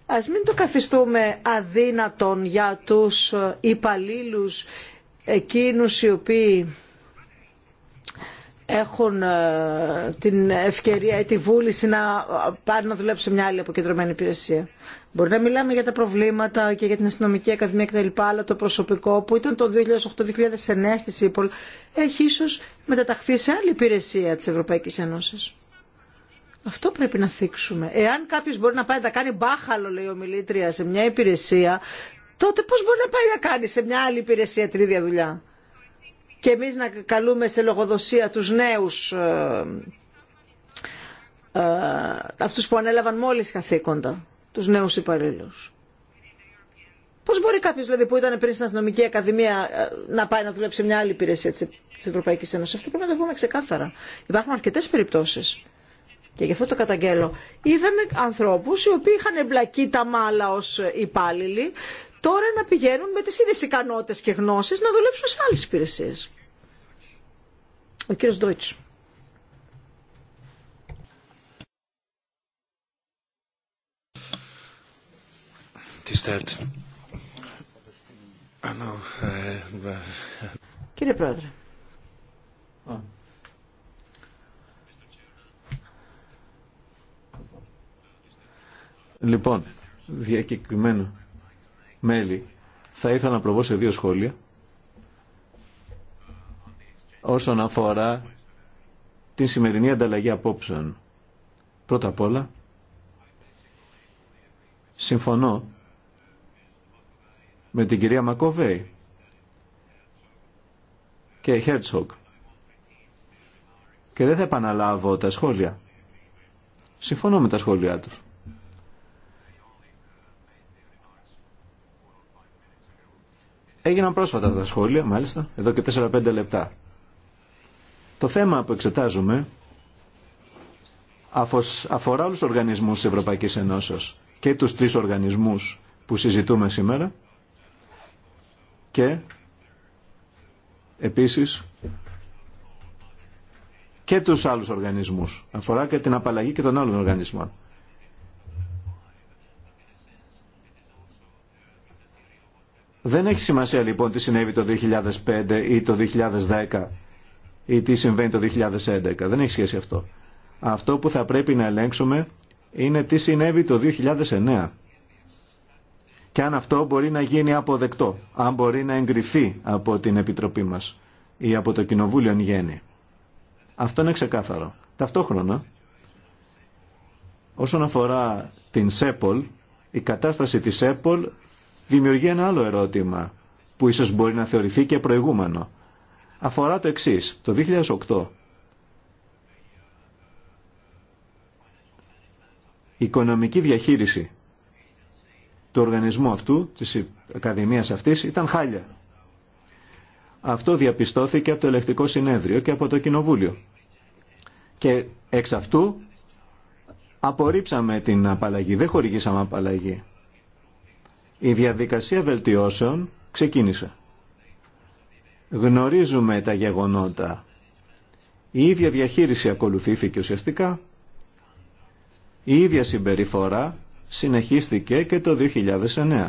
α μην το καθιστούμε αδύνατον για του υπαλλήλου εκείνου οι οποίοι έχουν ε, την ευκαιρία ή τη βούληση να ε, πάρουν να δουλέψουν σε μια άλλη αποκεντρωμένη υπηρεσία. Μπορεί να μιλάμε για τα προβλήματα και για την αστυνομική ακαδημία κτλ. Αλλά το προσωπικό που ήταν το 2008-2009 στη ΣΥΠΟΛ έχει ίσω μεταταχθεί σε άλλη υπηρεσία τη Ευρωπαϊκή Ένωση. Αυτό πρέπει να θίξουμε. Εάν κάποιο μπορεί να πάει να κάνει μπάχαλο, λέει ο Μιλήτρια, σε μια υπηρεσία, τότε πώ μπορεί να πάει να κάνει σε μια άλλη υπηρεσία την δουλειά και εμείς να καλούμε σε λογοδοσία τους νέους ε, ε, αυτούς που ανέλαβαν μόλις καθήκοντα, τους νέους υπαλλήλου. Πώς μπορεί κάποιος δηλαδή, που ήταν πριν στην Αστυνομική Ακαδημία ε, να πάει να δουλέψει μια άλλη υπηρεσία τη Ευρωπαϊκή Ένωση, Αυτό πρέπει να το πούμε ξεκάθαρα. Υπάρχουν αρκετέ περιπτώσει. Και γι' αυτό το καταγγέλω. Είδαμε ανθρώπου οι οποίοι είχαν εμπλακεί τα μάλα ω υπάλληλοι τώρα να πηγαίνουν με τις ίδιες ικανότητες και γνώσεις να δουλέψουν σε άλλες υπηρεσίες. Ο κύριος Ντόιτς. Ε, Κύριε Πρόεδρε. Λοιπόν, διακεκριμένο μέλη. Θα ήθελα να προβώ σε δύο σχόλια. Όσον αφορά την σημερινή ανταλλαγή απόψεων. Πρώτα απ' όλα, συμφωνώ με την κυρία Μακοβέη και Χέρτσοκ και δεν θα επαναλάβω τα σχόλια. Συμφωνώ με τα σχόλιά τους. Έγιναν πρόσφατα τα σχόλια, μάλιστα, εδώ και 4-5 λεπτά. Το θέμα που εξετάζουμε αφορά όλους τους οργανισμούς της Ευρωπαϊκής Ενώσεως και τους τρεις οργανισμούς που συζητούμε σήμερα και επίσης και τους άλλους οργανισμούς. Αφορά και την απαλλαγή και των άλλων οργανισμών. Δεν έχει σημασία λοιπόν τι συνέβη το 2005 ή το 2010 ή τι συμβαίνει το 2011. Δεν έχει σχέση αυτό. Αυτό που θα πρέπει να ελέγξουμε είναι τι συνέβη το 2009 και αν αυτό μπορεί να γίνει αποδεκτό, αν μπορεί να εγκριθεί από την Επιτροπή μας ή από το Κοινοβούλιο εν γέννη. Αυτό είναι ξεκάθαρο. Ταυτόχρονα, όσον αφορά την ΣΕΠΟΛ, η κατάσταση της ΣΕΠΟΛ δημιουργεί ένα άλλο ερώτημα που ίσως μπορεί να θεωρηθεί και προηγούμενο. Αφορά το εξής. Το 2008 η οικονομική διαχείριση του οργανισμού αυτού, της Ακαδημίας αυτής, ήταν χάλια. Αυτό διαπιστώθηκε από το Ελεκτικό Συνέδριο και από το Κοινοβούλιο. Και εξ αυτού απορρίψαμε την απαλλαγή, δεν χορηγήσαμε απαλλαγή. Η διαδικασία βελτιώσεων ξεκίνησε. Γνωρίζουμε τα γεγονότα. Η ίδια διαχείριση ακολουθήθηκε ουσιαστικά. Η ίδια συμπεριφορά συνεχίστηκε και το 2009.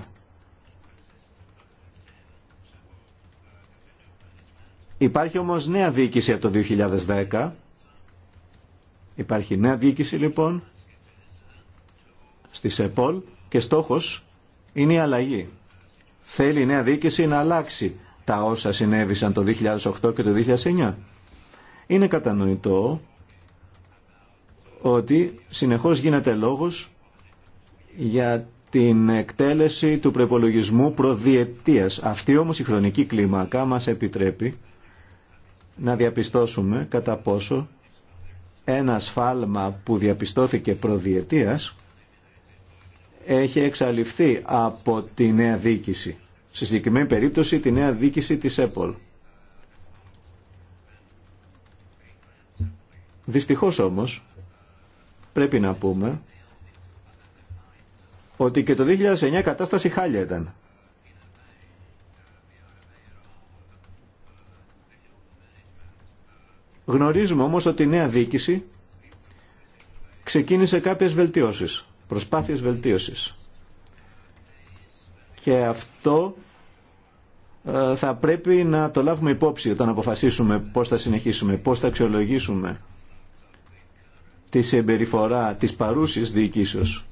Υπάρχει όμως νέα διοίκηση από το 2010. Υπάρχει νέα διοίκηση λοιπόν στη ΣΕΠΟΛ και στόχος είναι η αλλαγή. Θέλει η νέα διοίκηση να αλλάξει τα όσα συνέβησαν το 2008 και το 2009. Είναι κατανοητό ότι συνεχώς γίνεται λόγος για την εκτέλεση του προπολογισμού προδιετίας. Αυτή όμως η χρονική κλίμακα μας επιτρέπει να διαπιστώσουμε κατά πόσο ένα σφάλμα που διαπιστώθηκε προδιετίας έχει εξαλειφθεί από τη νέα διοίκηση. Στη συγκεκριμένη περίπτωση τη νέα διοίκηση της ΕΠΟΛ. Δυστυχώς όμως πρέπει να πούμε ότι και το 2009 η κατάσταση χάλια ήταν. Γνωρίζουμε όμως ότι η νέα διοίκηση ξεκίνησε κάποιες βελτιώσεις προσπάθειες βελτίωσης. Και αυτό ε, θα πρέπει να το λάβουμε υπόψη όταν αποφασίσουμε πώς θα συνεχίσουμε, πώς θα αξιολογήσουμε τη συμπεριφορά της παρούσης διοικήσεως.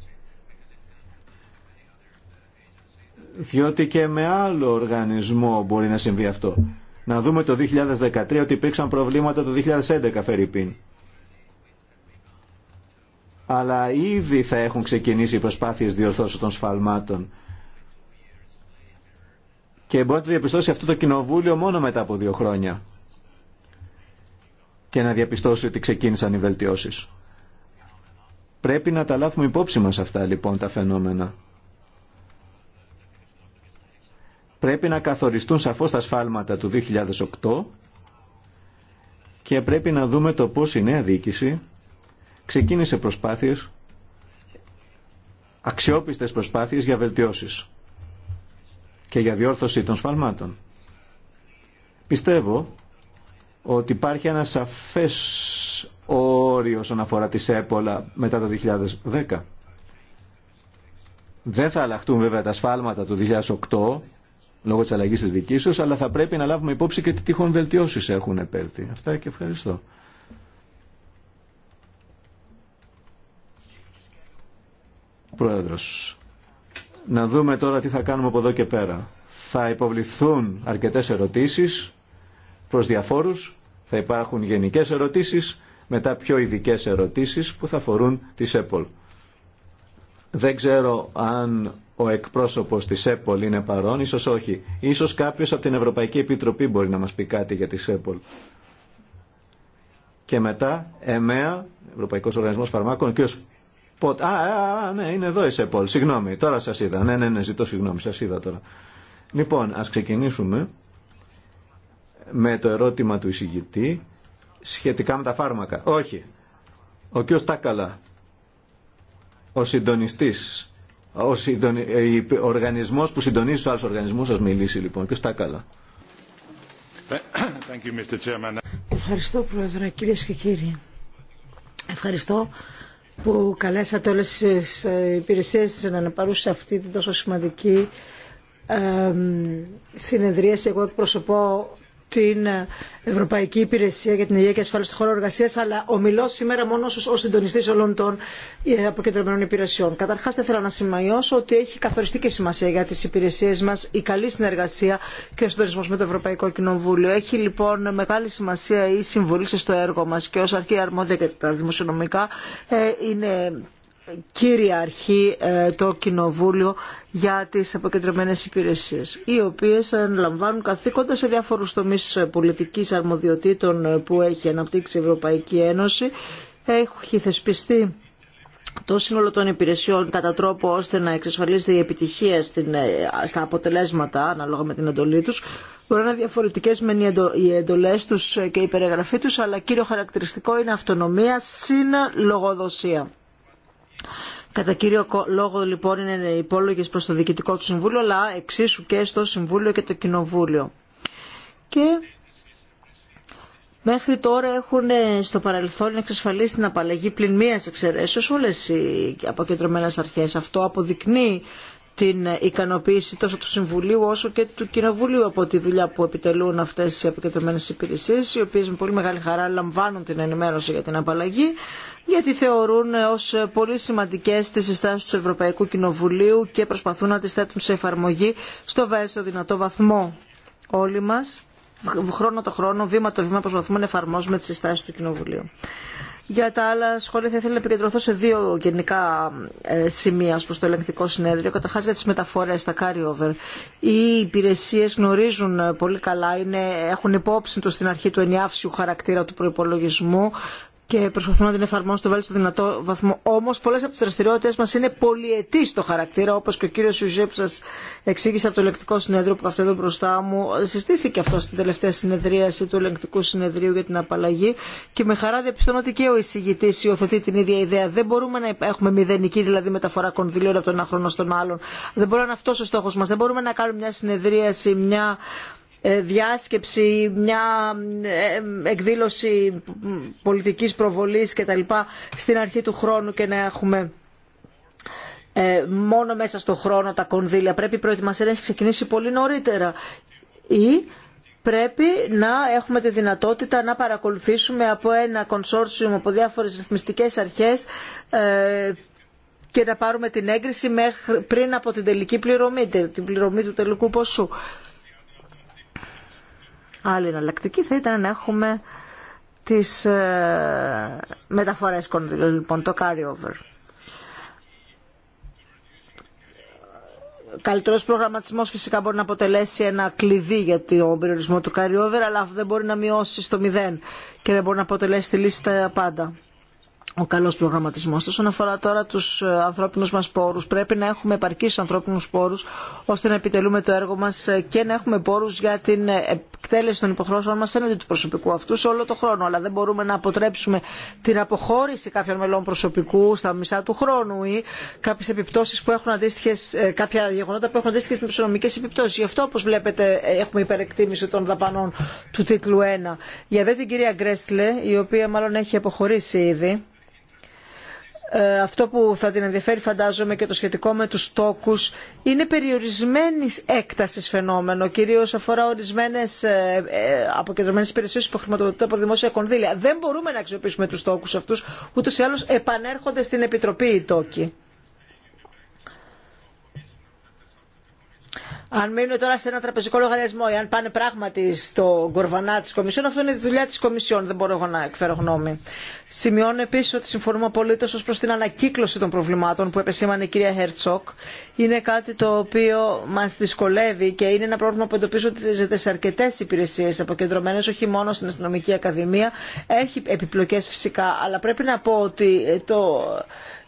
Διότι και με άλλο οργανισμό μπορεί να συμβεί αυτό. Να δούμε το 2013 ότι υπήρξαν προβλήματα το 2011 Φερρυπίν αλλά ήδη θα έχουν ξεκινήσει οι προσπάθειες διορθώσεων των σφαλμάτων. Και μπορεί να το διαπιστώσει αυτό το κοινοβούλιο μόνο μετά από δύο χρόνια και να διαπιστώσει ότι ξεκίνησαν οι βελτιώσεις. Πρέπει να τα λάβουμε υπόψη μας αυτά λοιπόν τα φαινόμενα. Πρέπει να καθοριστούν σαφώς τα σφάλματα του 2008 και πρέπει να δούμε το πώς η νέα διοίκηση ξεκίνησε προσπάθειες, αξιόπιστες προσπάθειες για βελτιώσεις και για διόρθωση των σφαλμάτων. Πιστεύω ότι υπάρχει ένα σαφές όριο όσον αφορά τη ΣΕΠΟΛΑ μετά το 2010. Δεν θα αλλάχτούν βέβαια τα σφάλματα του 2008 λόγω της αλλαγής της σας, αλλά θα πρέπει να λάβουμε υπόψη και τι τυχόν βελτιώσεις έχουν επέλθει. Αυτά και ευχαριστώ. Πρόεδρος, να δούμε τώρα τι θα κάνουμε από εδώ και πέρα. Θα υποβληθούν αρκετές ερωτήσεις προς διαφόρους, θα υπάρχουν γενικές ερωτήσεις, μετά πιο ειδικέ ερωτήσεις που θα αφορούν τη ΣΕΠΟΛ. Δεν ξέρω αν ο εκπρόσωπος της ΕΠΟΛ είναι παρόν, ίσως όχι. Ίσως κάποιος από την Ευρωπαϊκή Επιτροπή μπορεί να μας πει κάτι για τη ΣΕΠΟΛ. Και μετά, ΕΜΕΑ, Ευρωπαϊκός Οργανισμός Φαρμάκων, και ο Α, ναι, είναι εδώ η ΣΕΠΟΛ. Συγγνώμη, τώρα σα είδα. Ναι, ναι, ναι, ζητώ συγγνώμη, σα είδα τώρα. Λοιπόν, α ξεκινήσουμε με το ερώτημα του εισηγητή σχετικά με τα φάρμακα. Όχι. Ο κ. Τάκαλα, ο συντονιστή, ο, συντονι... Ε, που συντονίζει του άλλου οργανισμού, σα μιλήσει λοιπόν. Κ. Τάκαλα. Ευχαριστώ, Πρόεδρε, κυρίε και κύριοι. Ευχαριστώ που καλέσατε όλες τις ε, υπηρεσίες να παρούσε αυτή την τόσο σημαντική συνεδρίαση. Εγώ εκπροσωπώ την Ευρωπαϊκή Υπηρεσία για την Υγεία και Ασφάλεια στον χώρο εργασία, αλλά ομιλώ σήμερα μόνο ω συντονιστή όλων των ε, αποκεντρωμένων υπηρεσιών. Καταρχά, θα ήθελα να σημειώσω ότι έχει καθοριστική και σημασία για τι υπηρεσίε μα η καλή συνεργασία και ο συντονισμό με το Ευρωπαϊκό Κοινοβούλιο. Έχει λοιπόν μεγάλη σημασία η συμβολή στο έργο μα και ω αρχή αρμόδια και τα δημοσιονομικά ε, είναι κυριαρχεί ε, το Κοινοβούλιο για τις αποκεντρωμένες υπηρεσίες, οι οποίες λαμβάνουν καθήκοντα σε διάφορους τομείς πολιτικής αρμοδιοτήτων που έχει αναπτύξει η Ευρωπαϊκή Ένωση. Έχει θεσπιστεί το σύνολο των υπηρεσιών κατά τρόπο ώστε να εξασφαλίζεται η επιτυχία στην, ε, στα αποτελέσματα ανάλογα με την εντολή τους. Μπορεί να είναι διαφορετικές με οι εντολές τους και η περιγραφή τους, αλλά κύριο χαρακτηριστικό είναι αυτονομία συν λογοδοσία. Κατά κύριο λόγο λοιπόν είναι υπόλογε προς το Διοικητικό του Συμβούλιο, αλλά εξίσου και στο Συμβούλιο και το Κοινοβούλιο. Και Μέχρι τώρα έχουν ε, στο παρελθόν εξασφαλίσει την απαλλαγή πλην μίας εξαιρέσεω όλε οι αποκεντρωμένες αρχές. Αυτό αποδεικνύει την ικανοποίηση τόσο του Συμβουλίου όσο και του Κοινοβουλίου από τη δουλειά που επιτελούν αυτές οι αποκεντρωμένες υπηρεσίε, οι οποίες με πολύ μεγάλη χαρά λαμβάνουν την ενημέρωση για την απαλλαγή γιατί θεωρούν ω πολύ σημαντικές τις συστάσεις του Ευρωπαϊκού Κοινοβουλίου και προσπαθούν να τις θέτουν σε εφαρμογή στο βέλτιστο δυνατό βαθμό όλοι μα, χρόνο το χρόνο, βήμα το βήμα προσπαθούμε να εφαρμόσουμε τι συστάσεις του Κοινοβουλίου. Για τα άλλα σχόλια θα ήθελα να επικεντρωθώ σε δύο γενικά ε, σημεία προ το ελεγκτικό συνέδριο. Καταρχά για τι μεταφορέ, τα carryover. Οι υπηρεσίε γνωρίζουν ε, πολύ καλά, είναι, έχουν υπόψη του στην αρχή του ενιάφσιου χαρακτήρα του προπολογισμού και προσπαθούμε να την εφαρμόσω στο βέλτιστο δυνατό βαθμό. Όμω, πολλέ από τι δραστηριότητε μα είναι πολυετή στο χαρακτήρα, όπω και ο κύριο Σουζέ που σα εξήγησε από το ελεκτικό συνέδριο που καθόταν εδώ μπροστά μου. Συστήθηκε αυτό στην τελευταία συνεδρίαση του ελεγκτικού συνεδρίου για την απαλλαγή και με χαρά διαπιστώνω ότι και ο εισηγητή υιοθετεί την ίδια ιδέα. Δεν μπορούμε να έχουμε μηδενική δηλαδή μεταφορά κονδυλίων από τον ένα χρόνο στον άλλον. Δεν μπορεί να είναι αυτό ο στόχο μα. Δεν μπορούμε να κάνουμε μια συνεδρίαση, μια ε, διάσκεψη, μια ε, εκδήλωση πολιτικής προβολής λοιπά στην αρχή του χρόνου και να έχουμε ε, μόνο μέσα στον χρόνο τα κονδύλια. Πρέπει η προετοιμασία να έχει ξεκινήσει πολύ νωρίτερα. Ή πρέπει να έχουμε τη δυνατότητα να παρακολουθήσουμε από ένα κονσόρσιουμ, από διάφορες ρυθμιστικές αρχές και να πάρουμε την έγκριση πριν από την τελική πληρωμή, την πληρωμή του τελικού ποσού. Άλλη εναλλακτική θα ήταν να έχουμε τις ε, μεταφορές κονδύλων, λοιπόν, το carryover. over Καλύτερος προγραμματισμός φυσικά μπορεί να αποτελέσει ένα κλειδί για τον περιορισμό του carryover, αλλά δεν μπορεί να μειώσει στο μηδέν και δεν μπορεί να αποτελέσει τη λίστα πάντα ο καλός προγραμματισμός. Όσον αφορά τώρα τους ε, ανθρώπινους μας πόρους, πρέπει να έχουμε επαρκείς ανθρώπινους πόρους ώστε να επιτελούμε το έργο μας ε, και να έχουμε πόρους για την ε, εκτέλεση των υποχρεώσεων μας έναντι του προσωπικού αυτού σε όλο το χρόνο. Αλλά δεν μπορούμε να αποτρέψουμε την αποχώρηση κάποιων μελών προσωπικού στα μισά του χρόνου ή κάποιες επιπτώσεις που έχουν αντίστοιχες, κάποια γεγονότα που έχουν αντίστοιχες δημοσιονομικές επιπτώσεις. Γι' αυτό όπως βλέπετε έχουμε υπερεκτίμηση των δαπανών του τίτλου 1. Για δε την κυρία Γκρέσλε, η οποία μάλλον έχει αποχωρήσει ήδη. Ε, αυτό που θα την ενδιαφέρει φαντάζομαι και το σχετικό με τους τόκους είναι περιορισμένης έκτασης φαινόμενο κυρίως αφορά ορισμένες ε, ε, αποκεντρωμένες υπηρεσίες που χρηματοδοτούνται από δημόσια κονδύλια. Δεν μπορούμε να αξιοποιήσουμε τους τόκους αυτούς ούτως ή άλλως επανέρχονται στην Επιτροπή οι τόκοι. αν μείνουν τώρα σε ένα τραπεζικό λογαριασμό ή αν πάνε πράγματι στο κορβανά τη Κομισιόν, αυτό είναι η αν πανε πραγματι στο γκορβανά τη Κομισιόν. Δεν μπορώ εγώ να εκφέρω γνώμη. Σημειώνω επίση ότι συμφωνούμε απολύτω ω προ την ανακύκλωση των προβλημάτων που επεσήμανε η κυρία Χέρτσοκ. Είναι κάτι το οποίο μα δυσκολεύει και είναι ένα πρόβλημα που εντοπίζονται σε αρκετέ υπηρεσίε αποκεντρωμένε, όχι μόνο στην Αστυνομική Ακαδημία. Έχει επιπλοκέ φυσικά, αλλά πρέπει να πω ότι το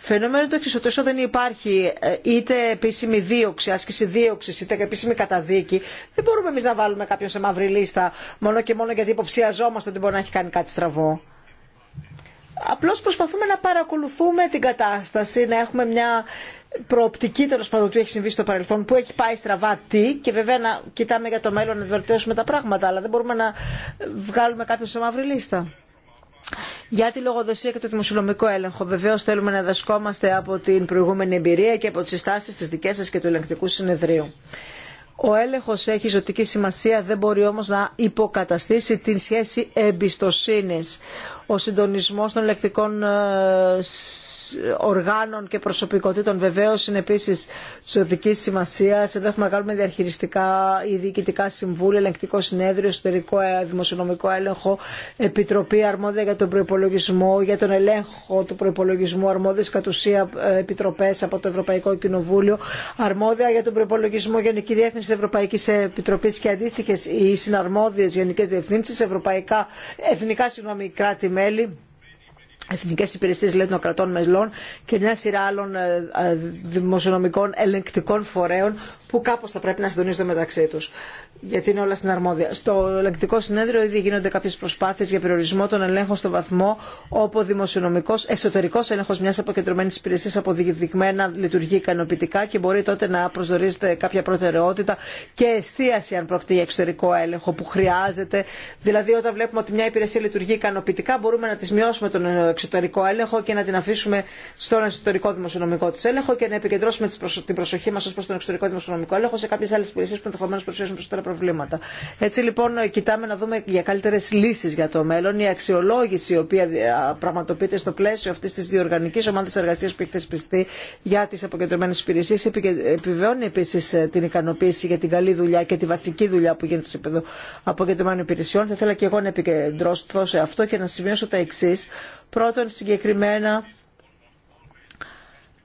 Φαινόμενο το εξή, δεν υπάρχει ε, είτε επίσημη δίωξη, άσκηση δίωξη, είτε επίσημη καταδίκη, δεν μπορούμε εμεί να βάλουμε κάποιον σε μαύρη λίστα μόνο και μόνο γιατί υποψιαζόμαστε ότι μπορεί να έχει κάνει κάτι στραβό. Απλώ προσπαθούμε να παρακολουθούμε την κατάσταση, να έχουμε μια προοπτική τέλο πάντων του έχει συμβεί στο παρελθόν, που έχει πάει στραβά τι και βέβαια να κοιτάμε για το μέλλον να βελτιώσουμε τα πράγματα, αλλά δεν μπορούμε να βγάλουμε κάποιον σε μαύρη λίστα. Για τη λογοδοσία και το δημοσιονομικό έλεγχο. Βεβαίω θέλουμε να δασκόμαστε από την προηγούμενη εμπειρία και από τι συστάσει τη δική σα και του ελεγκτικού συνεδρίου. Ο έλεγχο έχει ζωτική σημασία, δεν μπορεί όμω να υποκαταστήσει την σχέση εμπιστοσύνη ο συντονισμός των ελεκτικών ε, οργάνων και προσωπικότητων βεβαίως είναι επίσης ζωτικής σημασίας. Εδώ έχουμε να κάνουμε διαχειριστικά ή διοικητικά συμβούλια, ελεγκτικό συνέδριο, εσωτερικό ε, δημοσιονομικό έλεγχο, επιτροπή αρμόδια για τον προπολογισμό, για τον ελέγχο του προπολογισμού, αρμόδιε κατ' ουσία ε, επιτροπέ από το Ευρωπαϊκό Κοινοβούλιο, αρμόδια για τον προπολογισμό Γενική Διεύθυνση Ευρωπαϊκή Επιτροπή και αντίστοιχε οι συναρμόδιε γενικέ διευθύνσει, εθνικά συγγνώμη κράτη μελη Εθνικέ υπηρεσίε δηλαδή των κρατών μελών και μια σειρά άλλων ε, ε, δημοσιονομικών ελεγκτικών φορέων που κάπω θα πρέπει να συντονίζονται μεταξύ του. Γιατί είναι όλα στην αρμόδια. Στο ελεγκτικό συνέδριο ήδη γίνονται κάποιε προσπάθειε για περιορισμό των ελέγχων στο βαθμό όπου ο δημοσιονομικό εσωτερικό έλεγχο μια αποκεντρωμένη υπηρεσία αποδεικμένα λειτουργεί ικανοποιητικά και μπορεί τότε να προσδορίζεται κάποια προτεραιότητα και εστίαση αν πρόκειται για εξωτερικό έλεγχο που χρειάζεται. Δηλαδή όταν βλέπουμε ότι μια υπηρεσία λειτουργεί ικανοποιητικά μπορούμε να τη μειώσουμε τον ε, εξωτερικό έλεγχο και να την αφήσουμε στον εξωτερικό δημοσιονομικό τη έλεγχο και να επικεντρώσουμε την προσοχή μα ω προ τον εξωτερικό δημοσιονομικό έλεγχο σε κάποιε άλλε υπηρεσίε που ενδεχομένω προσφέρουν περισσότερα προβλήματα. Έτσι λοιπόν κοιτάμε να δούμε για καλύτερε λύσει για το μέλλον. Η αξιολόγηση η οποία ε, πραγματοποιείται στο πλαίσιο αυτή τη διοργανική ομάδα εργασία που έχει θεσπιστεί για τι αποκεντρωμένε υπηρεσίε επιβεβαιώνει επίση ε, την ικανοποίηση για την καλή δουλειά και τη βασική δουλειά που γίνεται σε αποκεντρωμένων υπηρεσιών. Θα ήθελα και εγώ να επικεντρώσω σε αυτό και να σημειώσω τα εξή Πρώτον, συγκεκριμένα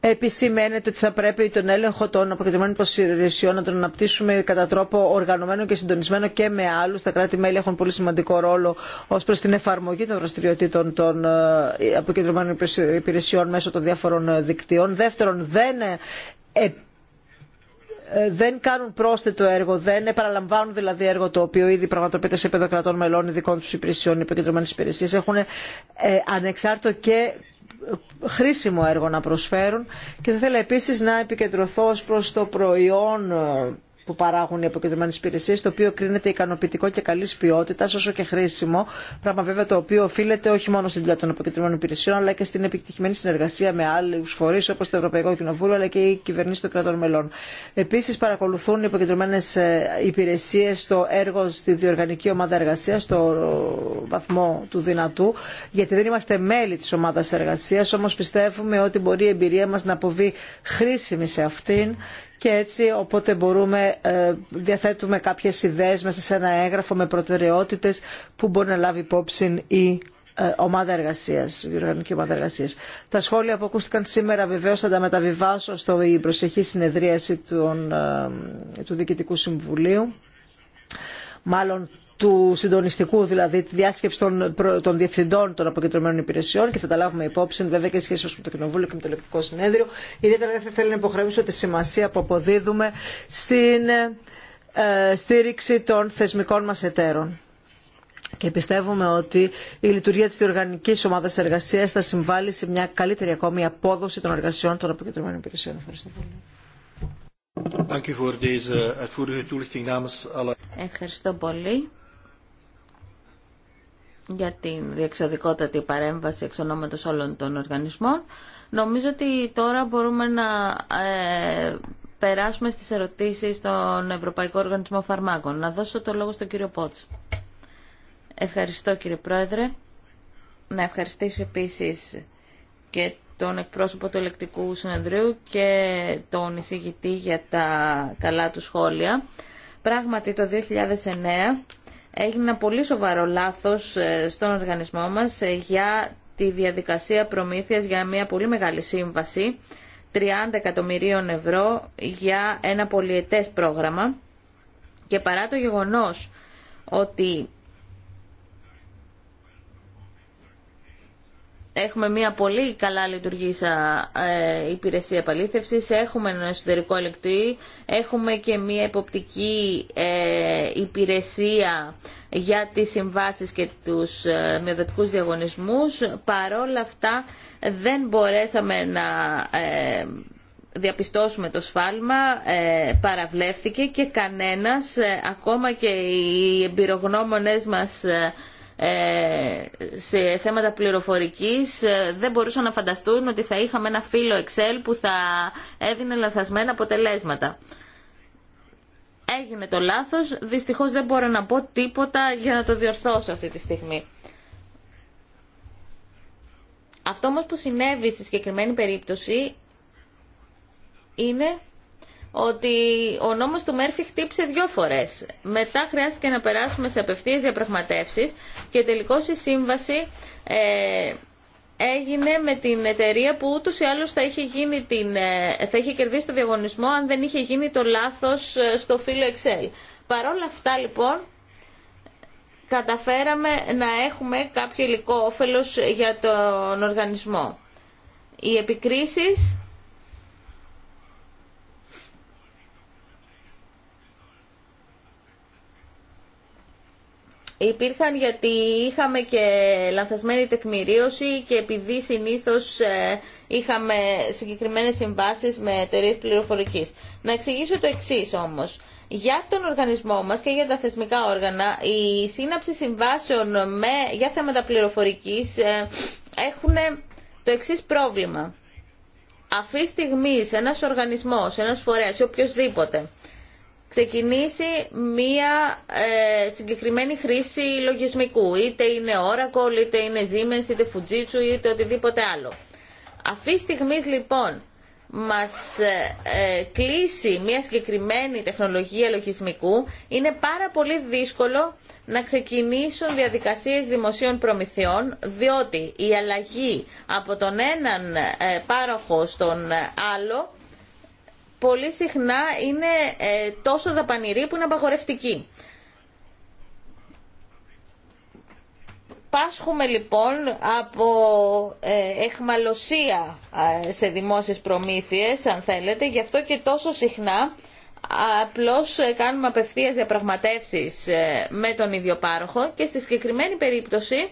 επισημαίνεται ότι θα πρέπει τον έλεγχο των αποκεντρωμένων υπηρεσιών να τον αναπτύσσουμε κατά τρόπο οργανωμένο και συντονισμένο και με άλλου. Τα κράτη-μέλη έχουν πολύ σημαντικό ρόλο ω προ την εφαρμογή των δραστηριοτήτων των ε, αποκεντρωμένων υπηρεσιών μέσω των διάφορων δικτύων. Δεύτερον, δεν ε, δεν κάνουν πρόσθετο έργο, δεν επαναλαμβάνουν δηλαδή έργο το οποίο ήδη πραγματοποιείται σε επίπεδο μελών, ειδικών του υπηρεσιών, υποκεντρωμένες υπηρεσίε. Έχουν ε, ανεξάρτητο και χρήσιμο έργο να προσφέρουν και θα ήθελα επίσης να επικεντρωθώ ως προς το προϊόν ε, που παράγουν οι αποκεντρωμένε υπηρεσίε, το οποίο κρίνεται ικανοποιητικό και καλή ποιότητα, όσο και χρήσιμο. Πράγμα βέβαια το οποίο οφείλεται όχι μόνο στην δουλειά των αποκεντρωμένων υπηρεσιών, αλλά και στην επιτυχημένη συνεργασία με άλλου φορεί, όπω το Ευρωπαϊκό Κοινοβούλιο, αλλά και οι κυβερνήσει των κρατών μελών. Επίση, παρακολουθούν οι αποκεντρωμένε ε, υπηρεσίε το έργο στη διοργανική ομάδα εργασία, στο βαθμό του δυνατού, γιατί δεν είμαστε μέλη τη ομάδα εργασία, όμω πιστεύουμε ότι μπορεί η εμπειρία μα να αποβεί χρήσιμη σε αυτήν και έτσι οπότε μπορούμε, ε, διαθέτουμε κάποιες ιδέες μέσα σε ένα έγγραφο με προτεραιότητες που μπορεί να λάβει υπόψη η ε, ομάδα εργασίας, η οργανική ομάδα εργασίας. Τα σχόλια που ακούστηκαν σήμερα βεβαίως θα τα μεταβιβάσω στο η προσεχή συνεδρίαση του, ε, του Διοικητικού Συμβουλίου. Μάλλον του συντονιστικού, δηλαδή τη διάσκεψη των, των διευθυντών των αποκεντρωμένων υπηρεσιών και θα τα λάβουμε υπόψη, βέβαια και σχέση με το Κοινοβούλιο και με το Ελεκτικό Συνέδριο. Ιδιαίτερα θα θέλω να υποχρεώσω τη σημασία που αποδίδουμε στην ε, στήριξη των θεσμικών μας εταίρων. Και πιστεύουμε ότι η λειτουργία της οργανικής ομάδας εργασίας θα συμβάλλει σε μια καλύτερη ακόμη απόδοση των εργασιών των αποκεντρωμένων υπηρεσιών. Ευχαριστώ πολύ. Ευχαριστώ πολύ για την διεξοδικότατη παρέμβαση εξ ονόματος όλων των οργανισμών. Νομίζω ότι τώρα μπορούμε να ε, περάσουμε στις ερωτήσεις των Ευρωπαϊκό Οργανισμό Φαρμάκων. Να δώσω το λόγο στον κύριο Πότς. Ευχαριστώ κύριε Πρόεδρε. Να ευχαριστήσω επίσης και τον εκπρόσωπο του Ελεκτικού Συνεδρίου και τον εισηγητή για τα καλά του σχόλια. Πράγματι το 2009 έγινε ένα πολύ σοβαρό λάθος ε, στον οργανισμό μας ε, για τη διαδικασία προμήθειας για μια πολύ μεγάλη σύμβαση 30 εκατομμυρίων ευρώ για ένα πολυετές πρόγραμμα και παρά το γεγονός ότι Έχουμε μια πολύ καλά λειτουργήσα ε, υπηρεσία επαλήθευσης, έχουμε ένα εσωτερικό ελεκτή, έχουμε και μια υποπτική ε, υπηρεσία για τις συμβάσεις και τους ε, μειοδοτικούς διαγωνισμούς. Παρόλα αυτά δεν μπορέσαμε να ε, διαπιστώσουμε το σφάλμα, παραβλέφθηκε και κανένας, ακόμα και οι εμπειρογνώμονές μας ε, σε θέματα πληροφορικής ε, δεν μπορούσαν να φανταστούν ότι θα είχαμε ένα φύλλο Excel που θα έδινε λαθασμένα αποτελέσματα. Έγινε το λάθος, δυστυχώς δεν μπορώ να πω τίποτα για να το διορθώσω αυτή τη στιγμή. Αυτό όμως που συνέβη στη συγκεκριμένη περίπτωση είναι ότι ο νόμος του Μέρφυ χτύπησε δύο φορές. Μετά χρειάστηκε να περάσουμε σε απευθείας διαπραγματεύσεις και τελικώς η σύμβαση ε, έγινε με την εταιρεία που ούτως ή άλλως θα είχε, γίνει την, ε, θα είχε κερδίσει το διαγωνισμό αν δεν είχε γίνει το λάθος ε, στο φύλλο Excel. Παρ' αυτά λοιπόν καταφέραμε να έχουμε κάποιο υλικό όφελος για τον οργανισμό. Οι επικρίσεις υπήρχαν γιατί είχαμε και λανθασμένη τεκμηρίωση και επειδή συνήθως ε, είχαμε συγκεκριμένες συμβάσεις με εταιρείε πληροφορικής. Να εξηγήσω το εξής όμως. Για τον οργανισμό μας και για τα θεσμικά όργανα, η σύναψη συμβάσεων με, για θέματα πληροφορικής ε, έχουν το εξής πρόβλημα. Αυτή τη στιγμή ένας οργανισμός, ένας φορέας ή οποιοδήποτε ξεκινήσει μία ε, συγκεκριμένη χρήση λογισμικού. Είτε είναι Oracle, είτε είναι Siemens, είτε Fujitsu, είτε οτιδήποτε άλλο. Αυτή τη στιγμή λοιπόν μας ε, ε, κλείσει μια συγκεκριμένη τεχνολογία λογισμικού, είναι πάρα πολύ δύσκολο να ξεκινήσουν διαδικασίες δημοσίων προμηθειών, διότι η αλλαγή από τον έναν πάροχο στον άλλο πολύ συχνά είναι ε, τόσο δαπανηρή που είναι απαγορευτική. Πάσχουμε λοιπόν από ε, εχμαλωσία ε, σε δημόσιες προμήθειες, αν θέλετε, γι' αυτό και τόσο συχνά απλώς κάνουμε απευθείας διαπραγματεύσεις με τον ίδιο πάροχο και στη συγκεκριμένη περίπτωση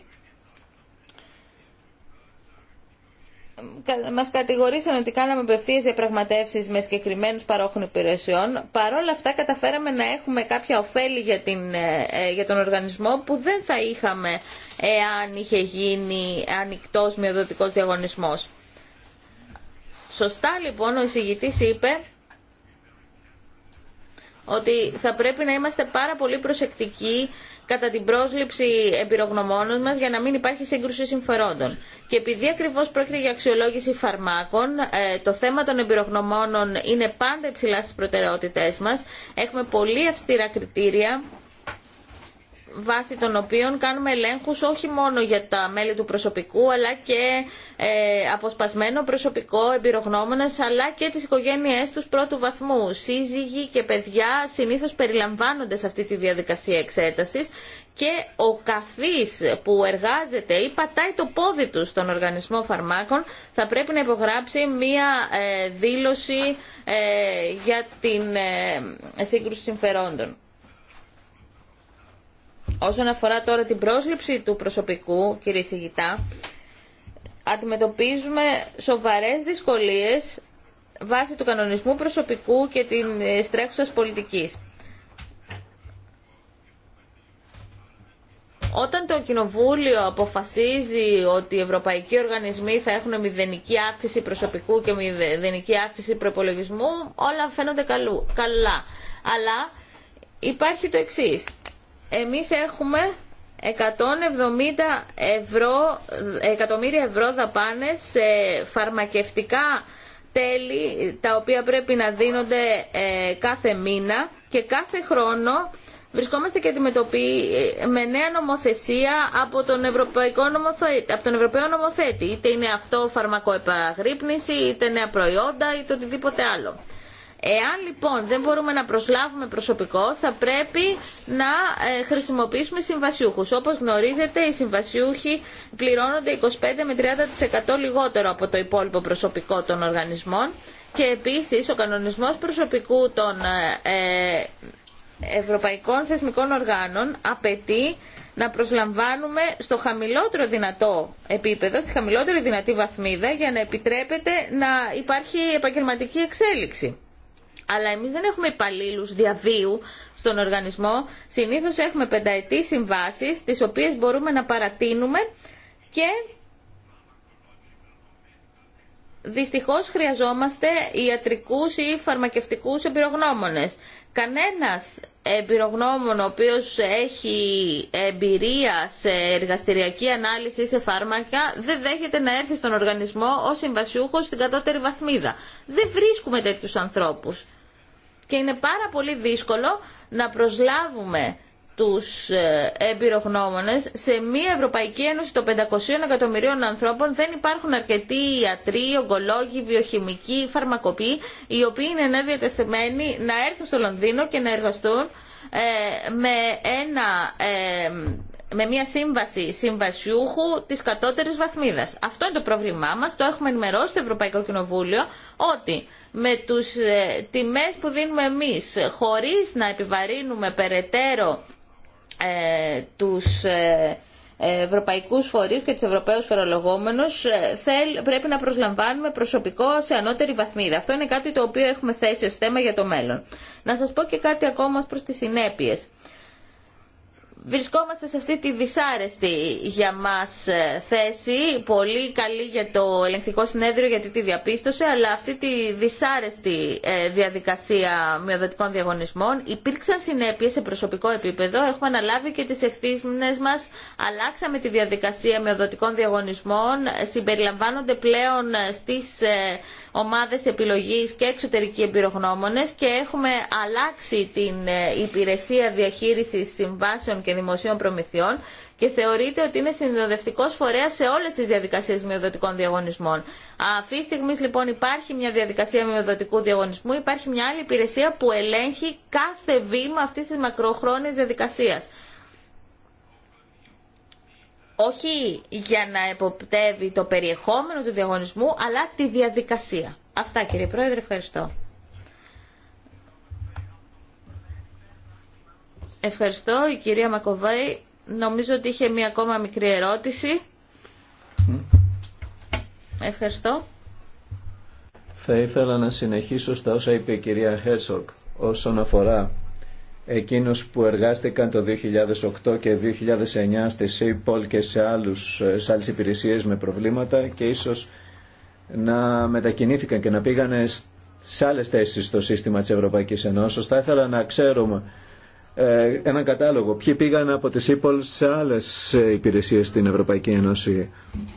μας κατηγορήσαν ότι κάναμε απευθείας διαπραγματεύσεις με συγκεκριμένους παρόχων υπηρεσιών. Παρόλα αυτά καταφέραμε να έχουμε κάποια ωφέλη για, την, ε, ε, για τον οργανισμό που δεν θα είχαμε εάν είχε γίνει ανοιχτός μειοδοτικός διαγωνισμός. Σωστά λοιπόν ο εισηγητής είπε ότι θα πρέπει να είμαστε πάρα πολύ προσεκτικοί κατά την πρόσληψη εμπειρογνωμόνων μας για να μην υπάρχει σύγκρουση συμφερόντων. Και επειδή ακριβώς πρόκειται για αξιολόγηση φαρμάκων, ε, το θέμα των εμπειρογνωμόνων είναι πάντα υψηλά στις προτεραιότητές μας. Έχουμε πολύ αυστηρά κριτήρια βάσει των οποίων κάνουμε ελέγχους όχι μόνο για τα μέλη του προσωπικού αλλά και ε, αποσπασμένο προσωπικό, εμπειρογνώμονας αλλά και τις οικογένειές τους πρώτου βαθμού. Σύζυγοι και παιδιά συνήθως περιλαμβάνονται σε αυτή τη διαδικασία εξέτασης και ο καθής που εργάζεται ή πατάει το πόδι του στον οργανισμό φαρμάκων θα πρέπει να υπογράψει μία ε, δήλωση ε, για την ε, σύγκρουση συμφερόντων. Όσον αφορά τώρα την πρόσληψη του προσωπικού, κύριε Σιγητά, αντιμετωπίζουμε σοβαρές δυσκολίες βάσει του κανονισμού προσωπικού και την ε, στρέχουσας πολιτικής. Όταν το Κοινοβούλιο αποφασίζει ότι οι ευρωπαϊκοί οργανισμοί θα έχουν μηδενική αύξηση προσωπικού και μηδενική αύξηση προπολογισμού, όλα φαίνονται καλά. Αλλά υπάρχει το εξής εμείς έχουμε 170 ευρώ, εκατομμύρια ευρώ δαπάνες σε φαρμακευτικά τέλη τα οποία πρέπει να δίνονται ε, κάθε μήνα και κάθε χρόνο βρισκόμαστε και με νέα νομοθεσία από τον, Ευρωπαϊκό νομοθέτη, από τον Ευρωπαίο νομοθέτη είτε είναι αυτό φαρμακοεπαγρύπνηση είτε νέα προϊόντα είτε οτιδήποτε άλλο. Εάν λοιπόν δεν μπορούμε να προσλάβουμε προσωπικό, θα πρέπει να ε, χρησιμοποιήσουμε συμβασιούχους. Όπως γνωρίζετε, οι συμβασιούχοι πληρώνονται 25 με 30% λιγότερο από το υπόλοιπο προσωπικό των οργανισμών και επίσης ο κανονισμός προσωπικού των ε, ε, ευρωπαϊκών θεσμικών οργάνων απαιτεί να προσλαμβάνουμε στο χαμηλότερο δυνατό επίπεδο, στη χαμηλότερη δυνατή βαθμίδα για να επιτρέπεται να υπάρχει επαγγελματική εξέλιξη αλλά εμείς δεν έχουμε υπαλλήλου διαβίου στον οργανισμό. Συνήθω έχουμε πενταετή συμβάσεις, τις οποίες μπορούμε να παρατείνουμε και δυστυχώς χρειαζόμαστε ιατρικούς ή φαρμακευτικούς εμπειρογνώμονε. Κανένας εμπειρογνώμων ο οποίος έχει εμπειρία σε εργαστηριακή ανάλυση ή σε φάρμακα δεν δέχεται να έρθει στον οργανισμό ως συμβασιούχος στην κατώτερη βαθμίδα. Δεν βρίσκουμε τέτοιους ανθρώπους. Και είναι πάρα πολύ δύσκολο να προσλάβουμε τους ε, εμπειρογνώμονες σε μια Ευρωπαϊκή Ένωση των 500 εκατομμυρίων ανθρώπων δεν υπάρχουν αρκετοί ιατροί, ογκολόγοι, βιοχημικοί, φαρμακοποιοί οι οποίοι είναι ναι διατεθειμένοι να έρθουν στο Λονδίνο και να εργαστούν ε, με ένα ε, με μια σύμβαση συμβασιούχου τη κατώτερη βαθμίδα. Αυτό είναι το πρόβλημά μας Το έχουμε ενημερώσει στο Ευρωπαϊκό Κοινοβούλιο ότι με τους ε, τιμέ που δίνουμε εμείς χωρί να επιβαρύνουμε περαιτέρω ε, τους ε, ευρωπαϊκούς φορείς και τους ευρωπαίους φορολογόμενους ε, θέλ, πρέπει να προσλαμβάνουμε προσωπικό σε ανώτερη βαθμίδα. Αυτό είναι κάτι το οποίο έχουμε θέσει ως θέμα για το μέλλον. Να σας πω και κάτι ακόμα προς τις συνέπειες. Βρισκόμαστε σε αυτή τη δυσάρεστη για μας ε, θέση, πολύ καλή για το ελεγκτικό συνέδριο γιατί τη διαπίστωσε, αλλά αυτή τη δυσάρεστη ε, διαδικασία μειοδοτικών διαγωνισμών υπήρξαν συνέπειες σε προσωπικό επίπεδο, έχουμε αναλάβει και τις ευθύνες μας, αλλάξαμε τη διαδικασία μειοδοτικών διαγωνισμών, συμπεριλαμβάνονται πλέον ε, στις ομάδες επιλογής και εξωτερικοί εμπειρογνώμονες και έχουμε αλλάξει την υπηρεσία διαχείρισης συμβάσεων και και δημοσίων προμηθειών και θεωρείται ότι είναι συνδεδευτικό φορέα σε όλε τι διαδικασίε μειοδοτικών διαγωνισμών. Αυτή τη στιγμή λοιπόν υπάρχει μια διαδικασία μειοδοτικού διαγωνισμού, υπάρχει μια άλλη υπηρεσία που ελέγχει κάθε βήμα αυτή τη μακροχρόνια διαδικασία. Όχι για να εποπτεύει το περιεχόμενο του διαγωνισμού, αλλά τη διαδικασία. Αυτά κύριε Πρόεδρε, ευχαριστώ. Ευχαριστώ. Η κυρία Μακοβάη νομίζω ότι είχε μία ακόμα μικρή ερώτηση. Ευχαριστώ. Θα ήθελα να συνεχίσω στα όσα είπε η κυρία Χέρσοκ όσον αφορά εκείνους που εργάστηκαν το 2008 και 2009 στη ΣΥΠΟΛ και σε, άλλους, σε άλλες υπηρεσίες με προβλήματα και ίσως να μετακινήθηκαν και να πήγανε σε άλλες θέσεις στο σύστημα της Ευρωπαϊκής Ενώσεως. Θα ήθελα να ξέρουμε ε, έναν κατάλογο. Ποιοι πήγαν από τη ΣΥΠΟΛ σε άλλες υπηρεσίες στην Ευρωπαϊκή Ένωση.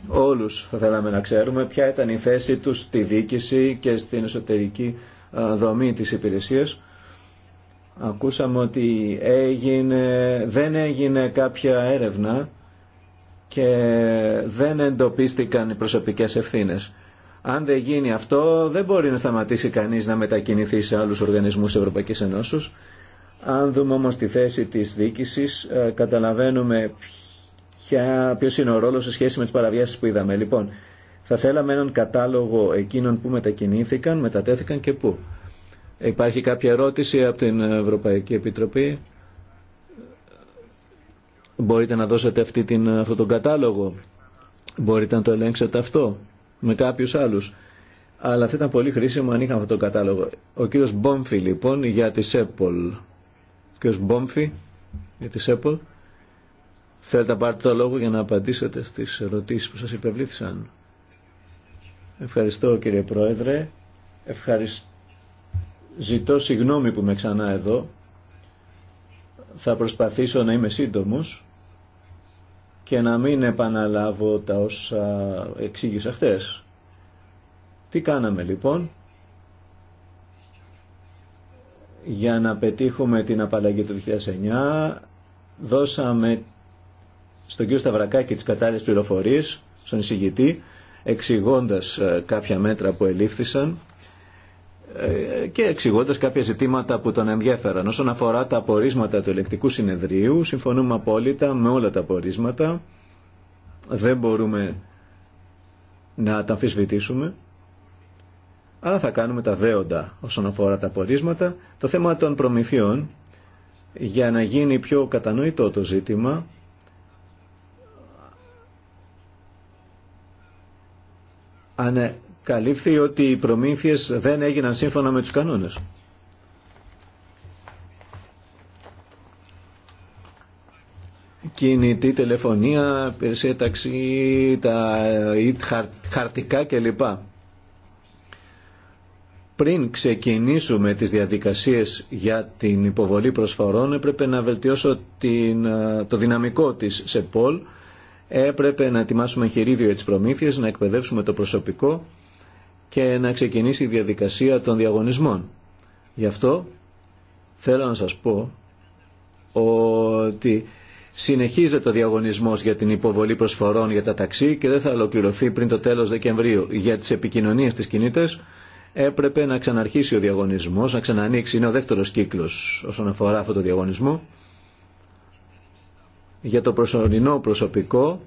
Όλους θα θέλαμε να ξέρουμε ποια ήταν η θέση τους στη δίκηση και στην εσωτερική δομή της υπηρεσίας. Ακούσαμε ότι έγινε, δεν έγινε κάποια έρευνα και δεν εντοπίστηκαν οι προσωπικές ευθύνες. Αν δεν γίνει αυτό, δεν μπορεί να σταματήσει κανείς να μετακινηθεί σε άλλους οργανισμούς Ευρωπαϊκής Ενώσης αν δούμε όμως τη θέση της διοίκησης, ε, καταλαβαίνουμε ποιο ποιος είναι ο ρόλος σε σχέση με τις παραβιάσεις που είδαμε. Λοιπόν, θα θέλαμε έναν κατάλογο εκείνων που μετακινήθηκαν, μετατέθηκαν και πού. Υπάρχει κάποια ερώτηση από την Ευρωπαϊκή Επιτροπή. Μπορείτε να δώσετε αυτή την, αυτόν τον κατάλογο. Μπορείτε να το ελέγξετε αυτό με κάποιους άλλους. Αλλά θα ήταν πολύ χρήσιμο αν είχαμε αυτόν τον κατάλογο. Ο κύριος Μπόμφι λοιπόν για τη ΣΕΠΟΛ ως Μπόμφη για τη ΣΕΠΟΛ. Θέλετε να πάρετε το λόγο για να απαντήσετε στις ερωτήσεις που σας υπευλήθησαν. Ευχαριστώ κύριε Πρόεδρε. Ευχαριστώ. Ζητώ συγγνώμη που είμαι ξανά εδώ. Θα προσπαθήσω να είμαι σύντομος και να μην επαναλάβω τα όσα εξήγησα χτες. Τι κάναμε λοιπόν για να πετύχουμε την απαλλαγή του 2009 δώσαμε στον κύριο Σταυρακάκη τις κατάλληλες πληροφορίες στον εισηγητή εξηγώντας ε, κάποια μέτρα που ελήφθησαν ε, και εξηγώντα κάποια ζητήματα που τον ενδιέφεραν. Όσον αφορά τα απορίσματα του ελεκτικού συνεδρίου, συμφωνούμε απόλυτα με όλα τα απορίσματα. Δεν μπορούμε να τα αμφισβητήσουμε αλλά θα κάνουμε τα δέοντα όσον αφορά τα πορίσματα. Το θέμα των προμηθειών, για να γίνει πιο κατανοητό το ζήτημα, ανακαλύφθη ότι οι προμήθειες δεν έγιναν σύμφωνα με τους κανόνες. κινητή τηλεφωνία, ταξί, τα χαρτικά κλπ πριν ξεκινήσουμε τις διαδικασίες για την υποβολή προσφορών έπρεπε να βελτιώσω την, ε, το δυναμικό της σε πόλ, έπρεπε να ετοιμάσουμε χειρίδιο για τις προμήθειες, να εκπαιδεύσουμε το προσωπικό και να ξεκινήσει η διαδικασία των διαγωνισμών. Γι' αυτό θέλω να σας πω ότι συνεχίζεται ο διαγωνισμός για την υποβολή προσφορών για τα ταξί και δεν θα ολοκληρωθεί πριν το τέλος Δεκεμβρίου για τις επικοινωνίες της κινήτες έπρεπε να ξαναρχίσει ο διαγωνισμός, να ξανανοίξει. Είναι ο δεύτερος κύκλος όσον αφορά αυτό το διαγωνισμό. Για το προσωρινό προσωπικό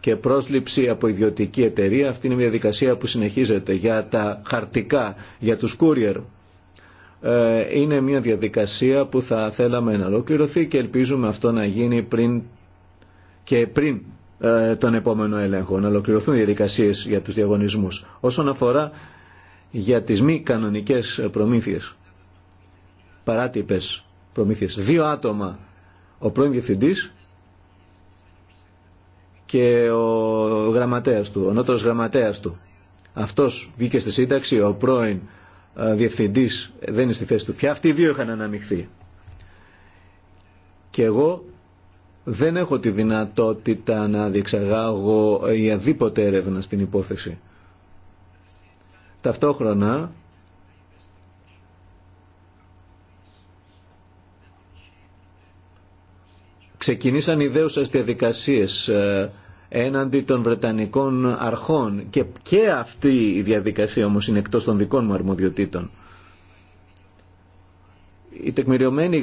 και πρόσληψη από ιδιωτική εταιρεία, αυτή είναι μια διαδικασία που συνεχίζεται για τα χαρτικά, για τους courier. Ε, είναι μια διαδικασία που θα θέλαμε να ολοκληρωθεί και ελπίζουμε αυτό να γίνει πριν και πριν ε, τον επόμενο έλεγχο, να ολοκληρωθούν οι διαδικασίες για τους διαγωνισμούς. Όσον αφορά για τις μη κανονικές προμήθειες, παράτυπες προμήθειες. Δύο άτομα, ο πρώην διευθυντής και ο γραμματέας του, ο νότερος γραμματέας του. Αυτός βγήκε στη σύνταξη, ο πρώην ε, διευθυντής δεν είναι στη θέση του πια. Αυτοί οι δύο είχαν αναμειχθεί. Και εγώ δεν έχω τη δυνατότητα να διεξαγάγω η αδίποτε έρευνα στην υπόθεση. Ταυτόχρονα ξεκινήσαν ιδέουσες διαδικασίες ε, έναντι των Βρετανικών αρχών και, και αυτή η διαδικασία όμως είναι εκτός των δικών μου αρμοδιοτήτων η τεκμηριωμένη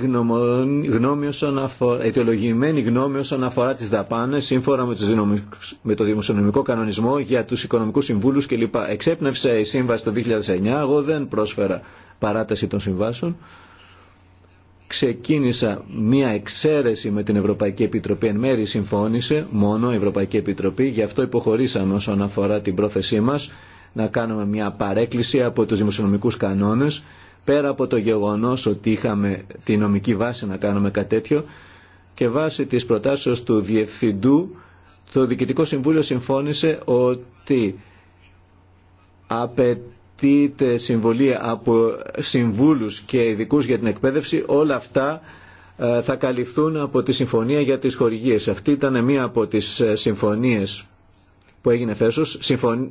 γνώμη όσον αφορά, αιτιολογημένη γνώμη όσον αφορά τις δαπάνες σύμφωνα με, τους με το δημοσιονομικό κανονισμό για τους οικονομικούς συμβούλους κλπ. Εξέπνευσε η σύμβαση το 2009, εγώ δεν πρόσφερα παράταση των συμβάσεων. Ξεκίνησα μία εξαίρεση με την Ευρωπαϊκή Επιτροπή, εν μέρη συμφώνησε μόνο η Ευρωπαϊκή Επιτροπή, γι' αυτό υποχωρήσαμε όσον αφορά την πρόθεσή μας να κάνουμε μια παρέκκληση από τους δημοσιονομικούς κανόνες πέρα από το γεγονός ότι είχαμε τη νομική βάση να κάνουμε κάτι τέτοιο και βάσει της προτάσεως του Διευθυντού το Διοικητικό Συμβούλιο συμφώνησε ότι απαιτείται συμβολή από συμβούλους και ειδικού για την εκπαίδευση όλα αυτά ε, θα καλυφθούν από τη Συμφωνία για τις Χορηγίες. Αυτή ήταν μία από τις ε, συμφωνίες που έγινε φέσος,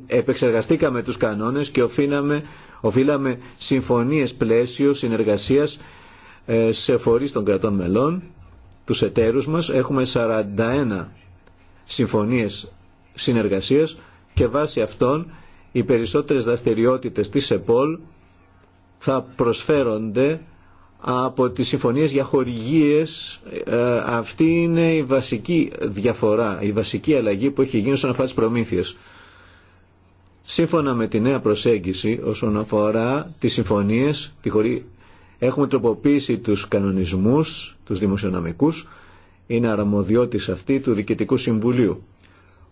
επεξεργαστήκαμε τους κανόνες και οφείλαμε, οφείλαμε συμφωνίες πλαίσιο συνεργασίας ε, σε φορείς των κρατών μελών, τους εταίρους μας. Έχουμε 41 συμφωνίες συνεργασίας και βάσει αυτών οι περισσότερες δραστηριότητες της ΕΠΟΛ θα προσφέρονται από τις συμφωνίες για χορηγίες ε, αυτή είναι η βασική διαφορά, η βασική αλλαγή που έχει γίνει όσον αφορά τις προμήθειες. Σύμφωνα με τη νέα προσέγγιση όσον αφορά τις συμφωνίες, τη χωρί... έχουμε τροποποιήσει τους κανονισμούς, τους δημοσιονομικούς, είναι αρμοδιότης αυτή του Διοικητικού Συμβουλίου.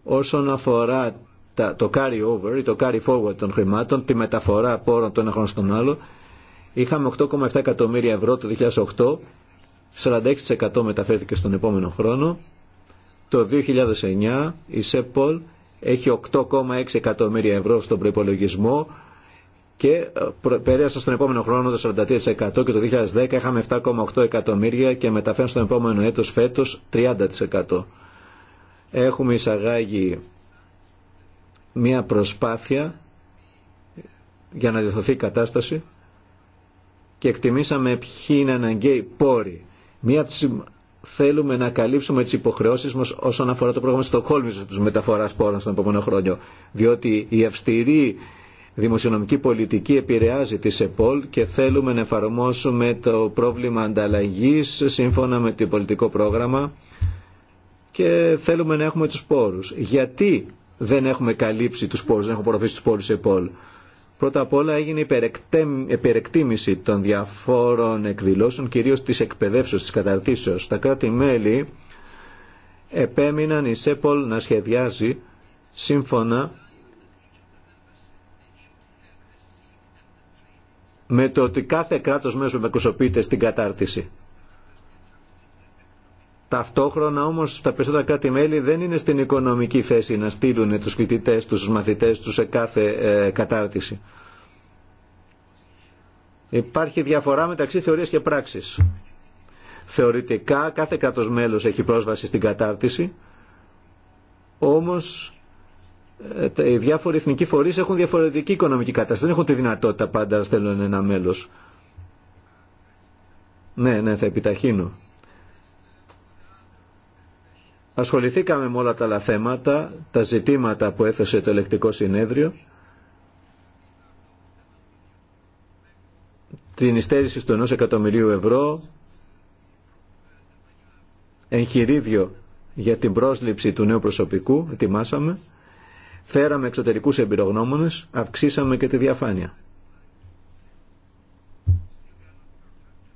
Όσον αφορά το carry over ή το carry forward των χρημάτων, τη μεταφορά πόρων των ένα χρόνο στον άλλο, Είχαμε 8,7 εκατομμύρια ευρώ το 2008, 46% μεταφέρθηκε στον επόμενο χρόνο. Το 2009 η ΣΕΠΟΛ έχει 8,6 εκατομμύρια ευρώ στον προπολογισμό και ε, πέρασε στον επόμενο χρόνο το 43% και το 2010 είχαμε 7,8 εκατομμύρια και μεταφέρουν στον επόμενο έτος φέτος 30%. Έχουμε εισαγάγει μια προσπάθεια για να διευθυνθεί η κατάσταση και εκτιμήσαμε ποιοι είναι αναγκαίοι πόροι. Μία θέλουμε να καλύψουμε τι υποχρεώσει μα όσον αφορά το πρόγραμμα στο Στοκχόλμης τη μεταφορά πόρων στον επόμενο χρόνο. Διότι η αυστηρή δημοσιονομική πολιτική επηρεάζει τη ΕΠΟΛ και θέλουμε να εφαρμόσουμε το πρόβλημα ανταλλαγή σύμφωνα με το πολιτικό πρόγραμμα και θέλουμε να έχουμε του πόρου. Γιατί δεν έχουμε καλύψει του πόρου, δεν έχουμε προφήσει τους πόρους ΕΠΟΛ. Πρώτα απ' όλα έγινε υπερεκτίμηση των διαφόρων εκδηλώσεων, κυρίως της εκπαιδεύσεως, της καταρτήσεως. Τα κράτη-μέλη επέμειναν η ΣΕΠΟΛ να σχεδιάζει σύμφωνα με το ότι κάθε κράτος μέσω με κουσοποιείται στην κατάρτιση. Ταυτόχρονα όμως τα περισσότερα κράτη-μέλη δεν είναι στην οικονομική θέση να στείλουν τους φοιτητές, τους μαθητέ τους σε κάθε ε, κατάρτιση. Υπάρχει διαφορά μεταξύ θεωρίας και πράξης. Θεωρητικά κάθε κρατό μέλο έχει πρόσβαση στην κατάρτιση, όμως ε, οι διάφοροι εθνικοί φορεί έχουν διαφορετική οικονομική κατάσταση. Δεν έχουν τη δυνατότητα πάντα να στέλνουν ένα μέλο. Ναι, ναι, θα επιταχύνω. Ασχοληθήκαμε με όλα τα άλλα θέματα, τα ζητήματα που έθεσε το ελεκτικό συνέδριο, την υστέρηση του 1 εκατομμυρίου ευρώ, εγχειρίδιο για την πρόσληψη του νέου προσωπικού, ετοιμάσαμε, φέραμε εξωτερικούς εμπειρογνώμονες, αυξήσαμε και τη διαφάνεια.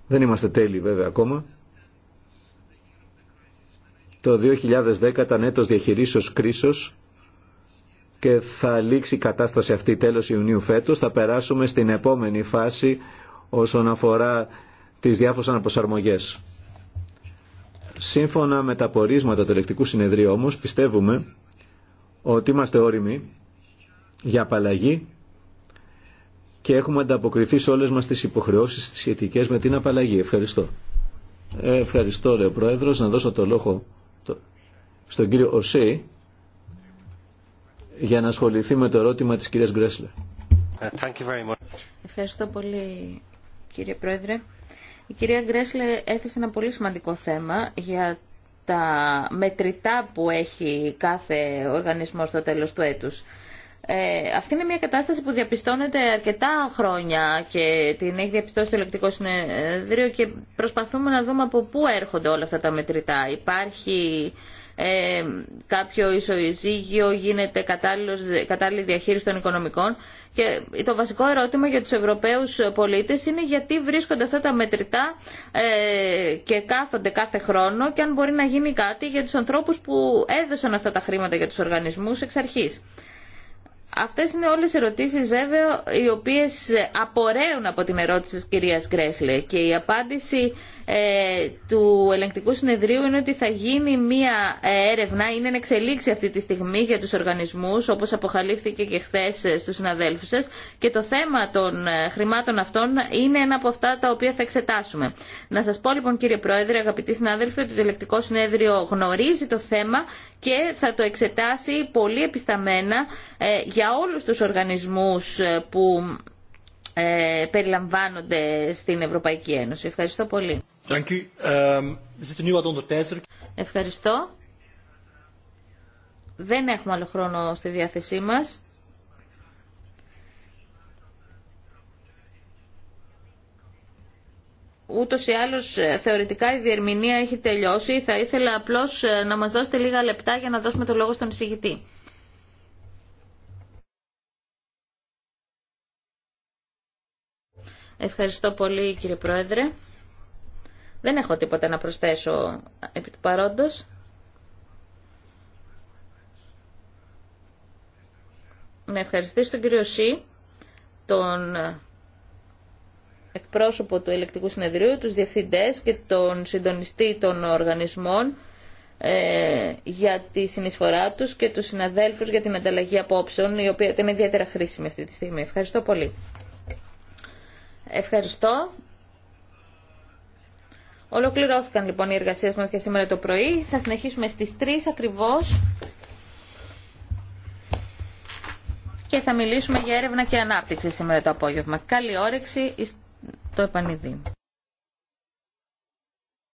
Δεν είμαστε τέλειοι βέβαια ακόμα, το 2010 ήταν έτος διαχειρίσεως κρίσος και θα λήξει η κατάσταση αυτή τέλος Ιουνίου φέτος. Θα περάσουμε στην επόμενη φάση όσον αφορά τις διάφορες αναπροσαρμογές. Σύμφωνα με τα πορίσματα του ελεκτικού συνεδρίου όμως πιστεύουμε ότι είμαστε όριμοι για απαλλαγή και έχουμε ανταποκριθεί σε όλες μας τις υποχρεώσεις σχετικές με την απαλλαγή. Ευχαριστώ. Ε, ευχαριστώ, ο Πρόεδρος, να δώσω το λόγο στον κύριο Ορσί για να ασχοληθεί με το ερώτημα της κυρίας Γκρέσλε. Ε, Ευχαριστώ πολύ κύριε Πρόεδρε. Η κυρία Γκρέσλε έθεσε ένα πολύ σημαντικό θέμα για τα μετρητά που έχει κάθε οργανισμός στο τέλος του έτους. Ε, αυτή είναι μια κατάσταση που διαπιστώνεται αρκετά χρόνια και την έχει διαπιστώσει το ελεκτικό συνεδρίο και προσπαθούμε να δούμε από πού έρχονται όλα αυτά τα μετρητά. Υπάρχει ε, κάποιο ισοζύγιο, γίνεται κατάλληλη διαχείριση των οικονομικών και το βασικό ερώτημα για τους Ευρωπαίους πολίτες είναι γιατί βρίσκονται αυτά τα μετρητά ε, και κάθονται κάθε χρόνο και αν μπορεί να γίνει κάτι για τους ανθρώπους που έδωσαν αυτά τα χρήματα για τους οργανισμούς εξ αρχής. Αυτές είναι όλες οι ερωτήσεις βέβαια οι οποίες απορρέουν από την ερώτηση της κυρίας Γκρέσλε και η απάντηση ε, του ελεγκτικού συνεδρίου είναι ότι θα γίνει μία ε, έρευνα, είναι εν εξελίξη αυτή τη στιγμή για τους οργανισμούς, όπως αποχαλήφθηκε και χθε ε, στους συναδέλφους σας, και το θέμα των χρημάτων αυτών είναι ένα από αυτά τα οποία θα εξετάσουμε. Να σας πω λοιπόν κύριε Πρόεδρε, αγαπητοί συνάδελφοι, ότι το ελεγκτικό συνέδριο γνωρίζει το θέμα και θα το εξετάσει πολύ επισταμένα για όλους τους οργανισμούς που περιλαμβάνονται στην Ευρωπαϊκή Ένωση. Ευχαριστώ πολύ. Ehm, Ευχαριστώ. Δεν έχουμε άλλο χρόνο στη διάθεσή μας. Ούτως ή άλλως, ε, θεωρητικά η αλλως θεωρητικα έχει τελειώσει. Θα ήθελα απλώς ε, να μας δώσετε λίγα λεπτά για να δώσουμε το λόγο στον εισηγητή. Ευχαριστώ πολύ κύριε Πρόεδρε. Δεν έχω τίποτα να προσθέσω επί του παρόντος. Να ευχαριστήσω τον κύριο Σι, τον εκπρόσωπο του Ελεκτικού Συνεδρίου, τους διευθυντές και τον συντονιστή των οργανισμών ε, για τη συνεισφορά τους και τους συναδέλφους για την ανταλλαγή απόψεων, η οποία ήταν ιδιαίτερα χρήσιμη αυτή τη στιγμή. Ευχαριστώ πολύ. Ευχαριστώ. Ολοκληρώθηκαν λοιπόν οι εργασίε μας για σήμερα το πρωί. Θα συνεχίσουμε στις 3 ακριβώς και θα μιλήσουμε για έρευνα και ανάπτυξη σήμερα το απόγευμα. Καλή όρεξη στο επανειδή.